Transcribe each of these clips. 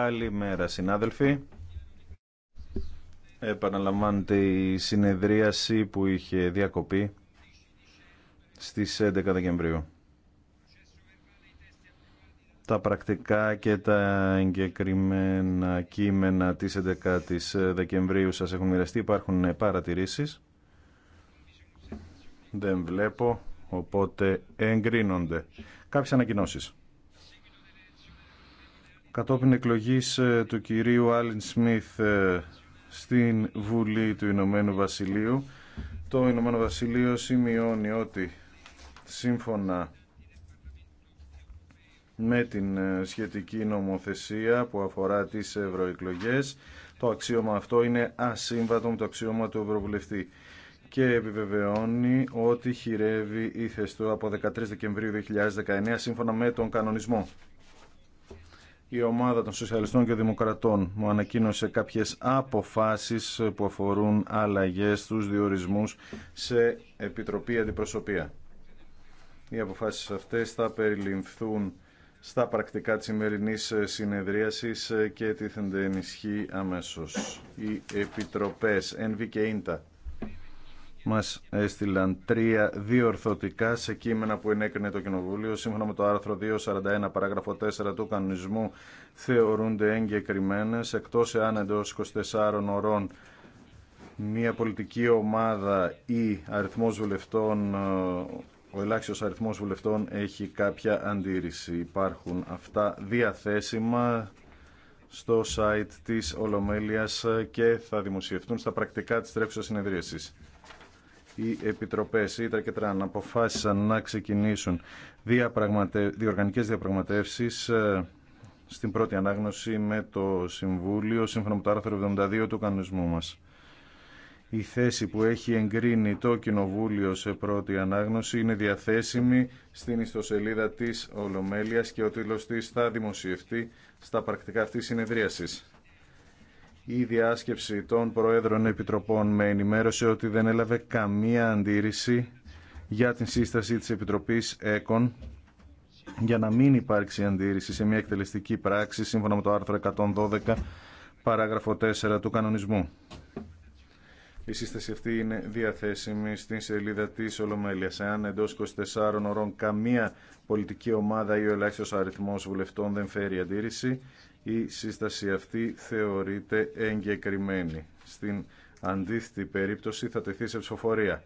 Καλημέρα συνάδελφοι. Επαναλαμβάνεται η συνεδρίαση που είχε διακοπεί στις 11 Δεκεμβρίου. Τα πρακτικά και τα εγκεκριμένα κείμενα της 11ης Δεκεμβρίου σας έχουν μοιραστεί. Υπάρχουν παρατηρήσεις. Δεν βλέπω. Οπότε εγκρίνονται. κάποιε ανακοινώσει. Κατόπιν εκλογής ε, του κυρίου Άλιν Σμιθ ε, στην Βουλή του Ηνωμένου Βασιλείου, το Ηνωμένο Βασιλείο σημειώνει ότι σύμφωνα με την ε, σχετική νομοθεσία που αφορά τις ευρωεκλογές, το αξίωμα αυτό είναι ασύμβατο με το αξίωμα του Ευρωβουλευτή και επιβεβαιώνει ότι χειρεύει η από 13 Δεκεμβρίου 2019 σύμφωνα με τον κανονισμό. Η ομάδα των Σοσιαλιστών και Δημοκρατών μου ανακοίνωσε κάποιες αποφάσεις που αφορούν αλλαγές στους διορισμούς σε Επιτροπή Αντιπροσωπεία. Οι αποφάσεις αυτές θα περιληφθούν στα πρακτικά της σημερινής συνεδρίασης και τίθενται ενισχύ αμέσως. Οι Επιτροπές ΕΝΒ και μας έστειλαν τρία διορθωτικά σε κείμενα που ενέκρινε το Κοινοβούλιο. Σύμφωνα με το άρθρο 241 παράγραφο 4 του κανονισμού θεωρούνται εγκεκριμένες εκτός εάν εντό 24 ωρών μια πολιτική ομάδα ή αριθμός βουλευτών ο ελάχιστος αριθμός βουλευτών έχει κάποια αντίρρηση. Υπάρχουν αυτά διαθέσιμα στο site της Ολομέλειας και θα δημοσιευτούν στα πρακτικά της τρέχουσας συνεδρίασης οι επιτροπές Ήτρα και Τραν αποφάσισαν να ξεκινήσουν διοργανικές διαπραγματεύσεις ε, στην πρώτη ανάγνωση με το Συμβούλιο σύμφωνα με το άρθρο 72 του κανονισμού μας. Η θέση που έχει εγκρίνει το Κοινοβούλιο σε πρώτη ανάγνωση είναι διαθέσιμη στην ιστοσελίδα της Ολομέλειας και ο τίτλος της θα δημοσιευτεί στα πρακτικά αυτής συνεδρίασης η διάσκεψη των Προέδρων Επιτροπών με ενημέρωσε ότι δεν έλαβε καμία αντίρρηση για την σύσταση της Επιτροπής ΕΚΟΝ για να μην υπάρξει αντίρρηση σε μια εκτελεστική πράξη σύμφωνα με το άρθρο 112 παράγραφο 4 του κανονισμού. Η σύσταση αυτή είναι διαθέσιμη στην σελίδα τη Ολομέλεια. Εάν εντό 24 ωρών καμία πολιτική ομάδα ή ο ελάχιστο αριθμό βουλευτών δεν φέρει αντίρρηση, η σύσταση αυτή θεωρείται εγκεκριμένη. Στην αντίθετη περίπτωση θα τεθεί σε ψηφοφορία.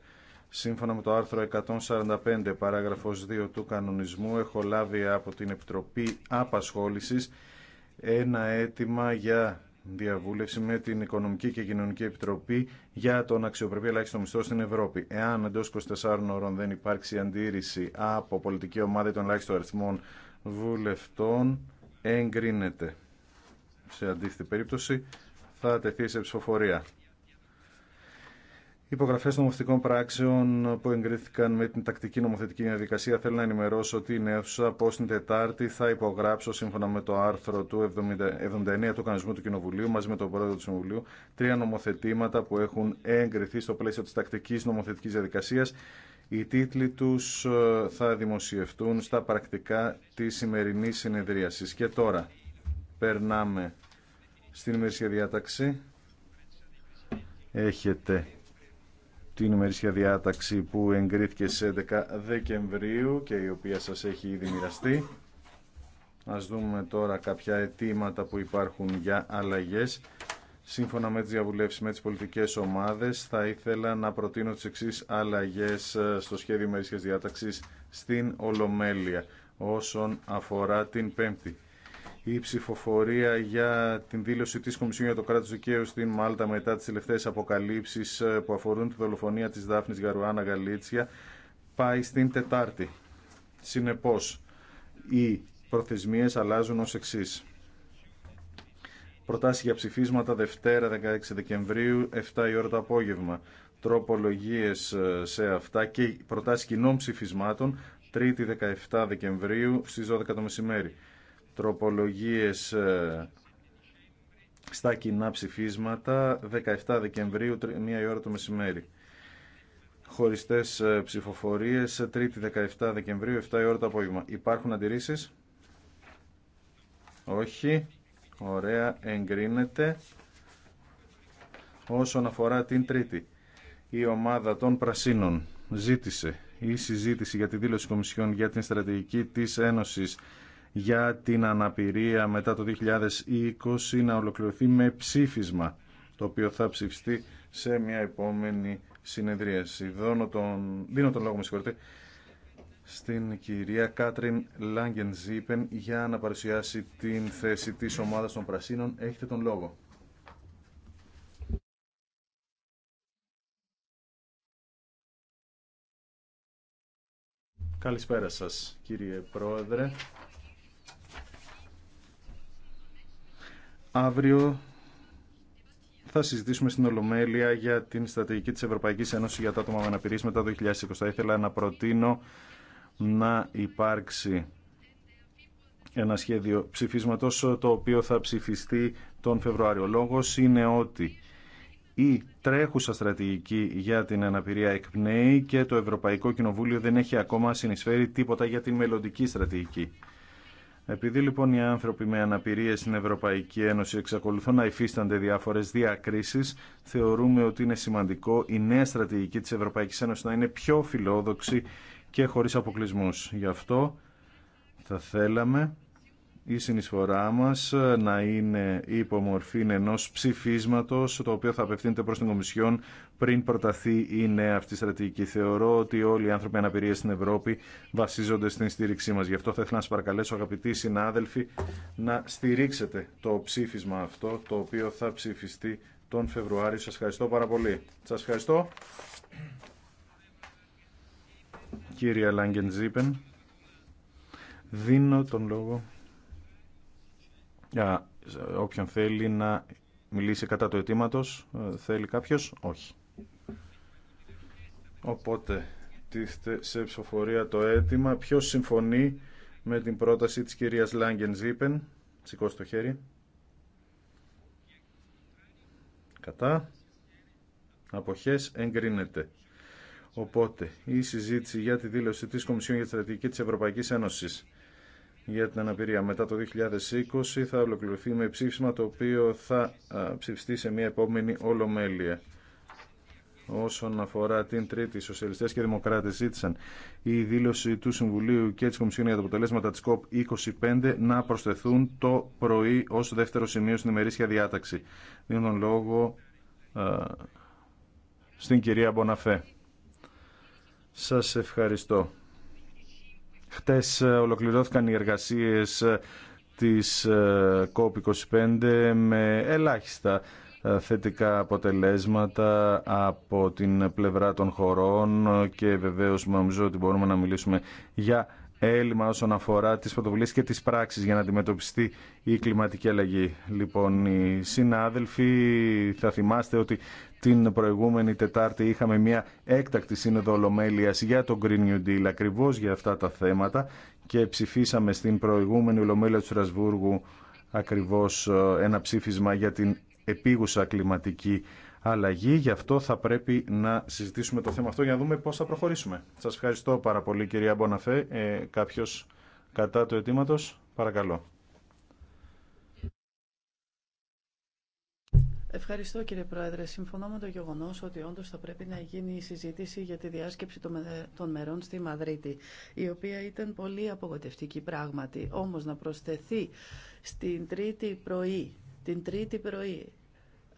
Σύμφωνα με το άρθρο 145 παράγραφος 2 του κανονισμού έχω λάβει από την Επιτροπή Απασχόλησης ένα αίτημα για διαβούλευση με την Οικονομική και Κοινωνική Επιτροπή για τον αξιοπρεπή ελάχιστο μισθό στην Ευρώπη. Εάν εντό 24 ώρων δεν υπάρξει αντίρρηση από πολιτική ομάδα των ελάχιστων αριθμών βουλευτών, εγκρίνεται σε αντίθετη περίπτωση θα τεθεί σε ψηφοφορία. Οι υπογραφέ νομοθετικών πράξεων που εγκρίθηκαν με την τακτική νομοθετική διαδικασία θέλω να ενημερώσω ότι η αίθουσα πω την Τετάρτη θα υπογράψω σύμφωνα με το άρθρο του 79 του Κανονισμού του Κοινοβουλίου μαζί με τον Πρόεδρο του Συμβουλίου τρία νομοθετήματα που έχουν εγκριθεί στο πλαίσιο τη τακτική νομοθετική διαδικασία. Οι τίτλοι του ε, θα δημοσιευτούν στα πρακτικά τη σημερινή συνεδρίαση. Και τώρα περνάμε στην ημερήσια διάταξη. Έχετε την ημερήσια διάταξη που εγκρίθηκε στις 11 Δεκεμβρίου και η οποία σας έχει ήδη μοιραστεί. Ας δούμε τώρα κάποια αιτήματα που υπάρχουν για αλλαγές. Σύμφωνα με τις διαβουλεύσεις με τις πολιτικές ομάδες, θα ήθελα να προτείνω τις εξής αλλαγές ε, στο σχέδιο ημερήσιας διάταξης στην Ολομέλεια όσον αφορά την Πέμπτη η ψηφοφορία για την δήλωση της Κομισιόν για το κράτος δικαίου στην Μάλτα μετά τις τελευταίες αποκαλύψεις ε, που αφορούν τη δολοφονία της Δάφνης Γαρουάνα Γαλίτσια πάει στην Τετάρτη. Συνεπώς, οι προθεσμίες αλλάζουν ως εξή. Προτάσει για ψηφίσματα Δευτέρα 16 Δεκεμβρίου, 7 η ώρα το απόγευμα. Τροπολογίες ε, σε αυτά και προτάσεις κοινών ψηφισμάτων, Τρίτη 17 Δεκεμβρίου στις 12 το μεσημέρι τροπολογίες ε, στα κοινά ψηφίσματα 17 Δεκεμβρίου, 1 η ώρα το μεσημέρι. Χωριστές ε, ψηφοφορίες 3η ε, 17 Δεκεμβρίου, 7 η ώρα το απόγευμα. Υπάρχουν αντιρρήσεις? Όχι. Ωραία, εγκρίνεται. Όσον αφορά την Τρίτη, η ομάδα των Πρασίνων ζήτησε η συζήτηση για τη δήλωση Κομισιόν για την στρατηγική της Ένωσης για την αναπηρία μετά το 2020 να ολοκληρωθεί με ψήφισμα, το οποίο θα ψηφιστεί σε μια επόμενη συνεδρίαση. τον, δίνω τον λόγο, με συγχωρείτε, στην κυρία Κάτριν Λάγκενζίπεν για να παρουσιάσει την θέση της ομάδας των Πρασίνων. Έχετε τον λόγο. Καλησπέρα σας κύριε Πρόεδρε. Αύριο θα συζητήσουμε στην Ολομέλεια για την στρατηγική της Ευρωπαϊκής Ένωσης για τα άτομα με αναπηρίες μετά το 2020. Θα ήθελα να προτείνω να υπάρξει ένα σχέδιο ψηφίσματος το οποίο θα ψηφιστεί τον Φεβρουάριο. λόγος είναι ότι η τρέχουσα στρατηγική για την αναπηρία εκπνέει και το Ευρωπαϊκό Κοινοβούλιο δεν έχει ακόμα συνεισφέρει τίποτα για την μελλοντική στρατηγική. Επειδή λοιπόν οι άνθρωποι με αναπηρία στην Ευρωπαϊκή Ένωση εξακολουθούν να υφίστανται διάφορε διακρίσει, θεωρούμε ότι είναι σημαντικό η νέα στρατηγική της Ευρωπαϊκής ενωση να είναι πιο φιλόδοξη και χωρίς αποκλεισμού. Γι' αυτό θα θέλαμε η συνεισφορά μας να είναι υπομορφή ενός ψηφίσματος το οποίο θα απευθύνεται προς την Κομισιόν πριν προταθεί η νέα αυτή στρατηγική. Θεωρώ ότι όλοι οι άνθρωποι αναπηρία στην Ευρώπη βασίζονται στην στήριξή μας. Γι' αυτό θα ήθελα να σας παρακαλέσω αγαπητοί συνάδελφοι να στηρίξετε το ψήφισμα αυτό το οποίο θα ψηφιστεί τον Φεβρουάριο. Σας ευχαριστώ πάρα πολύ. Σας ευχαριστώ. Κύριε Λάγκεντζίπεν, δίνω τον λόγο. Για ε, όποιον θέλει να μιλήσει κατά το αιτήματο, ε, θέλει κάποιος, όχι. Οπότε, τίθεται σε ψηφοφορία το αίτημα. Ποιο συμφωνεί με την πρόταση της κυρίας Λάγκεν Ζήπεν. Σηκώστε το χέρι. Κατά. Αποχές εγκρίνεται. Οπότε, η συζήτηση για τη δήλωση της Κομισιόν για τη Στρατηγική της Ευρωπαϊκής Ένωσης για την αναπηρία. Μετά το 2020 θα ολοκληρωθεί με ψήφισμα το οποίο θα ψηφιστεί σε μια επόμενη ολομέλεια. Όσον αφορά την τρίτη, οι σοσιαλιστές και οι δημοκράτες ζήτησαν η δήλωση του Συμβουλίου και της Κομισιόν για τα αποτελέσματα τη COP25 να προσθεθούν το πρωί ως δεύτερο σημείο στην ημερήσια διάταξη. Δίνω λόγο στην κυρία Μποναφέ. Σας ευχαριστώ. Χτες ε, ολοκληρώθηκαν οι εργασίες ε, της COP25 ε, με ελάχιστα θετικά αποτελέσματα από την πλευρά των χωρών και βεβαίως νομίζω ότι μπορούμε να μιλήσουμε για έλλειμμα όσον αφορά τις πρωτοβουλίες και τις πράξεις για να αντιμετωπιστεί η κλιματική αλλαγή. Λοιπόν, οι συνάδελφοι θα θυμάστε ότι την προηγούμενη Τετάρτη είχαμε μια έκτακτη σύνοδο Ολομέλειας για τον Green New Deal ακριβώς για αυτά τα θέματα και ψηφίσαμε στην προηγούμενη Ολομέλεια του Στρασβούργου ακριβώς ε, ένα ψήφισμα για την επίγουσα κλιματική αλλαγή. Γι' αυτό θα πρέπει να συζητήσουμε το θέμα αυτό για να δούμε πώς θα προχωρήσουμε. Σας ευχαριστώ πάρα πολύ κυρία Μποναφέ. Ε, κάποιος κατά του αιτήματο, παρακαλώ. Ευχαριστώ κύριε Πρόεδρε. Συμφωνώ με το γεγονό ότι όντω θα πρέπει να γίνει η συζήτηση για τη διάσκεψη των μερών στη Μαδρίτη, η οποία ήταν πολύ απογοτευτική πράγματι. Όμω να προσθεθεί στην Τρίτη πρωί, την Τρίτη πρωί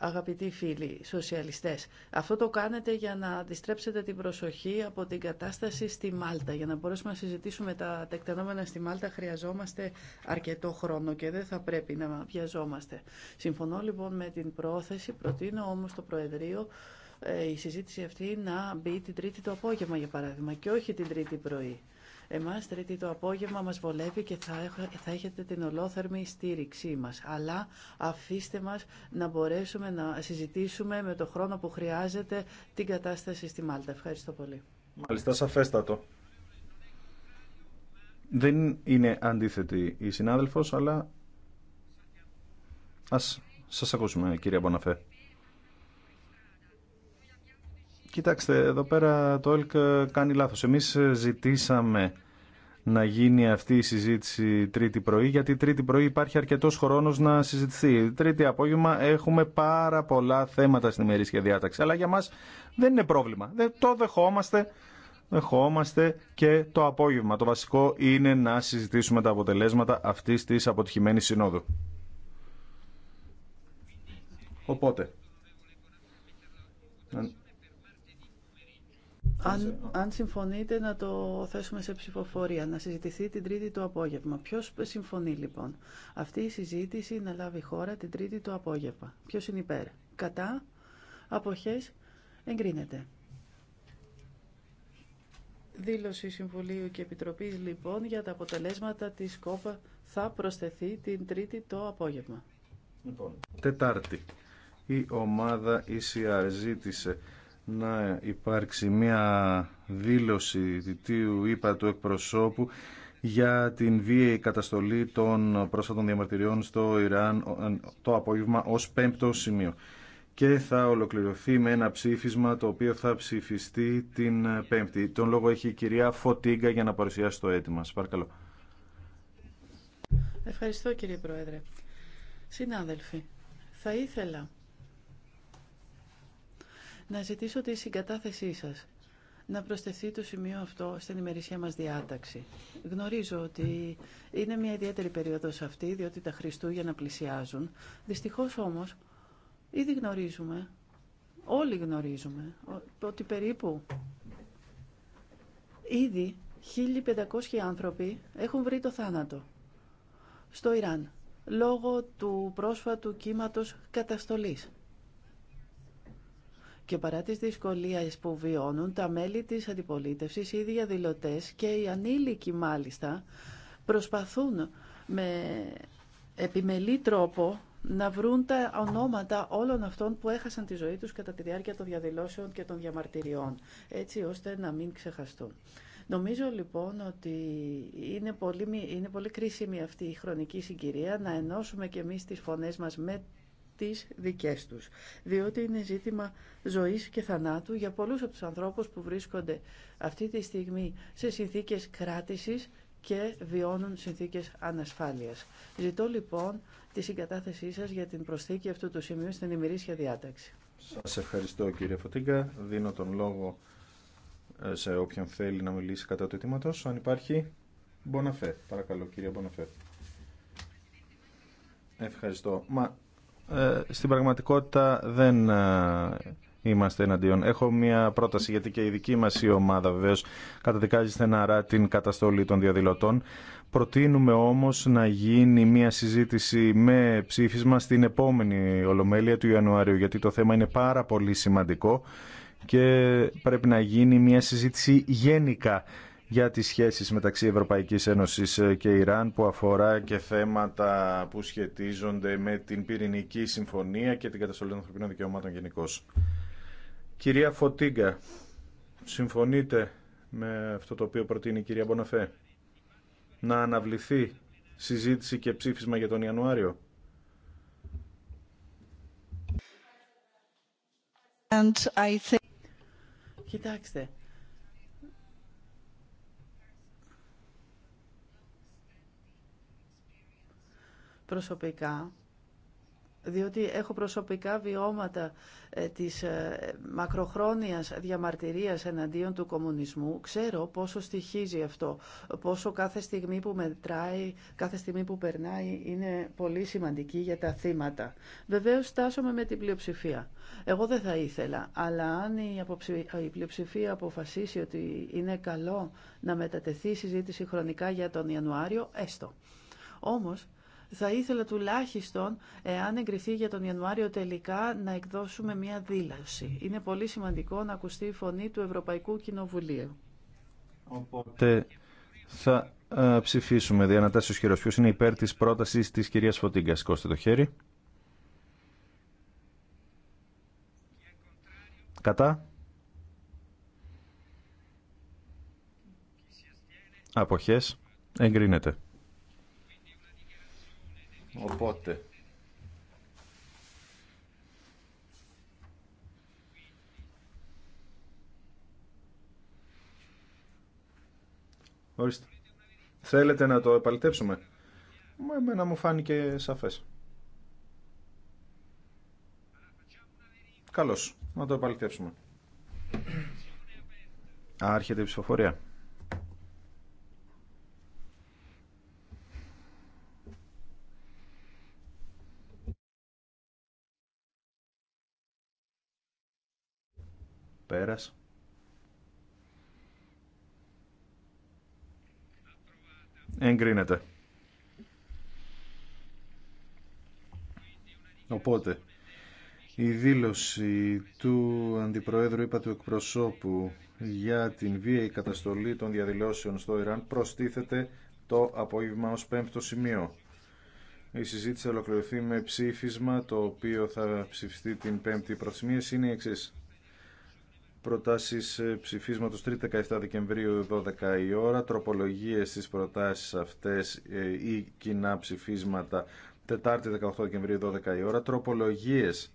αγαπητοί φίλοι σοσιαλιστές. Αυτό το κάνετε για να αντιστρέψετε την προσοχή από την κατάσταση στη Μάλτα. Για να μπορέσουμε να συζητήσουμε τα τεκτενόμενα στη Μάλτα χρειαζόμαστε αρκετό χρόνο και δεν θα πρέπει να βιαζόμαστε. Συμφωνώ λοιπόν με την πρόθεση, προτείνω όμως το Προεδρείο ε, η συζήτηση αυτή να μπει την Τρίτη το απόγευμα για παράδειγμα και όχι την Τρίτη πρωί. Εμάς τρίτη το απόγευμα μας βολεύει και θα έχετε την ολόθερμη στήριξή μας. Αλλά αφήστε μας να μπορέσουμε να συζητήσουμε με το χρόνο που χρειάζεται την κατάσταση στη Μάλτα. Ευχαριστώ πολύ. Μάλιστα, σαφέστατο. Δεν είναι αντίθετη η συνάδελφος, αλλά ας σας ακούσουμε κυρία Μποναφέ. Κοιτάξτε, εδώ πέρα το ΕΛΚ ε, κάνει λάθος. Εμείς ε, ζητήσαμε να γίνει αυτή η συζήτηση τρίτη πρωί, γιατί τρίτη πρωί υπάρχει αρκετός χρόνος να συζητηθεί. Τρίτη απόγευμα έχουμε πάρα πολλά θέματα στην ημερήσια διάταξη, αλλά για μας δεν είναι πρόβλημα. Δεν, το δεχόμαστε, δεχόμαστε και το απόγευμα. Το βασικό είναι να συζητήσουμε τα αποτελέσματα αυτής της αποτυχημένης συνόδου. Οπότε, αν, ναι. αν συμφωνείτε να το θέσουμε σε ψηφοφορία, να συζητηθεί την Τρίτη το απόγευμα. Ποιος συμφωνεί λοιπόν. Αυτή η συζήτηση να λάβει χώρα την Τρίτη το απόγευμα. Ποιος είναι υπέρ. Κατά. Αποχές. Εγκρίνεται. Δήλωση Συμβουλίου και Επιτροπής λοιπόν για τα αποτελέσματα της ΚΟΠΑ θα προσθεθεί την Τρίτη το απόγευμα. Λοιπόν. Τετάρτη. Η ομάδα ECR ζήτησε να υπάρξει μια δήλωση διτίου είπα του εκπροσώπου για την βίαιη καταστολή των πρόσφατων διαμαρτυριών στο Ιράν το απόγευμα ως πέμπτο σημείο. Και θα ολοκληρωθεί με ένα ψήφισμα το οποίο θα ψηφιστεί την πέμπτη. Τον λόγο έχει η κυρία Φωτίγκα για να παρουσιάσει το αίτημα. Σας παρακαλώ. Ευχαριστώ κύριε Πρόεδρε. Συνάδελφοι, θα ήθελα να ζητήσω τη συγκατάθεσή σας να προσθεθεί το σημείο αυτό στην ημερησία μας διάταξη. Γνωρίζω ότι είναι μια ιδιαίτερη περίοδος αυτή, διότι τα Χριστούγεννα πλησιάζουν. Δυστυχώς όμως, ήδη γνωρίζουμε, όλοι γνωρίζουμε, ότι περίπου ήδη 1500 άνθρωποι έχουν βρει το θάνατο στο Ιράν, λόγω του πρόσφατου κύματος καταστολής και παρά τις δυσκολίες που βιώνουν, τα μέλη της αντιπολίτευσης, οι διαδηλωτέ και οι ανήλικοι μάλιστα, προσπαθούν με επιμελή τρόπο να βρουν τα ονόματα όλων αυτών που έχασαν τη ζωή τους κατά τη διάρκεια των διαδηλώσεων και των διαμαρτυριών, έτσι ώστε να μην ξεχαστούν. Νομίζω λοιπόν ότι είναι πολύ, είναι πολύ κρίσιμη αυτή η χρονική συγκυρία να ενώσουμε και εμείς τις φωνές μας με τις δικές τους. Διότι είναι ζήτημα ζωής και θανάτου για πολλούς από τους ανθρώπους που βρίσκονται αυτή τη στιγμή σε συνθήκες κράτησης και βιώνουν συνθήκες ανασφάλειας. Ζητώ λοιπόν τη συγκατάθεσή σας για την προσθήκη αυτού του σημείου στην ημερήσια διάταξη. Σας ευχαριστώ κύριε Φωτίγκα. Δίνω τον λόγο ε, σε όποιον θέλει να μιλήσει κατά του αιτήματος. Αν υπάρχει, Μποναφέ. Παρακαλώ κύριε Μποναφέ. Ευχαριστώ. Μα ε, στην πραγματικότητα δεν ε, είμαστε εναντίον. Έχω μια πρόταση γιατί και η δική μας η ομάδα βεβαίω καταδικάζει στεναρά την καταστολή των διαδηλωτών. Προτείνουμε όμως να γίνει μια συζήτηση με ψήφισμα στην επόμενη Ολομέλεια του Ιανουαρίου γιατί το θέμα είναι πάρα πολύ σημαντικό και πρέπει να γίνει μια συζήτηση γενικά για τις σχέσεις μεταξύ Ευρωπαϊκής Ένωσης και Ιράν που αφορά και θέματα που σχετίζονται με την πυρηνική συμφωνία και την καταστολή των ανθρωπίνων δικαιωμάτων γενικώ. Κυρία Φωτίγκα, συμφωνείτε με αυτό το οποίο προτείνει η κυρία Μποναφέ να αναβληθεί συζήτηση και ψήφισμα για τον Ιανουάριο. Κοιτάξτε, προσωπικά διότι έχω προσωπικά βιώματα ε, της ε, μακροχρόνιας διαμαρτυρίας εναντίον του κομμουνισμού. Ξέρω πόσο στοιχίζει αυτό, πόσο κάθε στιγμή που μετράει, κάθε στιγμή που περνάει είναι πολύ σημαντική για τα θύματα. Βεβαίως στάσομαι με την πλειοψηφία. Εγώ δεν θα ήθελα, αλλά αν η πλειοψηφία αποφασίσει ότι είναι καλό να μετατεθεί η συζήτηση χρονικά για τον Ιανουάριο, έστω. Όμως, θα ήθελα τουλάχιστον, εάν εγκριθεί για τον Ιανουάριο τελικά, να εκδώσουμε μια δήλωση. Είναι πολύ σημαντικό να ακουστεί η φωνή του Ευρωπαϊκού Κοινοβουλίου. Οπότε θα ε, ψηφίσουμε διανατάσεις χειρός. είναι υπέρ της πρότασης της κυρίας Φωτίγκας. Κώστε το χέρι. Κατά. Αποχές. Εγκρίνεται. Οπότε... Ορίστε. Θέλετε να το επαληθεύσουμε. Μα εμένα μου φάνηκε σαφές. Καλώς. Να το επαληθεύσουμε. Άρχεται η ψηφοφορία. Πέρας. Εγκρίνεται. Οπότε, η δήλωση του Αντιπροέδρου είπα του εκπροσώπου για την η καταστολή των διαδηλώσεων στο Ιράν προστίθεται το απόγευμα ως πέμπτο σημείο. Η συζήτηση θα ολοκληρωθεί με ψήφισμα το οποίο θα ψηφιστεί την πέμπτη προσημείες, είναι η εξής προτάσεις ε, ψηφίσματος 3 17 Δεκεμβρίου 12 η ώρα, τροπολογίες στις προτάσεις αυτές ε, ή κοινά ψηφίσματα 4 18 Δεκεμβρίου 12 η ώρα, τροπολογίες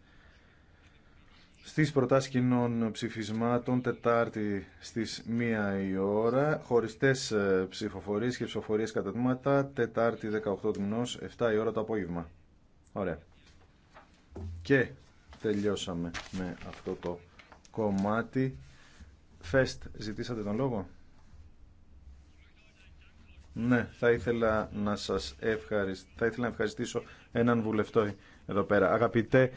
στις προτάσεις κοινών ψηφισμάτων ψηφισμάτων στις 1 η ώρα, χωριστές ε, ψηφοφορίες και ψηφοφορίες κατά τμήματα Τετάρτη 18 του 7 η ώρα το απόγευμα. Ωραία. Και τελειώσαμε με αυτό το κομμάτι. Φεστ, ζητήσατε τον λόγο. Ναι, θα ήθελα να σας ευχαριστήσω, θα ήθελα να ευχαριστήσω έναν βουλευτό εδώ πέρα. Αγαπητέ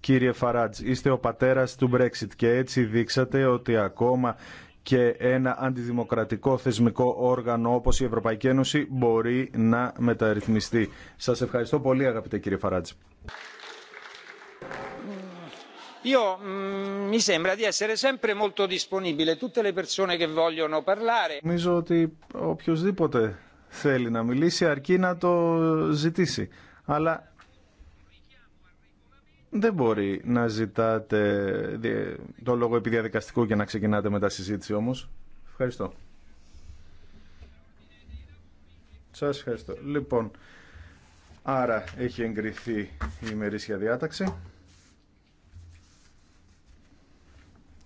κύριε Φαράτζ, είστε ο πατέρας του Brexit και έτσι δείξατε ότι ακόμα και ένα αντιδημοκρατικό θεσμικό όργανο όπως η Ευρωπαϊκή Ένωση μπορεί να μεταρρυθμιστεί. Σας ευχαριστώ πολύ αγαπητέ κύριε Φαράτζ. Νομίζω ότι οποιοδήποτε θέλει να μιλήσει αρκεί να το ζητήσει. Αλλά δεν μπορεί να ζητάτε το λόγο επί διαδικαστικού και να ξεκινάτε μετά συζήτηση όμως. Ευχαριστώ. Σας ευχαριστώ. Λοιπόν, άρα έχει εγκριθεί η ημερήσια διάταξη.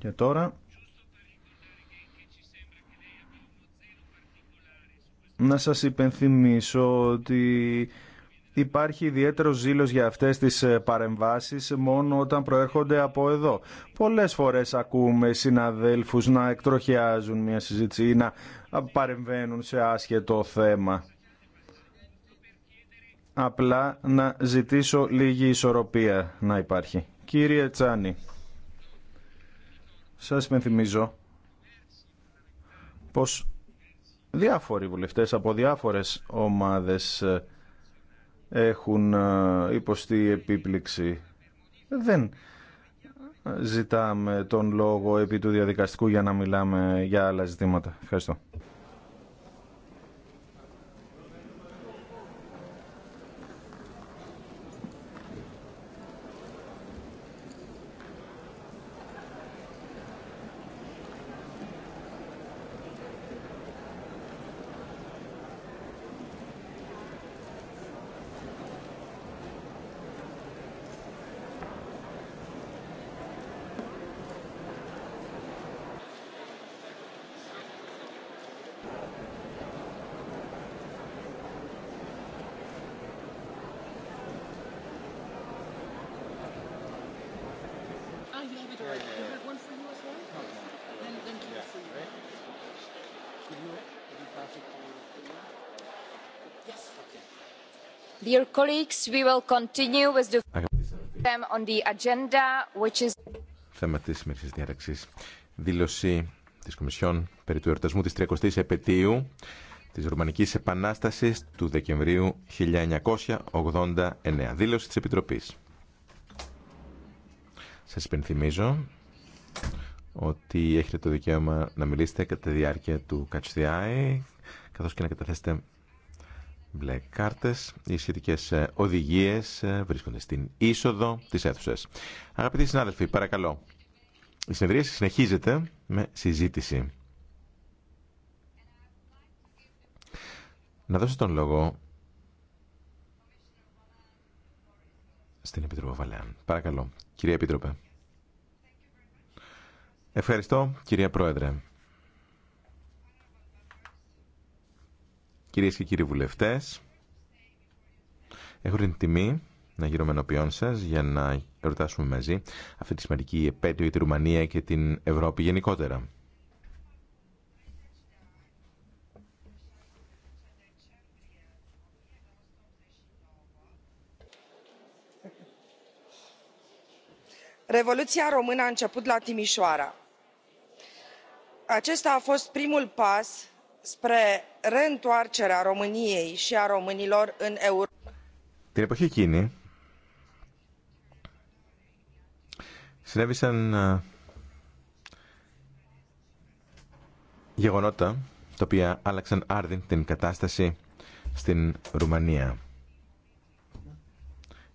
Και τώρα να σας υπενθυμίσω ότι υπάρχει ιδιαίτερο ζήλος για αυτές τις ε, παρεμβάσεις μόνο όταν προέρχονται από εδώ. Πολλές φορές ακούμε συναδέλφους να εκτροχιάζουν μια συζήτηση ή να παρεμβαίνουν σε άσχετο θέμα. Απλά να ζητήσω λίγη ισορροπία να υπάρχει. Κύριε Τσάνη. Σας υπενθυμίζω πως διάφοροι βουλευτές από διάφορες ομάδες ε, έχουν ε, υποστεί επίπληξη. Δεν ζητάμε τον λόγο επί του διαδικαστικού για να μιλάμε για άλλα ζητήματα. Ευχαριστώ. Dear Θέμα της σημερινής διάταξη. Δήλωση της Κομισιόν περί του εορτασμού της 30ης επαιτίου της Ρουμανικής Επανάστασης του Δεκεμβρίου 1989. Δήλωση της Επιτροπής. Σας υπενθυμίζω ότι έχετε το δικαίωμα να μιλήσετε κατά τη διάρκεια του Catch καθώς και να καταθέσετε μπλε κάρτες. Οι σχετικέ ε, οδηγίες ε, βρίσκονται στην είσοδο της αίθουσα. Αγαπητοί συνάδελφοι, παρακαλώ. Η συνεδρία συνεχίζεται με συζήτηση. Να δώσω τον λόγο στην Επίτροπο Βαλέαν. Παρακαλώ, κυρία Επίτροπε. Ευχαριστώ, κυρία Πρόεδρε. κυρίες και κύριοι βουλευτές. Έχω την τιμή να γύρω ενώπιόν σας για να ρωτάσουμε μαζί αυτή τη σημαντική επέτειο για τη Ρουμανία και την Ευρώπη γενικότερα. Revoluția română a început la Timișoara. Acesta a fost primul pas spre reîntoarcerea României și a românilor în Europa. Την εποχή εκείνη συνέβησαν ε, γεγονότα τα οποία άλλαξαν άρδιν την κατάσταση στην Ρουμανία.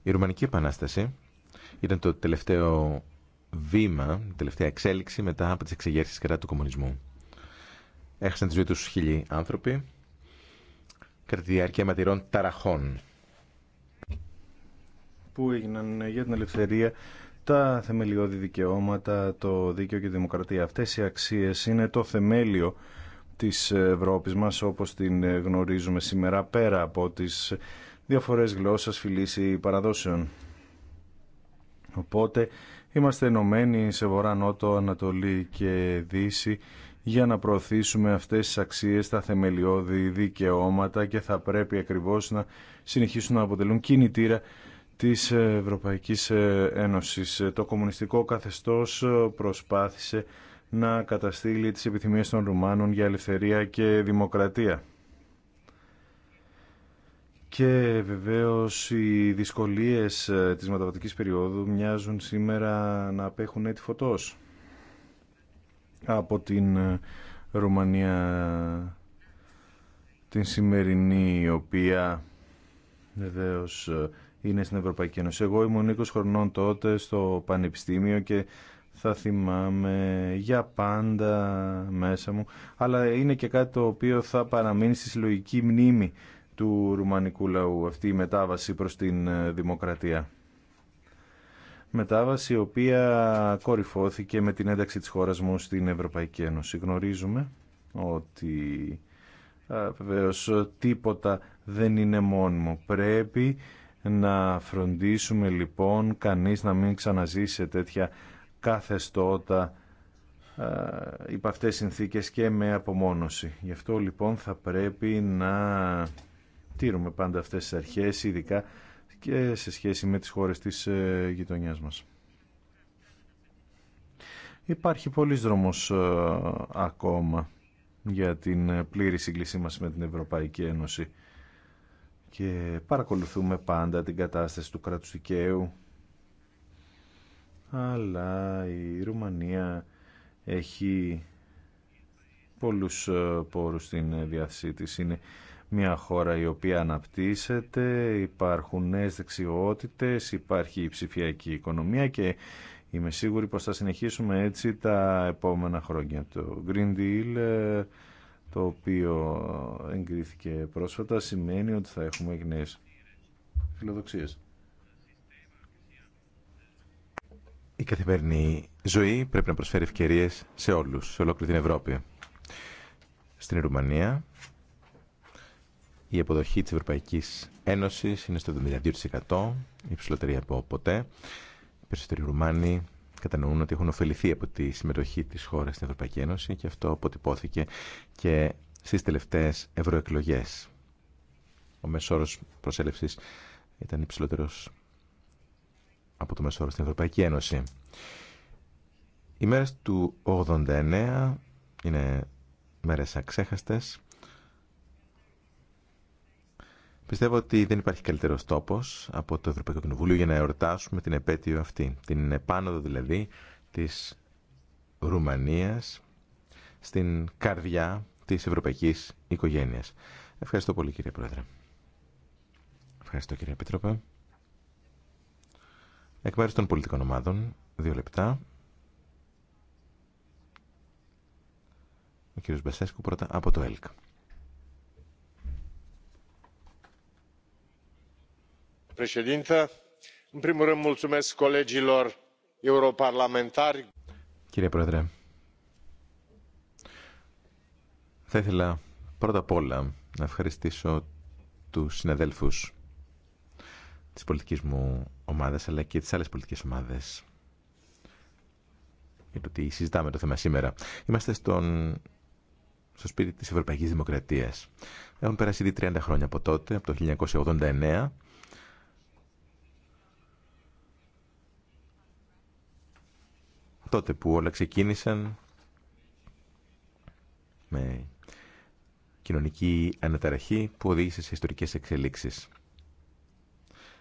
Η Ρουμανική Επανάσταση ήταν το τελευταίο βήμα, η τελευταία εξέλιξη μετά από τις εξεγέρσεις κατά του κομμουνισμού έχασαν τη ζωή τους χίλιοι άνθρωποι κατά τη διάρκεια αιματηρών ταραχών που έγιναν για την ελευθερία τα θεμελιώδη δικαιώματα, το δίκαιο και η δημοκρατία. Αυτές οι αξίες είναι το θεμέλιο της Ευρώπης μας όπως την γνωρίζουμε σήμερα πέρα από τις διαφορές γλώσσες φυλής ή παραδόσεων. Οπότε είμαστε ενωμένοι σε Βορρά, Νότο, Ανατολή και Δύση για να προωθήσουμε αυτές τις αξίες, τα θεμελιώδη δικαιώματα και θα πρέπει ακριβώς να συνεχίσουν να αποτελούν κινητήρα της Ευρωπαϊκής Ένωσης. Το κομμουνιστικό καθεστώς προσπάθησε να καταστήλει τις επιθυμίες των Ρουμάνων για ελευθερία και δημοκρατία. Και βεβαίως οι δυσκολίες της μεταβατικής περίοδου μοιάζουν σήμερα να απέχουν έτη φωτός από την ε, Ρουμανία την σημερινή η οποία βεβαίω ε, είναι στην Ευρωπαϊκή Ένωση. Εγώ ήμουν 20 χρονών τότε στο Πανεπιστήμιο και θα θυμάμαι για πάντα μέσα μου αλλά είναι και κάτι το οποίο θα παραμείνει στη συλλογική μνήμη του ρουμανικού λαού αυτή η μετάβαση προς την ε, δημοκρατία μετάβαση η οποία κορυφώθηκε με την ένταξη της χώρας μου στην Ευρωπαϊκή Ένωση. Γνωρίζουμε ότι βεβαίω τίποτα δεν είναι μόνιμο. Πρέπει να φροντίσουμε λοιπόν κανείς να μην ξαναζήσει σε τέτοια καθεστώτα υπ' αυτές συνθήκες και με απομόνωση. Γι' αυτό λοιπόν θα πρέπει να τήρουμε πάντα αυτές τις αρχές, ειδικά και σε σχέση με τις χώρες της ε, γειτονιάς μας. Υπάρχει πολλής δρόμος ε, ακόμα για την ε, πλήρη σύγκλησή μας με την Ευρωπαϊκή Ένωση και παρακολουθούμε πάντα την κατάσταση του κράτους δικαίου αλλά η Ρουμανία έχει πολλούς πόρους στην διάθεσή της είναι μια χώρα η οποία αναπτύσσεται, υπάρχουν νέες δεξιότητες, υπάρχει η ψηφιακή οικονομία και είμαι σίγουρη πως θα συνεχίσουμε έτσι τα επόμενα χρόνια. Το Green Deal ε, το οποίο εγκρίθηκε πρόσφατα σημαίνει ότι θα έχουμε νέες φιλοδοξίες. Η καθημερινή ζωή πρέπει να προσφέρει ευκαιρίες σε όλους, σε ολόκληρη την Ευρώπη. Στην Ρουμανία η αποδοχή της Ευρωπαϊκής Ένωσης είναι στο 72%, υψηλότερη από ποτέ. Οι περισσότεροι Ρουμάνοι κατανοούν ότι έχουν ωφεληθεί από τη συμμετοχή της χώρας στην Ευρωπαϊκή Ένωση και αυτό αποτυπώθηκε και στις τελευταίες ευρωεκλογές. Ο μεσόρος προσέλευσης ήταν υψηλότερος από το μεσόρο στην Ευρωπαϊκή Ένωση. Οι μέρες του 89 είναι μέρες αξέχαστες. Πιστεύω ότι δεν υπάρχει καλύτερος τόπος από το Ευρωπαϊκό Κοινοβούλιο για να εορτάσουμε την επέτειο αυτή. Την επάνωδο δηλαδή της Ρουμανίας στην καρδιά της ευρωπαϊκής οικογένειας. Ευχαριστώ πολύ κύριε Πρόεδρε. Ευχαριστώ κύριε Επίτροπε. Εκ μέρους των πολιτικών ομάδων, δύο λεπτά. Ο κύριος Μπασέσκου πρώτα από το ΕΛΚ. Κύριε Πρόεδρε, θα ήθελα πρώτα απ' όλα να ευχαριστήσω τους συναδέλφους της πολιτικής μου ομάδας αλλά και τις άλλες πολιτικές ομάδες για το ότι συζητάμε το θέμα σήμερα. Είμαστε στον, στο σπίτι της Ευρωπαϊκής Δημοκρατίας. Έχουν περάσει ήδη 30 χρόνια από τότε, από το 1989 τότε που όλα ξεκίνησαν με κοινωνική αναταραχή που οδήγησε σε ιστορικές εξελίξεις.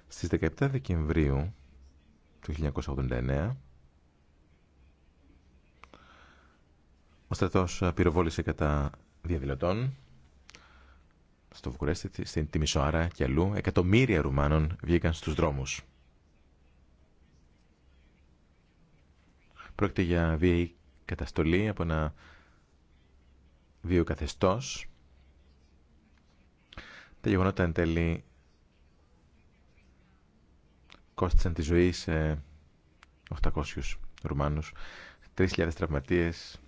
Στις 17 Δεκεμβρίου του 1989 ο στρατός πυροβόλησε κατά διαδηλωτών στο Βουκουρέστι, στην Τιμισοάρα και αλλού. Εκατομμύρια Ρουμάνων βγήκαν στους δρόμους. Πρόκειται για βίαιη καταστολή από ένα βίαιο καθεστώς. Τα γεγονότα εν τέλει κόστησαν τη ζωή σε 800 Ρουμάνους, 3.000 τραυματίες.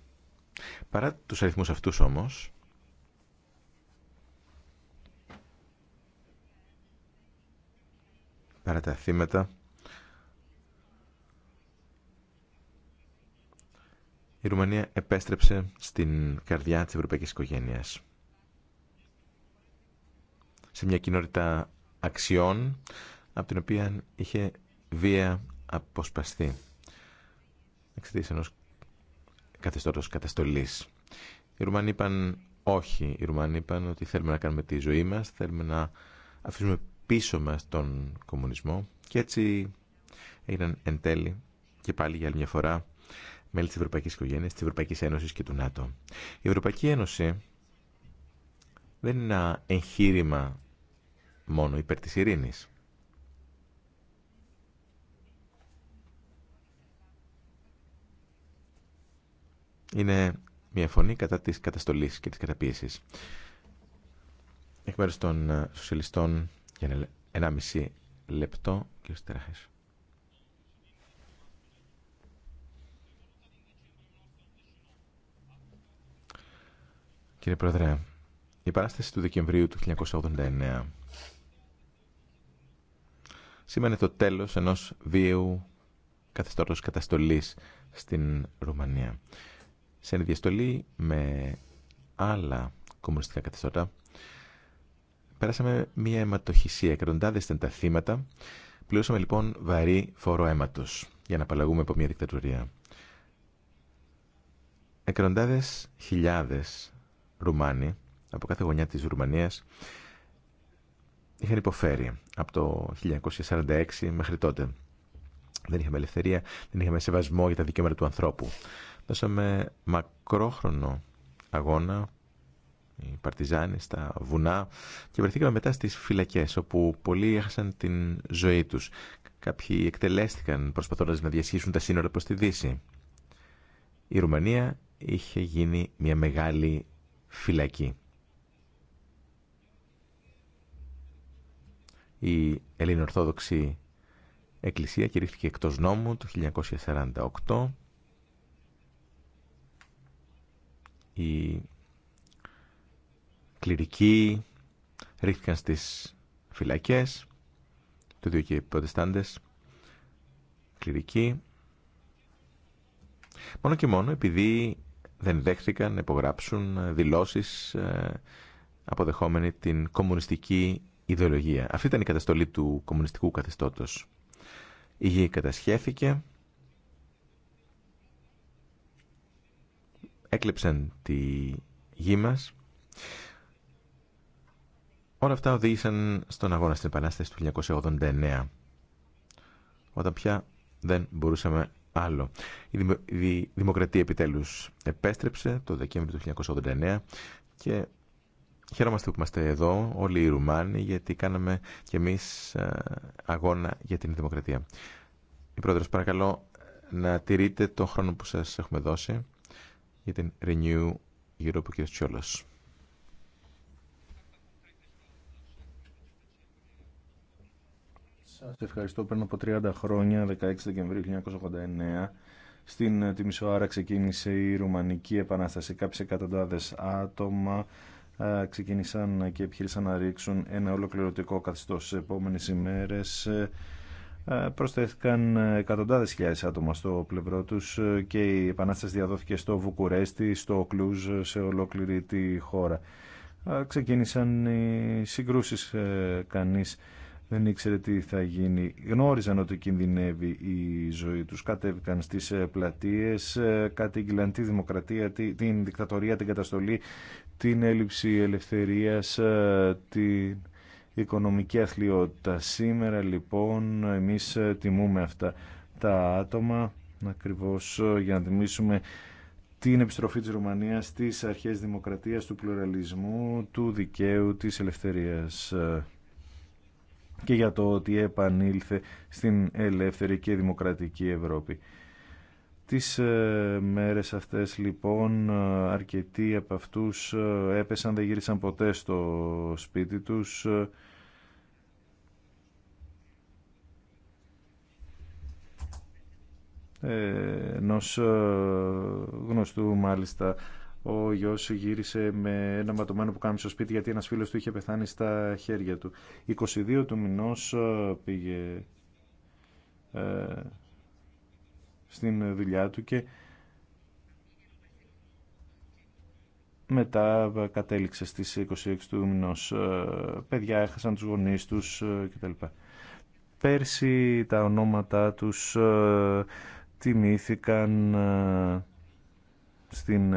Παρά τους αριθμούς αυτούς όμως, παρά τα θύματα, η Ρουμανία επέστρεψε στην καρδιά της ευρωπαϊκής οικογένειας. Σε μια κοινότητα αξιών από την οποία είχε βία αποσπαστεί Εξαιτήσει ενός καθεστώτος καταστολής. Οι Ρουμανοί είπαν όχι. Οι Ρουμανοί είπαν ότι θέλουμε να κάνουμε τη ζωή μας, θέλουμε να αφήσουμε πίσω μας τον κομμουνισμό και έτσι έγιναν εν τέλει και πάλι για άλλη μια φορά μέλη της Ευρωπαϊκής Οικογένειας, της Ευρωπαϊκής Ένωσης και του ΝΑΤΟ. Η Ευρωπαϊκή Ένωση δεν είναι ένα εγχείρημα μόνο υπέρ της ειρήνης. Είναι μια φωνή κατά της καταστολής και της καταπίεσης. Εκ μέρους των ε, σοσιαλιστών για 1,5 λεπτό, κύριε Στεράχης. Κύριε Πρόεδρε, η παράσταση του Δεκεμβρίου του 1989 σήμαινε το τέλος ενός βίαιου καθεστώτος καταστολής στην Ρουμανία. Σε διαστολή με άλλα κομμουνιστικά καθεστώτα, πέρασαμε μια αιματοχυσία. Εκατοντάδες ήταν τα θύματα. Πληρώσαμε λοιπόν βαρύ φόρο αίματος για να απαλλαγούμε από μια δικτατορία. Εκατοντάδες χιλιάδες Ρουμάνοι από κάθε γωνιά της Ρουμανίας είχαν υποφέρει από το 1946 μέχρι τότε. Δεν είχαμε ελευθερία, δεν είχαμε σεβασμό για τα δικαιώματα του ανθρώπου. Δώσαμε μακρόχρονο αγώνα, οι παρτιζάνοι στα βουνά και βρεθήκαμε μετά στις φυλακές όπου πολλοί έχασαν την ζωή τους. Κάποιοι εκτελέστηκαν προσπαθώντας να διασχίσουν τα σύνορα προς τη Δύση. Η Ρουμανία είχε γίνει μια μεγάλη φυλακή. Η Ελληνορθόδοξη Εκκλησία κηρύχθηκε εκτός νόμου το 1948. Οι κληρικοί ρίχθηκαν στις φυλακές, το δύο και οι προτεστάντες κληρικοί. Μόνο και μόνο επειδή δεν δέχθηκαν να υπογράψουν ε, δηλώσεις ε, απόδεχόμενη την κομμουνιστική ιδεολογία. Αυτή ήταν η καταστολή του κομμουνιστικού καθεστώτος. Η γη κατασχέθηκε, έκλεψαν τη γη μας. Όλα αυτά οδήγησαν στον αγώνα στην Επανάσταση του 1989, όταν πια δεν μπορούσαμε άλλο. Η δημοκρατία επιτέλους επέστρεψε το Δεκέμβριο του 1989 και χαίρομαστε που είμαστε εδώ όλοι οι Ρουμάνοι γιατί κάναμε κι εμείς ε, αγώνα για την δημοκρατία. Η Πρόεδρος παρακαλώ να τηρείτε τον χρόνο που σας έχουμε δώσει για την Renew Europe ο κ. Τσιόλος. Σας ευχαριστώ. Πριν από 30 χρόνια, 16 Δεκεμβρίου 1989, στην ε, Τιμισοάρα ξεκίνησε η Ρουμανική Επανάσταση. Κάποιες εκατοντάδες άτομα ε, ξεκίνησαν και επιχείρησαν να ρίξουν ένα ολοκληρωτικό καθιστώς. Στις επόμενες ημέρες ε, προσθέθηκαν εκατοντάδες χιλιάδες άτομα στο πλευρό τους και η Επανάσταση διαδόθηκε στο Βουκουρέστι, στο Κλούζ, σε ολόκληρη τη χώρα. Ξεκίνησαν οι συγκρούσει κανεί δεν ήξερε τι θα γίνει. Γνώριζαν ότι κινδυνεύει η ζωή τους. Κατέβηκαν στις ε, πλατείες, ε, κατήγγυλαν τη δημοκρατία, την δικτατορία, την καταστολή, την έλλειψη ελευθερίας, ε, την οικονομική αθλειότητα. Σήμερα λοιπόν εμείς τιμούμε αυτά τα άτομα ακριβώς για να τιμήσουμε την επιστροφή της Ρουμανίας στις αρχές δημοκρατίας, του πλουραλισμού, του δικαίου, της ελευθερίας και για το ότι επανήλθε στην ελεύθερη και δημοκρατική Ευρώπη. Τις ε, μέρες αυτές λοιπόν ε, αρκετοί από αυτούς ε, έπεσαν, δεν γύρισαν ποτέ στο σπίτι τους. ενός γνωστού μάλιστα ο Γιο γύρισε με ένα ματωμένο που κάμισε στο σπίτι γιατί ένας φίλος του είχε πεθάνει στα χέρια του. 22 του μηνό ε, πήγε ε, στην δουλειά του και μετά ε, κατέληξε στις 26 του μηνός. Ε, παιδιά έχασαν τους γονείς τους κτλ. Πέρσι τα ονόματα τους τιμήθηκαν στην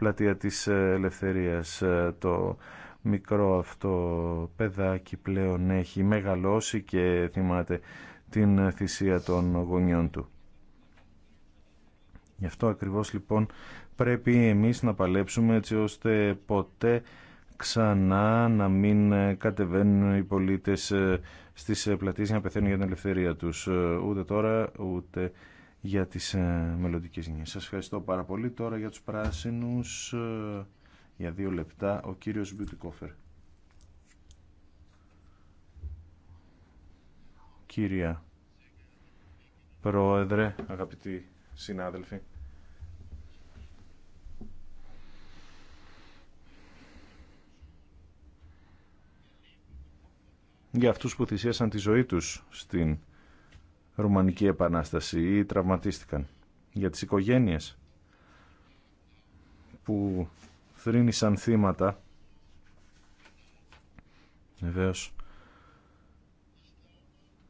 πλατεία της Ελευθερίας. Ε, το μικρό αυτό παιδάκι πλέον έχει μεγαλώσει και θυμάται την θυσία των γονιών του. Γι' αυτό ακριβώς λοιπόν πρέπει εμείς να παλέψουμε έτσι ώστε ποτέ ξανά να μην κατεβαίνουν οι πολίτες ε, στις πλατείες για να πεθαίνουν για την ελευθερία τους. Ε, ούτε τώρα ούτε για τις ε, μελλοντικές γενιές. Σας ευχαριστώ πάρα πολύ. Τώρα για τους πράσινους, ε, για δύο λεπτά, ο κύριος Μπιουτικόφερ. Κύρια Πρόεδρε, αγαπητοί συνάδελφοι, για αυτούς που θυσίασαν τη ζωή τους στην Ρουμανική Επανάσταση ή τραυματίστηκαν. Για τις οικογένειες που θρύνησαν θύματα βεβαίω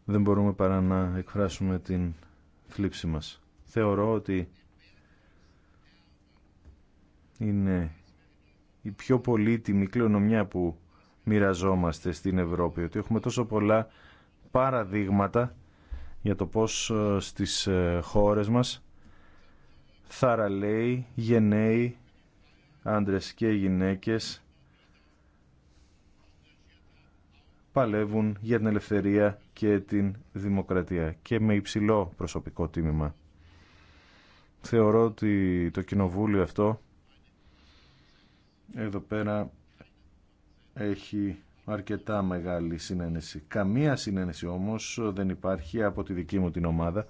δεν μπορούμε παρά να εκφράσουμε την θλίψη μας. Θεωρώ ότι είναι η πιο πολύτιμη κληρονομιά που μοιραζόμαστε στην Ευρώπη, ότι έχουμε τόσο πολλά παραδείγματα για το πώς ε, στις ε, χώρες μας θαραλέοι, γενναίοι, άντρες και γυναίκες παλεύουν για την ελευθερία και την δημοκρατία και με υψηλό προσωπικό τίμημα. Θεωρώ ότι το κοινοβούλιο αυτό εδώ πέρα έχει αρκετά μεγάλη συνένεση. Καμία συνένεση όμως δεν υπάρχει από τη δική μου την ομάδα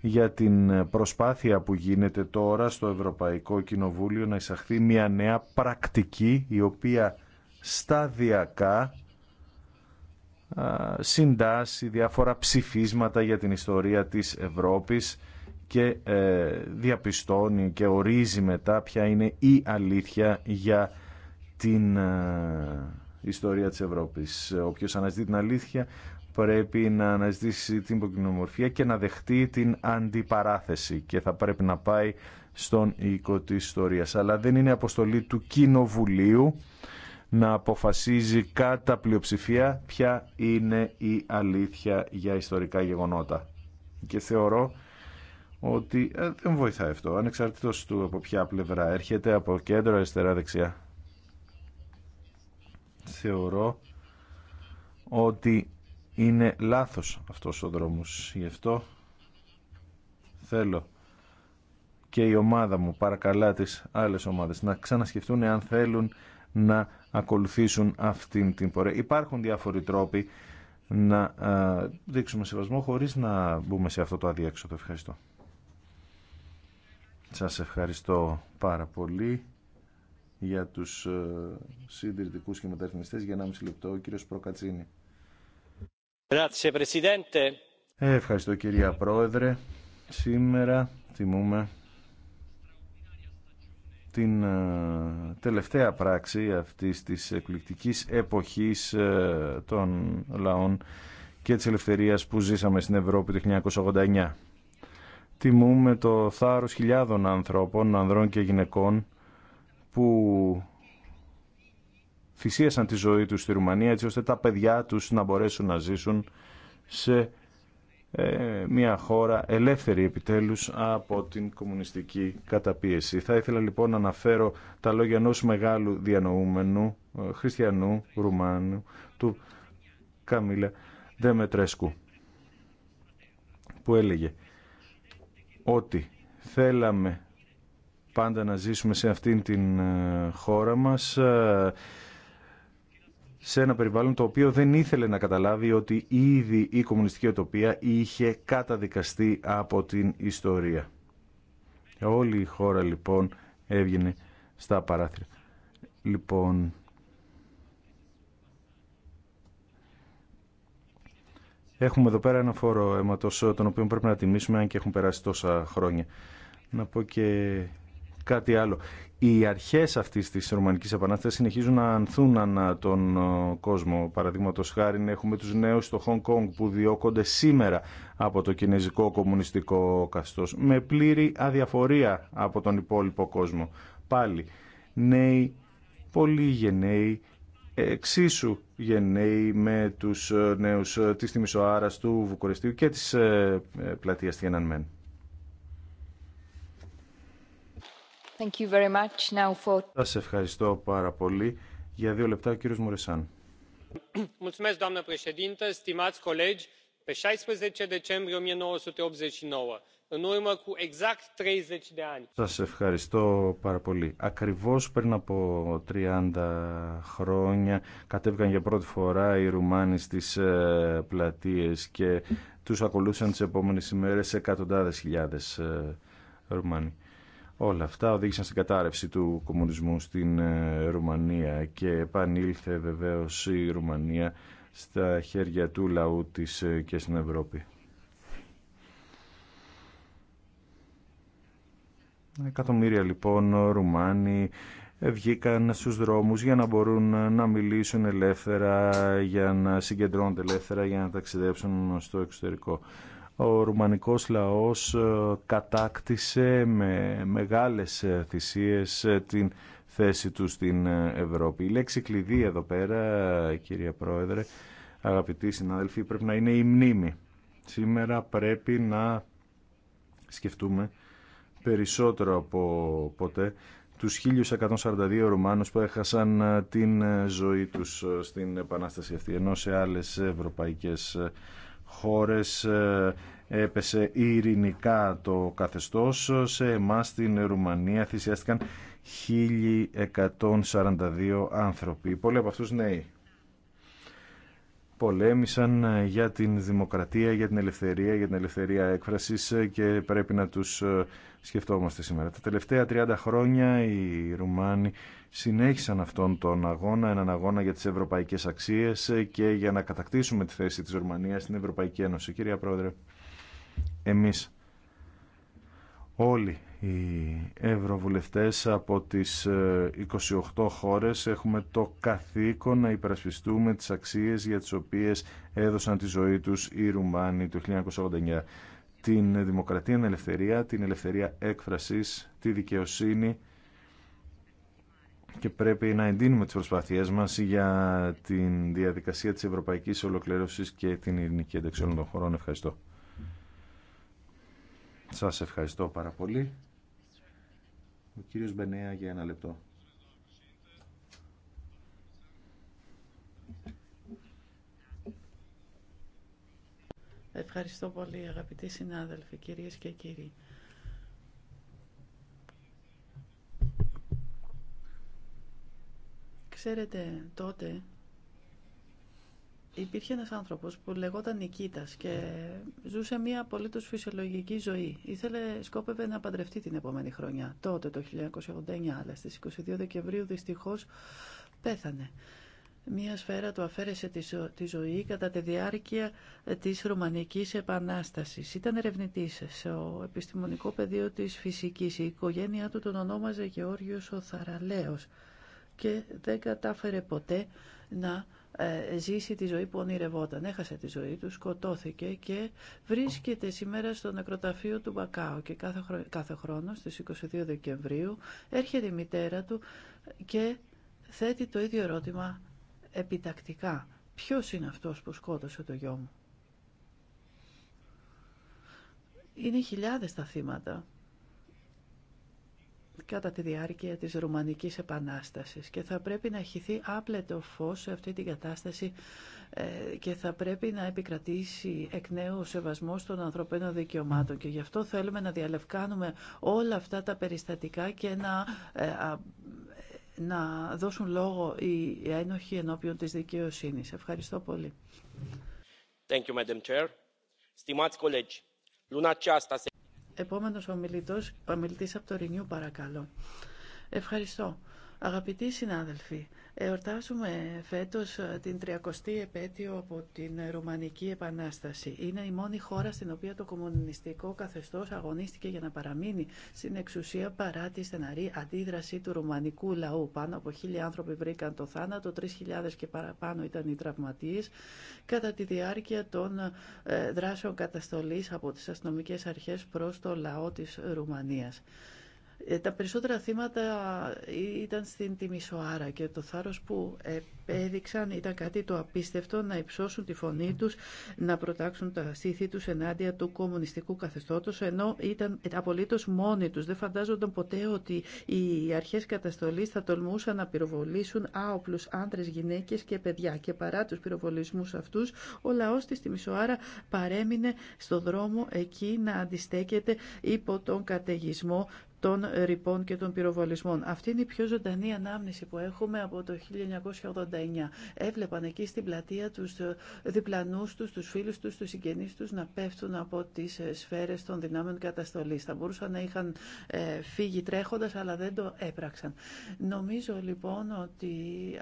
για την προσπάθεια που γίνεται τώρα στο Ευρωπαϊκό Κοινοβούλιο να εισαχθεί μια νέα πρακτική η οποία σταδιακά συντάσσει διάφορα ψηφίσματα για την ιστορία της Ευρώπης και ε, διαπιστώνει και ορίζει μετά ποια είναι η αλήθεια για την ε, ιστορία της Ευρώπης. Όποιος αναζητεί την αλήθεια πρέπει να αναζητήσει την ποικινομορφία και να δεχτεί την αντιπαράθεση και θα πρέπει να πάει στον οίκο της ιστορίας. Αλλά δεν είναι αποστολή του Κοινοβουλίου να αποφασίζει κατά πλειοψηφία ποια είναι η αλήθεια για ιστορικά γεγονότα. Και θεωρώ ότι ε, δεν βοηθάει αυτό, ανεξαρτήτως του από ποια πλευρά έρχεται, από κέντρο, αριστερά, δεξιά θεωρώ ότι είναι λάθος αυτός ο δρόμος. Γι' αυτό θέλω και η ομάδα μου παρακαλά τις άλλες ομάδες να ξανασκεφτούν αν θέλουν να ακολουθήσουν αυτήν την πορεία. Υπάρχουν διάφοροι τρόποι να δείξουμε σεβασμό χωρίς να μπούμε σε αυτό το αδιέξοδο. Ευχαριστώ. Σας ευχαριστώ πάρα πολύ για τους ε, συντηρητικού και μεταρρυθμιστέ. για 1,5 λεπτό ο κύριο Προκατσίνη. Ε, ευχαριστώ κυρία Πρόεδρε. Σήμερα τιμούμε την ε, τελευταία πράξη αυτής της εκπληκτικής εποχής των λαών και της ελευθερίας που ζήσαμε στην Ευρώπη το 1989. Τιμούμε το θάρρος χιλιάδων ανθρώπων, ανδρών και γυναικών που θυσίασαν τη ζωή τους στη Ρουμανία έτσι ώστε τα παιδιά τους να μπορέσουν να ζήσουν σε ε, μια χώρα ελεύθερη επιτέλους από την κομμουνιστική καταπίεση. Θα ήθελα λοιπόν να αναφέρω τα λόγια ενός μεγάλου διανοούμενου, ε, χριστιανού, Ρουμάνου, του Καμίλα Δεμετρέσκου, που έλεγε ότι θέλαμε πάντα να ζήσουμε σε αυτήν την ε, χώρα μας ε, σε ένα περιβάλλον το οποίο δεν ήθελε να καταλάβει ότι ήδη η κομμουνιστική οτοπία είχε καταδικαστεί από την ιστορία. Όλη η χώρα λοιπόν έβγαινε στα παράθυρα. Λοιπόν, έχουμε εδώ πέρα ένα φόρο αιματος τον οποίο πρέπει να τιμήσουμε αν και έχουν περάσει τόσα χρόνια. Να πω και κάτι άλλο. Οι αρχές αυτή τη ρουμανικής Επανάστασης συνεχίζουν να ανθούν ανά τον ε, κόσμο. Παραδείγματο χάρη έχουμε τους νέους στο Χονγκ Κόνγκ που διώκονται σήμερα από το κινέζικο κομμουνιστικό καστός με πλήρη αδιαφορία από τον υπόλοιπο κόσμο. Πάλι νέοι, πολύ γενναίοι, εξίσου γενναίοι με τους ε, νέους ε, της Τιμισοάρας, του Βουκουρεστίου και της πλατείας Τιέναν Μέν. Thank you very much now for... Σας ευχαριστώ πάρα πολύ. Για δύο λεπτά ο κύριος Μουρεσάν. doamnă președintă, stimați colegi, pe 16 decembrie 1989, în urmă cu exact 30 de ani. Σας ευχαριστώ πάρα πολύ. Ακριβώς πριν από 30 χρόνια κατέβηκαν για πρώτη φορά οι Ρουμάνοι στις ε, πλατείες και τους ακολούθησαν τις επόμενες ημέρες εκατοντάδες χιλιάδες ε, Ρουμάνοι. Όλα αυτά οδήγησαν στην κατάρρευση του κομμουνισμού στην ε, Ρουμανία και επανήλθε βεβαίως η Ρουμανία στα χέρια του λαού της ε, και στην Ευρώπη. Εκατομμύρια λοιπόν Ρουμάνοι βγήκαν στους δρόμους για να μπορούν να μιλήσουν ελεύθερα, για να συγκεντρώνονται ελεύθερα, για να ταξιδέψουν στο εξωτερικό ο ρουμανικός λαός ε, κατάκτησε με μεγάλες ε, θυσίες ε, την θέση του στην Ευρώπη. Η λέξη κλειδί εδώ πέρα, κύριε Πρόεδρε, αγαπητοί συναδελφοί, πρέπει να είναι η μνήμη. Σήμερα πρέπει να σκεφτούμε περισσότερο από ποτέ τους 1142 Ρουμάνους που έχασαν την ζωή τους στην επανάσταση αυτή, ενώ σε άλλες ευρωπαϊκές χώρες ε, έπεσε ειρηνικά το καθεστώς. Σε εμάς στην Ρουμανία θυσιάστηκαν 1.142 άνθρωποι. Πολλοί από αυτούς νέοι πολέμησαν ε, για την δημοκρατία, για την ελευθερία, για την ελευθερία έκφρασης ε, και πρέπει να τους ε, σκεφτόμαστε σήμερα. Τα τελευταία 30 χρόνια οι Ρουμάνοι συνέχισαν αυτόν τον αγώνα, έναν αγώνα για τις ευρωπαϊκές αξίες και για να κατακτήσουμε τη θέση της Ρουμανίας στην Ευρωπαϊκή Ένωση. Κυρία Πρόεδρε, εμείς όλοι οι ευρωβουλευτές από τις 28 ε, χώρες έχουμε το καθήκον να υπερασπιστούμε τις αξίες για τις οποίες έδωσαν τη ζωή τους οι Ρουμάνοι το 1989. Την δημοκρατία, την ελευθερία, την ελευθερία έκφρασης, τη δικαιοσύνη και πρέπει να εντείνουμε τις προσπάθειές μας για την διαδικασία της ευρωπαϊκής ολοκλήρωσης και την ειρηνική ένταξη των χωρών. Ευχαριστώ. Σας ευχαριστώ πάρα πολύ. Ο κύριος Μπενέα για ένα λεπτό. Ευχαριστώ πολύ αγαπητοί συνάδελφοι, κυρίες και κύριοι. Ξέρετε τότε υπήρχε ένας άνθρωπος που λεγόταν Νικήτας και ζούσε μια απολύτως φυσιολογική ζωή. Ήθελε, σκόπευε να παντρευτεί την επόμενη χρονιά, τότε το 1989, αλλά στις 22 Δεκεμβρίου δυστυχώς πέθανε. Μία σφαίρα του αφαίρεσε τη, ζωή κατά τη διάρκεια της Ρουμανικής Επανάστασης. Ήταν ερευνητής στο επιστημονικό πεδίο της φυσικής. Η οικογένειά του τον ονόμαζε Γεώργιος ο Θαραλέος και δεν κατάφερε ποτέ να ε, ζήσει τη ζωή που ονειρευόταν. Έχασε τη ζωή του, σκοτώθηκε και βρίσκεται σήμερα στο νεκροταφείο του Μπακάου. και κάθε, χρόνο, κάθε χρόνο στις 22 Δεκεμβρίου έρχεται η μητέρα του και θέτει το ίδιο ερώτημα επιτακτικά. Ποιος είναι αυτός που σκότωσε το γιο μου. Είναι χιλιάδες τα θύματα κατά τη διάρκεια της Ρουμανικής Επανάστασης και θα πρέπει να χυθεί άπλετο φως σε αυτή την κατάσταση ε, και θα πρέπει να επικρατήσει εκ νέου ο σεβασμός των ανθρωπίνων δικαιωμάτων και γι' αυτό θέλουμε να διαλευκάνουμε όλα αυτά τα περιστατικά και να ε, να δώσουν λόγο οι ένοχοι ενώπιον της δικαιοσύνης. Ευχαριστώ πολύ. Thank you, Madam Επόμενος ο ομιλητής από το Ρηνιού, παρακαλώ. Ευχαριστώ. Αγαπητοί συνάδελφοι, Εορτάζουμε φέτος ε, την 30η επέτειο από την Ρουμανική Επανάσταση. Είναι η μόνη χώρα στην οποία το κομμουνιστικό καθεστώς αγωνίστηκε για να παραμείνει στην εξουσία παρά τη στεναρή αντίδραση του ρουμανικού λαού. Πάνω από χίλια άνθρωποι βρήκαν το θάνατο, 3.000 και παραπάνω ήταν οι τραυματίες κατά τη διάρκεια των ε, δράσεων καταστολής από τις αστυνομικές αρχές προς το λαό της Ρουμανίας. Ε, τα περισσότερα θύματα ήταν στην Τιμισοάρα και το θάρρος που έδειξαν ήταν κάτι το απίστευτο να υψώσουν τη φωνή τους, να προτάξουν τα στήθη τους ενάντια του κομμουνιστικού καθεστώτος, ενώ ήταν απολύτως μόνοι τους. Δεν φαντάζονταν ποτέ ότι οι αρχές καταστολής θα τολμούσαν να πυροβολήσουν άοπλους άντρες, γυναίκες και παιδιά. Και παρά τους πυροβολισμούς αυτούς, ο λαός της Τιμισοάρα παρέμεινε στο δρόμο εκεί να αντιστέκεται υπό τον καταιγισμό των ρηπών και των πυροβολισμών. Αυτή είναι η πιο ζωντανή ανάμνηση που έχουμε από το 1989. Έβλεπαν εκεί στην πλατεία τους διπλανούς τους, τους φίλους τους, τους συγγενείς τους να πέφτουν από τις ε, σφαίρες των δυνάμεων καταστολής. Θα μπορούσαν να είχαν ε, φύγει τρέχοντας, αλλά δεν το έπραξαν. Νομίζω λοιπόν ότι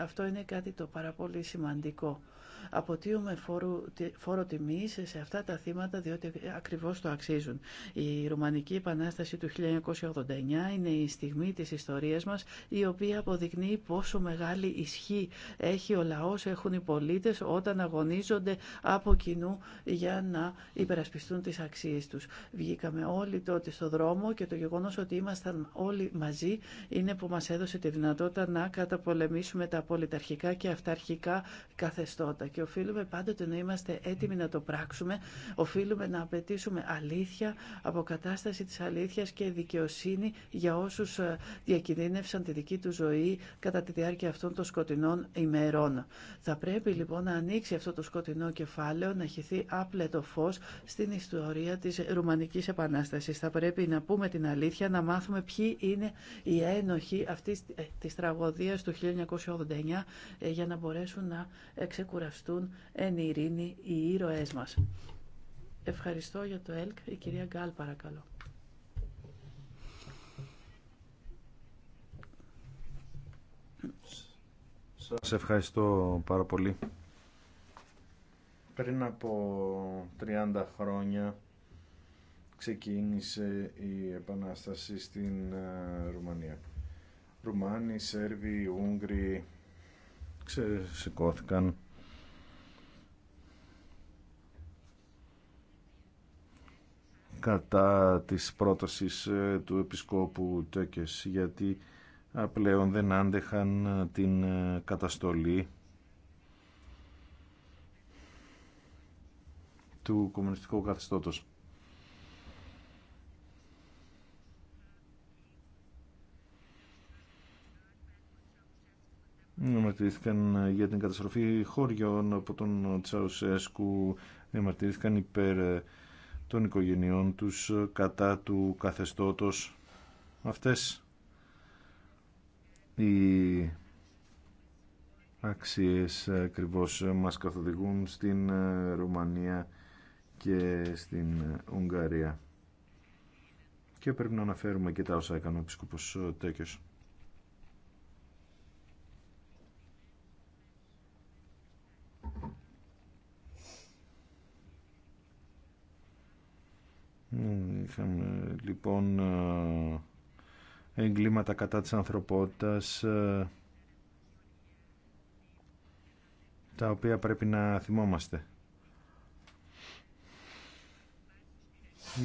αυτό είναι κάτι το πάρα πολύ σημαντικό αποτείουμε φόρο, φόρο σε αυτά τα θύματα διότι ακριβώς το αξίζουν. Η Ρουμανική Επανάσταση του 1989 είναι η στιγμή της ιστορίας μας η οποία αποδεικνύει πόσο μεγάλη ισχύ έχει ο λαός, έχουν οι πολίτες όταν αγωνίζονται από κοινού για να υπερασπιστούν τις αξίες τους. Βγήκαμε όλοι τότε στο δρόμο και το γεγονός ότι ήμασταν όλοι μαζί είναι που μας έδωσε τη δυνατότητα να καταπολεμήσουμε τα πολιταρχικά και αυταρχικά καθεστώτα και οφείλουμε πάντοτε να είμαστε έτοιμοι να το πράξουμε. Οφείλουμε να απαιτήσουμε αλήθεια, αποκατάσταση της αλήθειας και δικαιοσύνη για όσους ε, διακινδύνευσαν τη δική του ζωή κατά τη διάρκεια αυτών των σκοτεινών ημερών. Θα πρέπει λοιπόν να ανοίξει αυτό το σκοτεινό κεφάλαιο, να χυθεί άπλετο φως στην ιστορία της Ρουμανικής Επανάστασης. Θα πρέπει να πούμε την αλήθεια, να μάθουμε ποιοι είναι οι ένοχοι αυτής ε, της τραγωδίας του 1989 ε, για να μπορέσουν να ξεκουραστούν ευχαριστούν εν ειρήνη οι ήρωές μας. Ευχαριστώ για το ΕΛΚ. Η κυρία Γκάλ παρακαλώ. Σας ευχαριστώ πάρα πολύ. Πριν από 30 χρόνια ξεκίνησε η επανάσταση στην ε, Ρουμανία. Ρουμάνοι, Σέρβοι, Ούγγροι ξεσηκώθηκαν κατά της πρότασης ε, του Επισκόπου Τέκες γιατί πλέον δεν άντεχαν ε, την ε, καταστολή του κομμουνιστικού καθεστώτος. Διαμαρτυρήθηκαν για την καταστροφή χώριων από τον Τσαουσέσκου, διαμαρτυρήθηκαν υπέρ των οικογενειών τους κατά του καθεστώτος. Αυτές οι αξίες ακριβώ μας καθοδηγούν στην Ρουμανία και στην Ουγγαρία. Και πρέπει να αναφέρουμε και τα όσα έκανε ο Επισκοπός Τέκιος. Ναι, είχαμε λοιπόν ε, εγκλήματα κατά της ανθρωπότητας ε, τα οποία πρέπει να θυμόμαστε.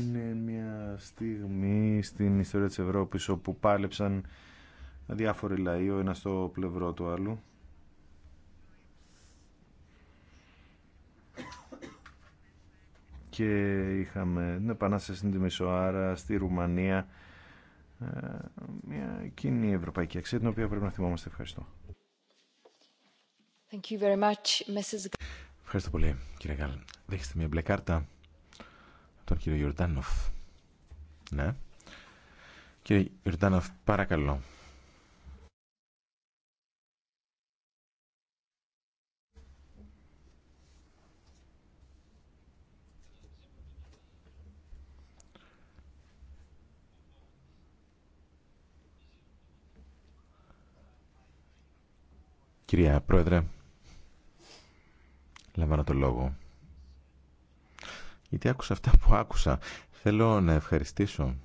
Είναι μια στιγμή στην ιστορία της Ευρώπης όπου πάλεψαν διάφοροι λαοί ο ένας στο πλευρό του άλλου και είχαμε την επανάσταση στην Τιμισοάρα, στη Ρουμανία. Ε, μια κοινή ευρωπαϊκή αξία την οποία πρέπει να θυμόμαστε. Ευχαριστώ. Ευχαριστώ πολύ, κύριε Γκάλ. Δέχεστε μια μπλε κάρτα τον κύριο Γιουρτάνοφ. Ναι. Κύριε Γιουρτάνοφ, παρακαλώ. Κυρία Πρόεδρε, λαμβάνω το λόγο. Γιατί άκουσα αυτά που άκουσα. Θέλω να ευχαριστήσω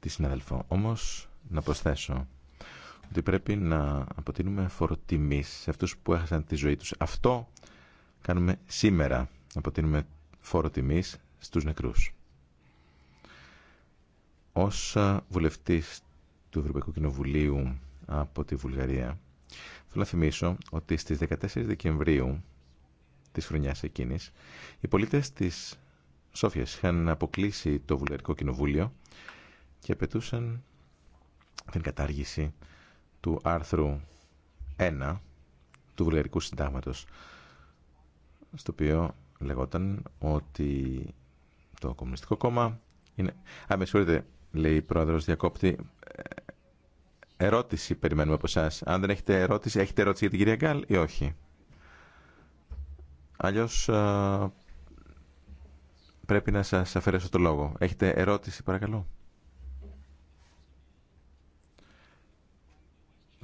τη συναδελφό. Όμως να προσθέσω ότι πρέπει να αποτείνουμε φοροτιμής σε αυτούς που έχασαν τη ζωή τους. Αυτό κάνουμε σήμερα, να αποτείνουμε φοροτιμή στους νεκρούς. Όσα βουλευτής του Ευρωπαϊκού Κοινοβουλίου από τη Βουλγαρία. Θέλω να θυμίσω ότι στις 14 Δεκεμβρίου της χρονιάς εκείνης, οι πολίτες της Σόφιας είχαν αποκλείσει το Βουλγαρικό Κοινοβούλιο και απαιτούσαν την κατάργηση του άρθρου 1 του Βουλγαρικού Συντάγματος, στο οποίο λεγόταν ότι το Κομμουνιστικό Κόμμα είναι... Α, με συγχωρείτε, λέει η πρόεδρος Διακόπτη, ε, Ερώτηση περιμένουμε από εσά. Αν δεν έχετε ερώτηση, έχετε ερώτηση για την κυρία Γκάλ ή όχι. Αλλιώ πρέπει να σα αφαιρέσω το λόγο. Έχετε ερώτηση, παρακαλώ.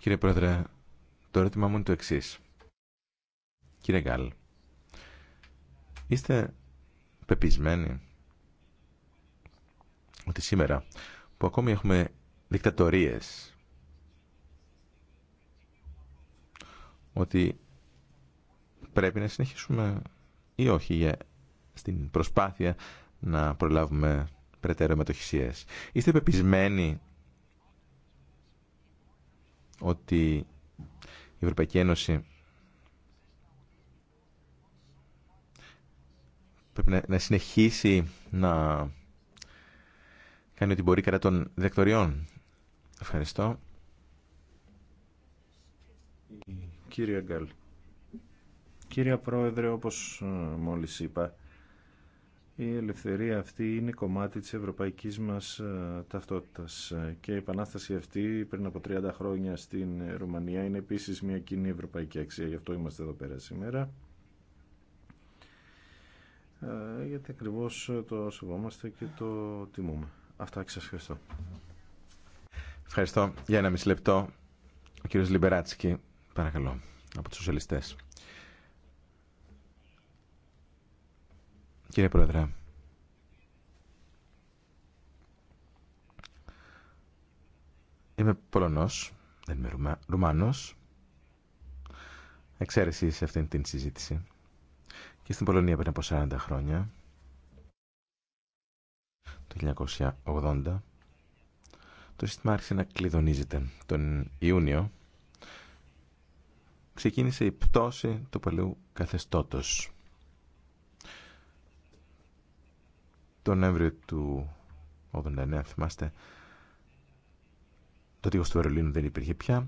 Κύριε Πρόεδρε, το ερώτημά μου είναι το εξή. Κύριε Γκάλ, είστε πεπισμένοι ότι σήμερα που ακόμη έχουμε δικτατορίες ότι πρέπει να συνεχίσουμε ή όχι στην προσπάθεια να προλάβουμε περαιτέρω μετοχυσίες. Είστε πεπισμένοι ότι η Ευρωπαϊκή Ένωση πρέπει να, συνεχίσει να κάνει ό,τι μπορεί κατά των δεκτοριών. Ευχαριστώ. Κύριε Γκάλ. Κύριε Πρόεδρε, όπως ε, μόλις είπα, η ελευθερία αυτή είναι κομμάτι της ευρωπαϊκής μας ε, ταυτότητας και η επανάσταση αυτή πριν από 30 χρόνια στην Ρουμανία είναι επίσης μια κοινή ευρωπαϊκή αξία, γι' αυτό είμαστε εδώ πέρα σήμερα. Ε, γιατί ακριβώς το σεβόμαστε και το τιμούμε. Αυτά και σας ευχαριστώ. Ευχαριστώ. Για ένα μισή λεπτό, ο κύριος Λιμπεράτσικη. Παρακαλώ, από τους σοσιαλιστές. Κύριε Πρόεδρε, είμαι Πολωνός, δεν είμαι Ρουμάνος. Εξαίρεση σε αυτήν την συζήτηση. Και στην Πολωνία πριν από 40 χρόνια, το 1980, το σύστημα άρχισε να κλειδονίζεται. Τον Ιούνιο ξεκίνησε η πτώση του παλαιού καθεστώτος. Τον Νοέμβριο του 89, θυμάστε, το τείχος του Βερολίνου δεν υπήρχε πια.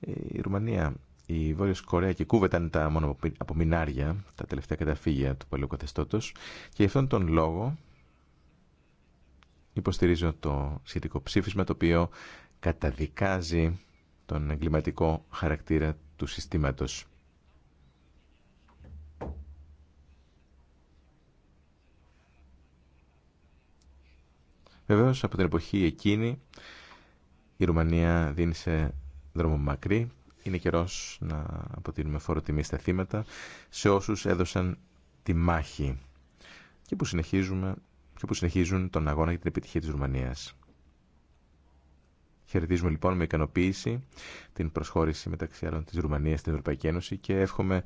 Η Ρουμανία, η Βόρειος Κορέα και η Κούβα ήταν τα μόνο απομεινάρια, τα τελευταία καταφύγια του παλαιού καθεστώτος και γι' αυτόν τον λόγο υποστηρίζω το σχετικό ψήφισμα το οποίο καταδικάζει τον εγκληματικό χαρακτήρα του συστήματος. Βεβαίως από την εποχή εκείνη η Ρουμανία δίνει σε δρόμο μακρύ. Είναι καιρός να αποτείνουμε φόρο τιμή στα θύματα σε όσους έδωσαν τη μάχη και που, συνεχίζουμε, και που συνεχίζουν τον αγώνα για την επιτυχία της Ρουμανίας. Χαιρετίζουμε λοιπόν με ικανοποίηση την προσχώρηση μεταξύ άλλων της Ρουμανίας στην Ευρωπαϊκή Ένωση και εύχομαι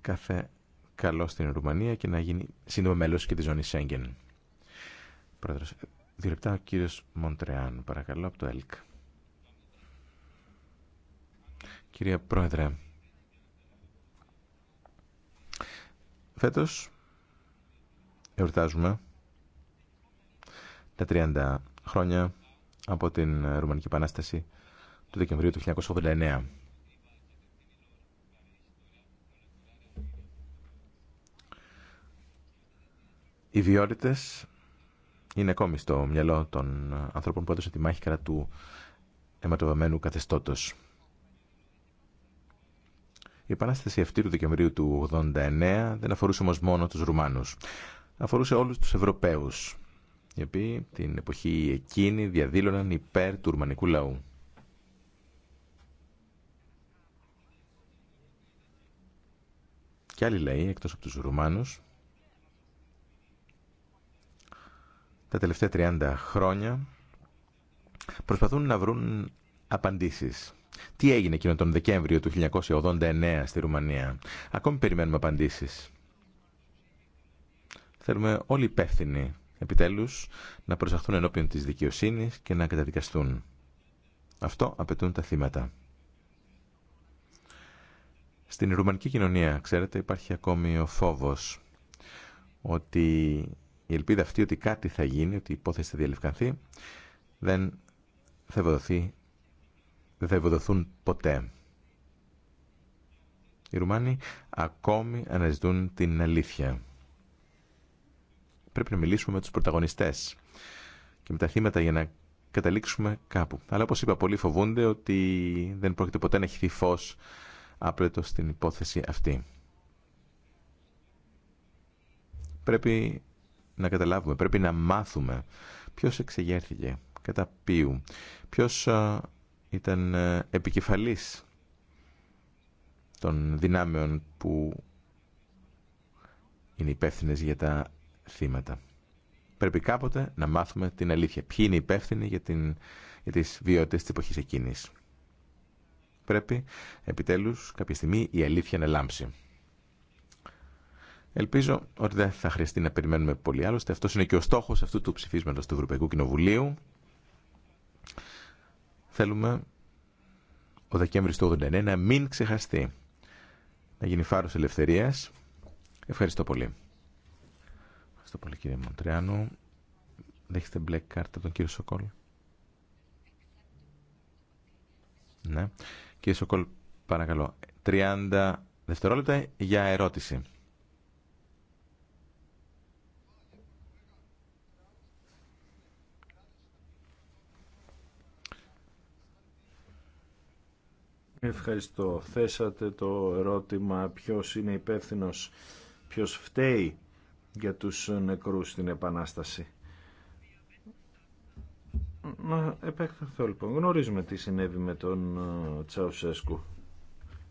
κάθε καλό στην Ρουμανία και να γίνει σύντομα μέλος και της ζώνης Σέγγεν. Πρόεδρος, δύο λεπτά ο κύριος Μοντρεάν, παρακαλώ, από το ΕΛΚ. Κυρία Πρόεδρε, φέτος εορτάζουμε τα 30 χρόνια από την ε, Ρουμανική Επανάσταση του Δεκεμβρίου του 1989. Οι βιότητε είναι ακόμη στο μυαλό των ε, ανθρώπων που έδωσαν τη μάχη κατά του αιματοβαμένου καθεστώτος. Η επανάσταση αυτή του Δεκεμβρίου του 1989 δεν αφορούσε όμω μόνο τους Ρουμάνους. Αφορούσε όλους τους Ευρωπαίους οι οποίοι την εποχή εκείνη διαδήλωναν υπέρ του ρουμανικού λαού. Και άλλοι λαοί, εκτός από τους Ρουμάνους, τα τελευταία 30 χρόνια προσπαθούν να βρουν απαντήσεις. Τι έγινε εκείνο τον Δεκέμβριο του 1989 στη Ρουμανία. Ακόμη περιμένουμε απαντήσεις. Θέλουμε όλοι υπεύθυνοι επιτέλους να προσαχθούν ενώπιον της δικαιοσύνης και να καταδικαστούν. Αυτό απαιτούν τα θύματα. Στην ρουμανική κοινωνία, ξέρετε, υπάρχει ακόμη ο φόβος ότι η ελπίδα αυτή ότι κάτι θα γίνει, ότι η υπόθεση θα διαλευκανθεί, δεν θα ευοδοθεί, δεν θα ποτέ. Οι Ρουμάνοι ακόμη αναζητούν την αλήθεια. Πρέπει να μιλήσουμε με τους πρωταγωνιστές και με τα θύματα για να καταλήξουμε κάπου. Αλλά όπως είπα, πολλοί φοβούνται ότι δεν πρόκειται ποτέ να έχει φως άπλετο στην υπόθεση αυτή. Πρέπει να καταλάβουμε, πρέπει να μάθουμε ποιος εξεγέρθηκε, κατά ποιου, ποιος ήταν ε, επικεφαλής των δυνάμεων που είναι υπεύθυνε για τα θύματα. Πρέπει κάποτε να μάθουμε την αλήθεια. Ποιοι είναι οι υπεύθυνοι για, την, για τις βιότητες της εποχής εκείνης. Πρέπει επιτέλους κάποια στιγμή η αλήθεια να λάμψει. Ελπίζω ότι δεν θα χρειαστεί να περιμένουμε πολύ άλλωστε. Αυτό είναι και ο στόχος αυτού του ψηφίσματος του Ευρωπαϊκού Κοινοβουλίου. Θέλουμε ο Δεκέμβρης του 1989 να μην ξεχαστεί. Να γίνει φάρος ελευθερίας. Ευχαριστώ πολύ. Ευχαριστώ πολύ κύριε Μοντριάνου. Δέχεστε μπλε κάρτα από τον κύριο Σοκόλ. Ναι. Κύριε Σοκόλ, παρακαλώ. 30 δευτερόλεπτα για ερώτηση. Ευχαριστώ. Θέσατε το ερώτημα ποιος είναι υπεύθυνος, ποιος φταίει για τους νεκρούς στην Επανάσταση. Να επέκταθω λοιπόν. Γνωρίζουμε τι συνέβη με τον ε, Τσαουσέσκου.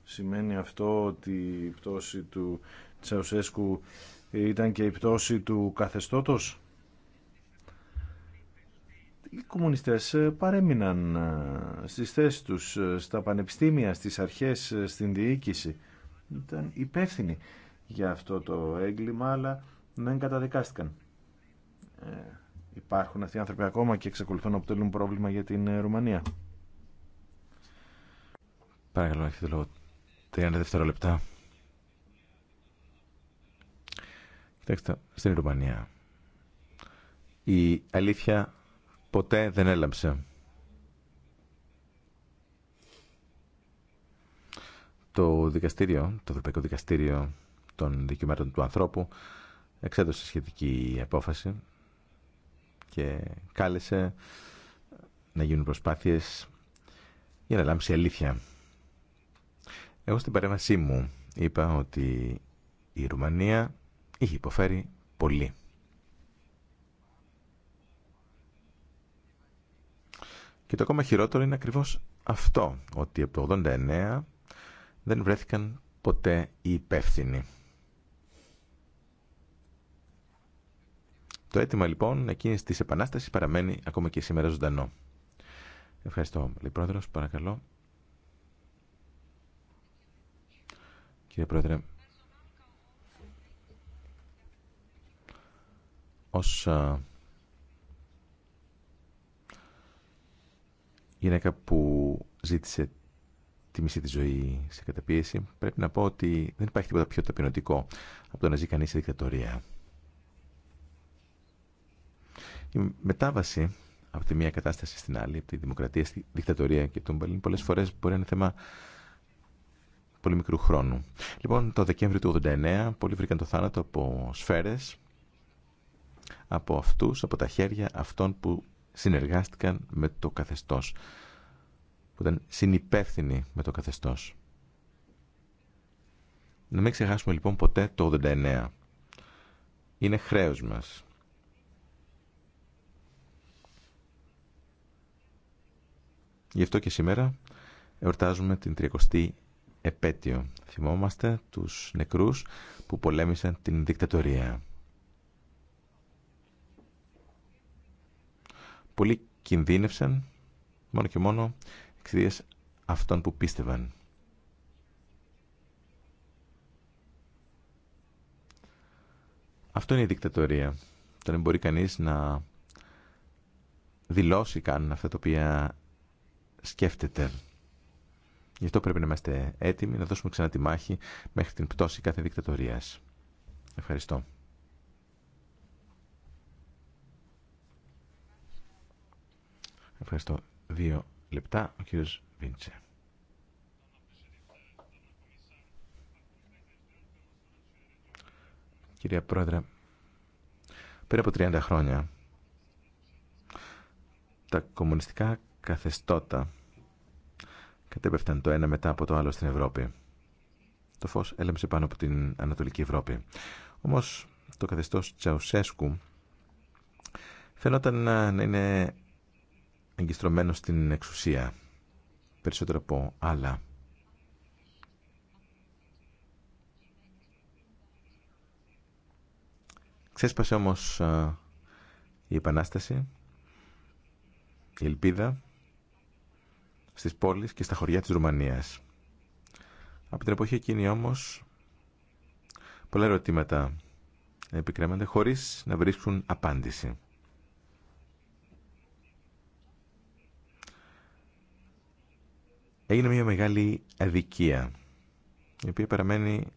Σημαίνει αυτό ότι η πτώση του Τσαουσέσκου ήταν και η πτώση του καθεστώτος. Οι κομμουνιστές ε, παρέμειναν ε, στις θέσεις τους, στα πανεπιστήμια, στις αρχές, στην διοίκηση. Ήταν υπεύθυνοι για αυτό το έγκλημα, αλλά δεν καταδικάστηκαν. Ε, υπάρχουν αυτοί οι άνθρωποι ακόμα και εξακολουθούν να αποτελούν πρόβλημα για την ε, Ρουμανία. Παρακαλώ, έχετε λόγο. 30 δευτερόλεπτα. Κοιτάξτε, στην Ρουμανία η αλήθεια ποτέ δεν έλαμψε. Το δικαστήριο, το Ευρωπαϊκό Δικαστήριο των Δικαιωμάτων του Ανθρώπου εξέδωσε σχετική απόφαση και κάλεσε να γίνουν προσπάθειες για να λάμψει αλήθεια. Εγώ στην παρέμβασή μου είπα ότι η Ρουμανία είχε υποφέρει πολύ. Και το ακόμα χειρότερο είναι ακριβώς αυτό, ότι από το 89 δεν βρέθηκαν ποτέ οι υπεύθυνοι. Το αίτημα λοιπόν εκείνη τη επανάσταση παραμένει ακόμα και σήμερα ζωντανό. Ευχαριστώ. Λέει πρόεδρο, παρακαλώ. Κύριε Πρόεδρε, ως γυναίκα που ζήτησε τη μισή τη ζωή σε καταπίεση, πρέπει να πω ότι δεν υπάρχει τίποτα πιο ταπεινωτικό από το να ζει κανείς σε δικτατορία. Η μετάβαση από τη μία κατάσταση στην άλλη, από τη δημοκρατία στη δικτατορία και τον Μπαλίν, πολλές φορές μπορεί να είναι θέμα πολύ μικρού χρόνου. Λοιπόν, το Δεκέμβριο του 89 πολλοί βρήκαν το θάνατο από σφαίρε από αυτούς, από τα χέρια αυτών που συνεργάστηκαν με το καθεστώς, που ήταν συνυπεύθυνοι με το καθεστώς. Να μην ξεχάσουμε λοιπόν ποτέ το 89. Είναι χρέος μας Γι' αυτό και σήμερα εορτάζουμε την 30η επέτειο. Θυμόμαστε τους νεκρούς που πολέμησαν την δικτατορία. Πολλοί κινδύνευσαν μόνο και μόνο εξαιτίας αυτών που πίστευαν. Αυτό είναι δικτατορία. Τώρα δεν μπορεί κανείς να δηλώσει καν αυτά τα οποία σκέφτεται. Γι' αυτό πρέπει να είμαστε έτοιμοι να δώσουμε ξανά τη μάχη μέχρι την πτώση κάθε δικτατορίας. Ευχαριστώ. Ευχαριστώ. Δύο λεπτά, ο κύριος Βίντσε. Κυρία Πρόεδρε, πριν από 30 χρόνια, τα κομμουνιστικά καθεστώτα κατέπεφταν το ένα μετά από το άλλο στην Ευρώπη. Το φως έλεμψε πάνω από την Ανατολική Ευρώπη. Όμως το καθεστώς Τσαουσέσκου φαινόταν να είναι εγκιστρωμένο στην εξουσία περισσότερο από άλλα. Ξέσπασε όμως ε, η Επανάσταση, η Ελπίδα στις πόλεις και στα χωριά της Ρουμανίας. Από την εποχή εκείνη όμως πολλά ερωτήματα επικρέμανται χωρί να βρίσκουν απάντηση. Έγινε μια μεγάλη αδικία, η οποία παραμένει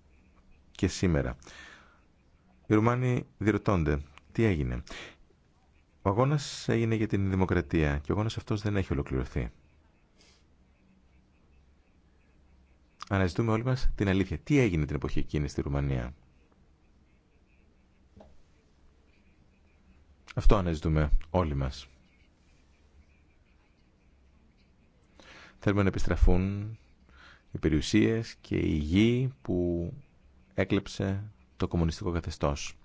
και σήμερα. Οι Ρουμάνοι διερωτώνται τι έγινε. Ο αγώνας έγινε για την δημοκρατία και ο αγώνας αυτός δεν έχει ολοκληρωθεί. αναζητούμε όλοι μας την αλήθεια. Τι έγινε την εποχή εκείνη στη Ρουμανία. Αυτό αναζητούμε όλοι μας. Θέλουμε να επιστραφούν οι περιουσίες και η γη που έκλεψε το κομμουνιστικό καθεστώς.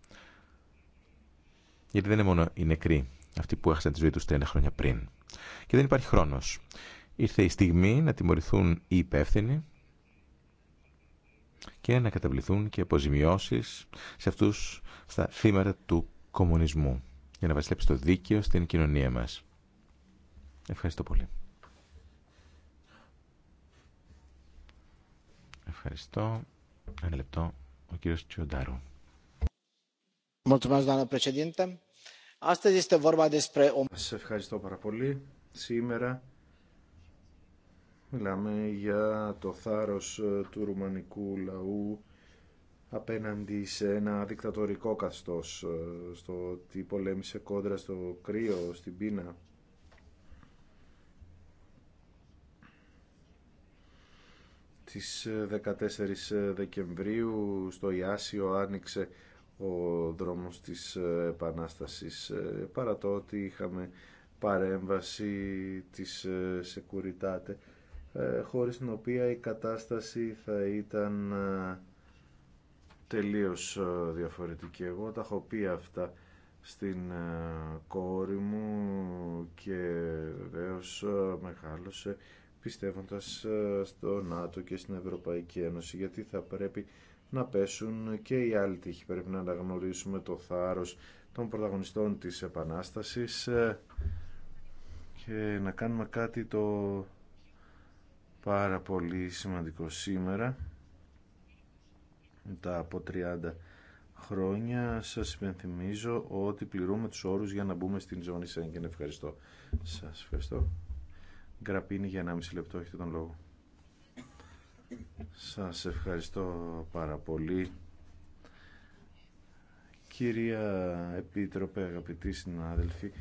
Γιατί δεν είναι μόνο οι νεκροί, αυτοί που έχασαν τη ζωή τους τένα χρόνια πριν. Και δεν υπάρχει χρόνος. Ήρθε η στιγμή να τιμωρηθούν οι υπεύθυνοι, και να καταβληθούν και αποζημιώσει σε αυτού στα θύματα του κομμουνισμού για να βασιλέψει το δίκαιο στην κοινωνία μα. Ευχαριστώ πολύ. Ευχαριστώ. Ένα λεπτό. Ο κύριο Τσιοντάρου. Σα ευχαριστώ πάρα πολύ. Σήμερα Μιλάμε για το θάρρος ε, του ρουμανικού λαού απέναντι σε ένα δικτατορικό καστός, ε, στο ότι πολέμησε κόντρα στο κρύο, στην πείνα. Τις 14 ε, Δεκεμβρίου στο Ιάσιο άνοιξε ο δρόμος της Επανάστασης, παρά το ότι είχαμε παρέμβαση της Σεκουριτάτε ε, χωρίς την οποία η κατάσταση θα ήταν ε, τελείως ε, διαφορετική. Εγώ τα έχω πει αυτά στην κόρη μου και βεβαίω μεγάλωσε πιστεύοντας στο ΝΑΤΟ και στην Ευρωπαϊκή Ένωση γιατί θα πρέπει να πέσουν και οι άλλοι τύχοι. Πρέπει να αναγνωρίσουμε το θάρρος των πρωταγωνιστών της Επανάστασης και να κάνουμε κάτι το πάρα πολύ σημαντικό σήμερα μετά από 30 χρόνια σας υπενθυμίζω ότι πληρούμε τους όρους για να μπούμε στην ζώνη Σέγγεν. Ευχαριστώ. Σας ευχαριστώ. Γραπίνη για 1,5 λεπτό έχετε τον λόγο. Σας ευχαριστώ πάρα πολύ. Κυρία Επίτροπε, αγαπητοί συνάδελφοι,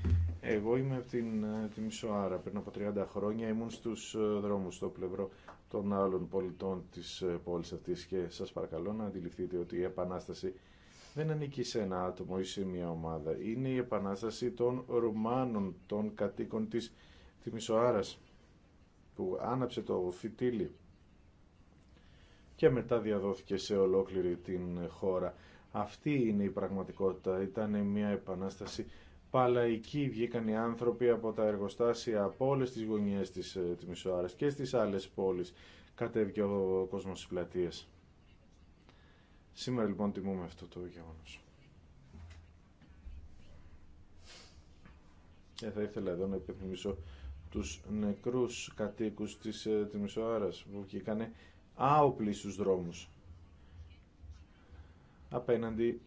ε, εγώ είμαι από την, ε, τη Μισοάρα. Πριν από 30 χρόνια ήμουν στους ε, δρόμους στο πλευρό των άλλων πολιτών της πόλης αυτής και σας παρακαλώ να αντιληφθείτε ότι η Επανάσταση δεν ανήκει σε ένα άτομο ή σε μια ομάδα. Είναι η Επανάσταση των Ρουμάνων, των κατοίκων της τη που άναψε το φυτίλι και μετά διαδόθηκε σε ολόκληρη την χώρα. Αυτή είναι η πραγματικότητα. Ήταν μια επανάσταση παλαϊκοί βγήκαν οι άνθρωποι από τα εργοστάσια από όλε τι γωνιέ τη ε, Τιμισοάρα και στι άλλε πόλει κατέβηκε ο κόσμο στι πλατείε. Σήμερα λοιπόν τιμούμε αυτό το γεγονό. Και ε, θα ήθελα εδώ να υπενθυμίσω τους νεκρούς κατοίκους της ε, Τιμισοάρας που βγήκαν άοπλοι στου δρόμους απέναντι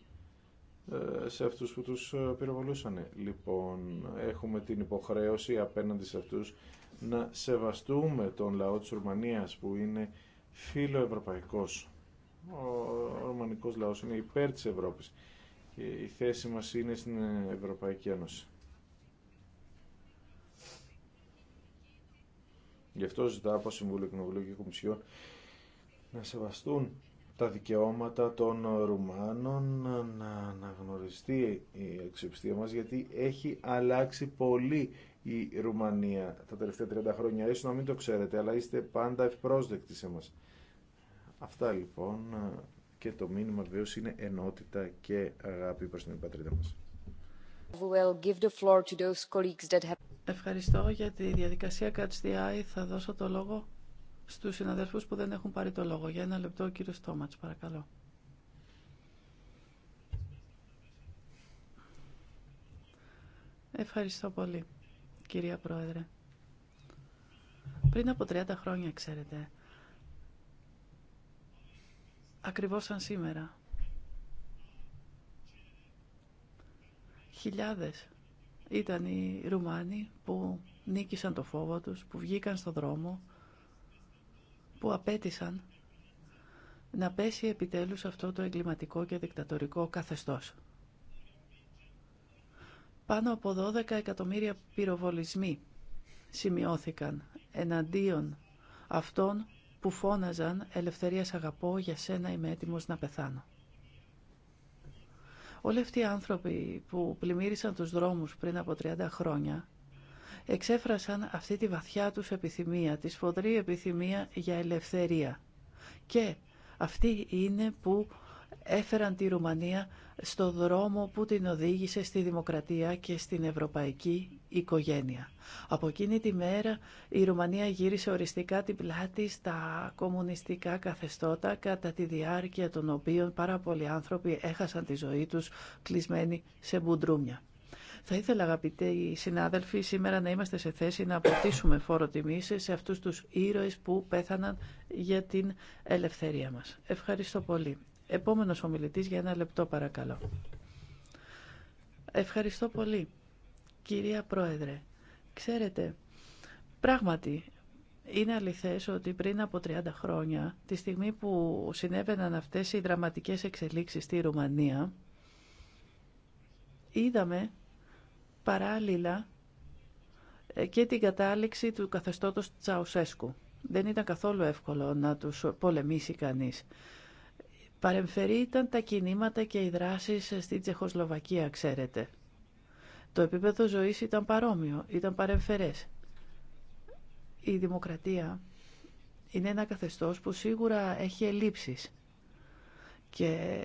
ε, σε αυτούς που τους ε, πυροβολούσαν. Λοιπόν, έχουμε την υποχρέωση απέναντι σε αυτούς να σεβαστούμε τον λαό της Ρουμανίας που είναι φιλοευρωπαϊκός. Ο ρουμανικός λαός είναι υπέρ της Ευρώπης και η θέση μας είναι στην Ευρωπαϊκή Ένωση. Γι' αυτό ζητάω από Συμβούλιο Κοινοβουλίου και Κομισιόν να σεβαστούν τα δικαιώματα των Ρουμάνων να αναγνωριστεί η αξιοπιστία μας γιατί έχει αλλάξει πολύ η Ρουμανία τα τελευταία 30 χρόνια. Ίσως να μην το ξέρετε, αλλά είστε πάντα ευπρόσδεκτοι σε μας. Αυτά λοιπόν και το μήνυμα βεβαίω είναι ενότητα και αγάπη προς την πατρίδα μας. Ευχαριστώ για τη διαδικασία ΚΑΤΣΤΙΑΙ. Θα δώσω το λόγο στους συναδέλφους που δεν έχουν πάρει το λόγο. Για ένα λεπτό ο κύριος Τόματς, παρακαλώ. Ευχαριστώ πολύ, κυρία Πρόεδρε. Πριν από 30 χρόνια, ξέρετε, ακριβώς σαν σήμερα, χιλιάδες ήταν οι Ρουμάνοι που νίκησαν το φόβο τους, που βγήκαν στο δρόμο, που απέτησαν να πέσει επιτέλους αυτό το εγκληματικό και δικτατορικό καθεστώς. Πάνω από 12 εκατομμύρια πυροβολισμοί σημειώθηκαν εναντίον αυτών που φώναζαν «Ελευθερία σ' αγαπώ, για σένα είμαι έτοιμος να πεθάνω». Όλοι αυτοί οι άνθρωποι που πλημμύρισαν τους δρόμους πριν από 30 χρόνια εξέφρασαν αυτή τη βαθιά τους επιθυμία, τη σφοδρή επιθυμία για ελευθερία. Και αυτοί είναι που έφεραν τη Ρουμανία στο δρόμο που την οδήγησε στη δημοκρατία και στην ευρωπαϊκή οικογένεια. Από εκείνη τη μέρα η Ρουμανία γύρισε οριστικά την πλάτη στα κομμουνιστικά καθεστώτα κατά τη διάρκεια των οποίων πάρα πολλοί άνθρωποι έχασαν τη ζωή τους κλεισμένοι σε μπουντρούμια. Θα ήθελα αγαπητοί συνάδελφοι σήμερα να είμαστε σε θέση να αποτίσουμε φόρο τιμής σε αυτούς τους ήρωες που πέθαναν για την ελευθερία μας. Ευχαριστώ πολύ. Επόμενος ομιλητής για ένα λεπτό παρακαλώ. Ευχαριστώ πολύ. Κυρία Πρόεδρε, ξέρετε, πράγματι είναι αληθές ότι πριν από 30 χρόνια, τη στιγμή που συνέβαιναν αυτές οι δραματικές εξελίξεις στη Ρουμανία, είδαμε παράλληλα ε, και την κατάληξη του καθεστώτος Τσαουσέσκου. Δεν ήταν καθόλου εύκολο να τους πολεμήσει κανείς. Παρεμφερή ήταν τα κινήματα και οι δράσεις στη Τσεχοσλοβακία, ξέρετε. Το επίπεδο ζωής ήταν παρόμοιο, ήταν παρεμφερές. Η δημοκρατία είναι ένα καθεστώς που σίγουρα έχει ελλείψεις και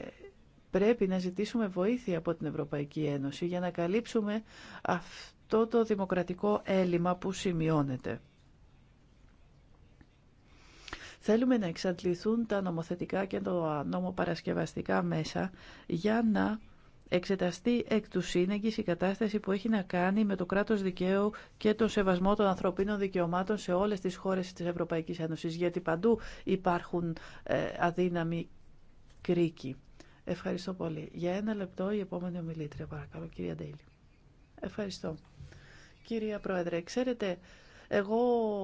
πρέπει να ζητήσουμε βοήθεια από την Ευρωπαϊκή Ένωση για να καλύψουμε αυτό το δημοκρατικό έλλειμμα που σημειώνεται. Θέλουμε να εξαντληθούν τα νομοθετικά και τα νομοπαρασκευαστικά μέσα για να εξεταστεί εκ του σύνεγγυς η κατάσταση που έχει να κάνει με το κράτος δικαίου και τον σεβασμό των ανθρωπίνων δικαιωμάτων σε όλες τις χώρες της Ευρωπαϊκής Ένωσης, γιατί παντού υπάρχουν ε, αδύναμοι κρίκοι. Ευχαριστώ πολύ. Για ένα λεπτό η επόμενη ομιλήτρια, παρακαλώ, κυρία Ντέιλι. Ευχαριστώ. Κυρία Πρόεδρε, ξέρετε, εγώ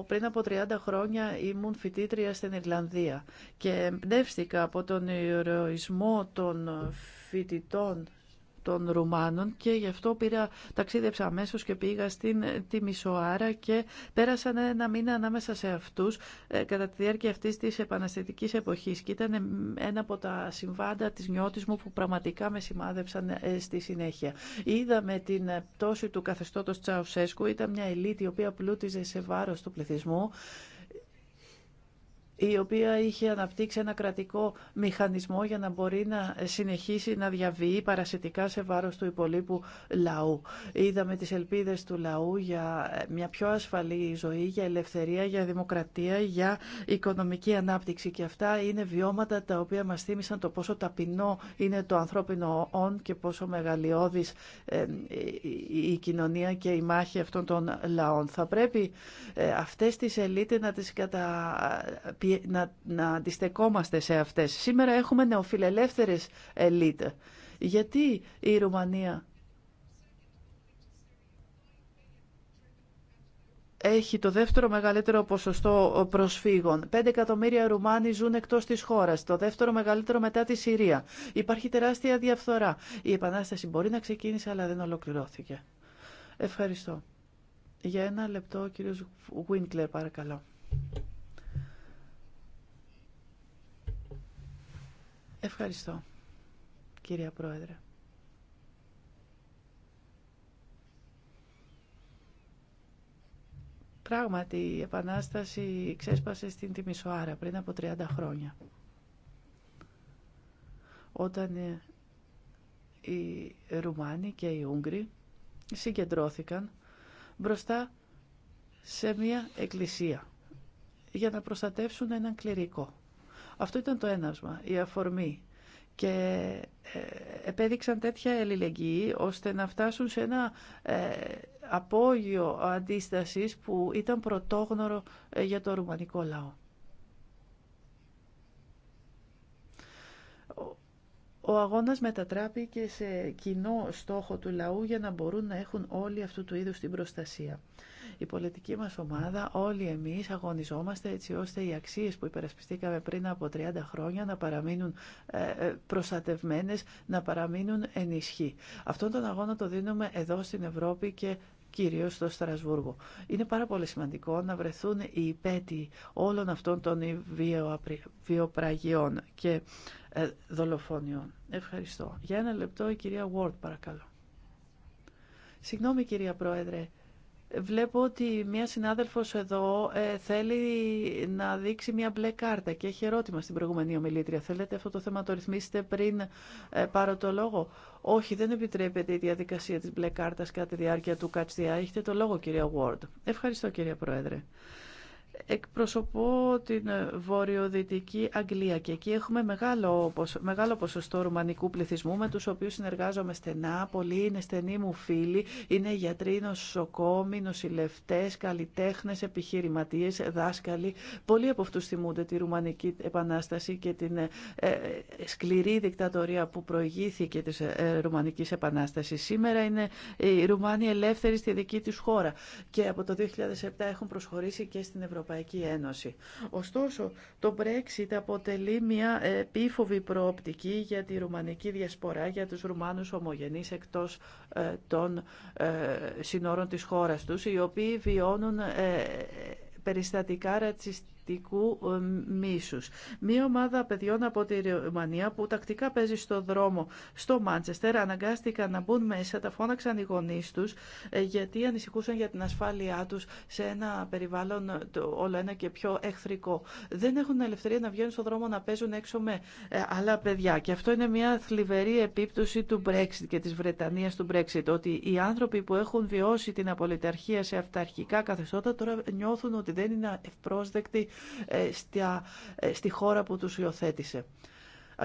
πριν από 30 χρόνια ήμουν φοιτήτρια στην Ιρλανδία και εμπνεύστηκα από τον ηρωισμό των φοιτητών των Ρουμάνων και γι' αυτό πήρα, ταξίδεψα αμέσω και πήγα στην ε, Μισοάρα και πέρασαν ένα μήνα ανάμεσα σε αυτού ε, κατά τη διάρκεια αυτή τη επαναστατική εποχή. Και ήταν ε, ένα από τα συμβάντα τη νιώτη μου που πραγματικά με σημάδεψαν στη συνέχεια. Είδαμε την πτώση του καθεστώτος Τσαουσέσκου, ήταν μια ελίτ η οποία πλούτιζε σε βάρος του πληθυσμού η οποία είχε αναπτύξει ένα κρατικό μηχανισμό για να μπορεί να συνεχίσει να διαβιεί παρασιτικά σε βάρος του υπολείπου λαού. Είδαμε τις ελπίδες του λαού για μια πιο ασφαλή ζωή, για ελευθερία, για δημοκρατία, για οικονομική ανάπτυξη και αυτά είναι βιώματα τα οποία μας θύμισαν το πόσο ταπεινό είναι το ανθρώπινο όν και πόσο μεγαλειώδης ε, η κοινωνία και η μάχη αυτών των λαών. Θα πρέπει ε, αυτές τις ελίτες να τις κατα να, να αντιστεκόμαστε σε αυτές. Σήμερα έχουμε νεοφιλελεύθερες ελίτ. Γιατί η Ρουμανία έχει το δεύτερο μεγαλύτερο ποσοστό προσφύγων. 5 εκατομμύρια Ρουμάνοι ζουν εκτό τη χώρα, το δεύτερο μεγαλύτερο μετά τη Συρία. Υπάρχει τεράστια διαφθορά. Η επανάσταση μπορεί να ξεκίνησε, αλλά δεν ολοκληρώθηκε. Ευχαριστώ. Για ένα λεπτό, ο κύριος Γουίνκλερ, παρακαλώ. Ευχαριστώ, κυρία Πρόεδρε. Πράγματι, η Επανάσταση ξέσπασε στην Τιμισοάρα πριν από 30 χρόνια. Όταν ε, οι Ρουμάνοι και οι Ούγγροι συγκεντρώθηκαν μπροστά σε μία εκκλησία για να προστατεύσουν έναν κληρικό. Αυτό ήταν το ένασμα, η αφορμή. Και ε, επέδειξαν τέτοια ελληνική ώστε να φτάσουν σε ένα ε, απόγειο αντίστασης που ήταν πρωτόγνωρο ε, για το ρουμανικό λαό. ο αγώνας μετατράπηκε σε κοινό στόχο του λαού για να μπορούν να έχουν όλοι αυτού του είδους την προστασία. Η πολιτική μας ομάδα, όλοι εμείς αγωνιζόμαστε έτσι ώστε οι αξίες που υπερασπιστήκαμε πριν από 30 χρόνια να παραμείνουν ε, ε, προστατευμένες, να παραμείνουν ενισχύ. Αυτόν τον αγώνα το δίνουμε εδώ στην Ευρώπη και κυρίω στο Στρασβούργο. Είναι πάρα πολύ σημαντικό να βρεθούν οι υπέτειοι όλων αυτών των βιοπραγιών και ε, δολοφόνιων. Ευχαριστώ. Για ένα λεπτό η κυρία Ward παρακαλώ. Συγγνώμη κυρία Πρόεδρε, Βλέπω ότι μία συνάδελφος εδώ ε, θέλει να δείξει μία μπλε κάρτα και έχει ερώτημα στην προηγούμενη ομιλήτρια. Θέλετε αυτό το θέμα το ρυθμίσετε πριν ε, πάρω το λόγο. Όχι, δεν επιτρέπεται η διαδικασία της μπλε κάρτας κατά τη διάρκεια του ΚΑΤΣΔΙΑ. Έχετε το λόγο κυρία Ward. Ευχαριστώ κυρία Πρόεδρε. Εκπροσωπώ την ε, βορειοδυτική Αγγλία και εκεί έχουμε μεγάλο, μεγάλο ποσοστό ρουμανικού πληθυσμού με τους οποίους συνεργάζομαι στενά. Πολλοί είναι στενοί μου φίλοι, είναι γιατροί, νοσοκόμοι, νοσηλευτέ, καλλιτέχνες, επιχειρηματίες, δάσκαλοι. Πολλοί από αυτούς θυμούνται τη Ρουμανική Επανάσταση και την ε, ε, σκληρή δικτατορία που προηγήθηκε της ε, Ρουμανικής Επανάστασης. Σήμερα είναι οι Ρουμάνοι ελεύθεροι στη δική τους χώρα και από το 2007 έχουν προσχωρήσει και στην Ευρωπαϊκή. Ευρωπαϊκή Ένωση. Ωστόσο, το Brexit αποτελεί μια επίφοβη προοπτική για τη ρουμανική διασπορά, για τους Ρουμάνους ομογενείς εκτός ε, των ε, συνόρων της χώρας τους, οι οποίοι βιώνουν ε, περιστατικά ρατσιστικά τακτικού ε, μίσου. Μία ομάδα παιδιών από τη Ρουμανία που τακτικά παίζει στο δρόμο στο Μάντσεστερ αναγκάστηκαν να μπουν μέσα, τα φώναξαν οι γονεί του, ε, γιατί ανησυχούσαν για την ασφάλειά του σε ένα περιβάλλον ε, όλο ένα και πιο εχθρικό. Δεν έχουν ελευθερία να βγαίνουν στον δρόμο να παίζουν έξω με άλλα παιδιά και αυτό είναι μια θλιβερή επίπτωση του Brexit και τη Βρετανία του Brexit ότι οι άνθρωποι που έχουν βιώσει την απολυταρχία σε αυταρχικά καθεστώτα τώρα νιώθουν ότι δεν είναι ευπρόσδεκτοι ε, ε, στη χώρα που τους υιοθέτησε.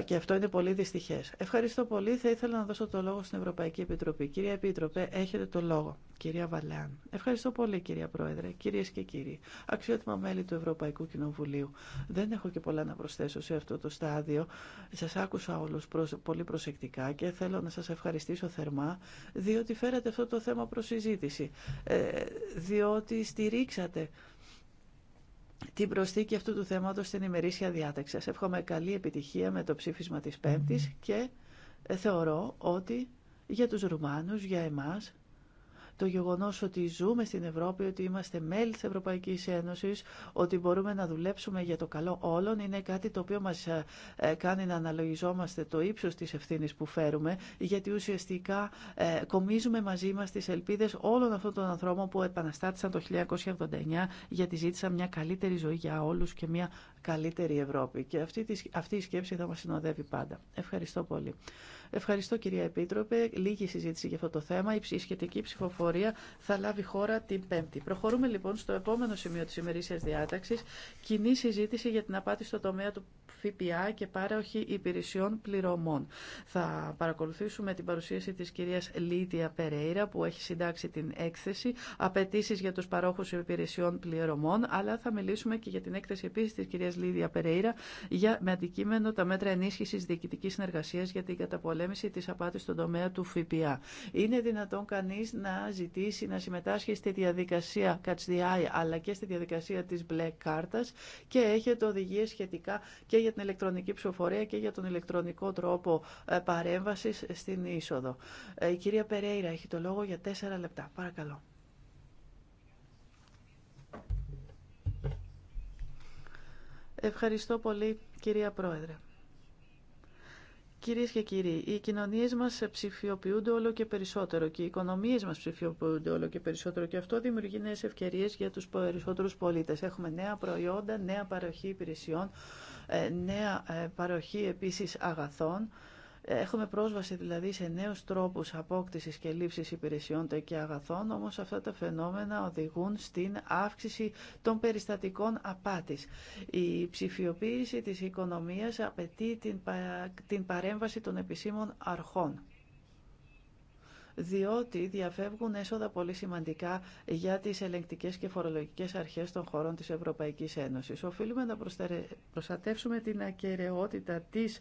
Και αυτό είναι πολύ δυστυχέ. Ευχαριστώ πολύ. Θα ήθελα να δώσω το λόγο στην Ευρωπαϊκή Επιτροπή. Κυρία Επίτροπε, έχετε το λόγο. Κυρία Βαλέαν. Ευχαριστώ πολύ, κυρία Πρόεδρε, κυρίε και κύριοι. Αξιότιμα μέλη του Ευρωπαϊκού Κοινοβουλίου. Δεν έχω και πολλά να προσθέσω σε αυτό το στάδιο. Σα άκουσα όλου πολύ προσεκτικά και θέλω να σα ευχαριστήσω θερμά, διότι φέρατε αυτό το θέμα προ συζήτηση. Ε, διότι στηρίξατε την προσθήκη αυτού του θέματος στην ημερήσια διάταξη. Σας εύχομαι καλή επιτυχία με το ψήφισμα της Πέμπτης και ε, θεωρώ ότι για τους Ρουμάνους, για εμάς, το γεγονός ότι ζούμε στην Ευρώπη, ότι είμαστε μέλη της Ευρωπαϊκής Ένωσης, ότι μπορούμε να δουλέψουμε για το καλό όλων, είναι κάτι το οποίο μας ε, ε, κάνει να αναλογιζόμαστε το ύψος της ευθύνης που φέρουμε, γιατί ουσιαστικά ε, κομίζουμε μαζί μας τις ελπίδες όλων αυτών των ανθρώπων που επαναστάτησαν το 1989 γιατί ζήτησαν μια καλύτερη ζωή για όλους και μια καλύτερη Ευρώπη. Και αυτή, αυτή η σκέψη θα μας συνοδεύει πάντα. Ευχαριστώ πολύ. Ευχαριστώ κυρία Επίτροπε. Λίγη συζήτηση για αυτό το θέμα. Η σχετική ψηφοφορία θα λάβει χώρα την Πέμπτη. Προχωρούμε λοιπόν στο επόμενο σημείο της ημερήσιας διάταξης. Κοινή συζήτηση για την απάτη στο τομέα του ΦΠΑ και πάροχη υπηρεσιών πληρωμών. Θα παρακολουθήσουμε την παρουσίαση της κυρίας Λίδια Περέιρα που έχει συντάξει την έκθεση απαιτήσει για τους παρόχους υπηρεσιών πληρωμών αλλά θα μιλήσουμε και για την έκθεση επίσης της κυρίας Λίδια Περέιρα για, με αντικείμενο τα μέτρα ενίσχυσης διοικητικής συνεργασία για την καταπολέμηση της απάτης στον τομέα του ΦΠΑ. Είναι δυνατόν κανείς να ζητήσει να συμμετάσχει στη διαδικασία Catch the Eye αλλά και στη διαδικασία της Black κάρτα και έχετε οδηγίες σχετικά και για την ηλεκτρονική ψηφοφορία και για τον ηλεκτρονικό τρόπο ε, παρέμβασης στην είσοδο. Ε, η κυρία Περέιρα έχει το λόγο για τέσσερα λεπτά. Παρακαλώ. Ευχαριστώ πολύ κυρία Πρόεδρε. Κυρίες και κύριοι, οι κοινωνίες μας ψηφιοποιούνται όλο και περισσότερο και οι οικονομίες μας ψηφιοποιούνται όλο και περισσότερο και αυτό δημιουργεί νέες ευκαιρίες για τους περισσότερους πολίτες. Έχουμε νέα προϊόντα, νέα παροχή υπηρεσιών, ε, νέα ε, παροχή επίσης αγαθών Έχουμε πρόσβαση δηλαδή σε νέους τρόπους απόκτησης και λήψης υπηρεσιών και αγαθών, όμως αυτά τα φαινόμενα οδηγούν στην αύξηση των περιστατικών απάτης. Η ψηφιοποίηση της οικονομίας απαιτεί την παρέμβαση των επισήμων αρχών διότι διαφεύγουν έσοδα πολύ σημαντικά για τις ελεγκτικές και φορολογικές αρχές των χωρών της Ευρωπαϊκής Ένωσης. Οφείλουμε να προστατεύσουμε την ακαιρεότητα της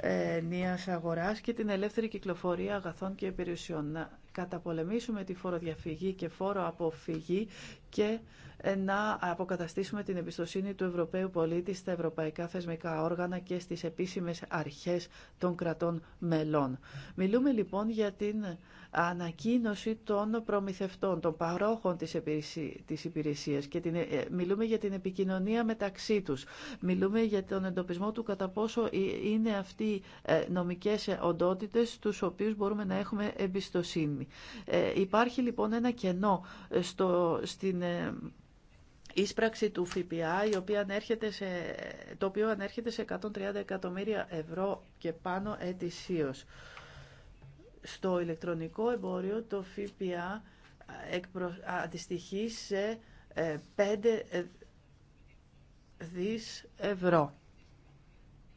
ενίας αγοράς και την ελεύθερη κυκλοφορία αγαθών και υπηρεσιών. Να καταπολεμήσουμε τη φοροδιαφυγή και φόρο αποφυγή και ε, να αποκαταστήσουμε την εμπιστοσύνη του Ευρωπαίου πολίτη στα ευρωπαϊκά θεσμικά όργανα και στις επίσημες αρχές των κρατών μελών. Μιλούμε λοιπόν για την ανακοίνωση των προμηθευτών, των παρόχων της υπηρεσίας και την, ε, ε, μιλούμε για την επικοινωνία μεταξύ τους. Μιλούμε για τον εντοπισμό του κατά πόσο είναι αυτοί νομικές οντότητες στους οποίους μπορούμε να έχουμε εμπιστοσύνη. Υπάρχει λοιπόν ένα κενό στην ε, ίσπραξη του ΦΠΑ, η οποία ανέρχεται σε, το οποίο ανέρχεται σε 130 εκατομμύρια ευρώ και πάνω ετησίως. Στο ηλεκτρονικό εμπόριο το ΦΠΑ ε, αντιστοιχεί σε 5 ε, δις ευρώ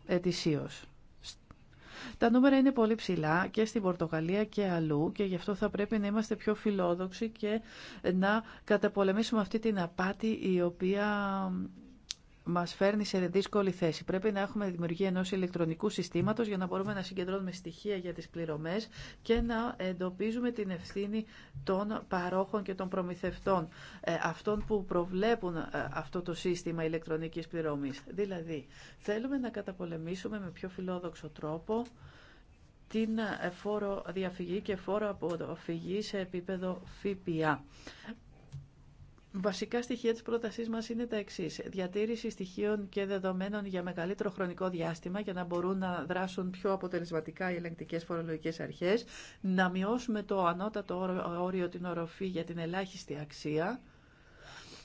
ετησίως. Τα νούμερα είναι πολύ ψηλά και στην Πορτογαλία και αλλού και γι' αυτό θα πρέπει να είμαστε πιο φιλόδοξοι και να καταπολεμήσουμε αυτή την απάτη η οποία Μα φέρνει σε δύσκολη θέση. Πρέπει να έχουμε δημιουργία ενό ηλεκτρονικού συστήματο για να μπορούμε να συγκεντρώνουμε στοιχεία για τι πληρωμέ και να εντοπίζουμε την ευθύνη των παρόχων και των προμηθευτών, ε, αυτών που προβλέπουν ε, αυτό το σύστημα ηλεκτρονική πληρωμή. Δηλαδή, θέλουμε να καταπολεμήσουμε με πιο φιλόδοξο τρόπο την ε, φόρο διαφυγή και φόρο αποφυγή σε επίπεδο ΦΠΑ. Βασικά στοιχεία της πρότασής μας είναι τα εξής. Διατήρηση στοιχείων και δεδομένων για μεγαλύτερο χρονικό διάστημα για να μπορούν να δράσουν πιο αποτελεσματικά οι ελεγκτικές φορολογικές αρχές, να μειώσουμε το ανώτατο όριο την οροφή για την ελάχιστη αξία,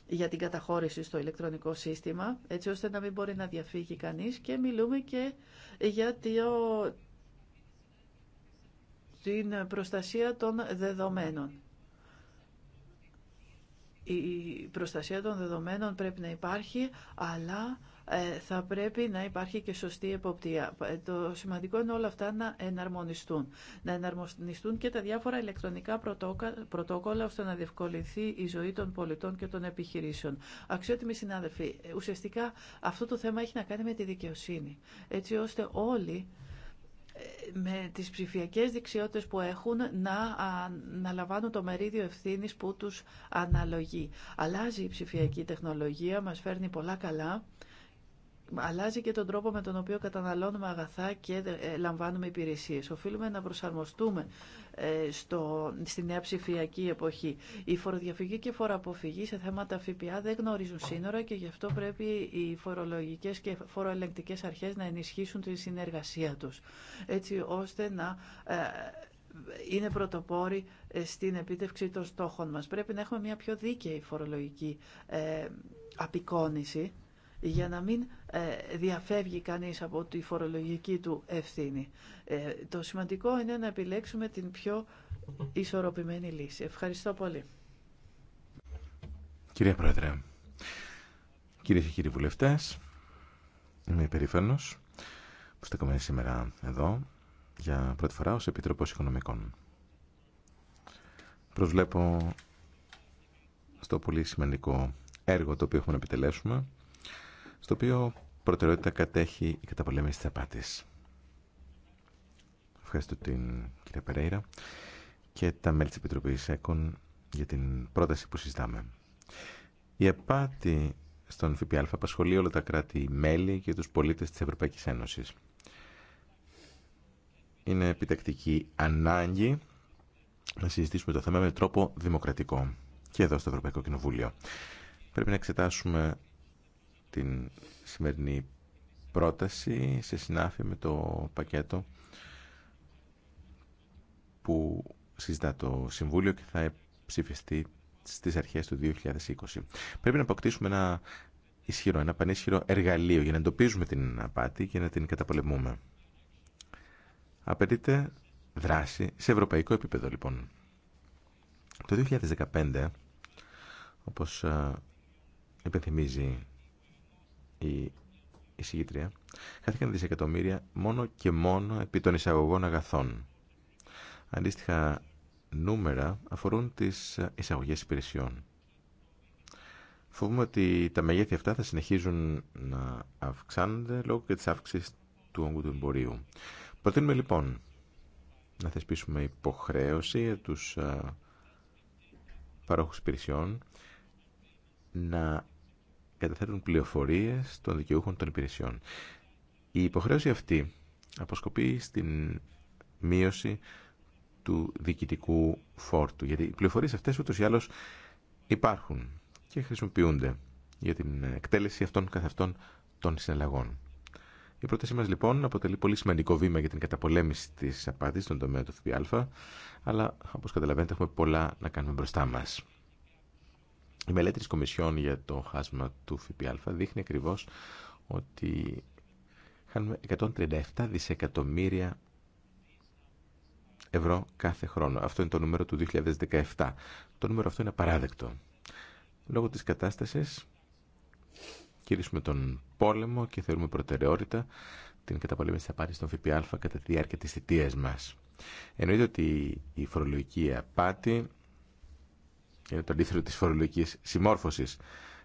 για την καταχώρηση στο ηλεκτρονικό σύστημα, έτσι ώστε να μην μπορεί να διαφύγει κανείς και μιλούμε και για την προστασία των δεδομένων η προστασία των δεδομένων πρέπει να υπάρχει, αλλά ε, θα πρέπει να υπάρχει και σωστή εποπτεία. Ε, το σημαντικό είναι όλα αυτά να εναρμονιστούν. Να εναρμονιστούν και τα διάφορα ηλεκτρονικά πρωτόκολλα ώστε να διευκολυνθεί η ζωή των πολιτών και των επιχειρήσεων. Αξιότιμοι συνάδελφοι, ουσιαστικά αυτό το θέμα έχει να κάνει με τη δικαιοσύνη. Έτσι ώστε όλοι με τις ψηφιακές δεξιότητες που έχουν να αναλαμβάνουν το μερίδιο ευθύνης που τους αναλογεί. Αλλάζει η ψηφιακή τεχνολογία, μας φέρνει πολλά καλά, αλλάζει και τον τρόπο με τον οποίο καταναλώνουμε αγαθά και ε, λαμβάνουμε υπηρεσίες. Οφείλουμε να προσαρμοστούμε ε, στο, στη νέα ψηφιακή εποχή. Η φοροδιαφυγή και η φοροαποφυγή σε θέματα ΦΠΑ δεν γνωρίζουν σύνορα και γι' αυτό πρέπει οι φορολογικές και φοροελεγκτικές αρχές να ενισχύσουν τη συνεργασία τους, έτσι ώστε να ε, είναι πρωτοπόροι στην επίτευξη των στόχων μας. Πρέπει να έχουμε μια πιο δίκαιη φορολογική απεικόνηση για να μην ε, διαφεύγει κανείς από τη φορολογική του ευθύνη. Ε, το σημαντικό είναι να επιλέξουμε την πιο ισορροπημένη λύση. Ευχαριστώ πολύ. Κυρία Πρόεδρε, κύριε και κύριοι βουλευτές, είμαι υπερήφανος που στεκόμαι σήμερα εδώ για πρώτη φορά ως Επιτροπός Οικονομικών. Προσβλέπω στο πολύ σημαντικό έργο το οποίο έχουμε να επιτελέσουμε στο οποίο προτεραιότητα κατέχει η καταπολέμηση της απάτης. Ευχαριστώ την κυρία Περέιρα και τα μέλη της Επιτροπής ΕΚΟΝ για την πρόταση που συζητάμε. Η απάτη στον ΦΠΑ απασχολεί όλα τα κράτη-μέλη και τους πολίτες της Ευρωπαϊκής Ένωσης. Είναι επιτακτική ανάγκη να συζητήσουμε το θέμα με τρόπο δημοκρατικό και εδώ στο Ευρωπαϊκό Κοινοβούλιο. Πρέπει να εξετάσουμε την σημερινή πρόταση σε συνάφη με το πακέτο που συζητά το Συμβούλιο και θα ψηφιστεί στις αρχές του 2020. Πρέπει να αποκτήσουμε ένα ισχυρό, ένα πανίσχυρο εργαλείο για να εντοπίζουμε την απάτη και να την καταπολεμούμε. Απαιτείται δράση σε ευρωπαϊκό επίπεδο λοιπόν. Το 2015, όπως επενθυμίζει η εισηγήτρια, χάθηκαν δισεκατομμύρια μόνο και μόνο επί των εισαγωγών αγαθών. Αντίστοιχα νούμερα αφορούν τις εισαγωγές υπηρεσιών. Φοβούμαι ότι τα μεγέθη αυτά θα συνεχίζουν να αυξάνονται λόγω και της αύξησης του όγκου του εμπορίου. Προτείνουμε λοιπόν να θεσπίσουμε υποχρέωση για τους παρόχους υπηρεσιών να καταθέτουν πληροφορίε των δικαιούχων των υπηρεσιών. Η υποχρέωση αυτή αποσκοπεί στην μείωση του διοικητικού φόρτου, γιατί οι πληροφορίε αυτές ούτω ή άλλω υπάρχουν και χρησιμοποιούνται για την εκτέλεση αυτών καθ' αυτών των συναλλαγών. Η πρότασή μα λοιπόν αποτελεί πολύ σημαντικό βήμα για την καταπολέμηση τη απάτη στον τομέα του ΦΠΑ, αλλά όπω καταλαβαίνετε έχουμε πολλά να κάνουμε μπροστά μα. Η μελέτη της Κομισιόν για το χάσμα του ΦΠΑ δείχνει ακριβώς ότι χάνουμε 137 δισεκατομμύρια ευρώ κάθε χρόνο. Αυτό είναι το νούμερο του 2017. Το νούμερο αυτό είναι απαράδεκτο. Λόγω της κατάστασης κηρύσουμε τον πόλεμο και θεωρούμε προτεραιότητα την καταπολέμηση θα πάρει στον ΦΠΑ κατά τη διάρκεια της θητείας μας. Εννοείται ότι η φορολογική απάτη είναι το αντίθετο της φορολογικής συμμόρφωσης.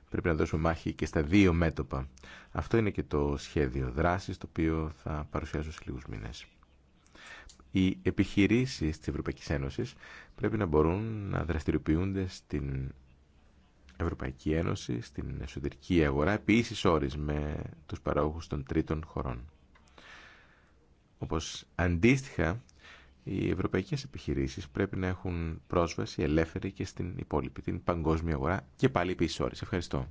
Πρέπει να δώσουμε μάχη και στα δύο μέτωπα. Αυτό είναι και το σχέδιο δράσης, το οποίο θα παρουσιάσω σε λίγους μήνες. Οι επιχειρήσεις της Ευρωπαϊκής Ένωσης πρέπει να μπορούν να δραστηριοποιούνται στην Ευρωπαϊκή Ένωση, στην εσωτερική αγορά, επί ίσης με τους παραγωγούς των τρίτων χωρών. Όπως αντίστοιχα οι ευρωπαϊκές επιχειρήσεις πρέπει να έχουν πρόσβαση ελεύθερη και στην υπόλοιπη, την παγκόσμια αγορά και πάλι επίσης Ευχαριστώ.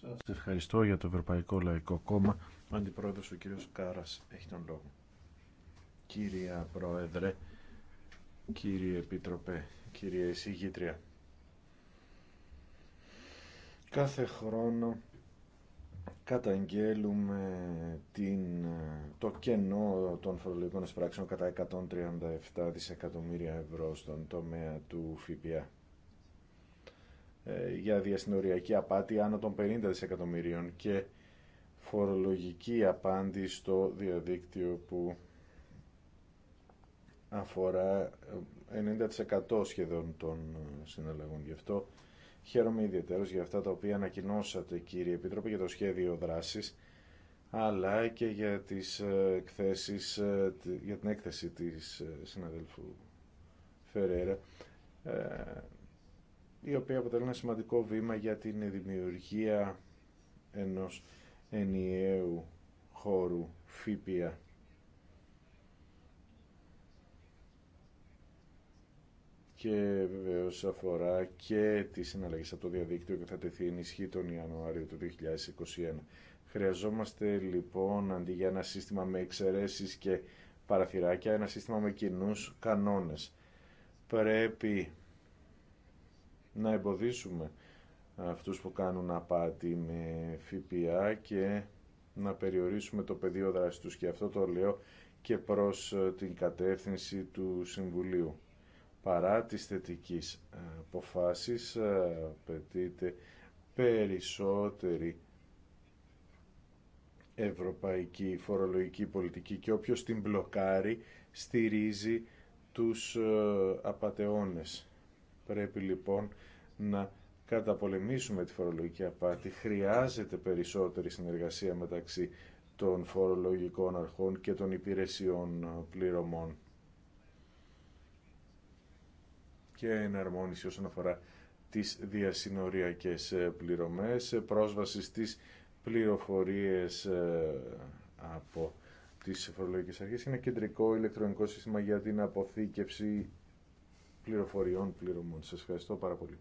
Σας ευχαριστώ για το Ευρωπαϊκό Λαϊκό Κόμμα. Ο Αντιπρόεδρος ο κύριος Κάρας έχει τον λόγο. Κύρια Πρόεδρε, κύριε Επίτροπε, κύριε Εισηγήτρια, κάθε χρόνο καταγγέλουμε την, το κενό των φορολογικών εισπράξεων κατά 137 δισεκατομμύρια ευρώ στον τομέα του ΦΠΑ ε, για διασυνοριακή απάτη άνω των 50 δισεκατομμυρίων και φορολογική απάντη στο διαδίκτυο που αφορά 90% ε, σχεδόν των ε, συναλλαγών. Γι' αυτό Χαίρομαι ιδιαίτερως για αυτά τα οποία ανακοινώσατε κύριε Επίτροπε για το σχέδιο δράσης αλλά και για, τις ε, εκθέσεις, ε, για την έκθεση της ε, συναδέλφου Φερέρα η οποία αποτελεί ένα σημαντικό βήμα για την δημιουργία ενός ενιαίου χώρου ΦΥΠΙΑ και βεβαίω αφορά και τι συναλλαγέ από το διαδίκτυο και θα τεθεί ενισχύ τον Ιανουάριο του 2021. Χρειαζόμαστε λοιπόν αντί για ένα σύστημα με εξαιρέσει και παραθυράκια, ένα σύστημα με κοινού κανόνε. Πρέπει να εμποδίσουμε αυτούς που κάνουν απάτη με ΦΠΑ και να περιορίσουμε το πεδίο δράσης τους και αυτό το λέω και προς την κατεύθυνση του Συμβουλίου παρά τις θετικές ε, αποφάσεις ε, απαιτείται περισσότερη ευρωπαϊκή φορολογική πολιτική και όποιος την μπλοκάρει στηρίζει τους ε, απατεώνες. Πρέπει λοιπόν να καταπολεμήσουμε τη φορολογική απάτη. Χρειάζεται περισσότερη συνεργασία μεταξύ των φορολογικών αρχών και των υπηρεσιών πληρωμών. και εναρμόνιση όσον αφορά τις διασυνοριακές ε, πληρωμές, ε, πρόσβαση στις πληροφορίες ε, από τις φορολογικές αρχές. Είναι κεντρικό ηλεκτρονικό σύστημα για την αποθήκευση πληροφοριών πληρωμών. Σας ευχαριστώ πάρα πολύ.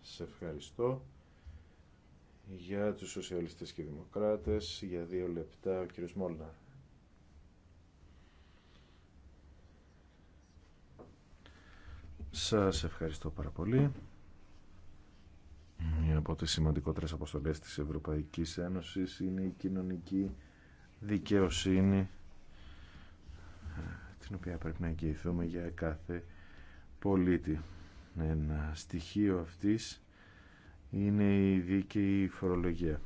Σας ευχαριστώ για τους σοσιαλιστές και δημοκράτες. Για δύο λεπτά ο Μόλνα. Σας ευχαριστώ πάρα πολύ. Μια από τις σημαντικότερες αποστολές της Ευρωπαϊκής Ένωσης είναι η κοινωνική δικαιοσύνη την οποία πρέπει να εγγυηθούμε για κάθε πολίτη. Ένα στοιχείο αυτής είναι η δίκαιη φορολογία.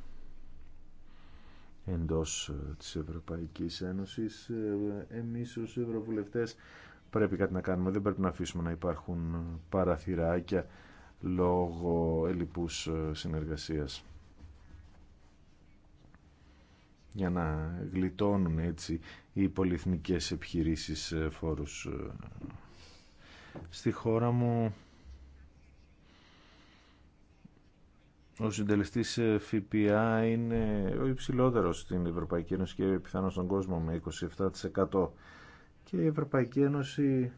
Εντός της Ευρωπαϊκής Ένωσης ε, εμείς ως Ευρωβουλευτές πρέπει κάτι να κάνουμε. Δεν πρέπει να αφήσουμε να υπάρχουν παραθυράκια λόγω ελλειπούς ε, συνεργασίας για να γλιτώνουν έτσι οι πολυεθνικές επιχειρήσεις ε, φόρους ε, στη χώρα μου ο συντελεστής ΦΠΑ είναι ο υψηλότερος στην Ευρωπαϊκή Ένωση και πιθανώς στον κόσμο με 27% και η Ευρωπαϊκή Ένωση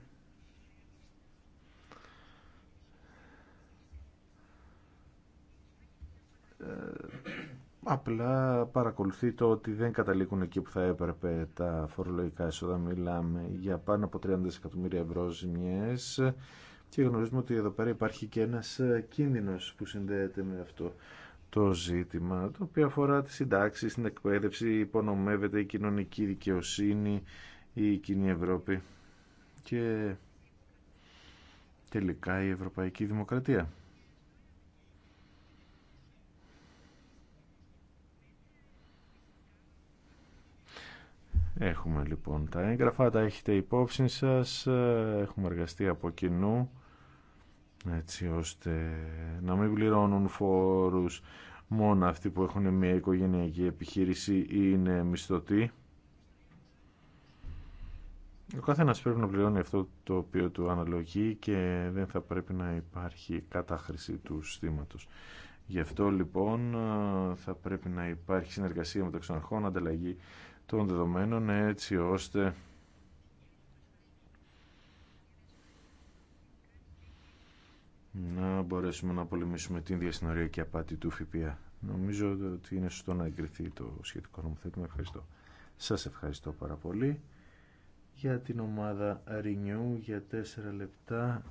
ε, απλά παρακολουθεί το ότι δεν καταλήγουν εκεί που θα έπρεπε τα φορολογικά έσοδα. Μιλάμε για πάνω από 30 δισεκατομμύρια ευρώ ζημιές και γνωρίζουμε ότι εδώ πέρα υπάρχει και ένας κίνδυνος που συνδέεται με αυτό το ζήτημα, το οποίο αφορά τις συντάξεις, την εκπαίδευση, υπονομεύεται η κοινωνική δικαιοσύνη, η κοινή Ευρώπη και τελικά η Ευρωπαϊκή Δημοκρατία. Έχουμε λοιπόν τα έγγραφα, τα έχετε υπόψη σας, έχουμε εργαστεί από κοινού έτσι ώστε να μην πληρώνουν φόρους μόνο αυτοί που έχουν μια οικογενειακή επιχείρηση ή είναι μισθωτοί ο καθένα πρέπει να πληρώνει αυτό το οποίο του αναλογεί και δεν θα πρέπει να υπάρχει κατάχρηση του συστήματος. Γι' αυτό λοιπόν θα πρέπει να υπάρχει συνεργασία μεταξύ των αρχών, ανταλλαγή των δεδομένων έτσι ώστε να μπορέσουμε να πολεμήσουμε την και απάτη του ΦΠΑ. Νομίζω ότι είναι σωστό να εγκριθεί το σχετικό νομοθέτημα. Ευχαριστώ. Σας ευχαριστώ πάρα πολύ για την ομάδα Renew για 4 λεπτά.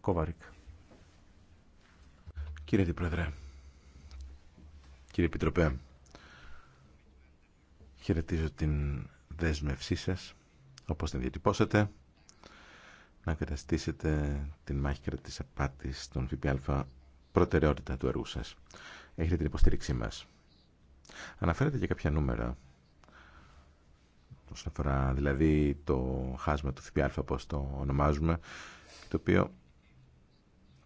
Κόβαρικ. Κύριε Διπρόεδρε, κύριε Επιτροπέ, χαιρετίζω την δέσμευσή σας, όπως την διατυπώσατε, να καταστήσετε την μάχη κατά της απάτης των ΦΠΑ προτεραιότητα του έργου σας. Έχετε την υποστήριξή μας. Αναφέρετε και κάποια νούμερα όσον αφορά δηλαδή το χάσμα του ΦΠΑ όπως το ονομάζουμε το οποίο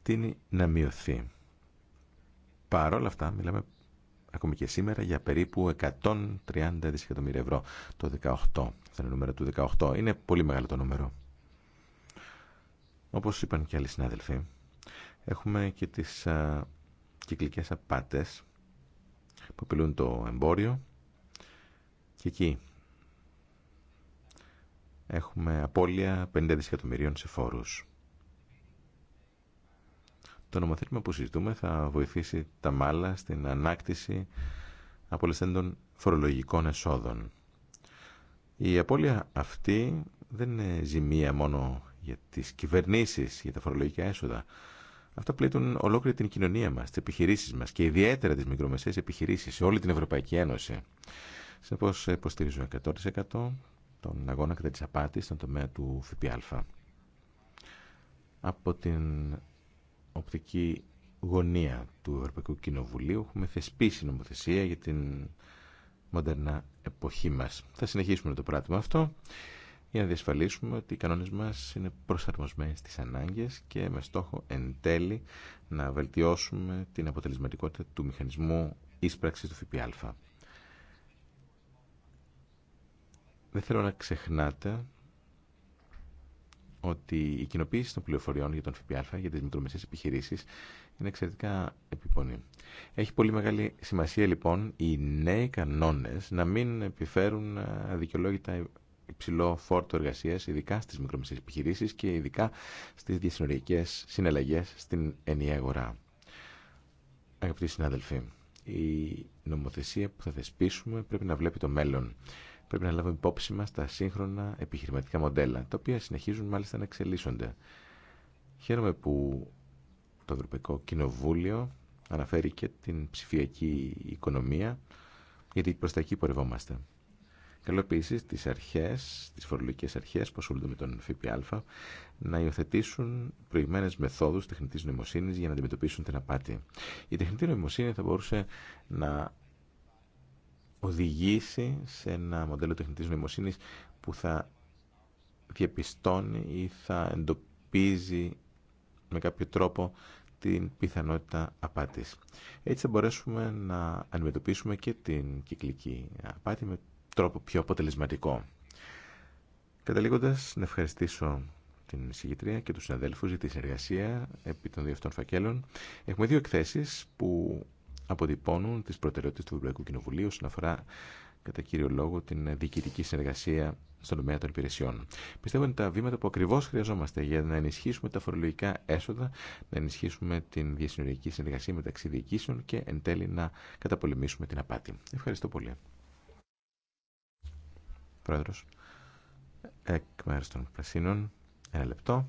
τίνει να μειωθεί. Παρ' όλα αυτά μιλάμε ακόμη και σήμερα για περίπου 130 δισεκατομμύρια ευρώ το 18. Θα είναι νούμερο του 18. Είναι πολύ μεγάλο το νούμερο. Όπως είπαν και άλλοι συνάδελφοι, έχουμε και τις α, κυκλικές απάτες που απειλούν το εμπόριο και εκεί έχουμε απώλεια 50 δισεκατομμυρίων σε φόρους. Το νομοθέτημα που συζητούμε θα βοηθήσει τα μάλα στην ανάκτηση απολεσθέντων φορολογικών εσόδων. Η απώλεια αυτή δεν είναι ζημία μόνο για τις κυβερνήσεις, για τα φορολογικά έσοδα. Αυτά πλήττουν ολόκληρη την κοινωνία μας, τις επιχειρήσεις μας και ιδιαίτερα τις μικρομεσαίες επιχειρήσεις σε όλη την Ευρωπαϊκή Ένωση. Σε πώς υποστηρίζω 100% τον αγώνα κατά της απάτης στον τομέα του ΦΠΑ. Από την οπτική γωνία του Ευρωπαϊκού Κοινοβουλίου έχουμε θεσπίσει νομοθεσία για την μοντέρνα εποχή μας. Θα συνεχίσουμε το πράγμα αυτό για να διασφαλίσουμε ότι οι κανόνες μας είναι προσαρμοσμένοι στις ανάγκες και με στόχο εν τέλει να βελτιώσουμε την αποτελεσματικότητα του μηχανισμού εισπράξης του ΦΠΑ. Δεν θέλω να ξεχνάτε ότι η κοινοποίηση των πληροφοριών για τον ΦΠΑ, για τις μικρομεσαίες επιχειρήσεις, είναι εξαιρετικά επιπονή. Έχει πολύ μεγάλη σημασία λοιπόν οι νέοι κανόνες να μην επιφέρουν ε, αδικαιολόγητα υψηλό φόρτο εργασία, ειδικά στι μικρομεσαίες επιχειρήσει και ειδικά στις διασυνοριακέ συναλλαγέ στην ενιαία αγορά. Αγαπητοί συνάδελφοι, η νομοθεσία που θα θεσπίσουμε πρέπει να βλέπει το μέλλον. Πρέπει να λάβουμε υπόψη μας τα σύγχρονα επιχειρηματικά μοντέλα, τα οποία συνεχίζουν μάλιστα να εξελίσσονται. Χαίρομαι που το Ευρωπαϊκό Κοινοβούλιο αναφέρει και την ψηφιακή οικονομία, γιατί προς τα εκεί πορευόμαστε. Καλό επίση τι αρχέ, τι φορολογικέ αρχέ που ασχολούνται με τον ΦΠΑ, να υιοθετήσουν προηγμένε μεθόδου τεχνητή νοημοσύνη για να αντιμετωπίσουν την απάτη. Η τεχνητή νοημοσύνη θα μπορούσε να οδηγήσει σε ένα μοντέλο τεχνητής νοημοσύνης που θα διαπιστώνει ή θα εντοπίζει με κάποιο τρόπο την πιθανότητα απάτης. Έτσι θα μπορέσουμε να αντιμετωπίσουμε και την κυκλική απάτη με τρόπο πιο αποτελεσματικό. Καταλήγοντας, να ευχαριστήσω την συγκητρία και τους συναδέλφους για τη συνεργασία επί των δύο αυτών φακέλων. Έχουμε δύο εκθέσεις που αποτυπώνουν τι προτεραιότητε του Ευρωπαϊκού Κοινοβουλίου όσον αφορά κατά κύριο λόγο την διοικητική συνεργασία στον τομέα των υπηρεσιών. Πιστεύω ότι τα βήματα που ακριβώ χρειαζόμαστε για να ενισχύσουμε τα φορολογικά έσοδα, να ενισχύσουμε την διασυνοριακή συνεργασία μεταξύ διοικήσεων και εν τέλει να καταπολεμήσουμε την απάτη. Ευχαριστώ πολύ. εκ μέρους των Πρασίνων, ένα λεπτό.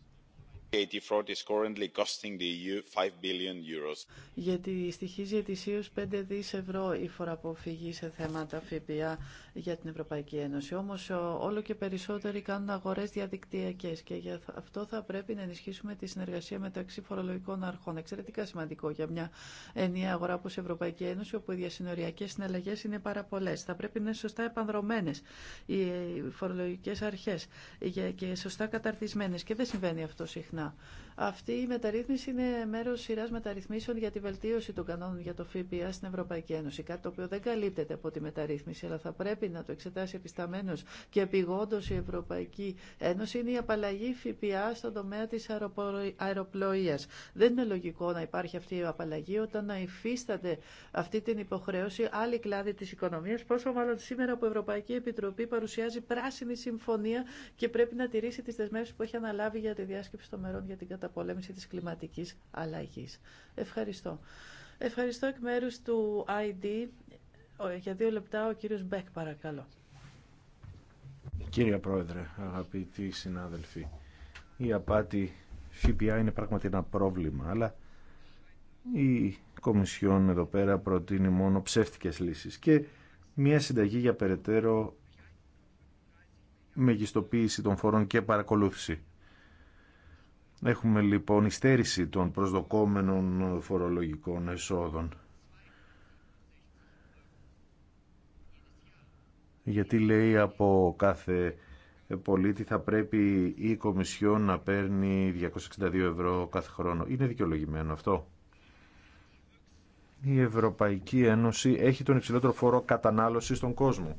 E Γιατί στοιχίζει ετησίως 5 δις ευρώ η φυγεί σε θέματα ΦΠΑ για την Ευρωπαϊκή Ένωση. Όμως όλο και περισσότεροι κάνουν αγορές διαδικτυακές και για αυτό θα πρέπει να ενισχύσουμε τη συνεργασία μεταξύ φορολογικών αρχών. Εξαιρετικά σημαντικό για μια ενιαία αγορά όπως η Ευρωπαϊκή Ένωση όπου οι διασυνοριακές συναλλαγές είναι πάρα πολλέ. Θα πρέπει να είναι σωστά επανδρομένες οι ε, φορολογικές αρχές και σωστά καταρτισμένες και δεν συμβαίνει αυτό συχνά να αυτή η μεταρρύθμιση είναι μέρο σειρά μεταρρυθμίσεων για τη βελτίωση των κανόνων για το ΦΠΑ στην Ευρωπαϊκή Ένωση. Κάτι το οποίο δεν καλύπτεται από τη μεταρρύθμιση, αλλά θα πρέπει να το εξετάσει επισταμένω και επιγόντω η Ευρωπαϊκή Ένωση είναι η απαλλαγή ΦΠΑ στον τομέα τη αεροπλοεία. Δεν είναι λογικό να υπάρχει αυτή η απαλλαγή όταν να υφίστανται αυτή την υποχρέωση άλλη κλάδη τη οικονομία, πόσο μάλλον σήμερα που η Ευρωπαϊκή Επιτροπή παρουσιάζει πράσινη συμφωνία και πρέπει να τηρήσει τι δεσμεύσει που έχει αναλάβει για τη διάσκεψη των μερών για την καταπολέμηση πολέμηση της κλιματικής αλλαγής. Ευχαριστώ. Ευχαριστώ εκ μέρους του ID. Για δύο λεπτά ο κύριος Μπέκ παρακαλώ. Κύριε Πρόεδρε, αγαπητοί συνάδελφοι, η απάτη ΦΠΑ είναι πράγματι ένα πρόβλημα, αλλά η Κομισιόν εδώ πέρα προτείνει μόνο ψεύτικες λύσεις και μια συνταγή για περαιτέρω μεγιστοποίηση των φορών και παρακολούθηση. Έχουμε λοιπόν υστέρηση των προσδοκόμενων φορολογικών εσόδων. Γιατί λέει από κάθε πολίτη θα πρέπει η Κομισιόν να παίρνει 262 ευρώ κάθε χρόνο. Είναι δικαιολογημένο αυτό. Η Ευρωπαϊκή Ένωση έχει τον υψηλότερο φόρο κατανάλωσης στον κόσμο.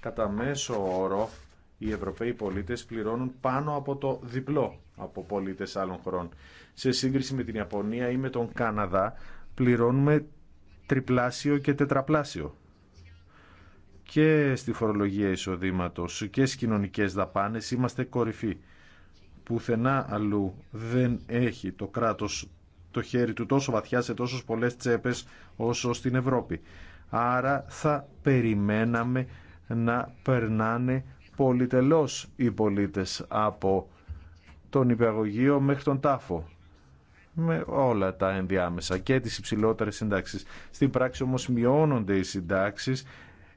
Κατά μέσο όρο οι Ευρωπαίοι πολίτες πληρώνουν πάνω από το διπλό από πολίτες άλλων χωρών. Σε σύγκριση με την Ιαπωνία ή με τον Καναδά πληρώνουμε τριπλάσιο και τετραπλάσιο και στη φορολογία εισοδήματος και στις κοινωνικές δαπάνες είμαστε κορυφή. Πουθενά αλλού δεν έχει το κράτος το χέρι του τόσο βαθιά σε τόσες πολλές τσέπες όσο στην Ευρώπη. Άρα θα περιμέναμε να περνάνε πολυτελώς οι πολίτες από τον υπεργογείο μέχρι τον τάφο με όλα τα ενδιάμεσα και τις υψηλότερες συντάξεις. Στην πράξη όμως μειώνονται οι συντάξεις,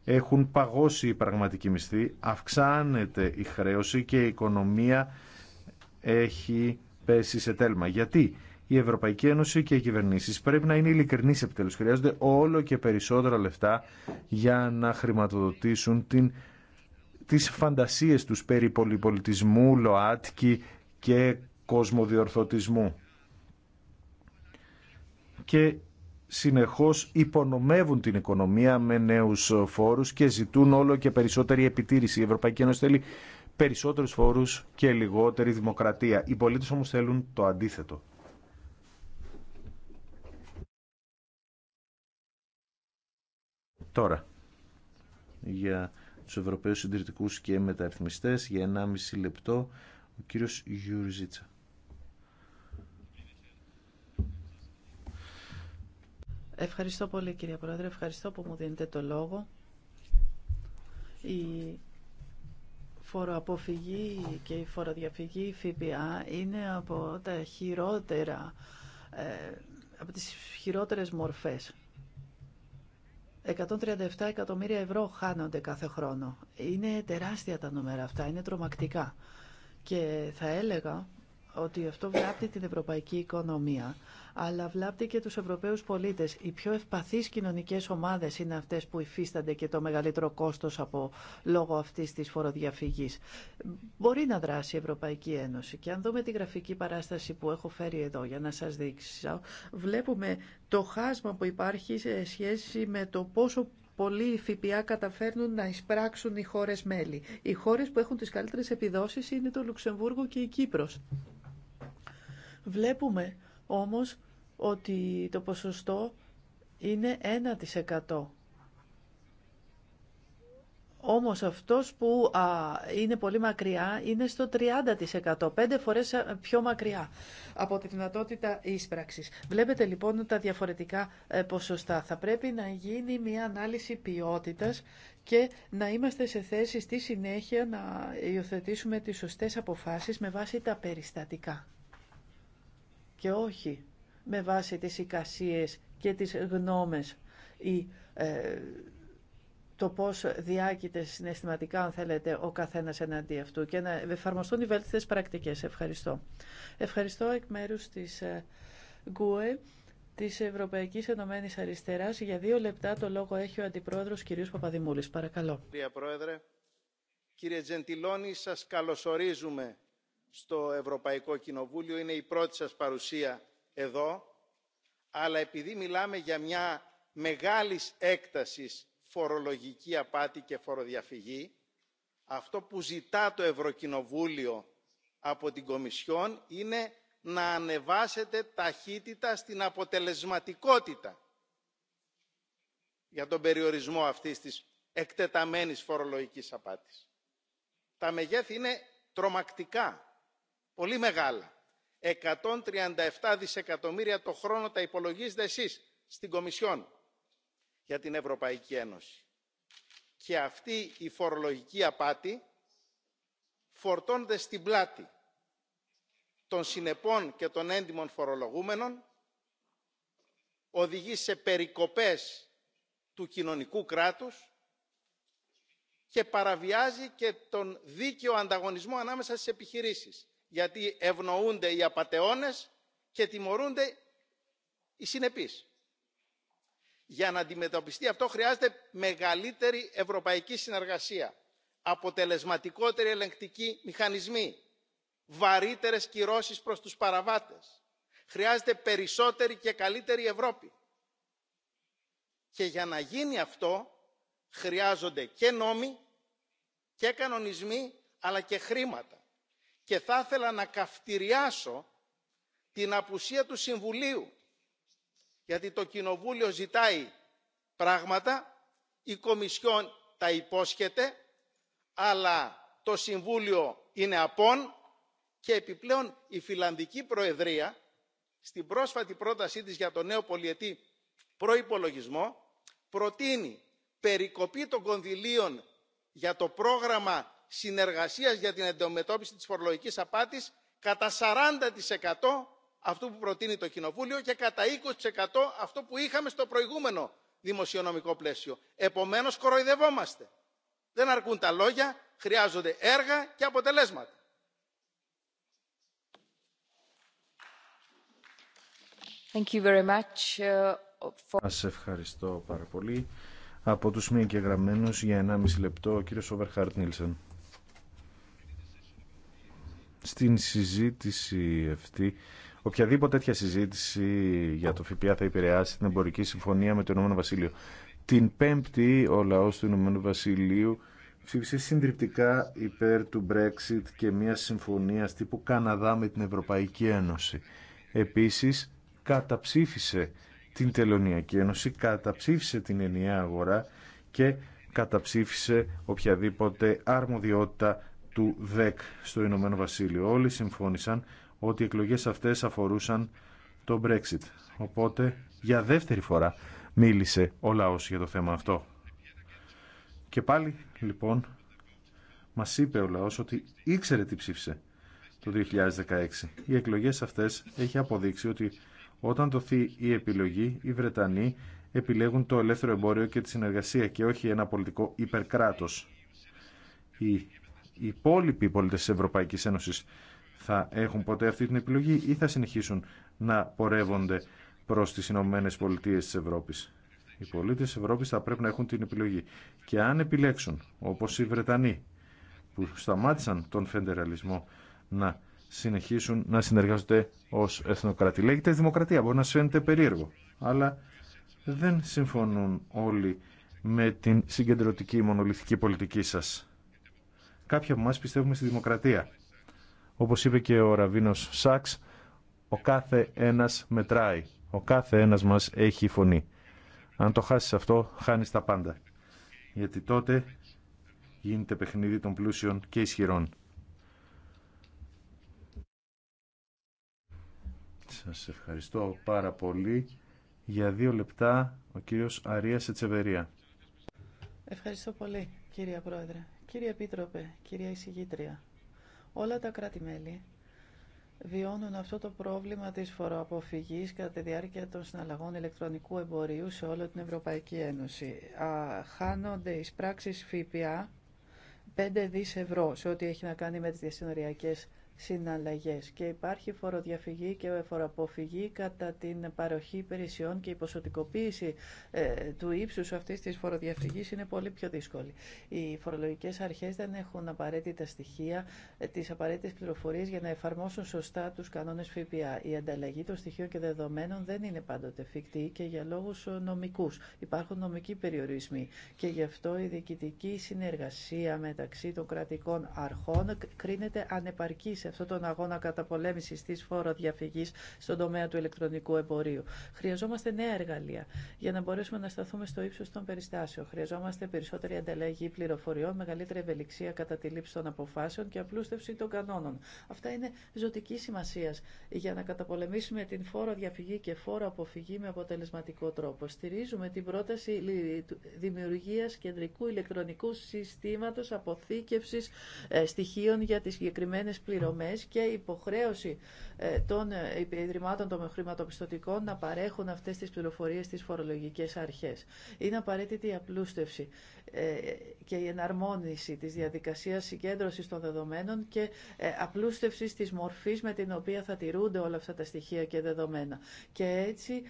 έχουν παγώσει οι πραγματικοί μισθοί, αυξάνεται η χρέωση και η οικονομία έχει πέσει σε τέλμα. Γιατί η Ευρωπαϊκή Ένωση και οι κυβερνήσεις πρέπει να είναι ειλικρινείς επιτέλους. Χρειάζονται όλο και περισσότερα λεφτά για να χρηματοδοτήσουν την τις φαντασίες τους περί πολυπολιτισμού, ΛΟΑΤΚΙ και κοσμοδιορθωτισμού. Και συνεχώς υπονομεύουν την οικονομία με νέους φόρους και ζητούν όλο και περισσότερη επιτήρηση. Η Ευρωπαϊκή Ένωση θέλει περισσότερους φόρους και λιγότερη δημοκρατία. Οι πολίτες όμως θέλουν το αντίθετο. Τώρα, για τους Ευρωπαίους Συντηρητικούς και Μεταρρυθμιστές για 1,5 λεπτό ο κύριος Γιουριζίτσα. Ευχαριστώ πολύ κύριε Πρόεδρε, ευχαριστώ που μου δίνετε το λόγο. Η φοροαποφυγή και η φοροδιαφυγή, η ΦΠΑ, είναι από τα χειρότερα ε, από τις χειρότερες μορφές 137 εκατομμύρια ευρώ χάνονται κάθε χρόνο. Είναι τεράστια τα νούμερα αυτά, είναι τρομακτικά. Και θα έλεγα ότι αυτό βλάπτει την ευρωπαϊκή οικονομία αλλά βλάπτει και τους Ευρωπαίους πολίτες. Οι πιο ευπαθείς κοινωνικές ομάδες είναι αυτές που υφίστανται και το μεγαλύτερο κόστος από λόγω αυτής της φοροδιαφυγής. Μπορεί να δράσει η Ευρωπαϊκή Ένωση και αν δούμε τη γραφική παράσταση που έχω φέρει εδώ για να σας δείξω, βλέπουμε το χάσμα που υπάρχει σε σχέση με το πόσο πολλοί ΦΠΑ καταφέρνουν να εισπράξουν οι χώρες μέλη. Οι χώρες που έχουν τις καλύτερες επιδόσεις είναι το Λουξεμβούργο και η Κύπρος. Βλέπουμε όμως ότι το ποσοστό είναι 1%. Όμως αυτός που είναι πολύ μακριά είναι στο 30%, πέντε φορές πιο μακριά από τη δυνατότητα ίσπραξης. Βλέπετε λοιπόν τα διαφορετικά ε, ποσοστά. Θα πρέπει να γίνει μια ανάλυση ποιότητας και να είμαστε σε θέση στη συνέχεια να υιοθετήσουμε τις σωστές αποφάσεις με βάση τα περιστατικά και όχι με βάση τις εικασίες και τις γνώμες ή ε, το πώς διάκειται συναισθηματικά, αν θέλετε, ο καθένας εναντί αυτού και να εφαρμοστούν οι βέλτιστες πρακτικές. Ευχαριστώ. Ευχαριστώ εκ μέρους της ε, ΓΚΟΕ της Ευρωπαϊκής Ενωμένης Αριστεράς. Για δύο λεπτά το λόγο έχει ο Αντιπρόεδρος κ. Παπαδημούλης. Παρακαλώ. Κύριε Πρόεδρε, κύριε Τζεντιλόνη, σας καλωσορίζουμε στο ευρωπαϊκό κοινοβούλιο είναι η πρώτη σας παρουσία εδώ αλλά επειδή μιλάμε για μια μεγάλης έκτασης φορολογική απάτη και φοροδιαφυγή αυτό που ζητά το ευρωκοινοβούλιο από την κομισιόν είναι να ανεβάσετε ταχύτητα στην αποτελεσματικότητα για τον περιορισμό αυτής της εκτεταμένης φορολογικής απάτης. Τα μεγέθη είναι τρομακτικά πολύ μεγάλα 137 δισεκατομμύρια το χρόνο τα υπολογίζετε εσείς στην Κομισιόν για την Ευρωπαϊκή Ένωση. Και αυτή η φορολογική απάτη φορτώνεται στην πλάτη των συνεπών και των έντιμων φορολογούμενων, οδηγεί σε περικοπές του κοινωνικού κράτους και παραβιάζει και τον δίκαιο ανταγωνισμό ανάμεσα στις επιχειρήσεις γιατί ευνοούνται οι απατεώνες και τιμωρούνται οι συνεπείς. Για να αντιμετωπιστεί αυτό χρειάζεται μεγαλύτερη ευρωπαϊκή συνεργασία, αποτελεσματικότερη ελεγκτική μηχανισμοί, βαρύτερες κυρώσεις προς τους παραβάτες. Χρειάζεται περισσότερη και καλύτερη Ευρώπη. Και για να γίνει αυτό χρειάζονται και νόμοι και κανονισμοί αλλά και χρήματα και θα ήθελα να καυτηριάσω την απουσία του συμβουλίου γιατί το κοινοβούλιο ζητάει πράγματα η κομισιόν τα υπόσχεται αλλά το συμβούλιο είναι απόν και επιπλέον η φιλανδική προεδρία στην πρόσφατη πρότασή της για το νέο πολιετή προϋπολογισμό προτείνει περικοπή των κονδυλίων για το πρόγραμμα συνεργασίας για την αντιμετώπιση της φορολογικής απάτης κατά 40% αυτού που προτείνει το Κοινοβούλιο και κατά 20% αυτό που είχαμε στο προηγούμενο δημοσιονομικό πλαίσιο. Επομένως κοροϊδευόμαστε. Δεν αρκούν τα λόγια, χρειάζονται έργα και αποτελέσματα. Thank you very much uh, ευχαριστώ πάρα πολύ. Από τους μη εγγεγραμμένους για 1,5 λεπτό ο κύριος Overhart στην συζήτηση αυτή οποιαδήποτε τέτοια συζήτηση για το ΦΠΑ θα επηρεάσει την εμπορική συμφωνία με το Ηνωμένο Βασίλειο. Την Πέμπτη ο λαό του Ηνωμένου Βασιλείου ψήφισε συντριπτικά υπέρ του Brexit και μια συμφωνία τύπου Καναδά με την Ευρωπαϊκή Ένωση. Επίσης καταψήφισε την Τελωνιακή Ένωση, καταψήφισε την ενιαία αγορά και καταψήφισε οποιαδήποτε αρμοδιότητα του ΔΕΚ στο Ηνωμένο Βασίλειο. Όλοι συμφώνησαν ότι οι εκλογές αυτές αφορούσαν το Brexit. Οπότε για δεύτερη φορά μίλησε ο λαός για το θέμα αυτό. Και πάλι λοιπόν μας είπε ο λαός ότι ήξερε τι ψήφισε το 2016. Οι εκλογές αυτές έχει αποδείξει ότι όταν δοθεί η επιλογή, οι Βρετανοί επιλέγουν το ελεύθερο εμπόριο και τη συνεργασία και όχι ένα πολιτικό υπερκράτος οι υπόλοιποι πολίτες τη Ευρωπαϊκή Ένωση θα έχουν ποτέ αυτή την επιλογή ή θα συνεχίσουν να πορεύονται προ τι Ηνωμένε Πολιτείε τη Ευρώπη. Οι πολίτε τη Ευρώπη θα πρέπει να έχουν την επιλογή. Και αν επιλέξουν, όπω οι Βρετανοί, που σταμάτησαν τον φεντεραλισμό να συνεχίσουν να συνεργάζονται ω εθνοκρατή. Λέγεται δημοκρατία, μπορεί να σας φαίνεται περίεργο, αλλά δεν συμφωνούν όλοι με την συγκεντρωτική μονολυθική πολιτική σας. Κάποιοι από εμά πιστεύουμε στη δημοκρατία. Όπως είπε και ο Ραβίνος Σάξ, ο κάθε ένα μετράει. Ο κάθε ένας μας έχει φωνή. Αν το χάσει αυτό, χάνει τα πάντα. Γιατί τότε γίνεται παιχνίδι των πλούσιων και ισχυρών. Σας ευχαριστώ πάρα πολύ. Για δύο λεπτά ο κύριος Αρία Σετσεβερία. Ευχαριστώ πολύ κύριε Πρόεδρε. Κύριε Επίτροπε, κυρία Εισηγήτρια, όλα τα κράτη-μέλη βιώνουν αυτό το πρόβλημα της φοροαποφυγής κατά τη διάρκεια των συναλλαγών ηλεκτρονικού εμπορίου σε όλη την Ευρωπαϊκή Ένωση. Α, χάνονται εις πράξεις ΦΠΑ 5 δις ευρώ σε ό,τι έχει να κάνει με τις διασυνοριακές συναλλαγές και υπάρχει φοροδιαφυγή και φοροαποφυγή κατά την παροχή υπηρεσιών και η ποσοτικοποίηση ε, του ύψους αυτής της φοροδιαφυγής είναι πολύ πιο δύσκολη. Οι φορολογικές αρχές δεν έχουν απαραίτητα στοιχεία, ε, τις απαραίτητες πληροφορίες για να εφαρμόσουν σωστά τους κανόνες ΦΠΑ. Η ανταλλαγή των στοιχείων και δεδομένων δεν είναι πάντοτε εφικτή και για λόγους ε, νομικούς. Υπάρχουν νομικοί περιορισμοί και γι' αυτό η διοικητική συνεργασία μεταξύ των κρατικών αρχών κρίνεται ανεπαρκή αυτόν τον αγώνα καταπολέμησης της διαφυγή στον τομέα του ηλεκτρονικού εμπορίου. Χρειαζόμαστε νέα εργαλεία για να μπορέσουμε να σταθούμε στο ύψο των περιστάσεων. Χρειαζόμαστε περισσότερη ανταλλαγή πληροφοριών, μεγαλύτερη ευελιξία κατά τη λήψη των αποφάσεων και απλούστευση των κανόνων. Αυτά είναι ζωτική σημασία για να καταπολεμήσουμε την φόρο διαφυγή και φόρο αποφυγή με αποτελεσματικό τρόπο. Στηρίζουμε την πρόταση δημιουργία κεντρικού ηλεκτρονικού συστήματο αποθήκευση ε, στοιχείων για τι συγκεκριμένε πληρωμέ δομές και υποχρέωση ε, των ε, Ιδρυμάτων των Χρηματοπιστωτικών να παρέχουν αυτές τις πληροφορίες στις φορολογικές αρχές. Είναι απαραίτητη η απλούστευση ε, και η εναρμόνιση της διαδικασίας συγκέντρωσης των δεδομένων και απλούστευση της μορφής με την οποία θα τηρούνται όλα αυτά τα στοιχεία και δεδομένα. Και έτσι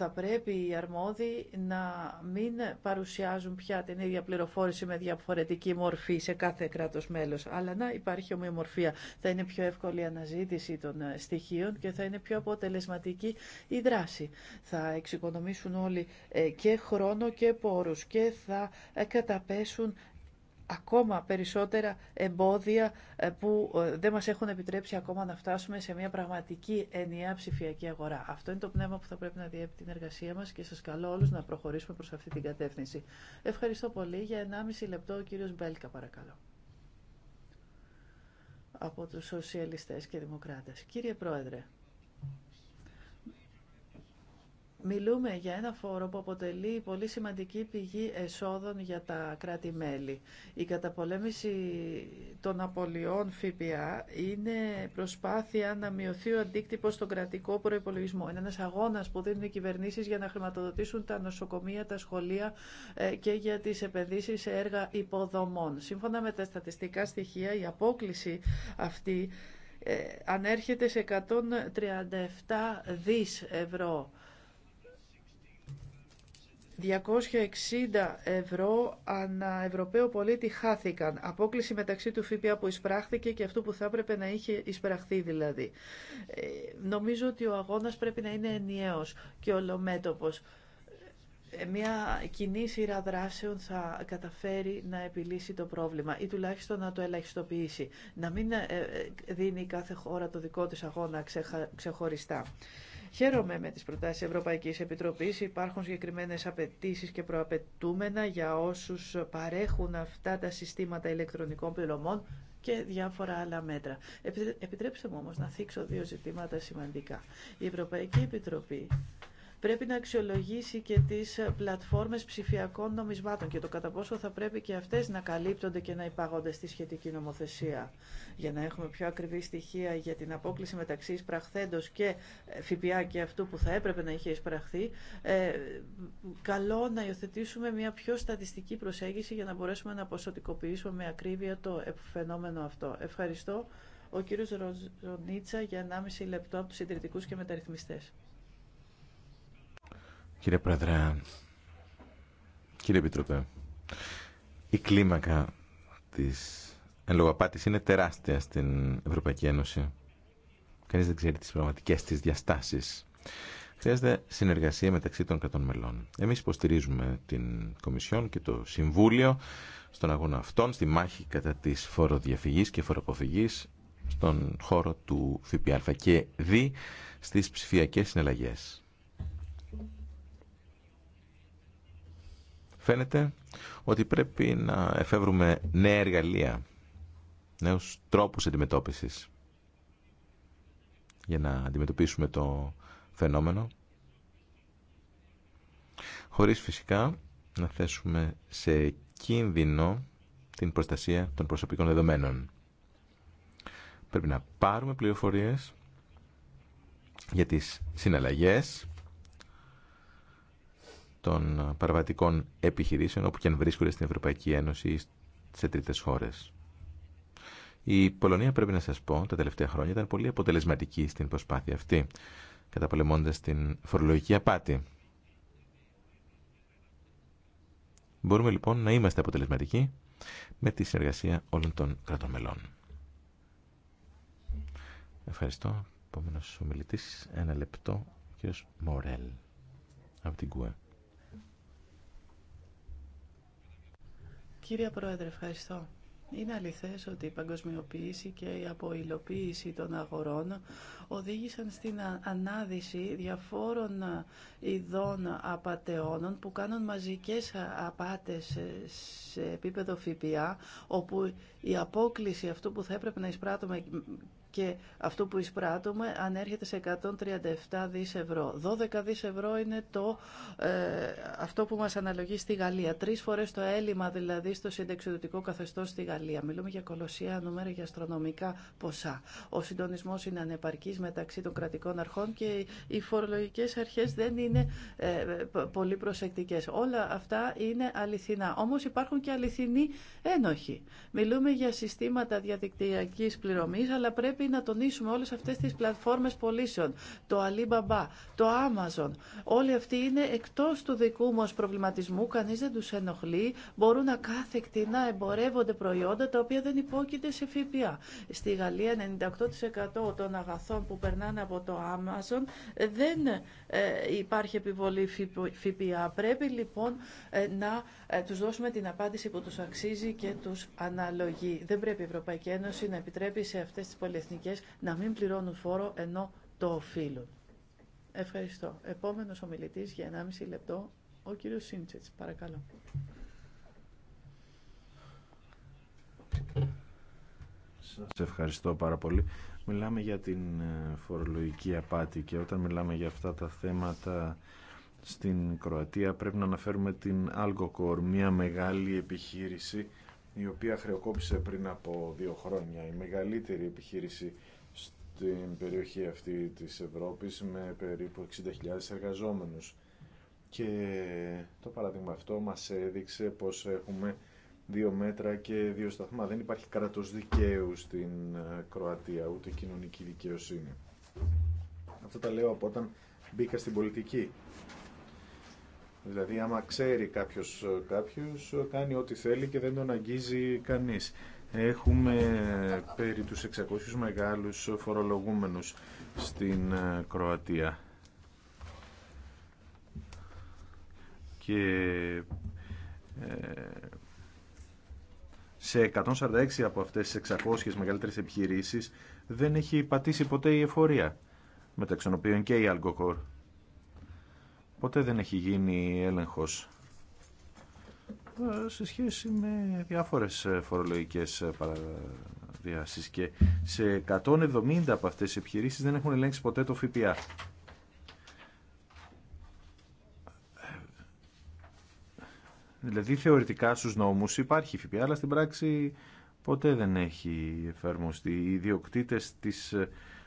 θα πρέπει οι αρμόδιοι να μην παρουσιάζουν πια την ίδια πληροφόρηση με διαφορετική μορφή σε κάθε κράτος μέλος, αλλά να υπάρχει ομοιομορφία. Θα είναι πιο εύκολη η αναζήτηση των ε, στοιχείων και θα είναι πιο αποτελεσματική η δράση. Θα εξοικονομήσουν όλοι ε, και χρόνο και πόρους και θα ε, καταπέσουν ακόμα περισσότερα εμπόδια ε, που ε, δεν μας έχουν επιτρέψει ακόμα να φτάσουμε σε μια πραγματική ενιαία ψηφιακή αγορά. Αυτό είναι το πνεύμα που θα πρέπει να διέπει την εργασία μας και σας καλώ όλους να προχωρήσουμε προς αυτή την κατεύθυνση. Ευχαριστώ πολύ. Για 1,5 λεπτό ο κύριος Μπέλκα παρακαλώ. Από τους σοσιαλιστές και δημοκράτες. Κύριε Πρόεδρε, Μιλούμε για ένα φόρο που αποτελεί πολύ σημαντική πηγή εσόδων για τα κράτη-μέλη. Η καταπολέμηση των απολειών ΦΠΑ είναι προσπάθεια να μειωθεί ο αντίκτυπο στον κρατικό προϋπολογισμό. Είναι ένας αγώνας που δίνουν οι κυβερνήσεις για να χρηματοδοτήσουν τα νοσοκομεία, τα σχολεία ε, και για τις επενδύσει σε έργα υποδομών. Σύμφωνα με τα στατιστικά στοιχεία, η απόκληση αυτή ε, ανέρχεται σε 137 δις ευρώ 260 ευρώ ανά Ευρωπαίο πολίτη χάθηκαν. Απόκληση μεταξύ του ΦΠΑ που εισπράχθηκε και αυτού που θα έπρεπε να είχε εισπραχθεί δηλαδή. Ε, νομίζω ότι ο αγώνας πρέπει να είναι ενιαίος και ολομέτωπος. Ε, μια κοινή σειρά δράσεων θα καταφέρει να επιλύσει το πρόβλημα ή τουλάχιστον να το ελαχιστοποιήσει. Να μην ε, δίνει κάθε χώρα το δικό της αγώνα ξεχωριστά. Χαίρομαι με τις προτάσεις Ευρωπαϊκής Επιτροπής. Υπάρχουν συγκεκριμένες απαιτήσεις και προαπαιτούμενα για όσους παρέχουν αυτά τα συστήματα ηλεκτρονικών πληρωμών και διάφορα άλλα μέτρα. Επιτρέψτε μου όμως να θίξω δύο ζητήματα σημαντικά. Η Ευρωπαϊκή Επιτροπή πρέπει να αξιολογήσει και τις πλατφόρμες ψηφιακών νομισμάτων και το κατά πόσο θα πρέπει και αυτές να καλύπτονται και να υπάγονται στη σχετική νομοθεσία για να έχουμε πιο ακριβή στοιχεία για την απόκληση μεταξύ εισπραχθέντος και ε, ΦΠΑ και αυτού που θα έπρεπε να είχε εισπραχθεί ε, καλό να υιοθετήσουμε μια πιο στατιστική προσέγγιση για να μπορέσουμε να ποσοτικοποιήσουμε με ακρίβεια το φαινόμενο αυτό. Ευχαριστώ ο κύριος Ρονίτσα για 1,5 λεπτό από τους συντηρητικούς και μεταρρυθμιστές. Κύριε Πρόεδρε, κύριε Επιτροπέ, η κλίμακα της εν είναι τεράστια στην Ευρωπαϊκή Ένωση. Κανείς δεν ξέρει τις πραγματικές της διαστάσεις. Χρειάζεται συνεργασία μεταξύ των κρατών μελών. Εμείς υποστηρίζουμε την Κομισιόν και το Συμβούλιο στον αγώνα αυτών, στη μάχη κατά της φοροδιαφυγής και φοροποφυγής στον χώρο του ΦΠΑ και δι στις ψηφιακές συναλλαγές. Φαίνεται ότι πρέπει να εφεύρουμε νέα εργαλεία, νέους τρόπους αντιμετώπισης για να αντιμετωπίσουμε το φαινόμενο χωρίς φυσικά να θέσουμε σε κίνδυνο την προστασία των προσωπικών δεδομένων. Πρέπει να πάρουμε πληροφορίες για τις συναλλαγές των παραβατικών επιχειρήσεων όπου και αν βρίσκονται στην Ευρωπαϊκή Ένωση ή σε τρίτες χώρες. Η Πολωνία, πρέπει να σας πω, τα τελευταία χρόνια ήταν πολύ αποτελεσματική στην προσπάθεια αυτή, καταπολεμώντας την φορολογική απάτη. Μπορούμε λοιπόν να είμαστε αποτελεσματικοί με τη συνεργασία όλων των κρατών μελών. Ευχαριστώ. Επόμενος ομιλητής, ένα λεπτό, ο κ. Μορέλ από την ΚΟΕ. Κύριε Πρόεδρε, ευχαριστώ. Είναι αληθές ότι η παγκοσμιοποίηση και η αποϊλοποίηση των αγορών οδήγησαν στην ανάδυση διαφόρων ειδών απαταιώνων που κάνουν μαζικές απάτες ε, σε επίπεδο ΦΠΑ, όπου η απόκληση αυτού που θα έπρεπε να εισπράττουμε και αυτό που εισπράττουμε ανέρχεται σε 137 δις ευρώ. 12 δις ευρώ είναι το, ε, αυτό που μας αναλογεί στη Γαλλία. Τρεις φορές το έλλειμμα δηλαδή στο συνταξιδοτικό καθεστώς στη Γαλλία. Μιλούμε για κολοσσία νούμερα για αστρονομικά ποσά. Ο συντονισμός είναι ανεπαρκής μεταξύ των κρατικών αρχών και οι φορολογικές αρχές δεν είναι ε, πολύ προσεκτικές. Όλα αυτά είναι αληθινά. Όμως υπάρχουν και αληθινοί ένοχοι. Μιλούμε για συστήματα διαδικτυακής πληρωμής, αλλά πρέπει να τονίσουμε όλες αυτές τις πλατφόρμες πωλήσεων, το Alibaba, το Amazon. Όλοι αυτοί είναι εκτός του δικού μας προβληματισμού, κανείς δεν τους ενοχλεί, μπορούν να κάθεκτη να εμπορεύονται προϊόντα τα οποία δεν υπόκειται σε ΦΠΑ. Στη Γαλλία 98% των αγαθών που περνάνε από το Amazon δεν ε, υπάρχει επιβολή ΦΠΑ. Πρέπει λοιπόν ε, να ε, τους δώσουμε την απάντηση που τους αξίζει και τους αναλογεί. Δεν πρέπει η Ευρωπαϊκή Ένωση να επιτρέπει σε αυτές τις να μην πληρώνουν φόρο ενώ το οφείλουν. Ευχαριστώ. Επόμενος ομιλητής για 1,5 λεπτό, ο κύριος Σίντσετς. Παρακαλώ. Σας ευχαριστώ πάρα πολύ. Μιλάμε για την ε, φορολογική απάτη και όταν μιλάμε για αυτά τα θέματα στην Κροατία πρέπει να αναφέρουμε την Algocor, μια μεγάλη επιχείρηση η οποία χρεοκόπησε πριν από δύο χρόνια. Η μεγαλύτερη επιχείρηση στην περιοχή αυτή της Ευρώπης με περίπου 60.000 εργαζόμενους. Και το παράδειγμα αυτό μας έδειξε πως έχουμε δύο μέτρα και δύο σταθμά. Δεν υπάρχει κράτος δικαίου στην ε, Κροατία, ούτε κοινωνική δικαιοσύνη. Αυτό τα λέω από όταν μπήκα στην πολιτική. Δηλαδή άμα ξέρει κάποιο ε, κάποιο, ε, κάνει ό,τι θέλει και δεν τον αγγίζει κανείς. Έχουμε ε, περί τους 600 μεγάλους φορολογούμενους στην Κροατία. Και σε 146 από αυτές τις 600 μεγαλύτερες επιχειρήσεις δεν έχει πατήσει ποτέ η εφορία μεταξύ των οποίων και η Αλγκοκόρ. Ποτέ δεν έχει γίνει έλεγχος ε, σε σχέση με διάφορες ε, φορολογικές ε, παραδιάσεις και σε 170 από αυτές τις επιχειρήσεις δεν έχουν ελέγξει ποτέ το ΦΠΑ. Δηλαδή θεωρητικά στους νόμους υπάρχει ΦΠΑ, αλλά στην πράξη ποτέ δεν έχει εφαρμοστεί. Οι ιδιοκτήτες της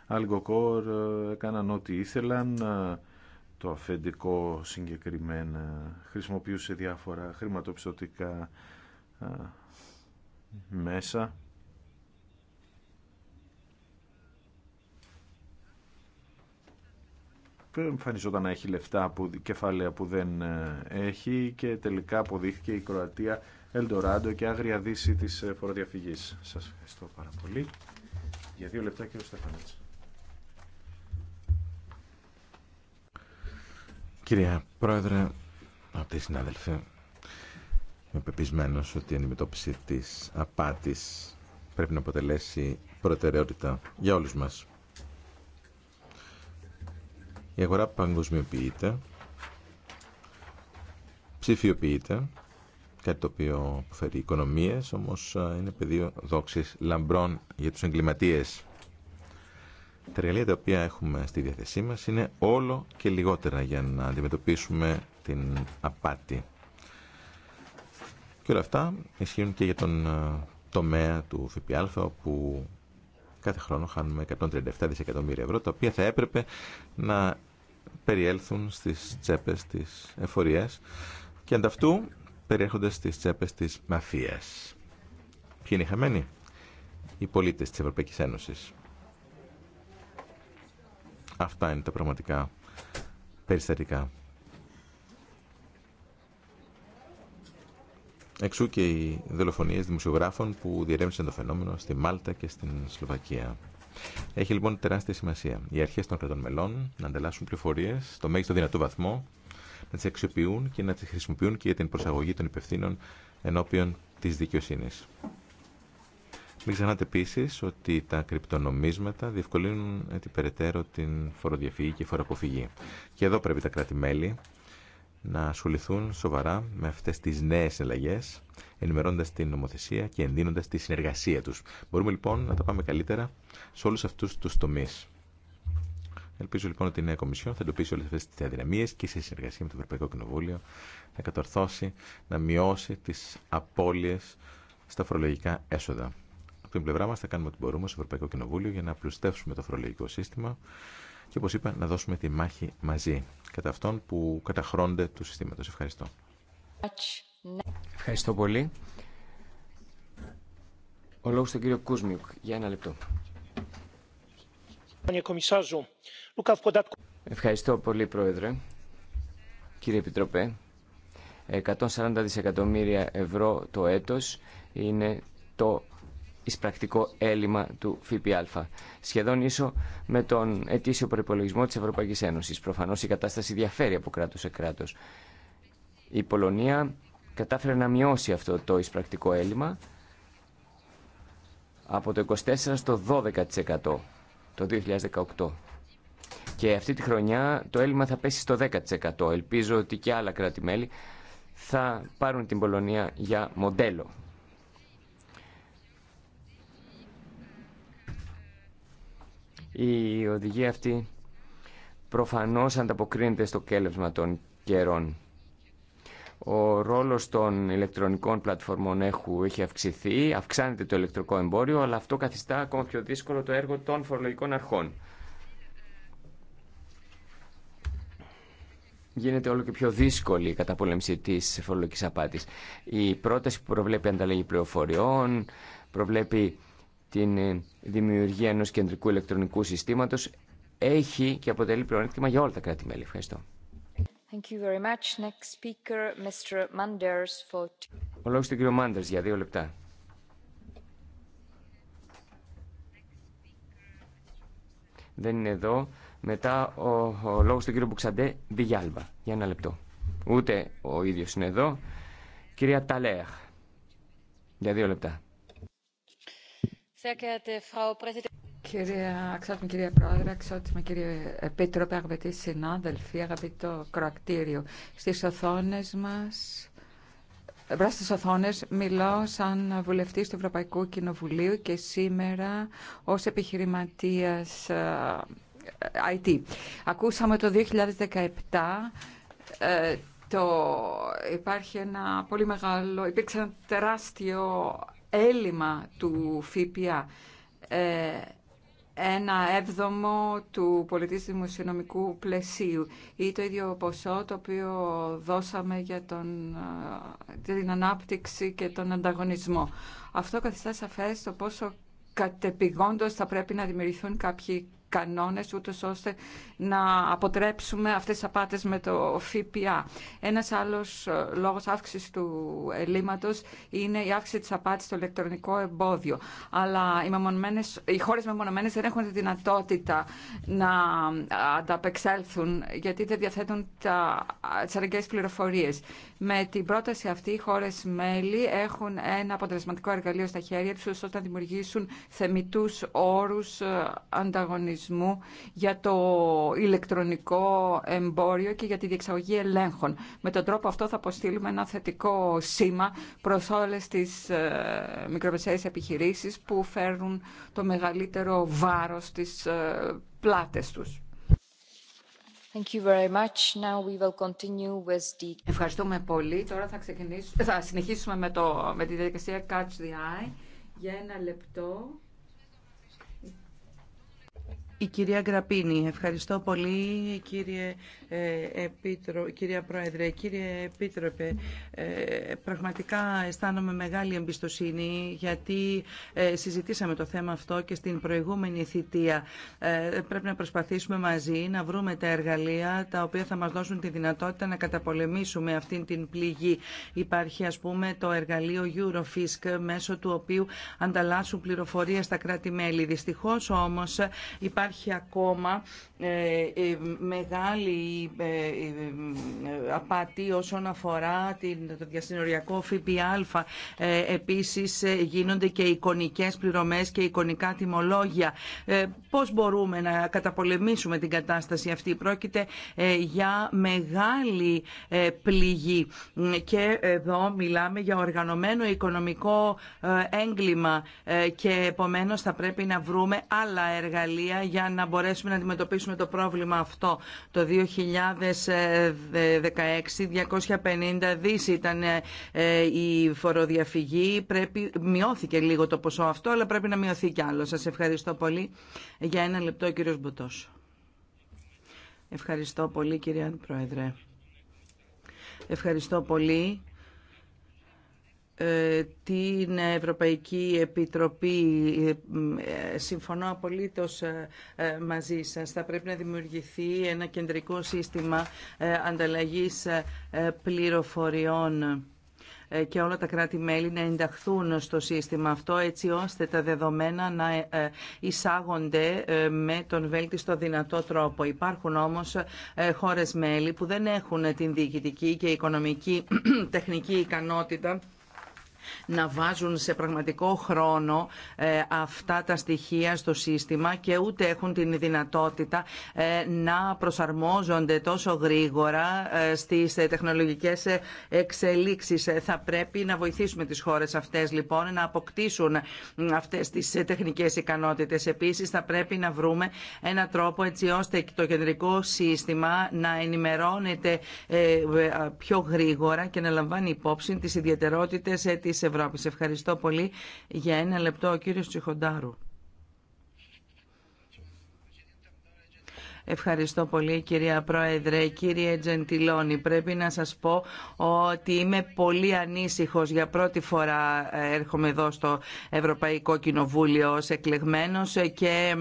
Αλγκοκόρ έκαναν ό,τι ήθελαν, το αφεντικό συγκεκριμένα χρησιμοποιούσε διάφορα χρηματοπιστωτικά μέσα εμφανιζόταν να έχει λεφτά που, κεφάλαια που δεν ε, έχει και τελικά αποδείχθηκε η Κροατία Ελντοράντο και άγρια δύση της ε, φοροδιαφυγής. Σας ευχαριστώ πάρα πολύ. Για δύο λεπτά κύριο Στεφανέτς. Κυρία Πρόεδρε, αγαπητοί συνάδελφοι, είμαι πεπισμένος ότι η αντιμετώπιση τη απάτης πρέπει να αποτελέσει προτεραιότητα για όλους μας. Η αγορά παγκοσμιοποιείται, ψηφιοποιείται, κάτι το οποίο φέρει οικονομίες, όμως ε, είναι πεδίο δόξης λαμπρών για τους εγκληματίες τα εργαλεία τα οποία έχουμε στη διαθεσή μας είναι όλο και λιγότερα για να αντιμετωπίσουμε την απάτη. Και όλα αυτά ισχύουν και για τον ε, τομέα του ΦΠΑ που κάθε χρόνο χάνουμε 137 δισεκατομμύρια ευρώ τα οποία θα έπρεπε να περιέλθουν στις τσέπες της εφορίας και ανταυτού περιέχονται στις τσέπες της μαφίας. Ποιοι είναι οι χαμένοι? Οι πολίτες της Ευρωπαϊκής Ένωσης Αυτά είναι τα πραγματικά περιστατικά. Εξού και οι δολοφονίες δημοσιογράφων που διερεύνησαν το φαινόμενο στη Μάλτα και στην Σλοβακία. Έχει λοιπόν τεράστια σημασία οι αρχές των κρατών μελών να ανταλλάσσουν πληροφορίε στο μέγιστο δυνατό βαθμό, να τις αξιοποιούν και να τις χρησιμοποιούν και για την προσαγωγή των υπευθύνων ενώπιον της δικαιοσύνης. Μην ξεχνάτε επίση ότι τα κρυπτονομίσματα διευκολύνουν ε, την την φοροδιαφυγή και φοροαποφυγή. Και εδώ πρέπει τα κράτη-μέλη να ασχοληθούν σοβαρά με αυτές τις νέες ελλαγέ, ενημερώνοντας την νομοθεσία και ενδύνοντας τη συνεργασία τους. Μπορούμε λοιπόν να τα πάμε καλύτερα σε όλους αυτούς τους τομείς. Ελπίζω λοιπόν ότι η νέα Κομισιόν θα εντοπίσει όλε αυτέ τι αδυναμίε και σε συνεργασία με το Ευρωπαϊκό Κοινοβούλιο θα κατορθώσει να μειώσει τι απώλειε στα φορολογικά έσοδα. Από την πλευρά μα θα κάνουμε ό,τι μπορούμε στο Ευρωπαϊκό Κοινοβούλιο για να πλουστεύσουμε το φορολογικό σύστημα και όπω είπα να δώσουμε τη μάχη μαζί κατά αυτών που καταχρώνται του συστήματο. Ευχαριστώ. Ευχαριστώ πολύ. Ο λόγο στον κύριο Κούσμιουκ για ένα λεπτό. Ευχαριστώ πολύ, Πρόεδρε. Κύριε Επιτροπέ, 140 δισεκατομμύρια ευρώ το έτος είναι το εισπρακτικό έλλειμμα του ΦΠΑ. Σχεδόν ίσο με τον ετήσιο προπολογισμό της Ευρωπαϊκής Ένωσης. Προφανώς η κατάσταση διαφέρει από κράτος σε κράτος. Η Πολωνία κατάφερε να μειώσει αυτό το εισπρακτικό έλλειμμα από το 24% στο 12% το 2018. Και αυτή τη χρονιά το έλλειμμα θα πέσει στο 10%. Ελπίζω ότι και άλλα κράτη-μέλη θα πάρουν την Πολωνία για μοντέλο. Η οδηγία αυτή προφανώς ανταποκρίνεται στο κέλευσμα των καιρών. Ο ρόλος των ηλεκτρονικών πλατφορμών έχου, έχει αυξηθεί, αυξάνεται το ηλεκτρικό εμπόριο, αλλά αυτό καθιστά ακόμα πιο δύσκολο το έργο των φορολογικών αρχών. γίνεται όλο και πιο δύσκολη η καταπολέμηση τη φορολογική απάτη. Η πρόταση που προβλέπει ανταλλαγή πληροφοριών, προβλέπει την ε, δημιουργία ενός κεντρικού ηλεκτρονικού συστήματος έχει και αποτελεί πλεονέκτημα για όλα τα κράτη-μέλη. Ευχαριστώ. Ο λόγος του κύριο Μάντερς για δύο λεπτά. Δεν είναι εδώ. Μετά ο, ο λόγος του κύριου Μπουξαντέ Βιγιάλβα. Για ένα λεπτό. Ούτε ο ίδιος είναι εδώ. Κυρία Ταλέχ. Για δύο λεπτά. Κυρία, αξιότιμη κυρία Πρόεδρε, αξιότιμη κύριε Επίτροπε, αγαπητοί συνάδελφοι, αγαπητό κροακτήριο, στις οθόνες μας μπρά στις οθόνες, μιλώ σαν βουλευτής του Ευρωπαϊκού Κοινοβουλίου και σήμερα ως επιχειρηματίας ε, IT. Ακούσαμε το 2017 ε, το, υπάρχει ένα πολύ μεγάλο, υπήρξε ένα τεράστιο έλλειμμα του ΦΠΑ, ε, ένα έβδομο του πολιτισμού δημοσιονομικού πλαισίου ή το ίδιο ποσό το οποίο δώσαμε για τον, ε, την ανάπτυξη και τον ανταγωνισμό. Αυτό καθιστά σαφές το πόσο κατεπηγόντως θα πρέπει να δημιουργηθούν κάποιοι κανόνες ούτως ώστε να αποτρέψουμε αυτές τις απάτες με το ΦΠΑ. Ένας άλλος ε, λόγος αύξησης του ελλείμματος είναι η αύξηση της απάτης στο ηλεκτρονικό εμπόδιο. Αλλά οι, οι χώρες μεμονωμένες δεν έχουν τη δυνατότητα να ε, ανταπεξέλθουν γιατί δεν διαθέτουν τα, τις πληροφορίες. Με την πρόταση αυτή, οι χώρε μέλη έχουν ένα αποτελεσματικό εργαλείο στα χέρια του, ώστε να δημιουργήσουν θεμητού όρου ε, ανταγωνισμού για το ηλεκτρονικό εμπόριο και για τη διεξαγωγή ελέγχων. Με τον τρόπο αυτό θα αποστείλουμε ένα θετικό σήμα προ όλε τι ε, μικρομεσαίε επιχειρήσει που φέρνουν το μεγαλύτερο βάρο στι ε, πλάτε του. Ευχαριστούμε πολύ. Τώρα θα, ξεκινήσουμε, θα συνεχίσουμε με, το, με τη διαδικασία Catch the Eye για ένα λεπτό. Η κυρία Γραπίνη. ευχαριστώ πολύ κύριε, ε, Επίτρο, κυρία Πρόεδρε, κύριε Επίτροπε. Ε, πραγματικά αισθάνομαι μεγάλη εμπιστοσύνη γιατί ε, συζητήσαμε το θέμα αυτό και στην προηγούμενη θητεία. πρέπει να προσπαθήσουμε μαζί να βρούμε τα εργαλεία τα οποία θα μας δώσουν τη δυνατότητα να καταπολεμήσουμε αυτή την πληγή. Υπάρχει ας πούμε το εργαλείο Eurofisk μέσω του οποίου ανταλλάσσουν πληροφορία στα κράτη-μέλη. Δυστυχώς όμως υπάρχει υπάρχει ακόμα ε, ε, μεγάλη ε, απάτη όσον αφορά το διασυνοριακό ΦΠΑ. Επίσης γίνονται και εικονικές πληρωμές και εικονικά τιμολόγια. Πώς μπορούμε να καταπολεμήσουμε την κατάσταση αυτή. Πρόκειται για μεγάλη πληγή. Και εδώ μιλάμε για οργανωμένο οικονομικό έγκλημα και επομένως θα πρέπει να βρούμε άλλα εργαλεία για να μπορέσουμε να αντιμετωπίσουμε το πρόβλημα αυτό. Το 2016 250 δις ήταν ε, ε, η φοροδιαφυγή. Πρέπει, μειώθηκε λίγο το ποσό αυτό, αλλά πρέπει να μειωθεί κι άλλο. Σας ευχαριστώ πολύ. Για ένα λεπτό κύριος Μποτός. Ευχαριστώ πολύ κύριε Πρόεδρε. Ευχαριστώ πολύ. Ε, την Ευρωπαϊκή Επιτροπή. Ε, συμφωνώ απολύτως ε, μαζί σας. Θα πρέπει να δημιουργηθεί ένα κεντρικό σύστημα ανταλλαγής πληροφοριών και όλα τα κράτη-μέλη να ενταχθούν στο σύστημα αυτό έτσι ώστε τα δεδομένα να εισάγονται με τον βέλτιστο δυνατό τρόπο. Υπάρχουν όμως χώρες-μέλη που δεν έχουν την διοικητική και οικονομική τεχνική ικανότητα να βάζουν σε πραγματικό χρόνο ε, αυτά τα στοιχεία στο σύστημα και ούτε έχουν την δυνατότητα ε, να προσαρμόζονται τόσο γρήγορα ε, στις τεχνολογικές εξελίξεις. Θα πρέπει να βοηθήσουμε τις χώρες αυτές λοιπόν να αποκτήσουν αυτές τις τεχνικές ικανότητες. Επίσης θα πρέπει να βρούμε ένα τρόπο έτσι ώστε το κεντρικό σύστημα να ενημερώνεται πιο γρήγορα και να λαμβάνει υπόψη τις ιδιαιτερότητες της Ευρώπης. Ευχαριστώ πολύ για ένα λεπτό ο κύριος Τσιχοντάρου. Ευχαριστώ πολύ κυρία Πρόεδρε. Κύριε Τζεντιλόνι, πρέπει να σας πω ότι είμαι πολύ ανήσυχος. Για πρώτη φορά ε, έρχομαι εδώ στο Ευρωπαϊκό Κοινοβούλιο ως εκλεγμένος και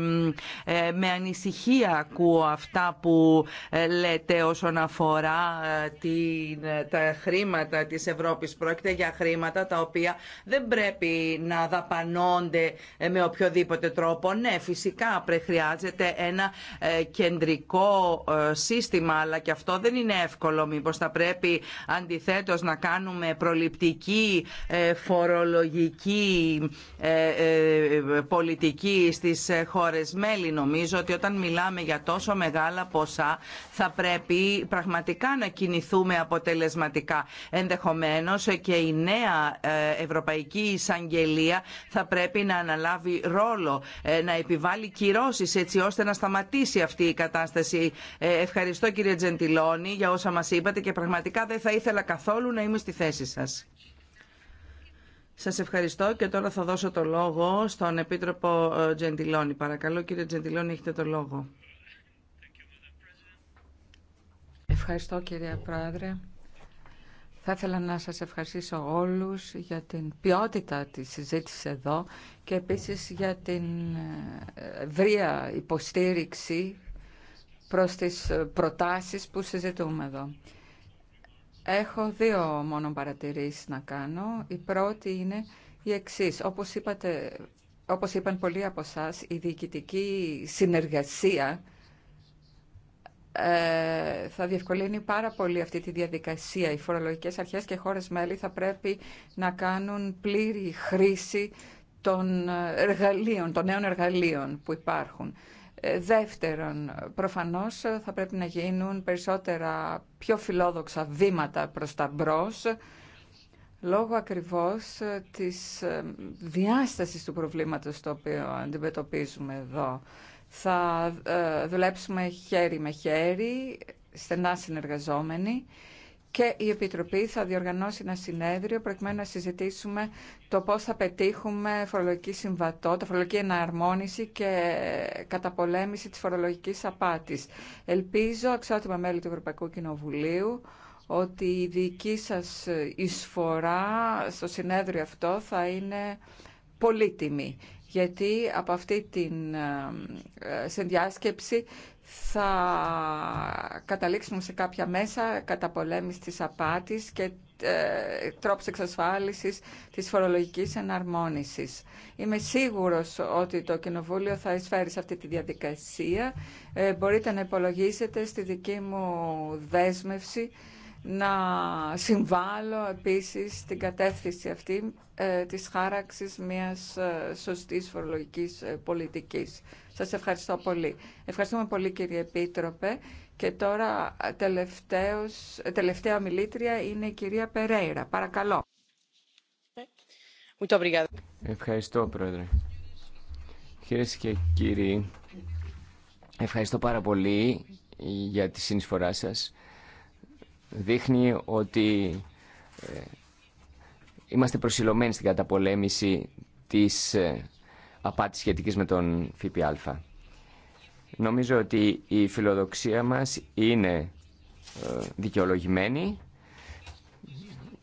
ε, με ανησυχία ακούω αυτά που ε, λέτε όσον αφορά την, τα χρήματα της Ευρώπης. Πρόκειται για χρήματα τα οποία δεν πρέπει να δαπανώνται με οποιοδήποτε τρόπο. Ναι, φυσικά χρειάζεται ένα κεντρικό κεντρικό ε, σύστημα, αλλά και αυτό δεν είναι εύκολο. Μήπως θα πρέπει αντιθέτως να κάνουμε προληπτική ε, φορολογική ε, πολιτική στις χώρες μέλη. Νομίζω ότι όταν μιλάμε για τόσο μεγάλα ποσά θα πρέπει πραγματικά να κινηθούμε αποτελεσματικά. Ενδεχομένως και η νέα Ευρωπαϊκή Εισαγγελία θα πρέπει να αναλάβει ρόλο, να επιβάλλει κυρώσεις έτσι ώστε να σταματήσει αυτή η κατάσταση ε, ευχαριστώ κύριε Τζεντιλόνη για όσα μας είπατε και πραγματικά δεν θα ήθελα καθόλου να είμαι στη θέση σας. Σας ευχαριστώ και τώρα θα δώσω το λόγο στον Επίτροπο ε, Τζεντιλόνη. Παρακαλώ κύριε Τζεντιλόνη έχετε το λόγο. Ευχαριστώ κύριε Πρόεδρε. Θα ήθελα να σας ευχαριστήσω όλους για την ποιότητα της συζήτησης εδώ και επίσης για την βρία ε, υποστήριξη προς τις ε, προτάσεις που συζητούμε εδώ. Έχω δύο μόνο παρατηρήσεις να κάνω. Η πρώτη είναι η εξής. Όπως, είπατε, όπως είπαν πολλοί από εσά, η διοικητική συνεργασία ε, θα διευκολύνει πάρα πολύ αυτή τη διαδικασία. Οι φορολογικές αρχές και χώρες μέλη θα πρέπει να κάνουν πλήρη χρήση των ε, εργαλείων, των νέων εργαλείων που υπάρχουν. Ε, δεύτερον, προφανώς ε, θα πρέπει να γίνουν περισσότερα πιο φιλόδοξα βήματα προς τα μπρος, λόγω ακριβώς ε, της διάστασης του προβλήματος το οποίο αντιμετωπίζουμε εδώ. Θα δουλέψουμε χέρι με χέρι, στενά συνεργαζόμενοι και η Επιτροπή θα διοργανώσει ένα συνέδριο προκειμένου να συζητήσουμε το πώς θα πετύχουμε φορολογική συμβατότητα, φορολογική εναρμόνιση και καταπολέμηση της φορολογικής απάτης. Ελπίζω, αξιότιμα μέλη του Ευρωπαϊκού Κοινοβουλίου, ότι η δική σας εισφορά στο συνέδριο αυτό θα είναι πολύτιμη γιατί από αυτή την ε, ε, συνδιάσκεψη θα καταλήξουμε σε κάποια μέσα πολέμης της απάτης και ε, τρόπους εξασφάλισης της φορολογικής εναρμόνισης. Είμαι σίγουρος ότι το Κοινοβούλιο θα εισφέρει σε αυτή τη διαδικασία. Μπορείτε να υπολογίσετε στη δική μου δέσμευση να συμβάλλω επίσης στην κατεύθυνση αυτή ε, της χάραξης μιας ε, σωστής φορολογικής ε, πολιτικής. Σας ευχαριστώ πολύ. Ευχαριστούμε πολύ κύριε Επίτροπε. Και τώρα τελευταία μιλήτρια είναι η κυρία Περέιρα. Παρακαλώ. Ευχαριστώ πρόεδρε. Κυρίε και κύριοι, ευχαριστώ πάρα πολύ για τη συνεισφορά σας δείχνει ότι ε, είμαστε προσιλωμένοι στην καταπολέμηση της ε, απάτης σχετικής με τον ΦΠΑ. Νομίζω ότι η φιλοδοξία μας είναι ε, δικαιολογημένη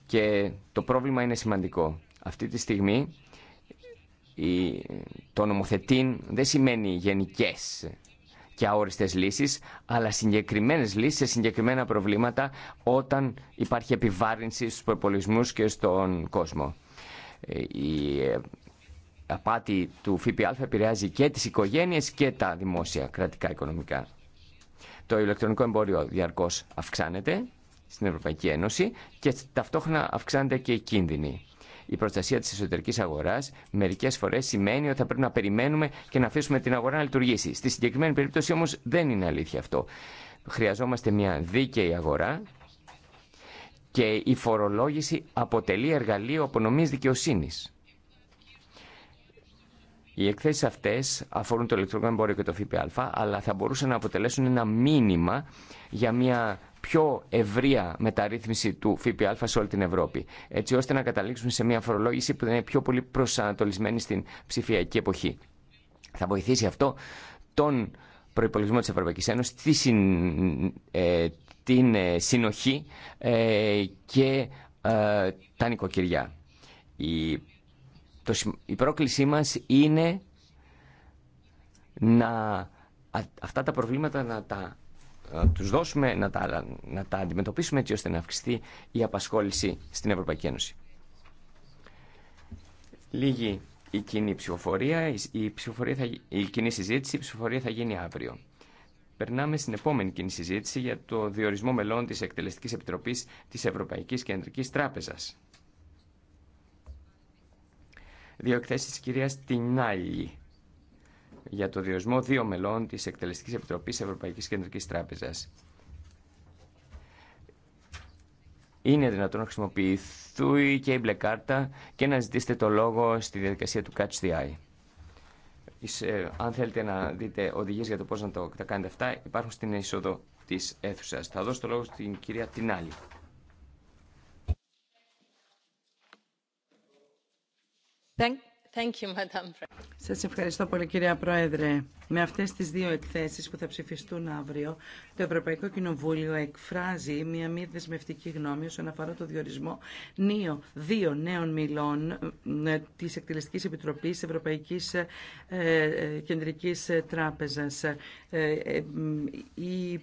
και το πρόβλημα είναι σημαντικό. Αυτή τη στιγμή το νομοθετήν δεν σημαίνει γενικές και αόριστε λύσεις, αλλά συγκεκριμένε λύσεις σε συγκεκριμένα προβλήματα όταν υπάρχει επιβάρυνση στους προπολισμού και στον κόσμο. Ε, η ε, απάτη του ΦΠΑ επηρεάζει και τις οικογένειες και τα δημόσια κρατικά οικονομικά. Το ηλεκτρονικό εμπόριο διαρκώ αυξάνεται στην Ευρωπαϊκή Ένωση και ταυτόχρονα αυξάνεται και η κίνδυνη η προστασία της εσωτερική αγοράς μερικές φορές σημαίνει ότι θα πρέπει να περιμένουμε και να αφήσουμε την αγορά να λειτουργήσει. Στη συγκεκριμένη περίπτωση όμως δεν είναι αλήθεια αυτό. Χρειαζόμαστε μια δίκαιη αγορά και η φορολόγηση αποτελεί εργαλείο απονομής δικαιοσύνης. Οι εκθέσει αυτέ αφορούν το ηλεκτρονικό εμπόριο και το ΦΠΑ, αλλά θα μπορούσαν να αποτελέσουν ένα μήνυμα για μια πιο ευρεία μεταρρύθμιση του ΦΠΑ σε όλη την Ευρώπη. Έτσι ώστε να καταλήξουμε σε μια φορολόγηση που είναι πιο πολύ προσανατολισμένη στην ψηφιακή εποχή. Θα βοηθήσει αυτό τον προπολογισμό της Ευρωπαϊκής Ένωσης, τη συν, ε, την ε, συνοχή ε, και τα νοικοκυριά. Η, το, η πρόκλησή μας είναι να αυτά τα προβλήματα να τα ε, τους δώσουμε να τα, αντιμετωπίσουμε έτσι ώστε να αυξηθεί η απασχόληση στην Ευρωπαϊκή Ένωση. Λίγη η κοινή ψηφοφορία, η, ψηφοφορία θα, η κοινή συζήτηση, η ψηφοφορία θα γίνει αύριο. Περνάμε στην επόμενη κοινή συζήτηση για το διορισμό μελών της Εκτελεστικής Επιτροπής της Ευρωπαϊκής Κεντρικής Τράπεζας. Δύο εκθέσεις της κυρίας για το διορισμό δύο μελών της Εκτελεστικής Επιτροπής Ευρωπαϊκής Κεντρικής Τράπεζας. Είναι δυνατόν να χρησιμοποιηθεί και η μπλε κάρτα και να ζητήσετε το λόγο στη διαδικασία του Catch the Eye. Ε, αν θέλετε να δείτε οδηγίες για το πώς να το, τα κάνετε αυτά, υπάρχουν στην είσοδο της αίθουσας. Θα δώσω το λόγο στην κυρία Τινάλη. Thank Σα Σας ευχαριστώ πολύ κυρία Πρόεδρε. Με αυτές τις δύο εκθέσεις που θα ψηφιστούν αύριο, το Ευρωπαϊκό Κοινοβούλιο εκφράζει μια μη δεσμευτική γνώμη όσον αφορά το διορισμό νέο, δύο νέων μιλών ε, της Εκτελεστικής Επιτροπής Ευρωπαϊκής ε, ε, Κεντρικής Τράπεζας. Η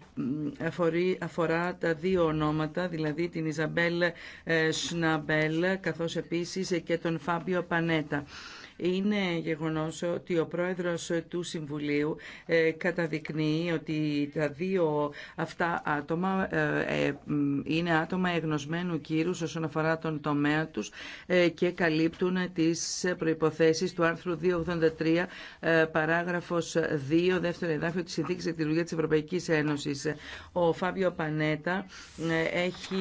αφορά τα δύο ονόματα, δηλαδή την Ιζαμπέλ Σναμπέλ, καθώς επίσης και τον Φάμπιο Πανέτα. Είναι γεγονός ότι ο πρόεδρος του Συμβουλίου ε, καταδεικνύει ότι τα δύο αυτά άτομα ε, ε, είναι άτομα εγνωσμένου κύρους όσον αφορά τον τομέα τους και καλύπτουν τις προϋποθέσεις του άρθρου 283 παράγραφος 2 δεύτερο εδάφιο της Συνθήκης για τη της Ευρωπαϊκής Ένωσης. Ο Φάβιο Πανέτα έχει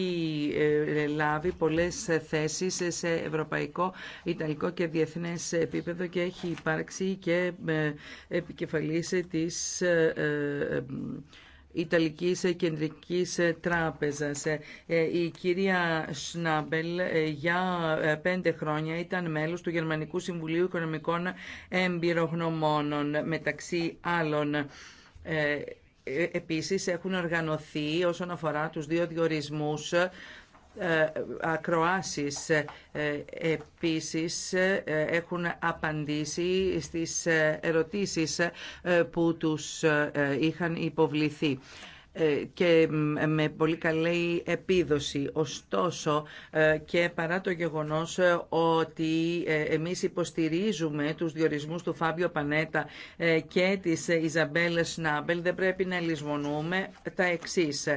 λάβει πολλές θέσεις σε ευρωπαϊκό, ιταλικό και διεθνές επίπεδο και έχει υπάρξει και επικεφαλής της ε, ε, ε, Ιταλικής Κεντρικής Τράπεζας. Η κυρία Σνάμπελ για πέντε χρόνια ήταν μέλος του Γερμανικού Συμβουλίου Οικονομικών Εμπειρογνωμόνων μεταξύ άλλων. Επίσης έχουν οργανωθεί όσον αφορά τους δύο διορισμούς ε, ακροάσεις ε, επίσης ε, έχουν απαντήσει στις ερωτήσεις που τους είχαν υποβληθεί και με πολύ καλή επίδοση. Ωστόσο και παρά το γεγονός ότι εμείς υποστηρίζουμε τους διορισμούς του Φάβιο Πανέτα και της Ιζαμπέλ Σνάμπελ δεν πρέπει να λησμονούμε τα εξής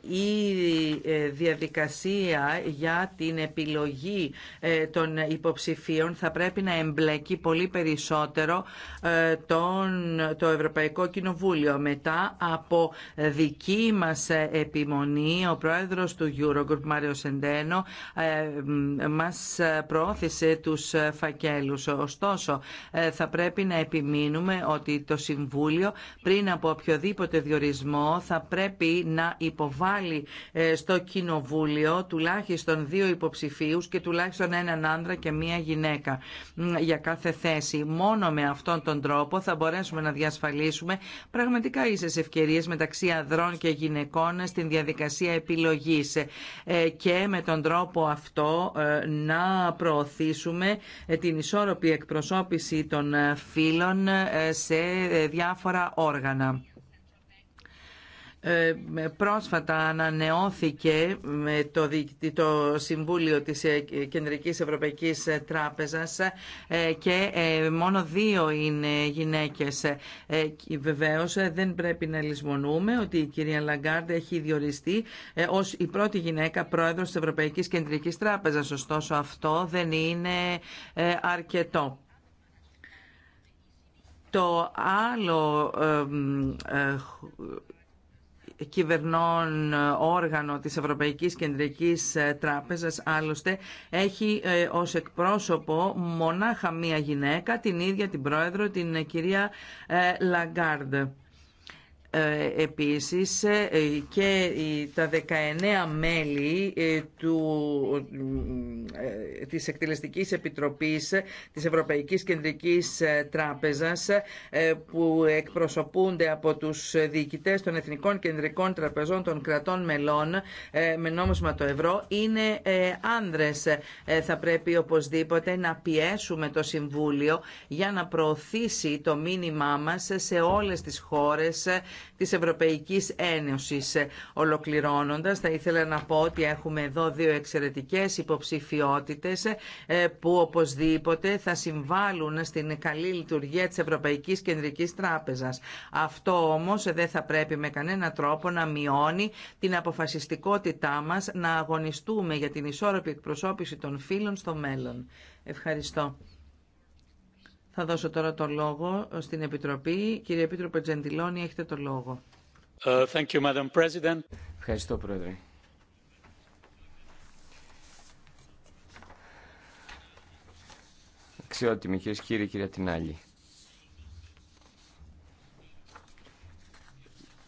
η ε, διαδικασία για την επιλογή ε, των υποψηφίων θα πρέπει να εμπλέκει πολύ περισσότερο ε, τον, το Ευρωπαϊκό Κοινοβούλιο. Μετά από δική μας επιμονή, ο πρόεδρος του Eurogroup, Μάριο Σεντένο, μας προώθησε τους φακέλους. Ωστόσο, θα πρέπει να επιμείνουμε ότι το Συμβούλιο πριν από οποιοδήποτε διορισμό θα πρέπει να υποβάλει ε, στο Κοινοβούλιο τουλάχιστον δύο υποψηφίους και τουλάχιστον έναν άντρα και μία γυναίκα για κάθε θέση. Μόνο με αυτόν τον τρόπο θα μπορέσουμε να διασφαλίσουμε πραγματικά ίσες ευκαιρίες μεταξύ ανδρών και γυναικών στην διαδικασία επιλογής ε, και με τον τρόπο αυτό ε, να προωθήσουμε την ισόρροπη εκπροσώπηση των φύλων σε διάφορα όργανα. Ε, πρόσφατα ανανεώθηκε το, το Συμβούλιο της ε, Κεντρικής Ευρωπαϊκής Τράπεζας ε, και μόνο δύο είναι γυναίκες. Βεβαίως δεν πρέπει να λησμονούμε ότι η κυρία Λαγκάρντ έχει διοριστεί ως η πρώτη γυναίκα πρόεδρος της Ευρωπαϊκής Κεντρικής Τράπεζας. Ωστόσο αυτό δεν είναι αρκετό. Το άλλο κυβερνών ε, όργανο της Ευρωπαϊκής Κεντρικής ε, Τράπεζας άλλωστε έχει ε, ως εκπρόσωπο μονάχα μία γυναίκα, την ίδια την πρόεδρο, την κυρία Λαγκάρντ. Επίσης ε, και τα 19 μέλη ε, του, ε, της Εκτελεστικής Επιτροπής της Ευρωπαϊκής Κεντρικής Τράπεζας που εκπροσωπούνται από τους διοικητές των Εθνικών Κεντρικών Τραπεζών των κρατών μελών με νόμισμα το ευρώ είναι άνδρες. Θα πρέπει οπωσδήποτε να πιέσουμε το Συμβούλιο για να προωθήσει το μήνυμά μας σε όλες τις χώρες της Ευρωπαϊκής Ένωσης. Ολοκληρώνοντας, θα ήθελα να πω ότι έχουμε εδώ δύο εξαιρετικές υποψηφιότητες ε, που οπωσδήποτε θα συμβάλλουν στην καλή λειτουργία της Ευρωπαϊκής Κεντρικής Τράπεζας. Αυτό όμως δεν θα πρέπει με κανένα τρόπο να μειώνει την αποφασιστικότητά μας να αγωνιστούμε για την ισόρροπη εκπροσώπηση των φίλων στο μέλλον. Ευχαριστώ. Θα δώσω τώρα το λόγο στην Επιτροπή. Κύριε Επίτροπε Τζεντιλόνι, έχετε το λόγο. Ε, thank you, Madam President. Ευχαριστώ, Πρόεδρε. Αξιότιμοι κύριε και κύριοι, κυρία Τινάλη.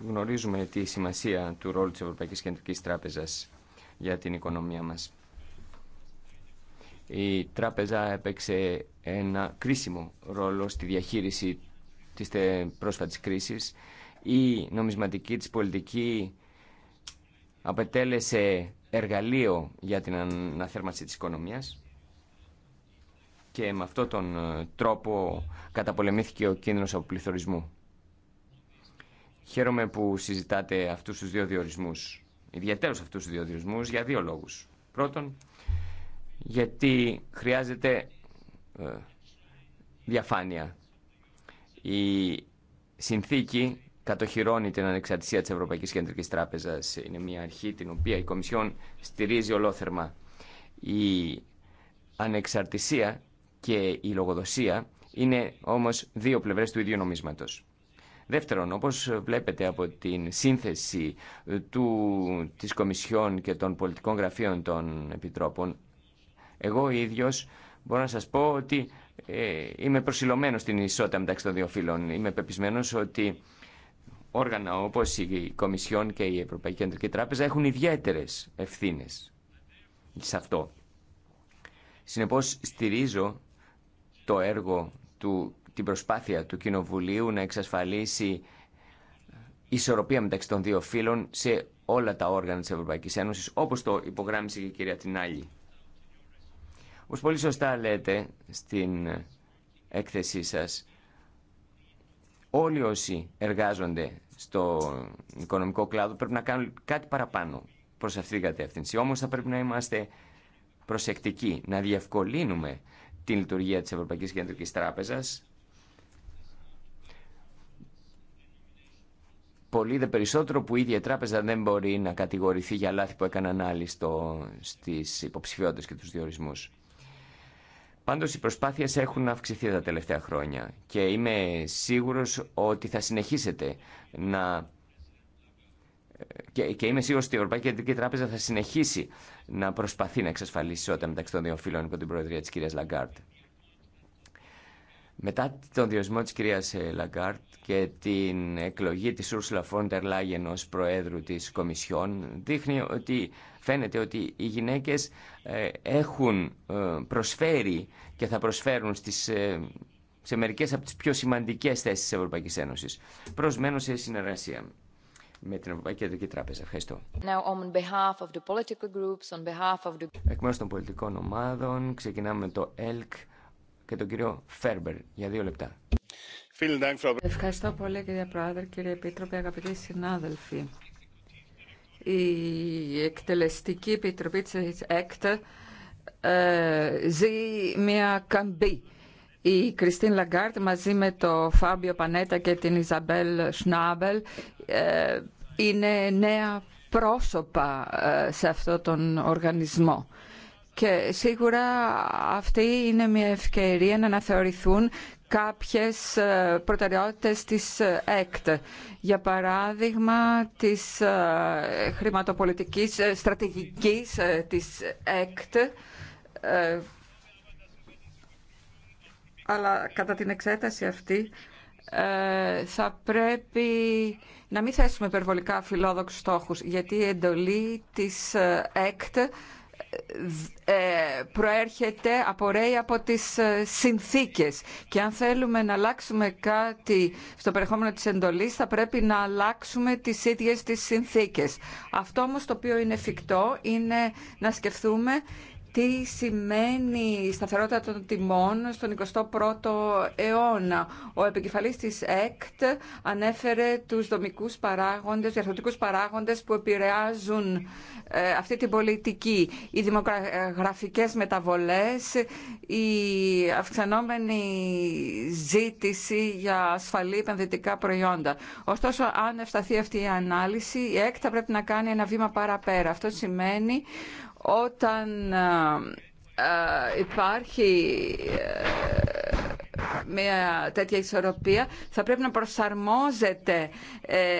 Γνωρίζουμε τη σημασία του ρόλου της Ευρωπαϊκής Κεντρικής Τράπεζας για την οικονομία μας η τράπεζα έπαιξε ένα κρίσιμο ρόλο στη διαχείριση της πρόσφατης κρίσης. Η νομισματική της πολιτική απετέλεσε εργαλείο για την αναθέρμανση της οικονομίας και με αυτόν τον ε, τρόπο καταπολεμήθηκε ο κίνδυνος από πληθωρισμού. Χαίρομαι που συζητάτε αυτούς τους δύο διορισμούς, ιδιαίτερους αυτούς τους δύο διορισμούς, για δύο λόγους. Πρώτον, γιατί χρειάζεται ε, διαφάνεια. Η συνθήκη κατοχυρώνει την ανεξαρτησία της Ευρωπαϊκής Κεντρικής Τράπεζας. Είναι μια αρχή την οποία η Κομισιόν στηρίζει ολόθερμα. Η ανεξαρτησία και η λογοδοσία είναι όμως δύο πλευρές του ίδιου νομίσματος. Δεύτερον, όπως βλέπετε από την σύνθεση του, της Κομισιόν και των πολιτικών γραφείων των Επιτρόπων, εγώ ίδιο μπορώ να σα πω ότι ε, είμαι προσιλωμένος στην ισότητα μεταξύ των δύο φύλων. Είμαι πεπισμένο ότι όργανα όπω η Κομισιόν και η Ευρωπαϊκή Κεντρική Τράπεζα έχουν ιδιαίτερε ευθύνε σε αυτό. Συνεπώ στηρίζω το έργο, του, την προσπάθεια του Κοινοβουλίου να εξασφαλίσει ισορροπία μεταξύ των δύο φύλων σε όλα τα όργανα της Ευρωπαϊκής Ένωσης, όπως το υπογράμμισε και η κυρία Τινάλη. Όπως πολύ σωστά λέτε στην έκθεσή σας, όλοι όσοι εργάζονται στο οικονομικό κλάδο πρέπει να κάνουν κάτι παραπάνω προς αυτήν την κατεύθυνση. Όμως θα πρέπει να είμαστε προσεκτικοί, να διευκολύνουμε την λειτουργία της Ευρωπαϊκής Κεντρικής Τράπεζας. Πολύ δε περισσότερο που η ίδια τράπεζα δεν μπορεί να κατηγορηθεί για λάθη που έκαναν άλλοι στο, στις υποψηφιότητες και τους διορισμούς. Πάντως οι προσπάθειες έχουν αυξηθεί τα τελευταία χρόνια και είμαι σίγουρος ότι θα συνεχίσετε να... Ε, και, είμαι σίγουρος ότι η Ευρωπαϊκή Κεντρική Τράπεζα θα συνεχίσει να προσπαθεί να εξασφαλίσει όταν μεταξύ των δύο φίλων υπό την Προεδρία της κυρίας Λαγκάρτ. Μετά τον διοσμό της κυρίας ε, Λαγκάρτ και την εκλογή της Ursula von der Leyen ως Προέδρου της Κομισιόν δείχνει ότι φαίνεται ότι οι γυναίκες ε, έχουν ε, προσφέρει και θα προσφέρουν στις, σε μερικές από τις πιο σημαντικές θέσεις της Ευρωπαϊκής Ένωσης προσμένω σε συνεργασία με την Ευρωπαϊκή Κεντρική Τράπεζα. Ευχαριστώ. Εκ μέρους των πολιτικών ομάδων ξεκινάμε το ΕΛΚ και τον κύριο Φέρμπερ για δύο λεπτά. Ευχαριστώ πολύ κύριε Πρόεδρε, κύριε Επίτροπε, αγαπητοί συνάδελφοι. Η Εκτελεστική Επιτροπή τη ΕΚΤ ε, ζει μια καμπή. Η Κριστίν Λαγκάρτ μαζί με το Φάμπιο Πανέτα και την Ιζαμπέλ Σνάμπελ ε, είναι νέα πρόσωπα ε, σε αυτό τον οργανισμό. Και σίγουρα αυτή είναι μια ευκαιρία να αναθεωρηθούν κάποιες ε, προτεραιότητες της ε, ΕΚΤ. Για παράδειγμα, της ε, χρηματοπολιτικής στρατηγικής της ΕΚΤ, αλλά κατά την εξέταση αυτή θα πρέπει να μην θέσουμε υπερβολικά φιλόδοξους στόχους, γιατί η εντολή της ΕΚΤ ε, προέρχεται, απορρέει από τις ε, συνθήκες. Και αν θέλουμε να αλλάξουμε κάτι στο περιεχόμενο της εντολής, θα πρέπει να αλλάξουμε τις ίδιες τις συνθήκες. Αυτό όμως το οποίο είναι εφικτό είναι να σκεφτούμε τι σημαίνει η σταθερότητα των τιμών στον 21ο αιώνα. Ο επικεφαλής της ΕΚΤ ανέφερε τους δομικούς παράγοντες, διαρθρωτικούς παράγοντες που επηρεάζουν ε, αυτή την πολιτική. Οι δημογραφικές μεταβολές, η αυξανόμενη ζήτηση για ασφαλή επενδυτικά προϊόντα. Ωστόσο, αν ευσταθεί αυτή η ανάλυση, η ΕΚΤ θα πρέπει να κάνει ένα βήμα παραπέρα. Αυτό σημαίνει όταν ε, ε, υπάρχει ε, μια τέτοια ισορροπία θα πρέπει να προσαρμόζεται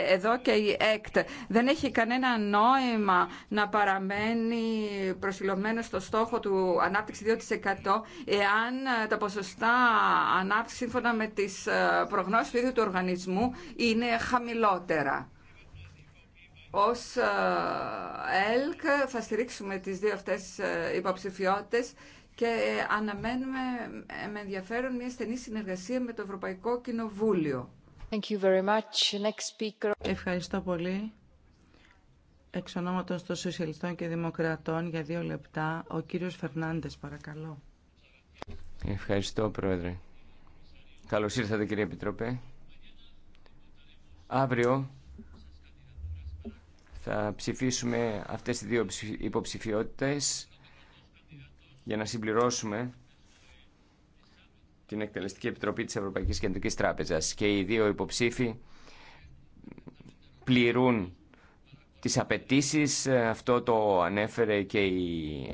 εδώ και η ΕΚΤ. Δεν έχει κανένα νόημα να παραμένει προσιλωμένο στο στόχο του ανάπτυξη 2% εάν τα ποσοστά ανάπτυξη σύμφωνα με τις προγνώσεις του ίδιου του οργανισμού είναι χαμηλότερα. Ως ε, ΕΛΚ θα στηρίξουμε τις δύο αυτές ε, υποψηφιότητες και ε, αναμένουμε με ενδιαφέρον μια στενή συνεργασία με το Ευρωπαϊκό Κοινοβούλιο. Thank you very much. Next speaker. Ευχαριστώ πολύ. Εξ ονόματος των Σοσιαλιστών και Δημοκρατών για δύο λεπτά, ο κύριος Φερνάντες παρακαλώ. Ευχαριστώ Πρόεδρε. Καλώς ήρθατε κύριε Επιτροπέ. Αύριο θα ψηφίσουμε αυτές τις δύο υποψηφιότητες για να συμπληρώσουμε την Εκτελεστική Επιτροπή της Ευρωπαϊκής Κεντρικής Τράπεζας και οι δύο υποψήφοι πληρούν τις απαιτήσει. Αυτό το ανέφερε και η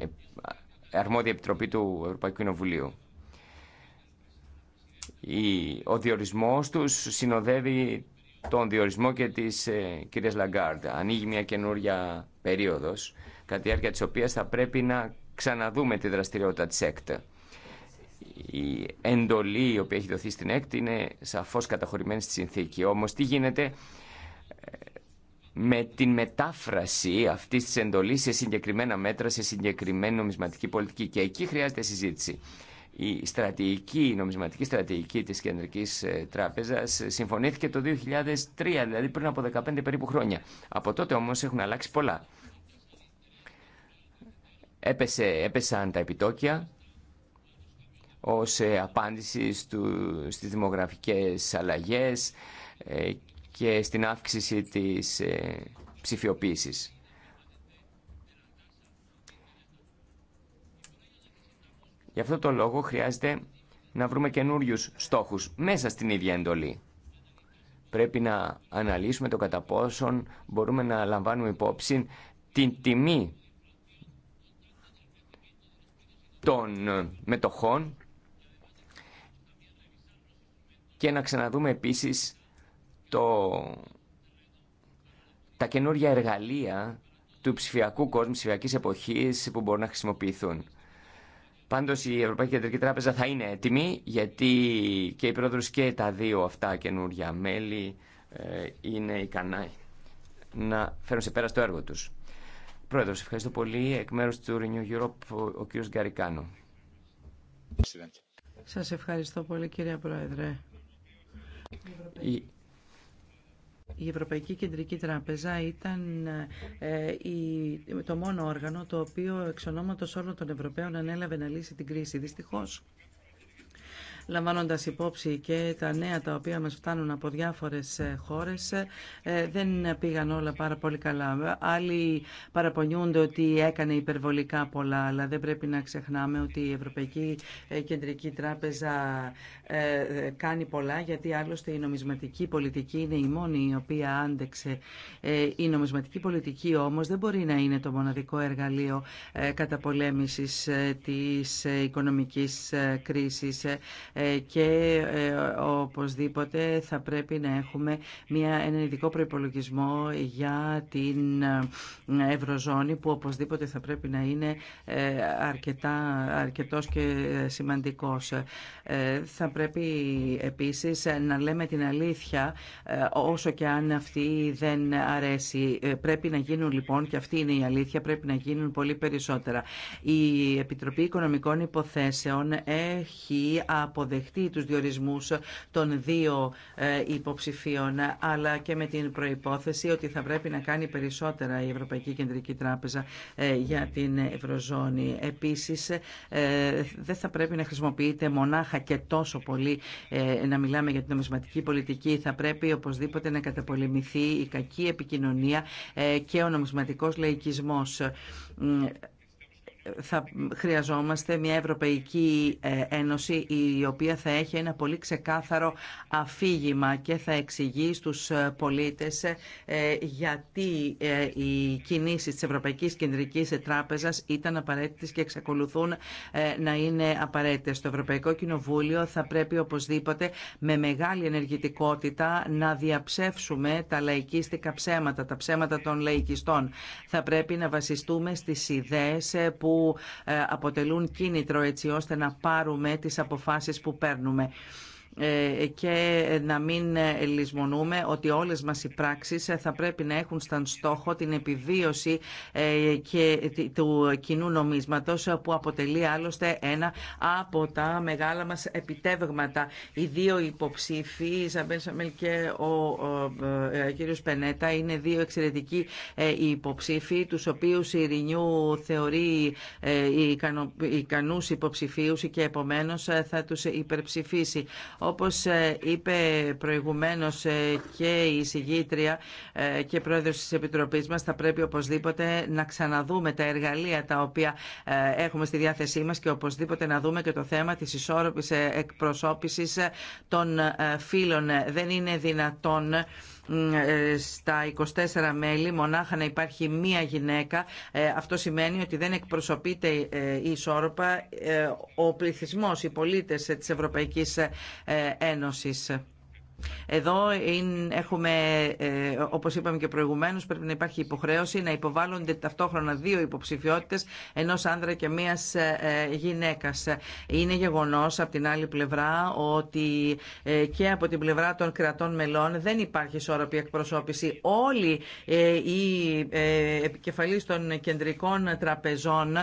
Αρμόδια Επιτροπή του Ευρωπαϊκού Κοινοβουλίου. Ο διορισμός τους συνοδεύει τον διορισμό και της ε, κυρίας Λαγκάρντ. Ανοίγει μια καινούρια περίοδος, κατά τη διάρκεια της οποίας θα πρέπει να ξαναδούμε τη δραστηριότητα της ΕΚΤ. Η εντολή η οποία έχει δοθεί στην ΕΚΤ είναι σαφώς καταχωρημένη στη συνθήκη. Όμως τι γίνεται ε, με την μετάφραση αυτή τη εντολή σε συγκεκριμένα μέτρα, σε συγκεκριμένη νομισματική πολιτική. Και εκεί χρειάζεται συζήτηση η στρατηγική, η νομισματική στρατηγική της Κεντρικής ε, Τράπεζας ε, συμφωνήθηκε το 2003, δηλαδή πριν από 15 περίπου χρόνια. Από τότε όμως έχουν αλλάξει πολλά. Έπεσε, έπεσαν τα επιτόκια ως ε, απάντηση στου, στις δημογραφικές αλλαγές και στην αύξηση της ψηφιοποίησης. Γι' αυτό το λόγο χρειάζεται να βρούμε καινούριου στόχους μέσα στην ίδια εντολή. Πρέπει να αναλύσουμε το κατά πόσον μπορούμε να λαμβάνουμε υπόψη την τιμή των μετοχών και να ξαναδούμε επίσης το, τα καινούργια εργαλεία του ψηφιακού κόσμου, ψηφιακής εποχής που μπορούν να χρησιμοποιηθούν. Πάντω η Ευρωπαϊκή Κεντρική Τράπεζα θα είναι έτοιμη γιατί και οι πρόεδρο και τα δύο αυτά καινούργια μέλη ε, είναι ικανά να φέρουν σε πέρα στο έργο του. Πρόεδρο, ευχαριστώ πολύ. Εκ μέρους του Renew Europe, ο κύριος Γκαρικάνο. Σας ευχαριστώ πολύ κύριε Πρόεδρε η Ευρωπαϊκή Κεντρική Τράπεζα ήταν ε, το μόνο όργανο το οποίο εξ ονόματος όλων των Ευρωπαίων ανέλαβε να λύσει την κρίση. Δυστυχώς λαμβάνοντας υπόψη και τα νέα τα οποία μας φτάνουν από διάφορες ε, χώρες, ε, ε, δεν πήγαν όλα πάρα πολύ καλά. Άλλοι παραπονιούνται ότι έκανε υπερβολικά πολλά, αλλά δεν πρέπει να ξεχνάμε ότι η Ευρωπαϊκή Κεντρική Τράπεζα κάνει πολλά, γιατί άλλωστε η νομισματική πολιτική είναι η μόνη η οποία άντεξε. Η νομισματική πολιτική όμως δεν μπορεί να είναι το μοναδικό εργαλείο καταπολέμησης της οικονομικής κρίσης. Ε, και ε, οπωσδήποτε θα πρέπει να έχουμε μια, ειδικό προϋπολογισμό για την ε, Ευρωζώνη που οπωσδήποτε θα πρέπει να είναι αρκετά, αρκετός και σημαντικός. Θα πρέπει επίσης να λέμε την αλήθεια όσο και αν αυτή δεν αρέσει. Πρέπει να γίνουν λοιπόν, και αυτή είναι η αλήθεια, πρέπει να γίνουν πολύ περισσότερα. Η Επιτροπή Οικονομικών Υποθέσεων έχει από αποδεχτεί τους διορισμούς των δύο ε, υποψηφίων, αλλά και με την προϋπόθεση ότι θα πρέπει να κάνει περισσότερα η Ευρωπαϊκή Κεντρική Τράπεζα ε, για την Ευρωζώνη. Επίσης, ε, δεν θα πρέπει να χρησιμοποιείται μονάχα και τόσο πολύ να μιλάμε για την νομισματική πολιτική. Θα πρέπει οπωσδήποτε να καταπολεμηθεί η κακή επικοινωνία και ο νομισματικός λαϊκισμός θα χρειαζόμαστε μια Ευρωπαϊκή ε, Ένωση η οποία θα έχει ένα πολύ ξεκάθαρο αφήγημα και θα εξηγεί στους ε, πολίτες ε, γιατί οι κινήσεις της Ευρωπαϊκής Κεντρικής Τράπεζας ήταν απαραίτητες και εξακολουθούν να είναι απαραίτητες. Το Ευρωπαϊκό Κοινοβούλιο θα πρέπει οπωσδήποτε με μεγάλη ενεργητικότητα να διαψεύσουμε τα λαϊκίστικα ψέματα, τα ψέματα των λαϊκιστών. Θα πρέπει να βασιστούμε στις ιδέες που ε, αποτελούν κίνητρο έτσι ώστε να πάρουμε τις αποφάσεις που παίρνουμε. Ε, και να μην λησμονούμε ότι όλες μας οι πράξεις θα πρέπει να έχουν σαν στόχο την επιβίωση ε, και του κοινού νομίσματος που αποτελεί άλλωστε ένα από τα μεγάλα μας επιτεύγματα. Οι δύο υποψήφοι, η Ζαμπέν Σαμέλ και ε, ο, κύριος Πενέτα, είναι δύο εξαιρετικοί υποψήφοι, τους οποίους η Ρινιού θεωρεί ικανούς υποψηφίους και επομένως θα τους υπερψηφίσει. Όπως ε, είπε προηγουμένως ε, και η συγγήτρια ε, και πρόεδρος της Επιτροπής μας, θα πρέπει οπωσδήποτε να ξαναδούμε τα εργαλεία τα οποία έχουμε στη διάθεσή μας και οπωσδήποτε να δούμε και το θέμα της ισόρροπης εκπροσώπησης των φύλων. Δεν είναι δυνατόν στα 24 μέλη μονάχα να υπάρχει μία γυναίκα, ε, αυτό σημαίνει ότι δεν εκπροσωπείται ε, η ισόρροπα ε, ο πληθυσμός, οι πολίτες της Ευρωπαϊκής Ένωσης. Εδώ έχουμε, ε, όπω είπαμε και προηγουμένω, πρέπει να υπάρχει υποχρέωση να υποβάλλονται ταυτόχρονα δύο υποψηφιότητε ενό άνδρα και μίας ε, γυναίκα. Είναι γεγονό από την άλλη πλευρά ότι ε, και από την πλευρά των κρατών μελών δεν υπάρχει ισόρροπη εκπροσώπηση. Όλοι οι επικεφαλεί των κεντρικών τραπεζών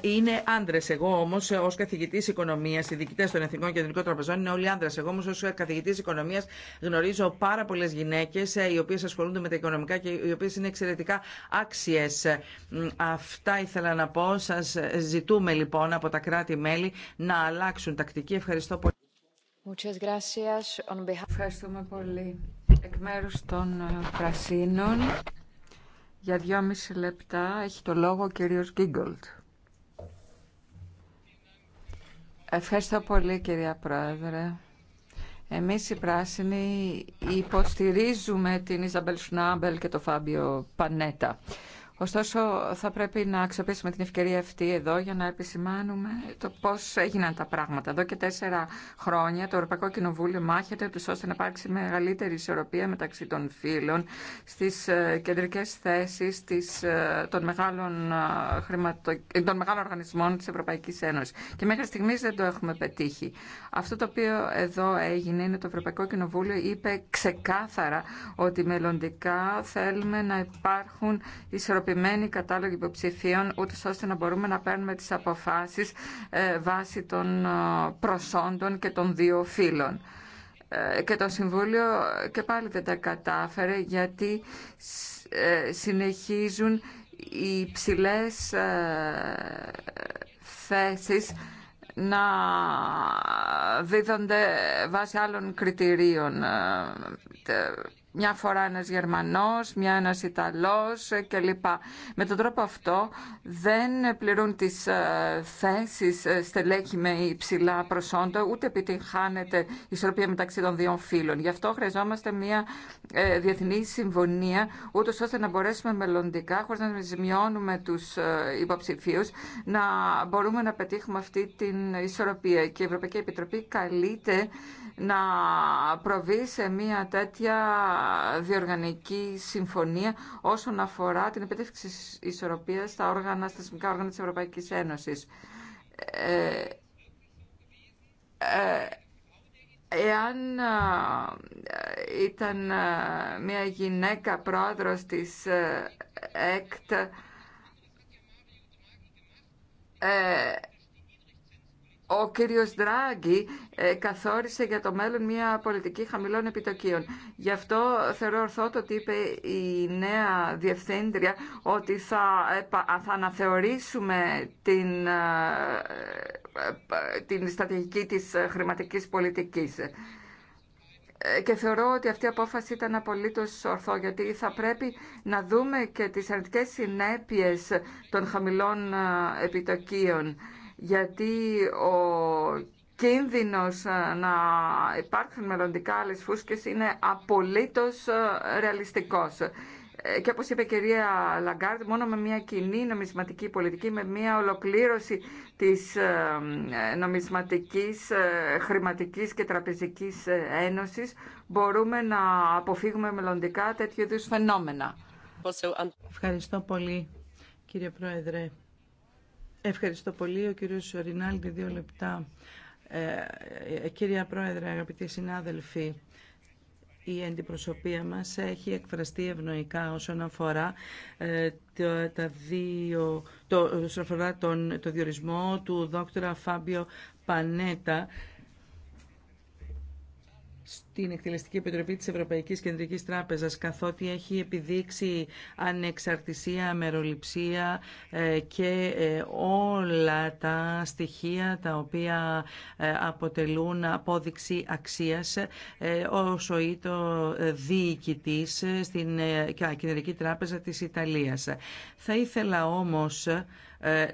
είναι άντρε Εγώ όμω, ω καθηγητή οικονομία, οι διοικητέ των Εθνικών Κεντρικών Τραπεζών είναι όλοι άντρε. Εγώ όμω ως καθηγητή Γνωρίζω πάρα πολλές γυναίκες ε, οι οποίες ασχολούνται με τα οικονομικά και οι οποίες είναι εξαιρετικά άξιες. Ε, αυτά ήθελα να πω. Σας ζητούμε λοιπόν από τα κράτη-μέλη να αλλάξουν τακτική. Ευχαριστώ πολύ. Ευχαριστούμε πολύ. Εκ μέρου των ε, Πρασίνων, για δυόμιση λεπτά έχει το λόγο ο κύριος Γκίγκολτ. Ευχαριστώ πολύ κυρία Πρόεδρε. Εμείς οι πράσινοι υποστηρίζουμε την Ιζαμπέλ Σνάμπελ και τον Φάμπιο Πανέτα. Ωστόσο, θα πρέπει να αξιοποιήσουμε την ευκαιρία αυτή εδώ για να επισημάνουμε το πώ έγιναν τα πράγματα. Εδώ και τέσσερα χρόνια το Ευρωπαϊκό Κοινοβούλιο μάχεται ώστε να υπάρξει μεγαλύτερη ισορροπία μεταξύ των φύλων στι ε, κεντρικέ θέσει ε, των, μεγάλων ε, των μεγάλων οργανισμών τη Ευρωπαϊκή Ένωση. Και μέχρι στιγμή δεν το έχουμε πετύχει. Αυτό το οποίο εδώ έγινε είναι το Ευρωπαϊκό Κοινοβούλιο είπε ξεκάθαρα ότι μελλοντικά θέλουμε να υπάρχουν ισορροπίε ισορροπημένοι κατάλογοι υποψηφίων, ούτω ώστε να μπορούμε να παίρνουμε τις αποφάσεις ε, βάσει των ε, προσόντων και των δύο φύλων ε, και το Συμβούλιο και πάλι δεν τα κατάφερε γιατί συνεχίζουν οι ψηλές θέσει να δίδονται βάσει άλλων κριτηρίων μια φορά ένας Γερμανός, μια ένας Ιταλός κλπ. Με τον τρόπο αυτό δεν πληρούν τις ε, θέσεις ε, στελέχη με υψηλά προσόντα, ούτε επιτυγχάνεται η ισορροπία μεταξύ των δύο φύλων. Γι' αυτό χρειαζόμαστε μια ε, διεθνή συμφωνία, ούτω ώστε να μπορέσουμε μελλοντικά, χωρίς να ζημιώνουμε τους υποψηφίου, να μπορούμε να πετύχουμε αυτή την ισορροπία. Και η Ευρωπαϊκή Επιτροπή καλείται να προβεί σε μια τέτοια διοργανική συμφωνία όσον αφορά την επίτευξη ισορροπίας στα όργανα, στα θεσμικά όργανα της Ευρωπαϊκής Ένωσης. Ε, ε εάν ήταν μια γυναίκα πρόεδρος της ε, ΕΚΤ, ε, ο κύριος Ντράγκη ε, καθόρισε για το μέλλον μια πολιτική χαμηλών επιτοκίων. Γι' αυτό θεωρώ ορθό το ότι είπε η νέα διευθύντρια ότι θα, θα αναθεωρήσουμε την, ε, ε, την στρατηγική της χρηματικής πολιτικής. Και θεωρώ ότι αυτή η απόφαση ήταν απολύτως ορθό, γιατί θα πρέπει να δούμε και τις αρνητικές συνέπειες των χαμηλών επιτοκίων γιατί ο κίνδυνος ε, να υπάρχουν μελλοντικά άλλε φούσκες είναι απολύτως ε, ρεαλιστικός. Ε, και όπως είπε η κυρία Λαγκάρντ, μόνο με μια κοινή νομισματική πολιτική, με μια ολοκλήρωση της νομισματικής, χρηματικής και τραπεζικής ένωσης, μπορούμε να αποφύγουμε μελλοντικά τέτοιου είδους φαινόμενα. Um- Ευχαριστώ πολύ, κύριε Πρόεδρε. Ευχαριστώ πολύ. Ο κύριος Ρινάλντι, δύο λεπτά. Ε, ε, κυρία Πρόεδρε, αγαπητοί συνάδελφοι, η αντιπροσωπεία μας έχει εκφραστεί ευνοϊκά όσον αφορά ε, το, δύο, το, όσον αφορά τον, το διορισμό του δόκτωρα Φάμπιο Πανέτα την Εκτελεστική Επιτροπή της Ευρωπαϊκής Κεντρικής Τράπεζας καθότι έχει επιδείξει ανεξαρτησία, αμεροληψία ε, και ε, όλα τα στοιχεία τα οποία ε, αποτελούν απόδειξη αξίας όσο ή το διοικητής στην Κεντρική Τράπεζα της Ιταλίας. Θα ήθελα όμως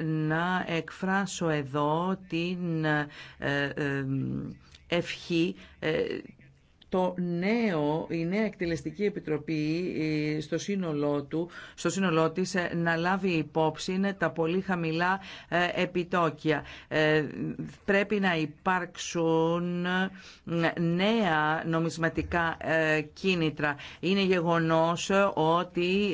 να εκφράσω εδώ την ευχή το νέο, η νέα εκτελεστική επιτροπή ε, στο σύνολό, του, στο σύνολό της ε, να λάβει υπόψη τα πολύ χαμηλά ε, επιτόκια. Πρέπει να υπάρξουν νέα νομισματικά κίνητρα. Είναι γεγονός ότι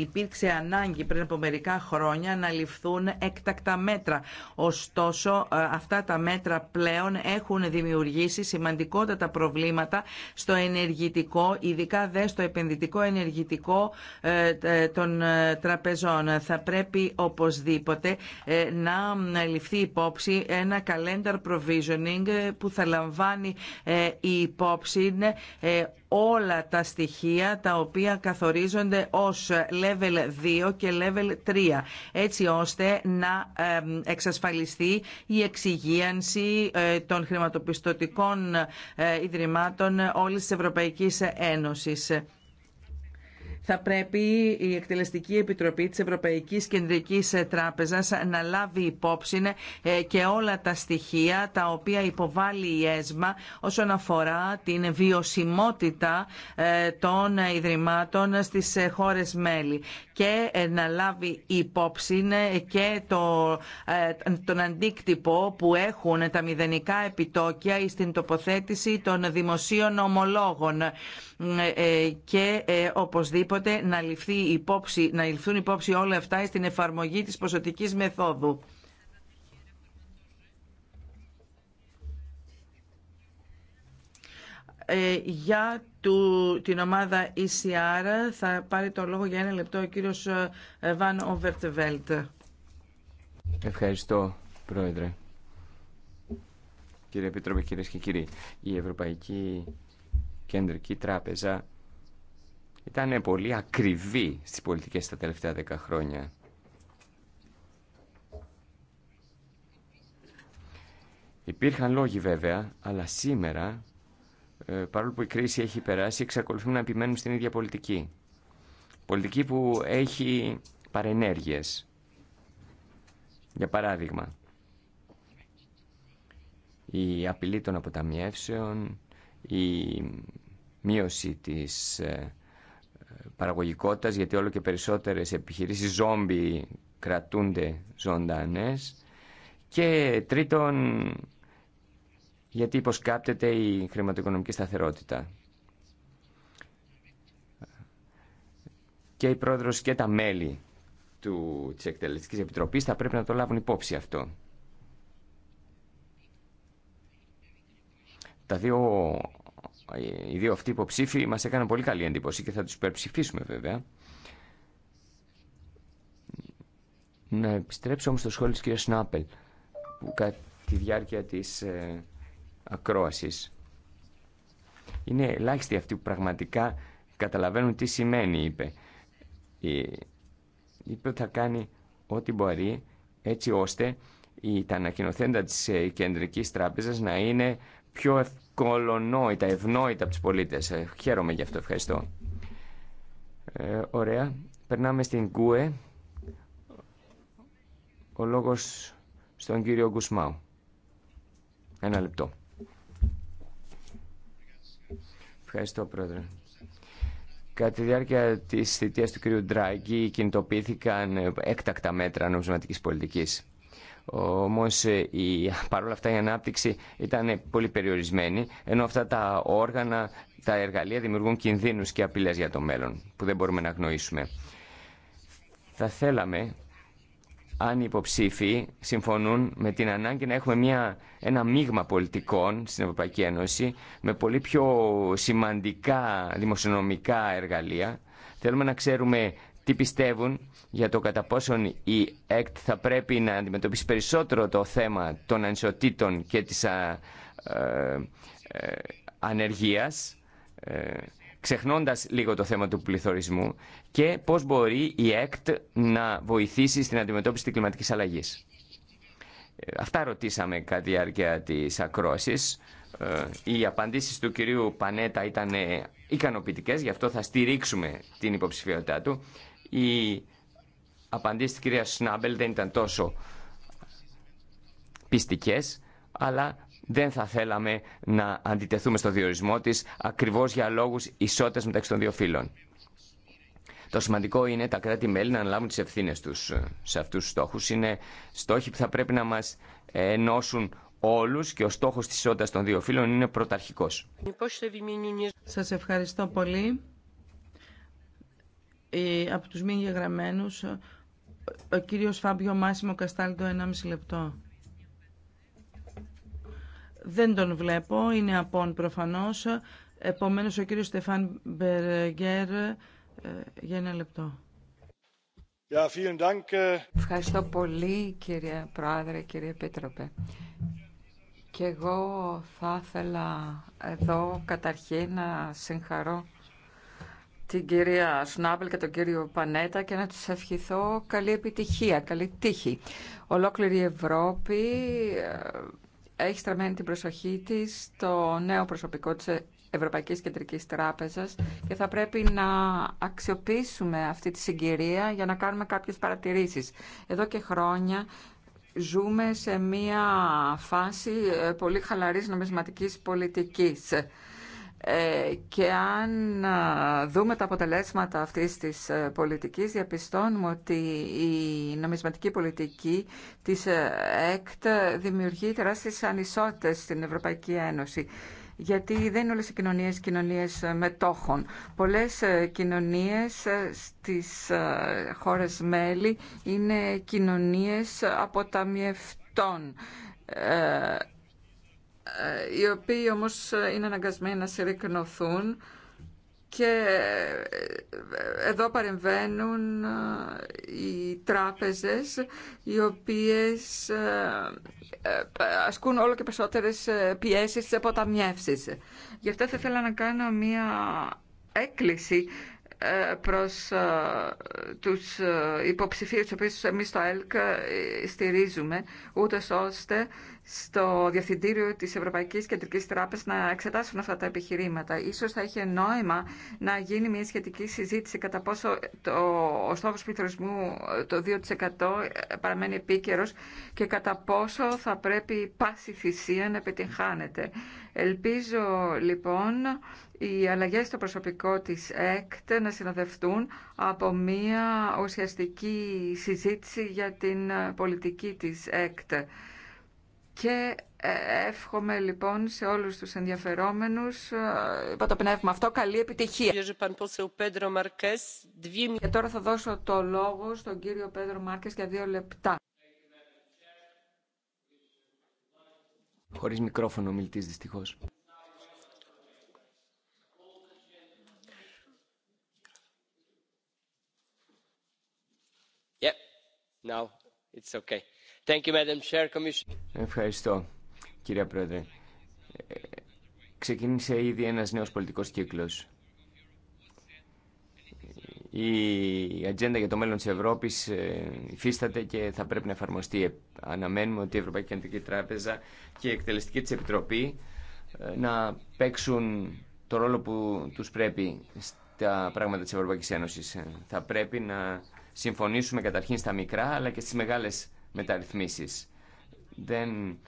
υπήρξε ανάγκη πριν από μερικά χρόνια να ληφθούν έκτακτα μέτρα. Ωστόσο, αυτά τα μέτρα πλέον έχουν δημιουργήσει σημαντικότατα προβλήματα στο ενεργητικό, ειδικά δε στο επενδυτικό ενεργητικό ε, των ε, τραπεζών. Θα πρέπει οπωσδήποτε ε, να ληφθεί υπόψη ένα calendar provisioning που θα λαμβάνει η υπόψη όλα τα στοιχεία τα οποία καθορίζονται ως level 2 και level 3 έτσι ώστε να εξασφαλιστεί η εξυγίανση ε, των χρηματοπιστωτικών ε, ιδρυμάτων όλης της Ευρωπαϊκής Ένωσης θα πρέπει η Εκτελεστική Επιτροπή της Ευρωπαϊκής Κεντρικής Τράπεζας να λάβει υπόψη ε, και όλα τα στοιχεία τα οποία υποβάλλει η ΕΣΜΑ όσον αφορά την βιωσιμότητα ε, των Ιδρυμάτων στις χώρες μέλη και ε, να λάβει υπόψη και το, τον αντίκτυπο που έχουν τα μηδενικά επιτόκια στην τοποθέτηση των δημοσίων ομολόγων. Ε, ε, και ε, οπωσδήποτε να, ληφθεί υπόψη, να ληφθούν υπόψη όλα αυτά στην εφαρμογή της ποσοτικής μεθόδου. για την ομάδα ECR θα πάρει το λόγο για ένα λεπτό ο κύριος Βαν Οβερτεβέλτ. Ευχαριστώ, Πρόεδρε. Κύριε Επίτροπε, κυρίες και κύριοι, η Ευρωπαϊκή κεντρική τράπεζα ήταν πολύ ακριβή στις πολιτικές τα τελευταία δέκα χρόνια. Υπήρχαν λόγοι βέβαια, αλλά σήμερα, ε, παρόλο που η κρίση έχει περάσει, εξακολουθούμε να επιμένουμε στην ίδια πολιτική. Πολιτική που έχει παρενέργειες. Για παράδειγμα, η απειλή των αποταμιεύσεων, η μείωση της ε, παραγωγικότητας γιατί όλο και περισσότερες επιχειρήσεις ζόμπι κρατούνται ζωντανές και τρίτον γιατί υποσκάπτεται η χρηματοοικονομική σταθερότητα. Και η πρόεδρος και τα μέλη του, της Εκτελεστικής Επιτροπής θα πρέπει να το λάβουν υπόψη αυτό. Τα δύο, ε, οι δύο αυτοί υποψήφοι μας έκαναν πολύ καλή εντύπωση και θα τους υπερψηφίσουμε βέβαια. Να επιστρέψω όμως στο σχόλιο της κυρίας Σνάπελ που κατά τη διάρκεια της ε, ακρόασης είναι ελάχιστοι αυτοί που πραγματικά καταλαβαίνουν τι σημαίνει, είπε. Ε, είπε ότι θα κάνει ό,τι μπορεί έτσι ώστε τα ανακοινοθέντα της ε, Κεντρικής Τράπεζας να είναι πιο κολονόητα, ευνόητα από τους πολίτες. Ε, χαίρομαι γι' αυτό, ευχαριστώ. Ε, ωραία. Περνάμε στην ΚΟΕ. Ο λόγος στον κύριο Γκουσμάου. Ένα λεπτό. Ευχαριστώ, Πρόεδρε. Κατά τη διάρκεια της θητείας του κύριου Ντράγκη κινητοποιήθηκαν ε, έκτακτα μέτρα νομισματικής πολιτικής όμως ε, η, παρόλα αυτά η ανάπτυξη ήταν πολύ περιορισμένη, ενώ αυτά τα όργανα, τα εργαλεία δημιουργούν κινδύνους και απειλές για το μέλλον, που δεν μπορούμε να γνωρίσουμε. Θα θέλαμε, αν οι υποψήφοι συμφωνούν με την ανάγκη να έχουμε μια, ένα μείγμα πολιτικών στην Ευρωπαϊκή Ένωση, με πολύ πιο σημαντικά δημοσιονομικά εργαλεία, Θέλουμε να ξέρουμε τι πιστεύουν για το κατά πόσον η ΕΚΤ θα πρέπει να αντιμετωπίσει περισσότερο το θέμα των ανισοτήτων και της α, ε, ε, ανεργίας, ε, ξεχνώντας λίγο το θέμα του πληθωρισμού και πώς μπορεί η ΕΚΤ να βοηθήσει στην αντιμετώπιση της κλιματικής αλλαγής. Αυτά ρωτήσαμε κατά τη διάρκεια της ακρόασης. Οι απαντήσεις του κυρίου Πανέτα ήταν ικανοποιητικές, γι' αυτό θα στηρίξουμε την υποψηφιότητά του. Οι απαντήσει τη κυρία Σνάμπελ δεν ήταν τόσο πιστικές, αλλά δεν θα θέλαμε να αντιτεθούμε στο διορισμό της ακριβώς για λόγους ισότητας μεταξύ των δύο φύλων. Το σημαντικό είναι τα κράτη-μέλη να αναλάβουν τις ευθύνες τους σε αυτούς τους στόχους. Είναι στόχοι που θα πρέπει να μας ενώσουν όλους και ο στόχος της ισότητας των δύο φύλων είναι πρωταρχικός. Σας ευχαριστώ πολύ. Ε, από τους μη εγγεγραμμένους ε, ο κύριος Φάμπιο Μάσιμο Καστάλτο 1,5 λεπτό. Δεν τον βλέπω, είναι απόν προφανώς. Επομένως ο κύριος Στεφάν Μπεργκέρ, ε, για ένα λεπτό. Ευχαριστώ πολύ κύριε Πρόεδρε, κύριε Επίτροπε. Και εγώ θα ήθελα εδώ καταρχήν να συγχαρώ την κυρία Σνάμπελ και τον κύριο Πανέτα και να τους ευχηθώ καλή επιτυχία, καλή τύχη. Ολόκληρη η Ευρώπη ε, έχει στραμμένη την προσοχή της στο νέο προσωπικό της Ευρωπαϊκής Κεντρικής Τράπεζας και θα πρέπει να αξιοποιήσουμε αυτή τη συγκυρία για να κάνουμε κάποιες παρατηρήσεις. Εδώ και χρόνια ζούμε σε μία φάση ε, πολύ χαλαρής νομισματικής πολιτικής ε, και αν δούμε τα αποτελέσματα αυτής της ε, πολιτικής, διαπιστώνουμε ότι η νομισματική πολιτική της ε, ΕΚΤ δημιουργεί τεράστιες ανισότητες στην Ευρωπαϊκή Ένωση. Γιατί δεν είναι όλες οι κοινωνίες κοινωνίες μετόχων. Πολλές κοινωνίες στις χώρες μέλη είναι κοινωνίες αποταμιευτών. Ε, ε, οι οποίοι όμως ε, είναι αναγκασμένοι να συρρυκνωθούν και ε, εδώ παρεμβαίνουν οι τράπεζες οι οποίες ασκούν όλο και περισσότερες πιέσεις σε αποταμιεύσεις. Γι' αυτό θα ήθελα να κάνω μία έκκληση προς τους υποψηφίους, τους οποίους εμείς στο ΕΛΚ στηρίζουμε, ούτε ώστε στο Διευθυντήριο τη Ευρωπαϊκή Κεντρική Τράπεζα να εξετάσουν αυτά τα επιχειρήματα. Ίσως θα είχε νόημα να γίνει μια σχετική συζήτηση κατά πόσο το, ο στόχο πληθωρισμού το 2% ε, παραμένει επίκαιρο και κατά πόσο θα πρέπει πάση θυσία να επιτυγχάνεται. Ελπίζω λοιπόν οι αλλαγέ στο προσωπικό της ΕΚΤ να συνοδευτούν από μια ουσιαστική συζήτηση για την πολιτική της ΕΚΤ. Και ε, εύχομαι λοιπόν σε όλους τους ενδιαφερόμενους υπό ε, το πνεύμα αυτό καλή επιτυχία. Και τώρα θα δώσω το λόγο στον κύριο Πέδρο Μάρκες για δύο λεπτά. Χωρίς μικρόφωνο ο μιλητής δυστυχώς. Yeah, now it's okay. Ευχαριστώ, κύριε Πρόεδρε. Ε, ξεκίνησε ήδη ένας νέος πολιτικός κύκλος. Η ατζέντα για το μέλλον της Ευρώπης ε, υφίσταται και θα πρέπει να εφαρμοστεί. Ε, αναμένουμε ότι η Ευρωπαϊκή Κεντρική Τράπεζα και η εκτελεστική της Επιτροπή να παίξουν το ρόλο που τους πρέπει στα πράγματα της Ευρωπαϊκής Ένωσης. Θα πρέπει να συμφωνήσουμε καταρχήν στα μικρά αλλά και στις μεγάλες μεταρρυθμίσεις. Δεν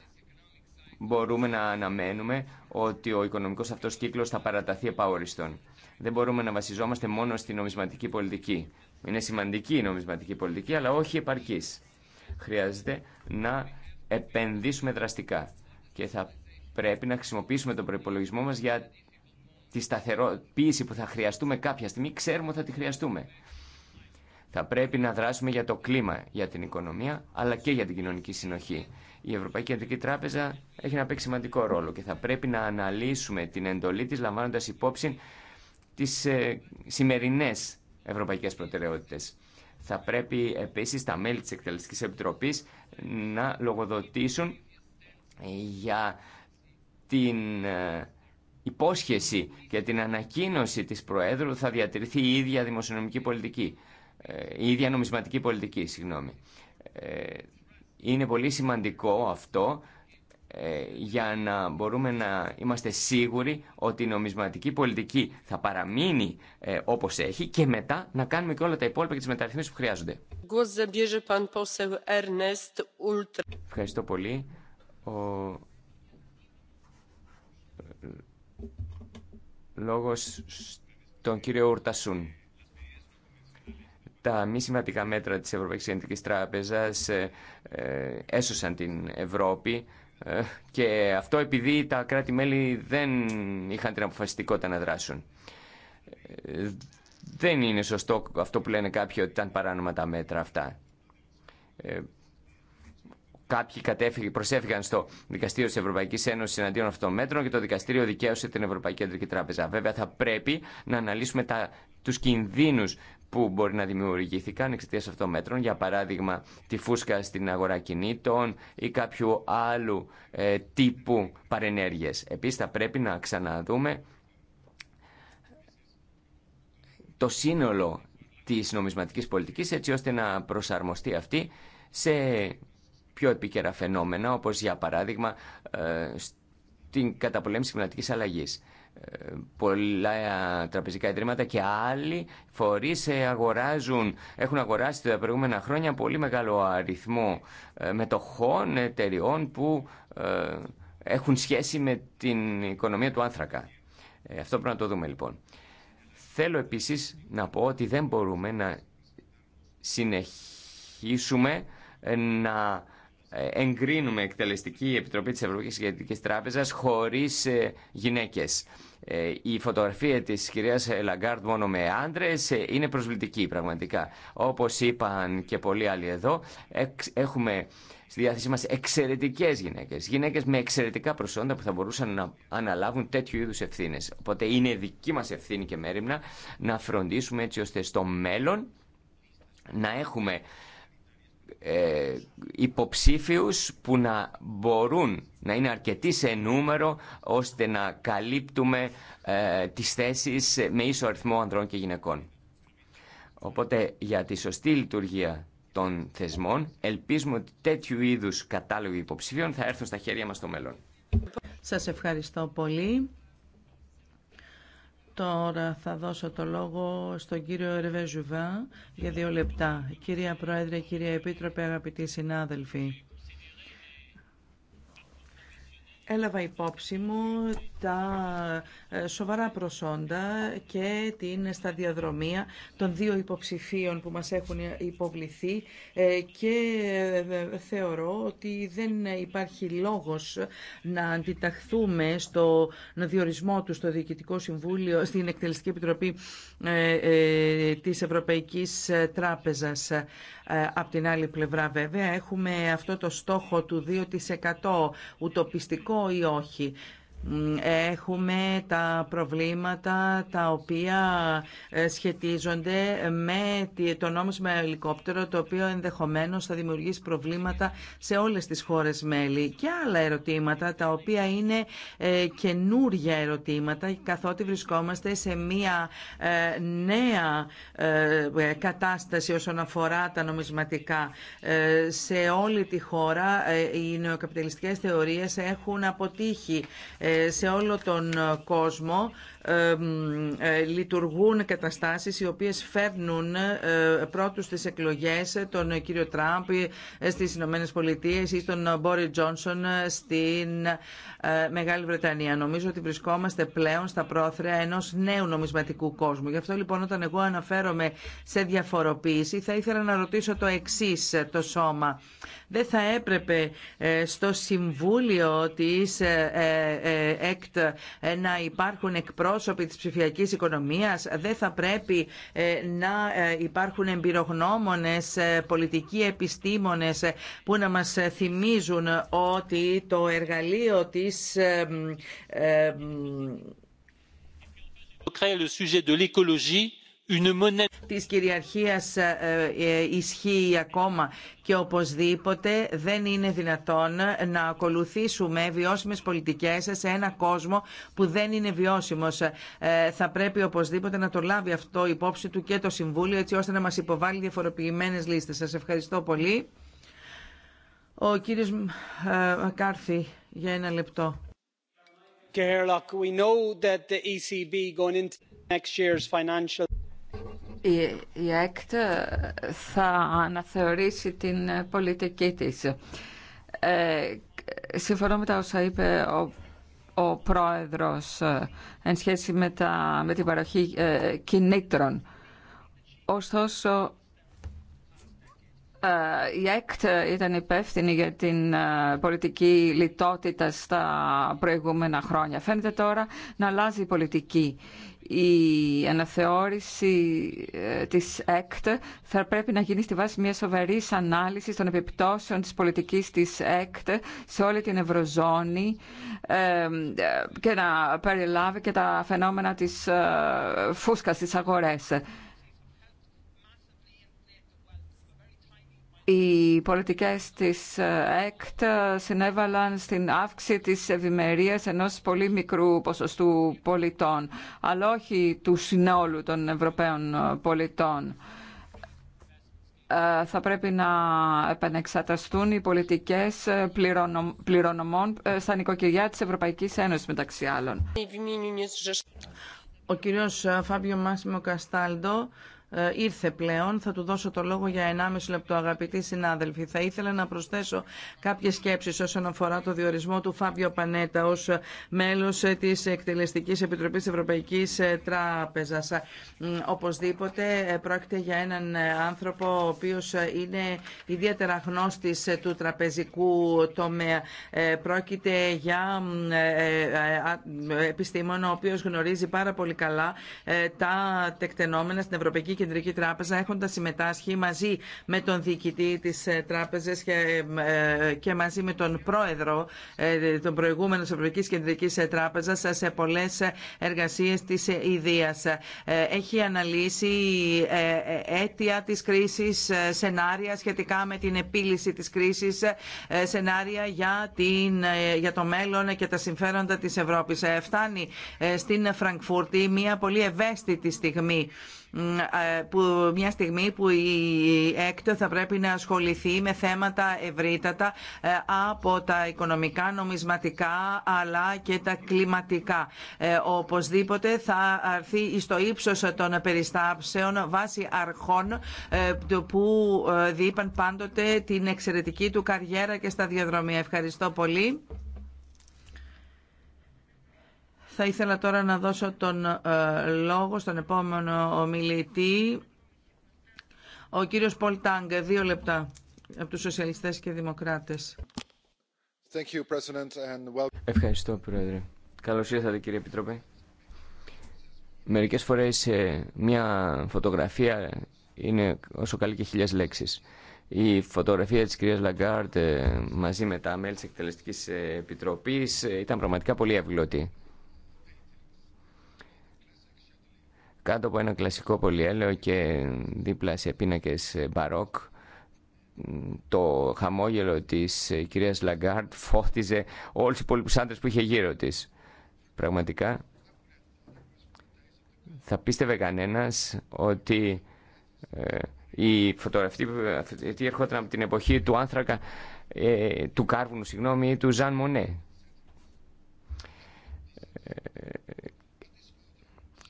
μπορούμε να αναμένουμε ότι ο οικονομικός αυτός κύκλος θα παραταθεί επαόριστον. Δεν μπορούμε να βασιζόμαστε μόνο στη νομισματική πολιτική. Είναι σημαντική η νομισματική πολιτική, αλλά όχι επαρκής. Χρειάζεται να επενδύσουμε δραστικά και θα πρέπει να χρησιμοποιήσουμε τον προπολογισμό μας για τη σταθεροποίηση που θα χρειαστούμε κάποια στιγμή. Ξέρουμε ότι θα τη χρειαστούμε. Θα πρέπει να δράσουμε για το κλίμα, για την οικονομία, αλλά και για την κοινωνική συνοχή. Η Ευρωπαϊκή Κεντρική Τράπεζα έχει να παίξει σημαντικό ρόλο και θα πρέπει να αναλύσουμε την εντολή της λαμβάνοντας υπόψη τις ε, σημερινές ευρωπαϊκές προτεραιότητες. Θα πρέπει επίσης τα μέλη της Εκτελεστικής Επιτροπής να λογοδοτήσουν ε, για την ε, υπόσχεση και την ανακοίνωση της Προέδρου θα διατηρηθεί η ίδια δημοσιονομική πολιτική. Ε, η ίδια νομισματική πολιτική, συγγνώμη. Ε, είναι πολύ σημαντικό αυτό ε, για να μπορούμε να είμαστε σίγουροι ότι η νομισματική πολιτική θα παραμείνει όπως έχει και μετά να κάνουμε και όλα τα υπόλοιπα και τις μεταρρυθμίσεις που χρειάζονται. Ευχαριστώ πολύ. Ο... Λόγος στον κύριο Ουρτασούν τα μη σημαντικά μέτρα της Ευρωπαϊκής Κεντρικής Τράπεζας ε, ε, έσωσαν την Ευρώπη ε, και αυτό επειδή τα κράτη-μέλη δεν είχαν την αποφασιστικότητα να δράσουν. Δεν είναι σωστό αυτό που λένε κάποιοι ότι ήταν παράνομα τα μέτρα αυτά. Κάποιοι κατέφυγαν, στο Δικαστήριο τη Ευρωπαϊκή Ένωση εναντίον αυτών των μέτρων και το Δικαστήριο δικαίωσε την Ευρωπαϊκή Κεντρική Τράπεζα. Βέβαια, θα πρέπει να αναλύσουμε του κινδύνου που μπορεί να δημιουργηθήκαν εξαιτία αυτών των μέτρων, για παράδειγμα τη φούσκα στην αγορά κινήτων ή κάποιου άλλου ε, τύπου παρενέργειες. Επίσης θα πρέπει να ξαναδούμε το σύνολο της νομισματικής πολιτικής έτσι ώστε να προσαρμοστεί αυτή σε πιο επίκαιρα φαινόμενα όπως για παράδειγμα ε, στην καταπολέμηση κλιματικής αλλαγής πολλά τραπεζικά ιδρύματα και άλλοι φορείς ε, αγοράζουν, έχουν αγοράσει τα προηγούμενα χρόνια πολύ μεγάλο αριθμό ε, μετοχών εταιριών που ε, έχουν σχέση με την οικονομία του άνθρακα. Αυτό πρέπει να το δούμε λοιπόν. Θέλω επίσης να πω ότι δεν μπορούμε να συνεχίσουμε να ε, εγκρίνουμε εκτελεστική επιτροπή της Ευρωπαϊκής Κεντρικής Τράπεζας χωρίς ε, γυναίκες. Ε, η φωτογραφία της κυρίας Λαγκάρτ μόνο με άντρες είναι προσβλητική πραγματικά. Όπως είπαν και πολλοί άλλοι εδώ, έχουμε στη διάθεσή μας εξαιρετικές γυναίκες. Γυναίκες με εξαιρετικά προσόντα που θα μπορούσαν να αναλάβουν τέτοιου είδους ευθύνες. Οπότε είναι δική μας ευθύνη και μέρημνα να φροντίσουμε έτσι ώστε στο μέλλον να έχουμε ε, υποψήφιους που να μπορούν να είναι αρκετοί σε νούμερο ώστε να καλύπτουμε ε, τις θέσεις με ίσο αριθμό ανδρών και γυναικών. Οπότε για τη σωστή λειτουργία των θεσμών ελπίζουμε ότι τέτοιου είδους κατάλογοι υποψηφίων θα έρθουν στα χέρια μας στο μέλλον. Σας ευχαριστώ πολύ. Τώρα θα δώσω το λόγο στον κύριο Ερβέ για δύο λεπτά. Κυρία Πρόεδρε, κυρία Επίτροπε, αγαπητοί συνάδελφοι. Έλαβα υπόψη μου τα ε, σοβαρά προσόντα και την σταδιαδρομία των δύο υποψηφίων που μας έχουν υποβληθεί ε, και ε, θεωρώ ότι δεν υπάρχει λόγος να αντιταχθούμε στο διορισμό του στο Διοικητικό Συμβούλιο, στην Εκτελεστική Επιτροπή της Ευρωπαϊκής Τράπεζας. Απ' την άλλη πλευρά βέβαια έχουμε αυτό το στόχο του 2% ουτοπιστικό ή όχι. Έχουμε τα προβλήματα τα οποία ε, σχετίζονται με το νόμισμα ελικόπτερο το οποίο ενδεχομένως θα δημιουργήσει προβλήματα σε όλες τις χώρες μέλη και άλλα ερωτήματα τα οποία είναι ε, καινούργια ερωτήματα καθότι βρισκόμαστε σε μια ε, νέα κατάσταση όσον αφορά τα νομισματικά. Σε όλη τη χώρα οι νεοκαπιταλιστικές θεωρίες έχουν αποτύχει σε όλο τον κόσμο ε, λειτουργούν καταστάσεις οι οποίες φέρνουν ε, πρώτους στις εκλογές τον κύριο Τραμπ ε, στις Ηνωμένες Πολιτείες ή τον Μπόρι Τζόνσον στην Μεγάλη Βρετανία. Νομίζω ότι βρισκόμαστε πλέον στα πρόθυρα ενός νέου νομισματικού κόσμου. Γι' αυτό λοιπόν όταν εγώ αναφέρομαι σε διαφοροποίηση θα ήθελα να ρωτήσω το εξή το σώμα. Δεν θα έπρεπε στο Συμβούλιο της ΕΚΤ να υπάρχουν εκπρόσωποι εκπρόσωποι της ψηφιακής οικονομίας. Δεν θα πρέπει ε, να ε, υπάρχουν εμπειρογνώμονες, ε, πολιτικοί επιστήμονες που να μας θυμίζουν ότι το εργαλείο της της κυριαρχίας ε, ε, ισχύει ακόμα και οπωσδήποτε δεν είναι δυνατόν να ακολουθήσουμε βιώσιμες πολιτικές σε ένα κόσμο που δεν είναι βιώσιμος. Ε, θα πρέπει οπωσδήποτε να το λάβει αυτό υπόψη του και το Συμβούλιο έτσι ώστε να μας υποβάλει διαφοροποιημένες λίστες. Σας ευχαριστώ πολύ. Ο κύριος Μακάρθη για ένα λεπτό. ECB η ΕΚΤ ε, θα αναθεωρήσει την ε, πολιτική της. Ε, συμφωνώ με τα όσα είπε ο, ο πρόεδρος ε, εν σχέση με, τα, με την παροχή ε, κινήτρων. Ωστόσο, η ΕΚΤ ήταν υπεύθυνη για την πολιτική λιτότητα στα προηγούμενα χρόνια. Φαίνεται τώρα να αλλάζει η πολιτική η αναθεώρηση ε, της ΕΚΤ θα πρέπει να γίνει στη βάση μια σοβαρής ανάλυση των επιπτώσεων της πολιτικής της ΕΚΤ σε όλη την Ευρωζώνη ε, ε, και να περιλάβει και τα φαινόμενα της φούσκας στις αγορές. Οι πολιτικές της ε, ΕΚΤ ε, συνέβαλαν στην αύξηση της ευημερία ενός πολύ μικρού ποσοστού πολιτών, αλλά όχι του συνόλου των Ευρωπαίων ε, πολιτών. Θα πρέπει να επανεξαταστούν οι πολιτικές πληρονομών στα νοικοκυριά της Ευρωπαϊκής Ένωσης, μεταξύ άλλων. Ο κύριος Φάβιο Μάσιμο Καστάλντο ε, ήρθε πλέον. Θα του δώσω το λόγο για 1,5 λεπτό, αγαπητοί συνάδελφοι. Θα ήθελα να προσθέσω κάποιε σκέψει όσον αφορά το διορισμό του Φάβιο Πανέτα ω ε, μέλο ε, τη Εκτελεστική Επιτροπή Ευρωπαϊκή Τράπεζα. Οπωσδήποτε πρόκειται για έναν άνθρωπο ο οποίο είναι ιδιαίτερα γνώστη του τραπεζικού τομέα. Πρόκειται για επιστήμονα ο οποίο γνωρίζει πάρα πολύ καλά τα τεκτενόμενα στην Ευρωπαϊκή Κεντρική Τράπεζα έχοντας συμμετάσχει μαζί με τον διοικητή της ε, Τράπεζας ε, και, μαζί με τον πρόεδρο ε, των προηγούμενων Ευρωπαϊκή Κεντρικής Τράπεζας σε πολλές εργασίες της ιδείας. Έχει αναλύσει αίτια της κρίσης, σενάρια σχετικά με την επίλυση της κρίσης, σενάρια για, την, για το μέλλον και τα συμφέροντα της Ευρώπης. Φτάνει στην Φραγκφούρτη μια πολύ ευαίσθητη στιγμή. Ε, που μια στιγμή που η έκτο θα πρέπει να ασχοληθεί με θέματα ευρύτατα ε, από τα οικονομικά, νομισματικά αλλά και τα κλιματικά. Ε, οπωσδήποτε θα αρθεί στο ύψος των περιστάσεων βάσει αρχών που διείπαν πάντοτε την εξαιρετική του καριέρα και στα διαδρομή. Ευχαριστώ πολύ. Θα ήθελα τώρα να δώσω τον ε, λόγο στον επόμενο ομιλητή, ο κύριος Πολ Τάγκ, δύο λεπτά, από τους Σοσιαλιστές και Δημοκράτες. Ευχαριστώ, Πρόεδρε. Καλώς ήρθατε, κύριε Επιτρόπε. Μερικές φορές ε, μια φωτογραφία είναι όσο καλή και χιλιάς λέξεις. Η φωτογραφία της κυρίας Λαγκάρτ ε, μαζί με τα μέλη της Εκτελεστικής Επιτροπής ήταν πραγματικά πολύ ευγλωτή. κάτω από ένα κλασικό πολυέλαιο και δίπλα σε πίνακες ε, μπαρόκ το χαμόγελο της ε, κυρίας Λαγκάρτ φώτιζε όλους τους υπόλοιπους άντρες που είχε γύρω της. Πραγματικά θα πίστευε κανένας ότι ε, η φωτογραφία ερχόταν από την εποχή του άνθρακα, του κάρβουνου, συγγνώμη, του Ζαν Μονέ.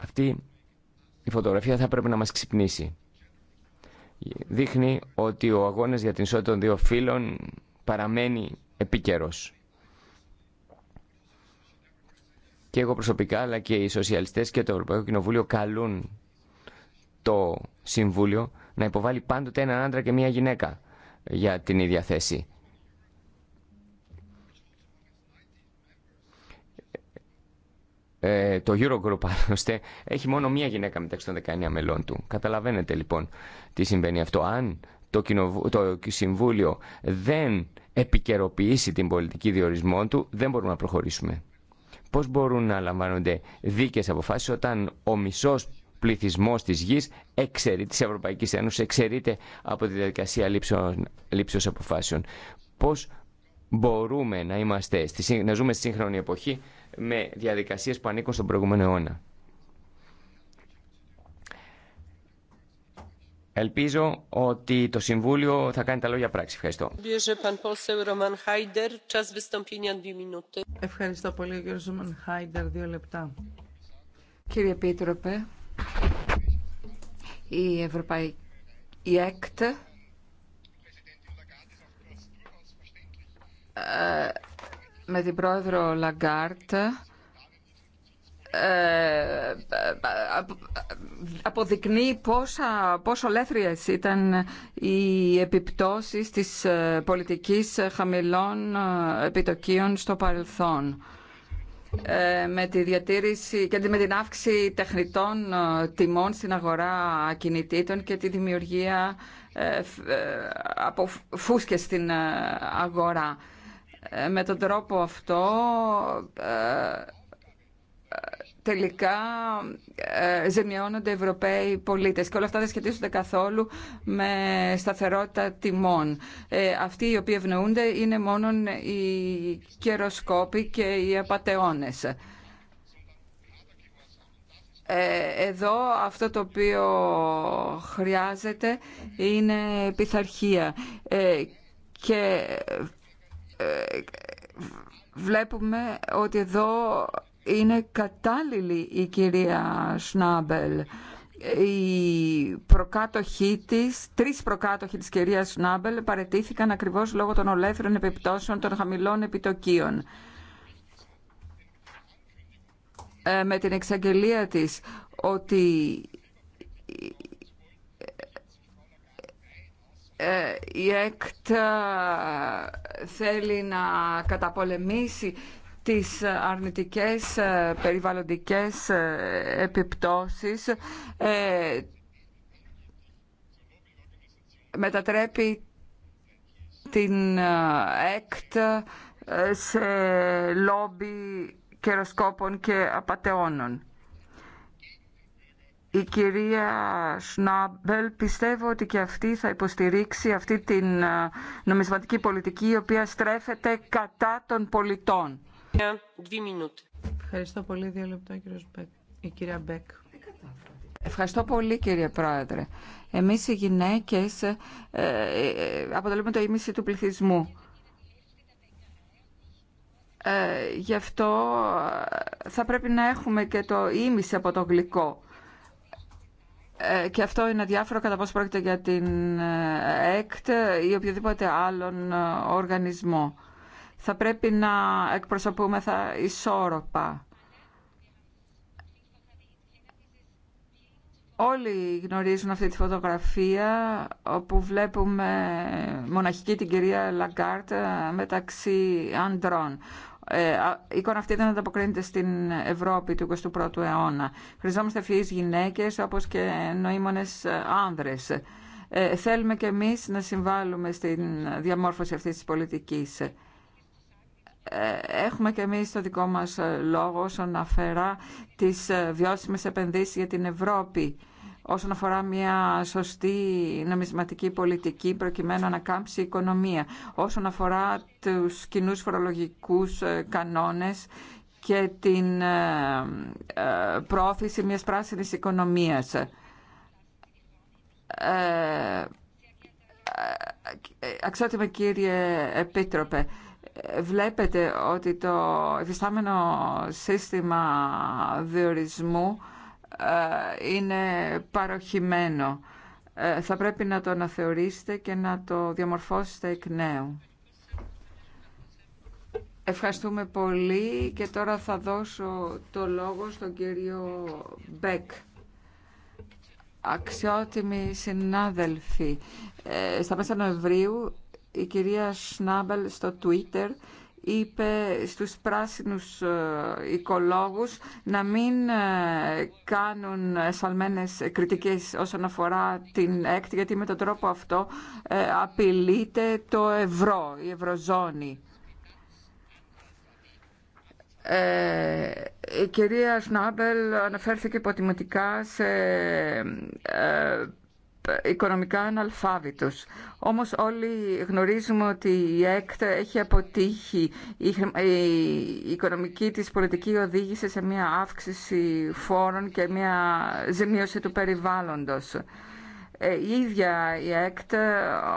αυτή η φωτογραφία θα πρέπει να μας ξυπνήσει. Δείχνει ότι ο αγώνας για την ισότητα των δύο φύλων παραμένει επίκαιρος. Και εγώ προσωπικά, αλλά και οι σοσιαλιστές και το Ευρωπαϊκό Κοινοβούλιο καλούν το Συμβούλιο να υποβάλει πάντοτε έναν άντρα και μία γυναίκα για την ίδια θέση. Ε, το Eurogroup άλλωστε έχει μόνο μία γυναίκα μεταξύ των 19 μελών του. Καταλαβαίνετε λοιπόν τι συμβαίνει αυτό. Αν το, κοινοβου... το Συμβούλιο δεν επικαιροποιήσει την πολιτική διορισμό του, δεν μπορούμε να προχωρήσουμε. Πώς μπορούν να λαμβάνονται δίκαιες αποφάσεις όταν ο μισός πληθυσμός της γης εξαιρεί, της Ευρωπαϊκής Ένωσης εξαιρείται από τη διαδικασία λήψεως αποφάσεων. Πώς μπορούμε να, είμαστε, να ζούμε στη σύγχρονη εποχή με διαδικασίες που ανήκουν στον προηγούμενο αιώνα. Ελπίζω ότι το Συμβούλιο θα κάνει τα λόγια πράξη. Ευχαριστώ. Ευχαριστώ πολύ, κύριε Ζωμαν Χάιντερ. Δύο λεπτά. Κύριε Επίτροπε, η Ευρωπαϊκή η ΕΚΤ ε, με την πρόεδρο Λαγκάρτ ε, αποδεικνύει πόσα, πόσο λέθριες ήταν οι επιπτώσεις της ε, πολιτικής χαμηλών ε, επιτοκίων στο παρελθόν με τη διατήρηση και με την αύξηση τεχνητών τιμών στην αγορά κινητήτων και τη δημιουργία από φούσκες στην αγορά. Ε, με τον τρόπο αυτό ε, ε, τελικά ζημιώνονται οι Ευρωπαίοι πολίτες και όλα αυτά δεν σχετίζονται καθόλου με σταθερότητα τιμών. αυτοί οι οποίοι ευνοούνται είναι μόνο οι κεροσκόποι και οι απατεώνες. Εδώ αυτό το οποίο χρειάζεται είναι πειθαρχία και ε, βλέπουμε ότι εδώ είναι κατάλληλη η κυρία Σνάμπελ. Οι προκάτοχοί τη, τρεις προκάτοχοι τη κυρία Σνάμπελ παρετήθηκαν ακριβώ λόγω των ολέθρων επιπτώσεων των χαμηλών επιτοκίων. Ε, με την εξαγγελία της ότι Ε, η ΕΚΤ ε, θέλει να καταπολεμήσει τις αρνητικές ε, περιβαλλοντικές επιπτώσεις μετατρέπει την ΕΚΤ σε λόμπι καιροσκόπων και απαταιώνων. Η κυρία Σνάμπελ πιστεύω ότι και αυτή θα υποστηρίξει αυτή την ε, νομισματική πολιτική η οποία στρέφεται κατά των πολιτών. Ευχαριστώ πολύ. Δύο λεπτά κυρία Μπέκ. Ευχαριστώ πολύ κύριε Πρόεδρε. Εμείς οι γυναίκες ε, ε, αποτελούμε το ίμιση του πληθυσμού. Ε, γι' αυτό θα πρέπει να έχουμε και το ίμιση από το γλυκό. Ε, και αυτό είναι διάφορο κατά πόσο πρόκειται για την ε, ΕΚΤ ή οποιοδήποτε άλλον ε, οργανισμό. Θα πρέπει να εκπροσωπούμε εκπροσωπούμεθα ισόρροπα. Όλοι γνωρίζουν αυτή τη φωτογραφία όπου βλέπουμε μοναχική την κυρία Λαγκάρτ μεταξύ αντρών. Ε, η εικόνα αυτή δεν ανταποκρίνεται στην Ευρώπη του 21ου αιώνα. Χρειαζόμαστε ευφυεί γυναίκες όπως και νοήμονες άνδρες. Ε, θέλουμε και εμείς να συμβάλλουμε στην διαμόρφωση αυτής της πολιτικής. Ε, έχουμε και εμείς το δικό μας λόγο όσον αφαιρά τι βιώσιμε επενδύσει για την Ευρώπη όσον αφορά μια σωστή νομισματική πολιτική προκειμένου να κάμψει η οικονομία, όσον αφορά τους κοινούς φορολογικούς ε, κανόνες και την ε, ε, πρόθεση μιας πράσινης οικονομίας. Αξιότιμα κύριε Επίτροπε, βλέπετε ότι το εφιστάμενο σύστημα διορισμού ε, είναι παροχημένο. Ε, θα πρέπει να το αναθεωρήσετε και να το διαμορφώσετε εκ νέου. Ευχαριστούμε πολύ και τώρα θα δώσω το λόγο στον κύριο Μπέκ. Αξιότιμοι συνάδελφοι, ε, στα μέσα Νοεμβρίου η κυρία Σνάμπελ στο Twitter είπε στους πράσινους ε, οικολόγους να μην ε, κάνουν σαλμένες κριτικές όσον αφορά την ΕΚΤ γιατί με τον τρόπο αυτό ε, απειλείται το ευρώ, η ευρωζώνη. η κυρία Σνάμπελ αναφέρθηκε υποτιμητικά σε οικονομικά αναλφάβητος. Όμως όλοι γνωρίζουμε ότι η ΕΚΤ έχει αποτύχει. Η οικονομική της πολιτική οδήγησε σε μια αύξηση φόρων και μια ζημίωση του περιβάλλοντος. Ε, η ίδια η ΕΚΤ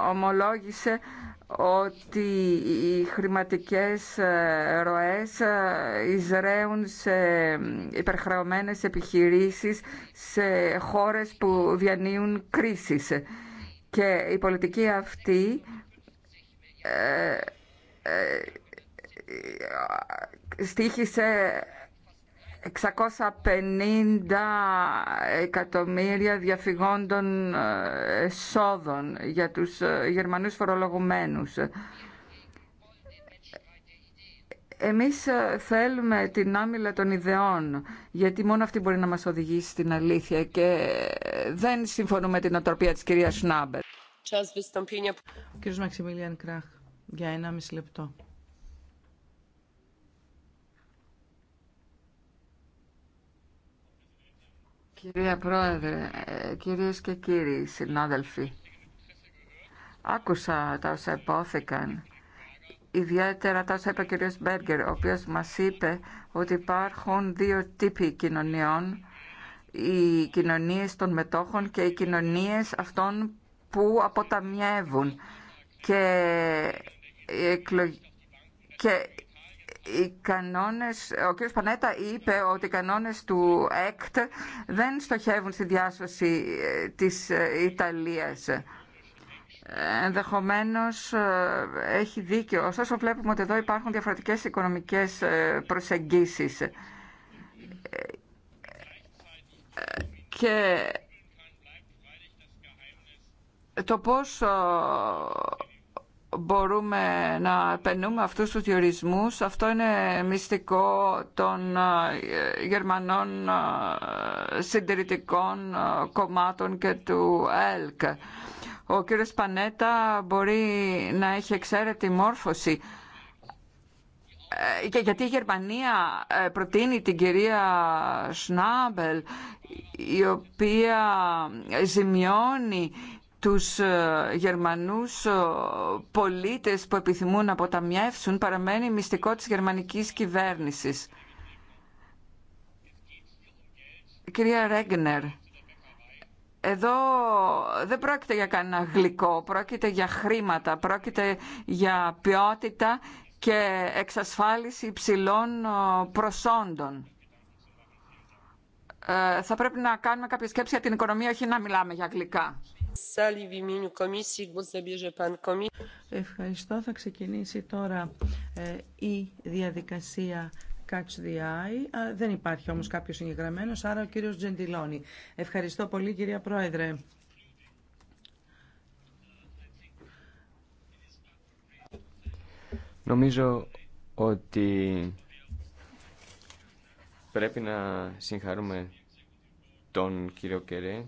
ομολόγησε ότι οι χρηματικές ε, ροές ε, εισραίουν σε υπερχρεωμένες επιχειρήσεις σε χώρες που διανύουν κρίσεις. Και η πολιτική αυτή ε, στήχησε 650 εκατομμύρια διαφυγόντων ε, εσόδων για τους ε, Γερμανούς φορολογουμένους. Εμείς ε, θέλουμε την άμυλα των ιδεών, γιατί μόνο αυτή μπορεί να μας οδηγήσει στην αλήθεια και δεν συμφωνούμε με την οτροπία της κυρίας Σνάμπερ. κύριος Μαξιμίλιαν Κράχ, για ένα μισή λεπτό. Κυρία Πρόεδρε, ε, κυρίες και κύριοι συνάδελφοι, άκουσα τα όσα υπόθηκαν, ιδιαίτερα τα όσα είπε ο κύριος Μπέργκερ, ο οποίος μας είπε ότι υπάρχουν δύο τύποι κοινωνιών, οι κοινωνίες των μετόχων και οι κοινωνίες αυτών που αποταμιεύουν. Και, και οι κανόνες, ο κ. Πανέτα είπε ότι οι κανόνες του ΕΚΤ δεν στοχεύουν στη διάσωση ε, της ε, Ιταλίας. Ενδεχομένως ε, έχει δίκιο. Ωστόσο βλέπουμε ότι εδώ υπάρχουν διαφορετικές οικονομικές προσεγγίσεις. Και το πώς μπορούμε να επενούμε αυτούς τους διορισμούς. Αυτό είναι μυστικό των ε, Γερμανών ε, συντηρητικών ε, κομμάτων και του ΕΛΚ. Ο κύριος Πανέτα μπορεί να έχει εξαίρετη μόρφωση και γιατί η Γερμανία προτείνει την κυρία Σνάμπελ η οποία ζημιώνει τους ε, Γερμανούς ε, πολίτες που επιθυμούν να αποταμιεύσουν παραμένει μυστικό της γερμανικής κυβέρνησης. Κυρία Ρέγνερ, εδώ δεν πρόκειται για κανένα γλυκό, πρόκειται για χρήματα, πρόκειται για ποιότητα και εξασφάλιση υψηλών ε, προσόντων. θα πρέπει να κάνουμε κάποια σκέψη για την οικονομία, όχι να μιλάμε για γλυκά. Ευχαριστώ. Θα ξεκινήσει τώρα ε, η διαδικασία Catch the Eye. Δεν υπάρχει όμως κάποιος εγγεγραμμένος, άρα ο κύριος Τζεντιλόνι. Ευχαριστώ πολύ κυρία Πρόεδρε. Νομίζω ότι πρέπει να συγχαρούμε τον κύριο Κερέ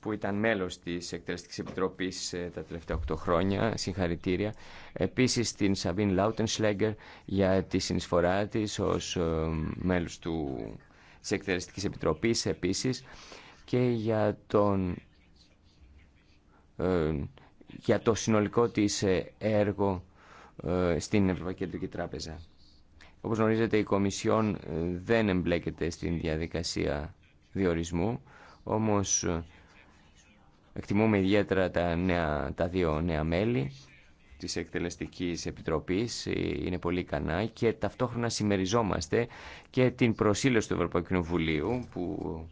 που ήταν μέλος της Εκτελεστικής Επιτροπής ε, τα τελευταία 8 χρόνια, συγχαρητήρια. Επίσης την Σαβίν Λάουτενσλέγκερ για τη συνεισφορά της ως ε, μέλος του, της Εκτελεστικής Επιτροπής επίσης και για, τον, ε, για το συνολικό της ε, έργο στην Ευρωπαϊκή Κεντρική Τράπεζα. Όπως γνωρίζετε η Κομισιόν δεν εμπλέκεται στην διαδικασία διορισμού, όμως Εκτιμούμε ιδιαίτερα τα, τα δύο νέα μέλη της Εκτελεστικής Επιτροπής, είναι πολύ ικανά και ταυτόχρονα συμμεριζόμαστε και την προσήλωση του Ευρωπαϊκού Κοινοβουλίου που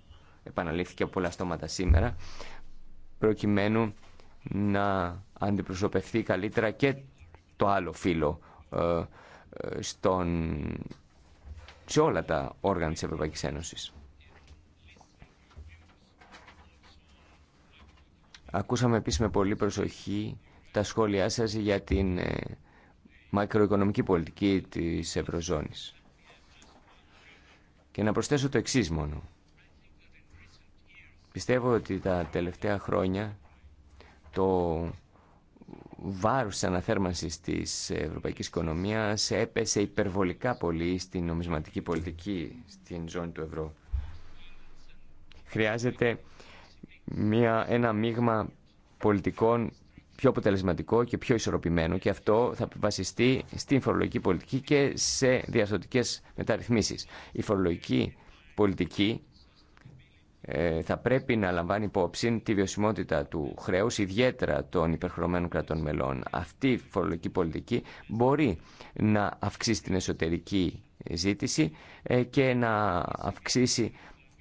επαναλήφθηκε από πολλά στόματα σήμερα προκειμένου να αντιπροσωπευτεί καλύτερα και το άλλο φύλλο ε, ε, στον, σε όλα τα όργανα της Ευρωπαϊκής Ένωσης. Ακούσαμε επίσης με πολύ προσοχή τα σχόλιά σας για την ε, μακροοικονομική πολιτική της Ευρωζώνης. Και να προσθέσω το εξής μόνο. Πιστεύω ότι τα τελευταία χρόνια το βάρος της αναθέρμανσης της ευρωπαϊκής οικονομίας έπεσε υπερβολικά πολύ στην νομισματική πολιτική στην ζώνη του ευρώ. Χρειάζεται μια, ένα μείγμα πολιτικών πιο αποτελεσματικό και πιο ισορροπημένο και αυτό θα βασιστεί στην φορολογική πολιτική και σε διαστοτικές μεταρρυθμίσεις. Η φορολογική πολιτική ε, θα πρέπει να λαμβάνει υπόψη τη βιωσιμότητα του χρέους, ιδιαίτερα των υπερχρωμένων κρατών μελών. Αυτή η φορολογική πολιτική μπορεί να αυξήσει την εσωτερική ζήτηση ε, και να αυξήσει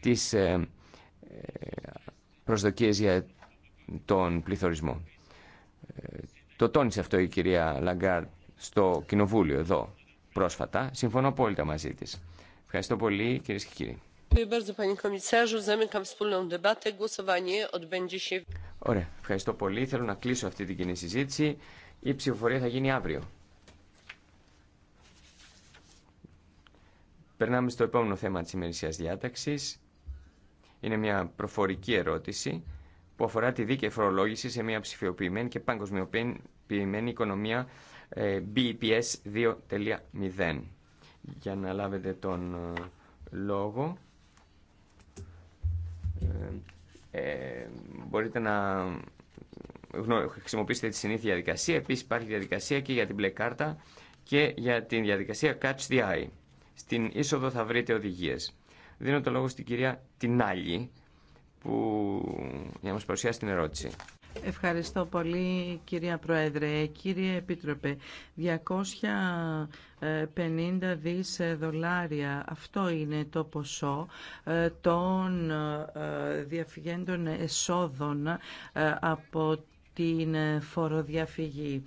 τις ε, προσδοκίες για τον πληθωρισμό. Ε, το τόνισε αυτό η κυρία Λαγκάρ στο κοινοβούλιο εδώ πρόσφατα. Συμφωνώ απόλυτα μαζί της. Ευχαριστώ πολύ κυρίε και κύριοι. Ωραία, ευχαριστώ πολύ. Θέλω να κλείσω αυτή την κοινή συζήτηση. Η ψηφοφορία θα γίνει αύριο. Περνάμε στο επόμενο θέμα της ημερησίας διάταξης. Είναι μια προφορική ερώτηση που αφορά τη δίκαιη φορολόγηση σε μια ψηφιοποιημένη και παγκοσμιοποιημένη οικονομία ε, BPS e 2.0. Για να λάβετε τον ε, λόγο, ε, μπορείτε να χρησιμοποιήσετε τη συνήθεια διαδικασία. Επίσης υπάρχει διαδικασία και για την μπλε κάρτα και για την διαδικασία Catch the Eye. Στην είσοδο θα βρείτε οδηγίες. Δίνω το λόγο στην κυρία Τινάλη που για να μας παρουσιάσει την ερώτηση. Ευχαριστώ πολύ κυρία Πρόεδρε. Κύριε Επίτροπε, 250 δις δολάρια αυτό είναι το ποσό ε, των ε, διαφυγέντων εσόδων ε, από την φοροδιαφυγή.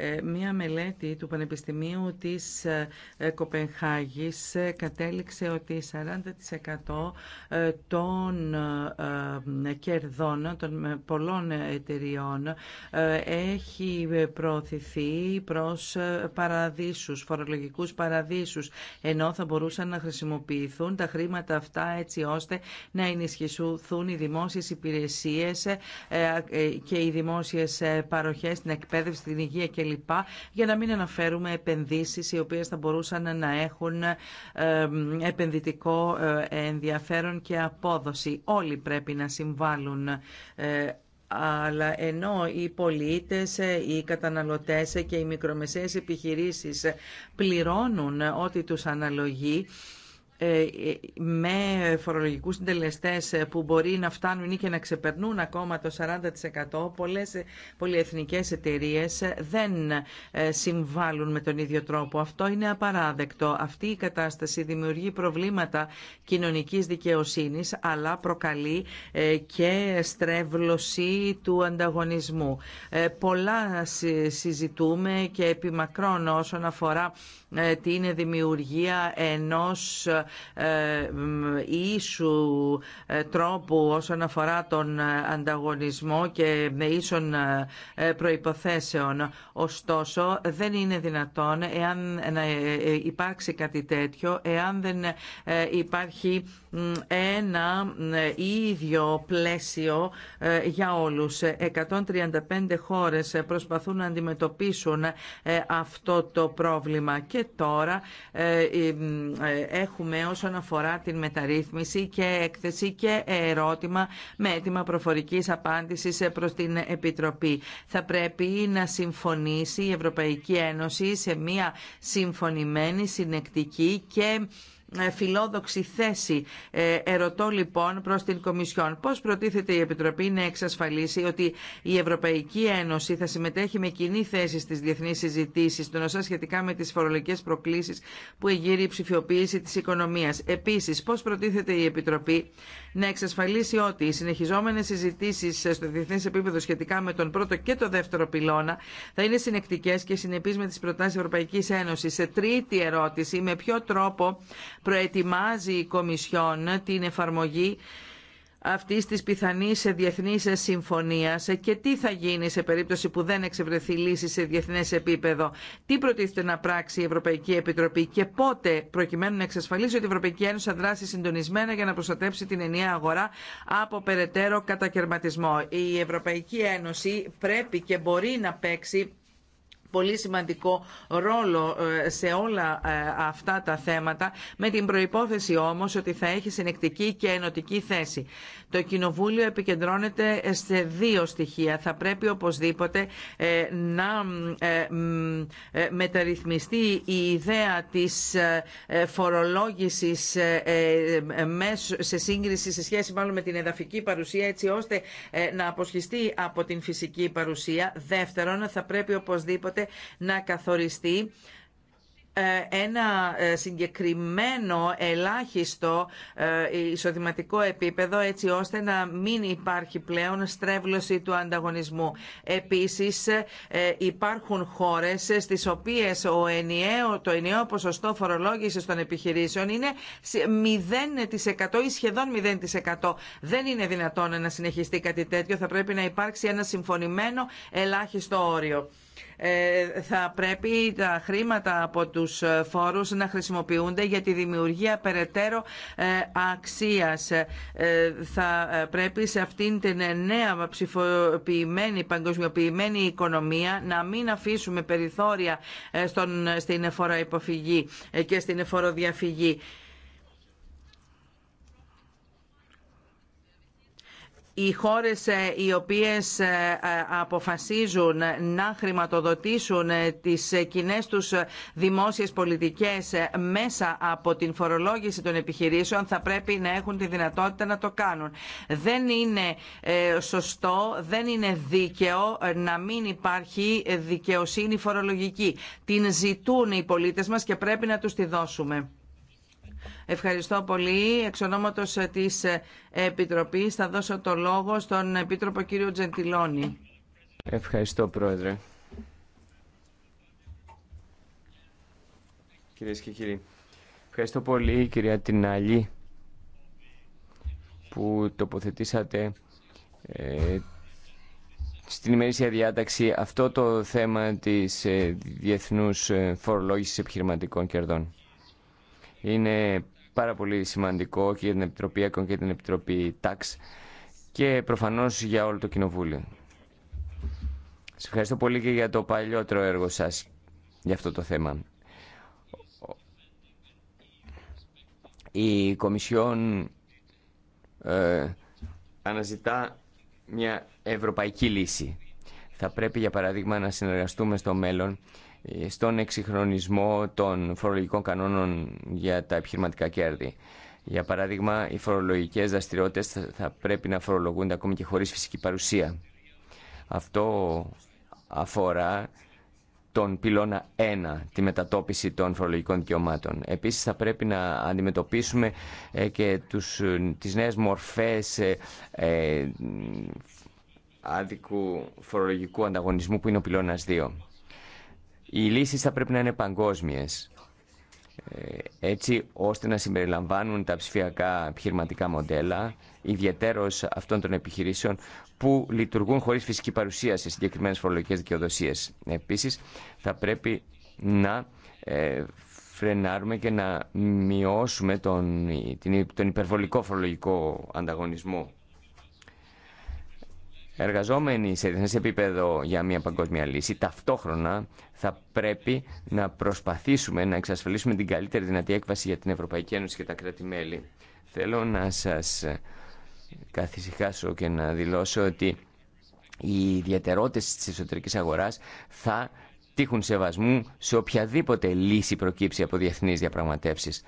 Ε, μία μελέτη του Πανεπιστημίου της ε, Κοπενχάγης ε, κατέληξε ότι 40% των κερδών των πολλών εταιριών έχει προωθηθεί προς παραδείσους, φορολογικούς παραδείσους, ενώ θα μπορούσαν να χρησιμοποιηθούν τα χρήματα αυτά έτσι ώστε να ενισχυθούν οι δημόσιες υπηρεσίες και οι δημόσιες σε παροχές, την εκπαίδευση, την υγεία κλπ. Για να μην αναφέρουμε επενδύσει, οι οποίε θα μπορούσαν να έχουν ε, επενδυτικό ε, ενδιαφέρον και απόδοση. Όλοι πρέπει να συμβάλλουν ε, αλλά ενώ οι πολίτες, οι καταναλωτές και οι μικρομεσαίες επιχειρήσεις πληρώνουν ό,τι τους αναλογεί, ε, με φορολογικούς συντελεστές που μπορεί να φτάνουν ή και να ξεπερνούν ακόμα το 40% πολλές πολυεθνικές εταιρείες δεν ε, συμβάλλουν με τον ίδιο τρόπο. Αυτό είναι απαράδεκτο. Αυτή η κατάσταση δημιουργεί προβλήματα κοινωνικής δικαιοσύνης αλλά προκαλεί ε, και στρέβλωση του ανταγωνισμού. Πολλά συζητούμε και επιμακρών όσον αφορά ε, την δημιουργία ενός ε, ίσου ε, τρόπου όσον αφορά τον ανταγωνισμό και με ίσων προϋποθέσεων. Ωστόσο, δεν είναι δυνατόν εάν να υπάρξει κάτι τέτοιο, εάν δεν υπάρχει ένα ίδιο πλαίσιο ε, για όλους. 135 χώρες προσπαθούν να αντιμετωπίσουν ε, αυτό το πρόβλημα και τώρα ε, έχουμε όσον αφορά την μεταρρύθμιση και έκθεση και ερώτημα με έτοιμα προφορικής απάντησης προς την Επιτροπή. Θα πρέπει να συμφωνήσει η Ευρωπαϊκή Ένωση σε μια συμφωνημένη, συνεκτική και ε, φιλόδοξη θέση. Ε, ερωτώ λοιπόν προ την Κομισιόν Πώ προτίθεται η Επιτροπή να εξασφαλίσει ότι η Ευρωπαϊκή Ένωση θα συμμετέχει με κοινή θέση στι διεθνεί συζητήσει των ΩΣΑ σχετικά με τι φορολογικέ προκλήσει που εγείρει η ψηφιοποίηση τη οικονομία. Επίση, πώ προτίθεται η Επιτροπή να εξασφαλίσει ότι οι συνεχιζόμενε συζητήσει στο διεθνέ επίπεδο σχετικά με τον πρώτο και το δεύτερο πυλώνα θα είναι συνεκτικέ και συνεπεί με τι προτάσει Ευρωπαϊκή Ένωση. Σε τρίτη ερώτηση, με ποιο τρόπο προετοιμάζει η Κομισιόν την εφαρμογή αυτή τη πιθανή διεθνή συμφωνία και τι θα γίνει σε περίπτωση που δεν εξευρεθεί λύση σε διεθνέ επίπεδο, τι προτίθεται να πράξει η Ευρωπαϊκή Επιτροπή και πότε, προκειμένου να εξασφαλίσει ότι η Ευρωπαϊκή Ένωση θα δράσει συντονισμένα για να προστατέψει την ενιαία αγορά από περαιτέρω κατακαιρματισμό. Η Ευρωπαϊκή Ένωση πρέπει και μπορεί να παίξει πολύ σημαντικό ρόλο ε, σε όλα ε, αυτά τα θέματα, με την προϋπόθεση όμως ότι θα έχει συνεκτική και ενωτική θέση. Το Κοινοβούλιο επικεντρώνεται σε δύο στοιχεία. Θα πρέπει οπωσδήποτε ε, να μεταρρυθμιστεί η ιδέα της φορολόγησης σε σύγκριση, σε σχέση μάλλον με την εδαφική παρουσία, έτσι ώστε να αποσχιστεί από την φυσική παρουσία. Δεύτερον, θα πρέπει οπωσδήποτε να καθοριστεί ε, ένα ε, συγκεκριμένο ελάχιστο ε, εισοδηματικό επίπεδο έτσι ώστε να μην υπάρχει πλέον στρέβλωση του ανταγωνισμού. Επίσης υπάρχουν χώρες στις οποίες ο ενιαίο, το ενιαίο ποσοστό φορολόγησης των επιχειρήσεων είναι 0% ή σχεδόν 0%. Δεν είναι δυνατόν να συνεχιστεί κάτι τέτοιο. Θα πρέπει να υπάρξει ένα συμφωνημένο ελάχιστο όριο. Ε, θα πρέπει τα χρήματα από τους φόρους να χρησιμοποιούνται για τη δημιουργία περαιτέρω ε, αξίας. Ε, θα πρέπει σε αυτήν την νέα ψηφοποιημένη, παγκοσμιοποιημένη οικονομία να μην αφήσουμε περιθώρια στον, στην εφοροϋποφυγή και στην εφοροδιαφυγή. οι χώρες ε, οι οποίες ε, ε, αποφασίζουν να χρηματοδοτήσουν τις κοινέ τους δημόσιες πολιτικές μέσα από την φορολόγηση των επιχειρήσεων θα πρέπει να έχουν τη δυνατότητα να το κάνουν. Δεν είναι σωστό, δεν είναι δίκαιο να μην υπάρχει δικαιοσύνη φορολογική. Την ζητούν οι πολίτες μας και πρέπει να τους τη δώσουμε. Ευχαριστώ πολύ. Εξ ονόματος ε, της ε, Επιτροπής θα δώσω το λόγο στον Επίτροπο κύριο Τζεντιλόνη. Ευχαριστώ Πρόεδρε. Κυρίε και κύριοι, ευχαριστώ πολύ κυρία Τινάλη που τοποθετήσατε ε, στην ημερήσια διάταξη αυτό το θέμα της ε, διεθνούς φορολόγησης επιχειρηματικών κερδών είναι πάρα πολύ σημαντικό και για την Επιτροπή ΕΚΟΝ και την Επιτροπή ΤΑΞ και προφανώς για όλο το Κοινοβούλιο. Σας ευχαριστώ πολύ και για το παλιότερο έργο σας για αυτό το θέμα. Η Κομισιόν ε, αναζητά μια ευρωπαϊκή λύση. Θα πρέπει για παράδειγμα να συνεργαστούμε στο μέλλον στον εξυγχρονισμό των φορολογικών κανόνων για τα επιχειρηματικά κέρδη. Για παράδειγμα, οι φορολογικέ δραστηριότητε θα πρέπει να φορολογούνται ακόμη και χωρί φυσική παρουσία. Αυτό αφορά τον πυλώνα 1, τη μετατόπιση των φορολογικών δικαιωμάτων. Επίσης θα πρέπει να αντιμετωπίσουμε ε, και τους, ε, τις νέες μορφές ε, άδικου φορολογικού ανταγωνισμού που είναι ο πυλώνας 2. Οι λύσεις θα πρέπει να είναι παγκόσμιες, ε, έτσι ώστε να συμπεριλαμβάνουν τα ψηφιακά επιχειρηματικά μοντέλα, ιδιαίτερως αυτών των επιχειρήσεων που λειτουργούν χωρίς φυσική παρουσία σε συγκεκριμένες φορολογικές δικαιοδοσίες. Επίσης, θα πρέπει να ε, φρενάρουμε και να μειώσουμε τον, τον υπερβολικό φορολογικό ανταγωνισμό εργαζόμενοι σε διεθνές επίπεδο για μια παγκόσμια λύση, ταυτόχρονα θα πρέπει να προσπαθήσουμε να εξασφαλίσουμε την καλύτερη δυνατή έκβαση για την Ευρωπαϊκή Ένωση και τα κράτη-μέλη. Θέλω να σας καθησυχάσω και να δηλώσω ότι οι ιδιαιτερότητες της εσωτερικής αγοράς θα τύχουν σεβασμού σε οποιαδήποτε λύση προκύψει από διεθνείς διαπραγματεύσεις.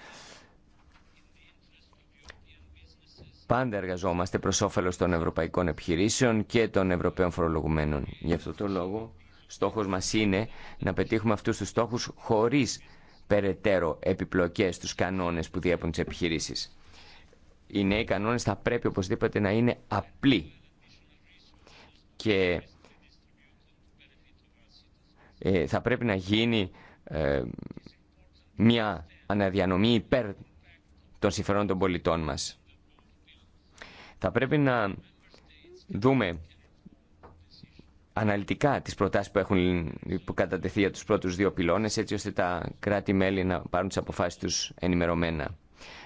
Πάντα εργαζόμαστε προς όφελος των ευρωπαϊκών επιχειρήσεων και των ευρωπαίων φορολογουμένων. Γι' αυτό το λόγο στόχος μας είναι να πετύχουμε αυτούς τους στόχους χωρίς περαιτέρω επιπλοκές στους κανόνες που διέπουν τις επιχειρήσεις. Οι νέοι κανόνες θα πρέπει οπωσδήποτε να είναι απλοί και ε, θα πρέπει να γίνει ε, μια αναδιανομή υπέρ των συμφερόντων των πολιτών μας. Θα πρέπει να δούμε αναλυτικά τις προτάσεις που έχουν κατατεθεί για τους πρώτους δύο πυλώνες έτσι ώστε τα κράτη-μέλη να πάρουν τις αποφάσεις τους ενημερωμένα.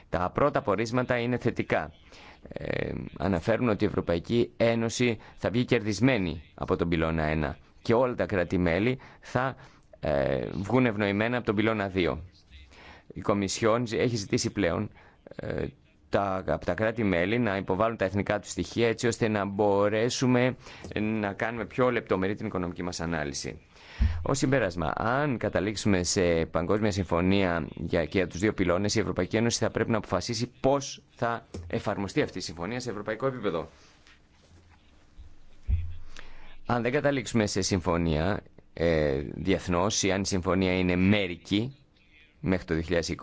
Τα πρώτα πορίσματα είναι θετικά. Ε, αναφέρουν ότι η Ευρωπαϊκή Ένωση θα βγει κερδισμένη από τον πυλώνα 1 και όλα τα κράτη-μέλη θα ε, βγουν ευνοημένα από τον πυλώνα 2. Η Κομισιόν έχει ζητήσει πλέον ε, τα, από τα κράτη-μέλη να υποβάλουν τα εθνικά του στοιχεία έτσι ώστε να μπορέσουμε να κάνουμε πιο λεπτομερή την οικονομική μας ανάλυση. Ω συμπέρασμα, αν καταλήξουμε σε παγκόσμια συμφωνία για, και για του δύο πυλώνε, η Ευρωπαϊκή Ένωση θα πρέπει να αποφασίσει πώ θα εφαρμοστεί αυτή η συμφωνία σε ευρωπαϊκό επίπεδο. Αν δεν καταλήξουμε σε συμφωνία ε, διεθνώς ή αν η συμφωνία είναι μερική μέχρι το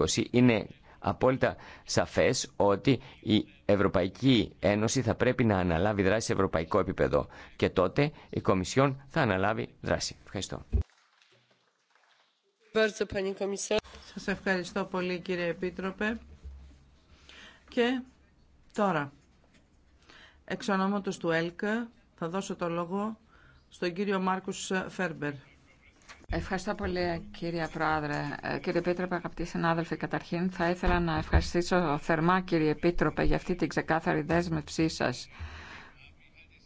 2020, είναι απόλυτα σαφές ότι η Ευρωπαϊκή Ένωση θα πρέπει να αναλάβει δράση σε ευρωπαϊκό επίπεδο και τότε η Κομισιόν θα αναλάβει δράση. Ευχαριστώ. Σας ευχαριστώ πολύ κύριε Επίτροπε. Και τώρα, εξ του ΕΛΚ, θα δώσω το λόγο στον κύριο Μάρκους Φέρμπερ. Ευχαριστώ πολύ κύριε Πρόεδρε. Ε, κύριε Επίτροπε, αγαπητοί συνάδελφοι, καταρχήν θα ήθελα να ευχαριστήσω θερμά κύριε Επίτροπε για αυτή την ξεκάθαρη δέσμευσή σας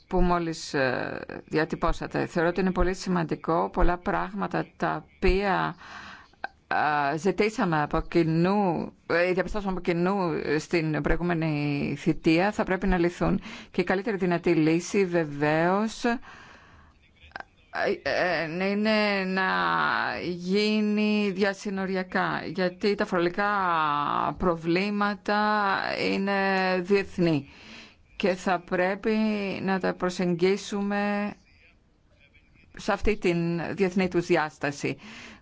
που μόλις ε, διατυπώσατε. Θεωρώ ότι είναι πολύ σημαντικό πολλά πράγματα τα οποία ε, ζητήσαμε από κοινού, διαπιστώσαμε από κοινού στην προηγούμενη θητεία θα πρέπει να λυθούν. Και η καλύτερη δυνατή λύση βεβαίως ε, ε, είναι να γίνει διασυνοριακά γιατί τα φορολογικά προβλήματα είναι διεθνή και θα πρέπει να τα προσεγγίσουμε σε αυτή τη διεθνή τους διάσταση.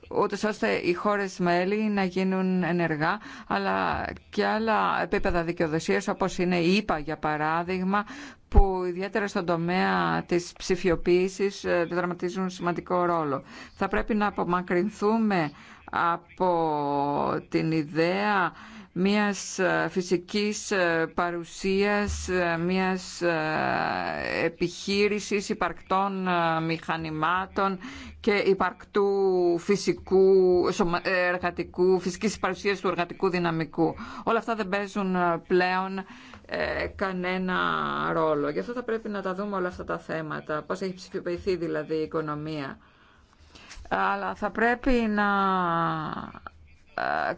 Ούτε ώστε οι χώρε μέλη να γίνουν ενεργά, αλλά και άλλα επίπεδα δικαιοδοσία, όπως είναι η ΕΠΑ, για παράδειγμα, που ιδιαίτερα στον τομέα της ψηφιοποίηση ε, δραματίζουν σημαντικό ρόλο. Θα πρέπει να απομακρυνθούμε από την ιδέα μιας ε, φυσικής ε, παρουσίας, ε, μιας επιχείρησης υπαρκτών μηχανημάτων και υπαρκτού φυσικού, εργατικού, φυσικής παρουσίας του εργατικού δυναμικού. Όλα αυτά δεν παίζουν πλέον κανένα ρόλο. Γι' αυτό θα πρέπει να τα δούμε όλα αυτά τα θέματα, πώς έχει ψηφιοποιηθεί δηλαδή η οικονομία. Αλλά θα πρέπει να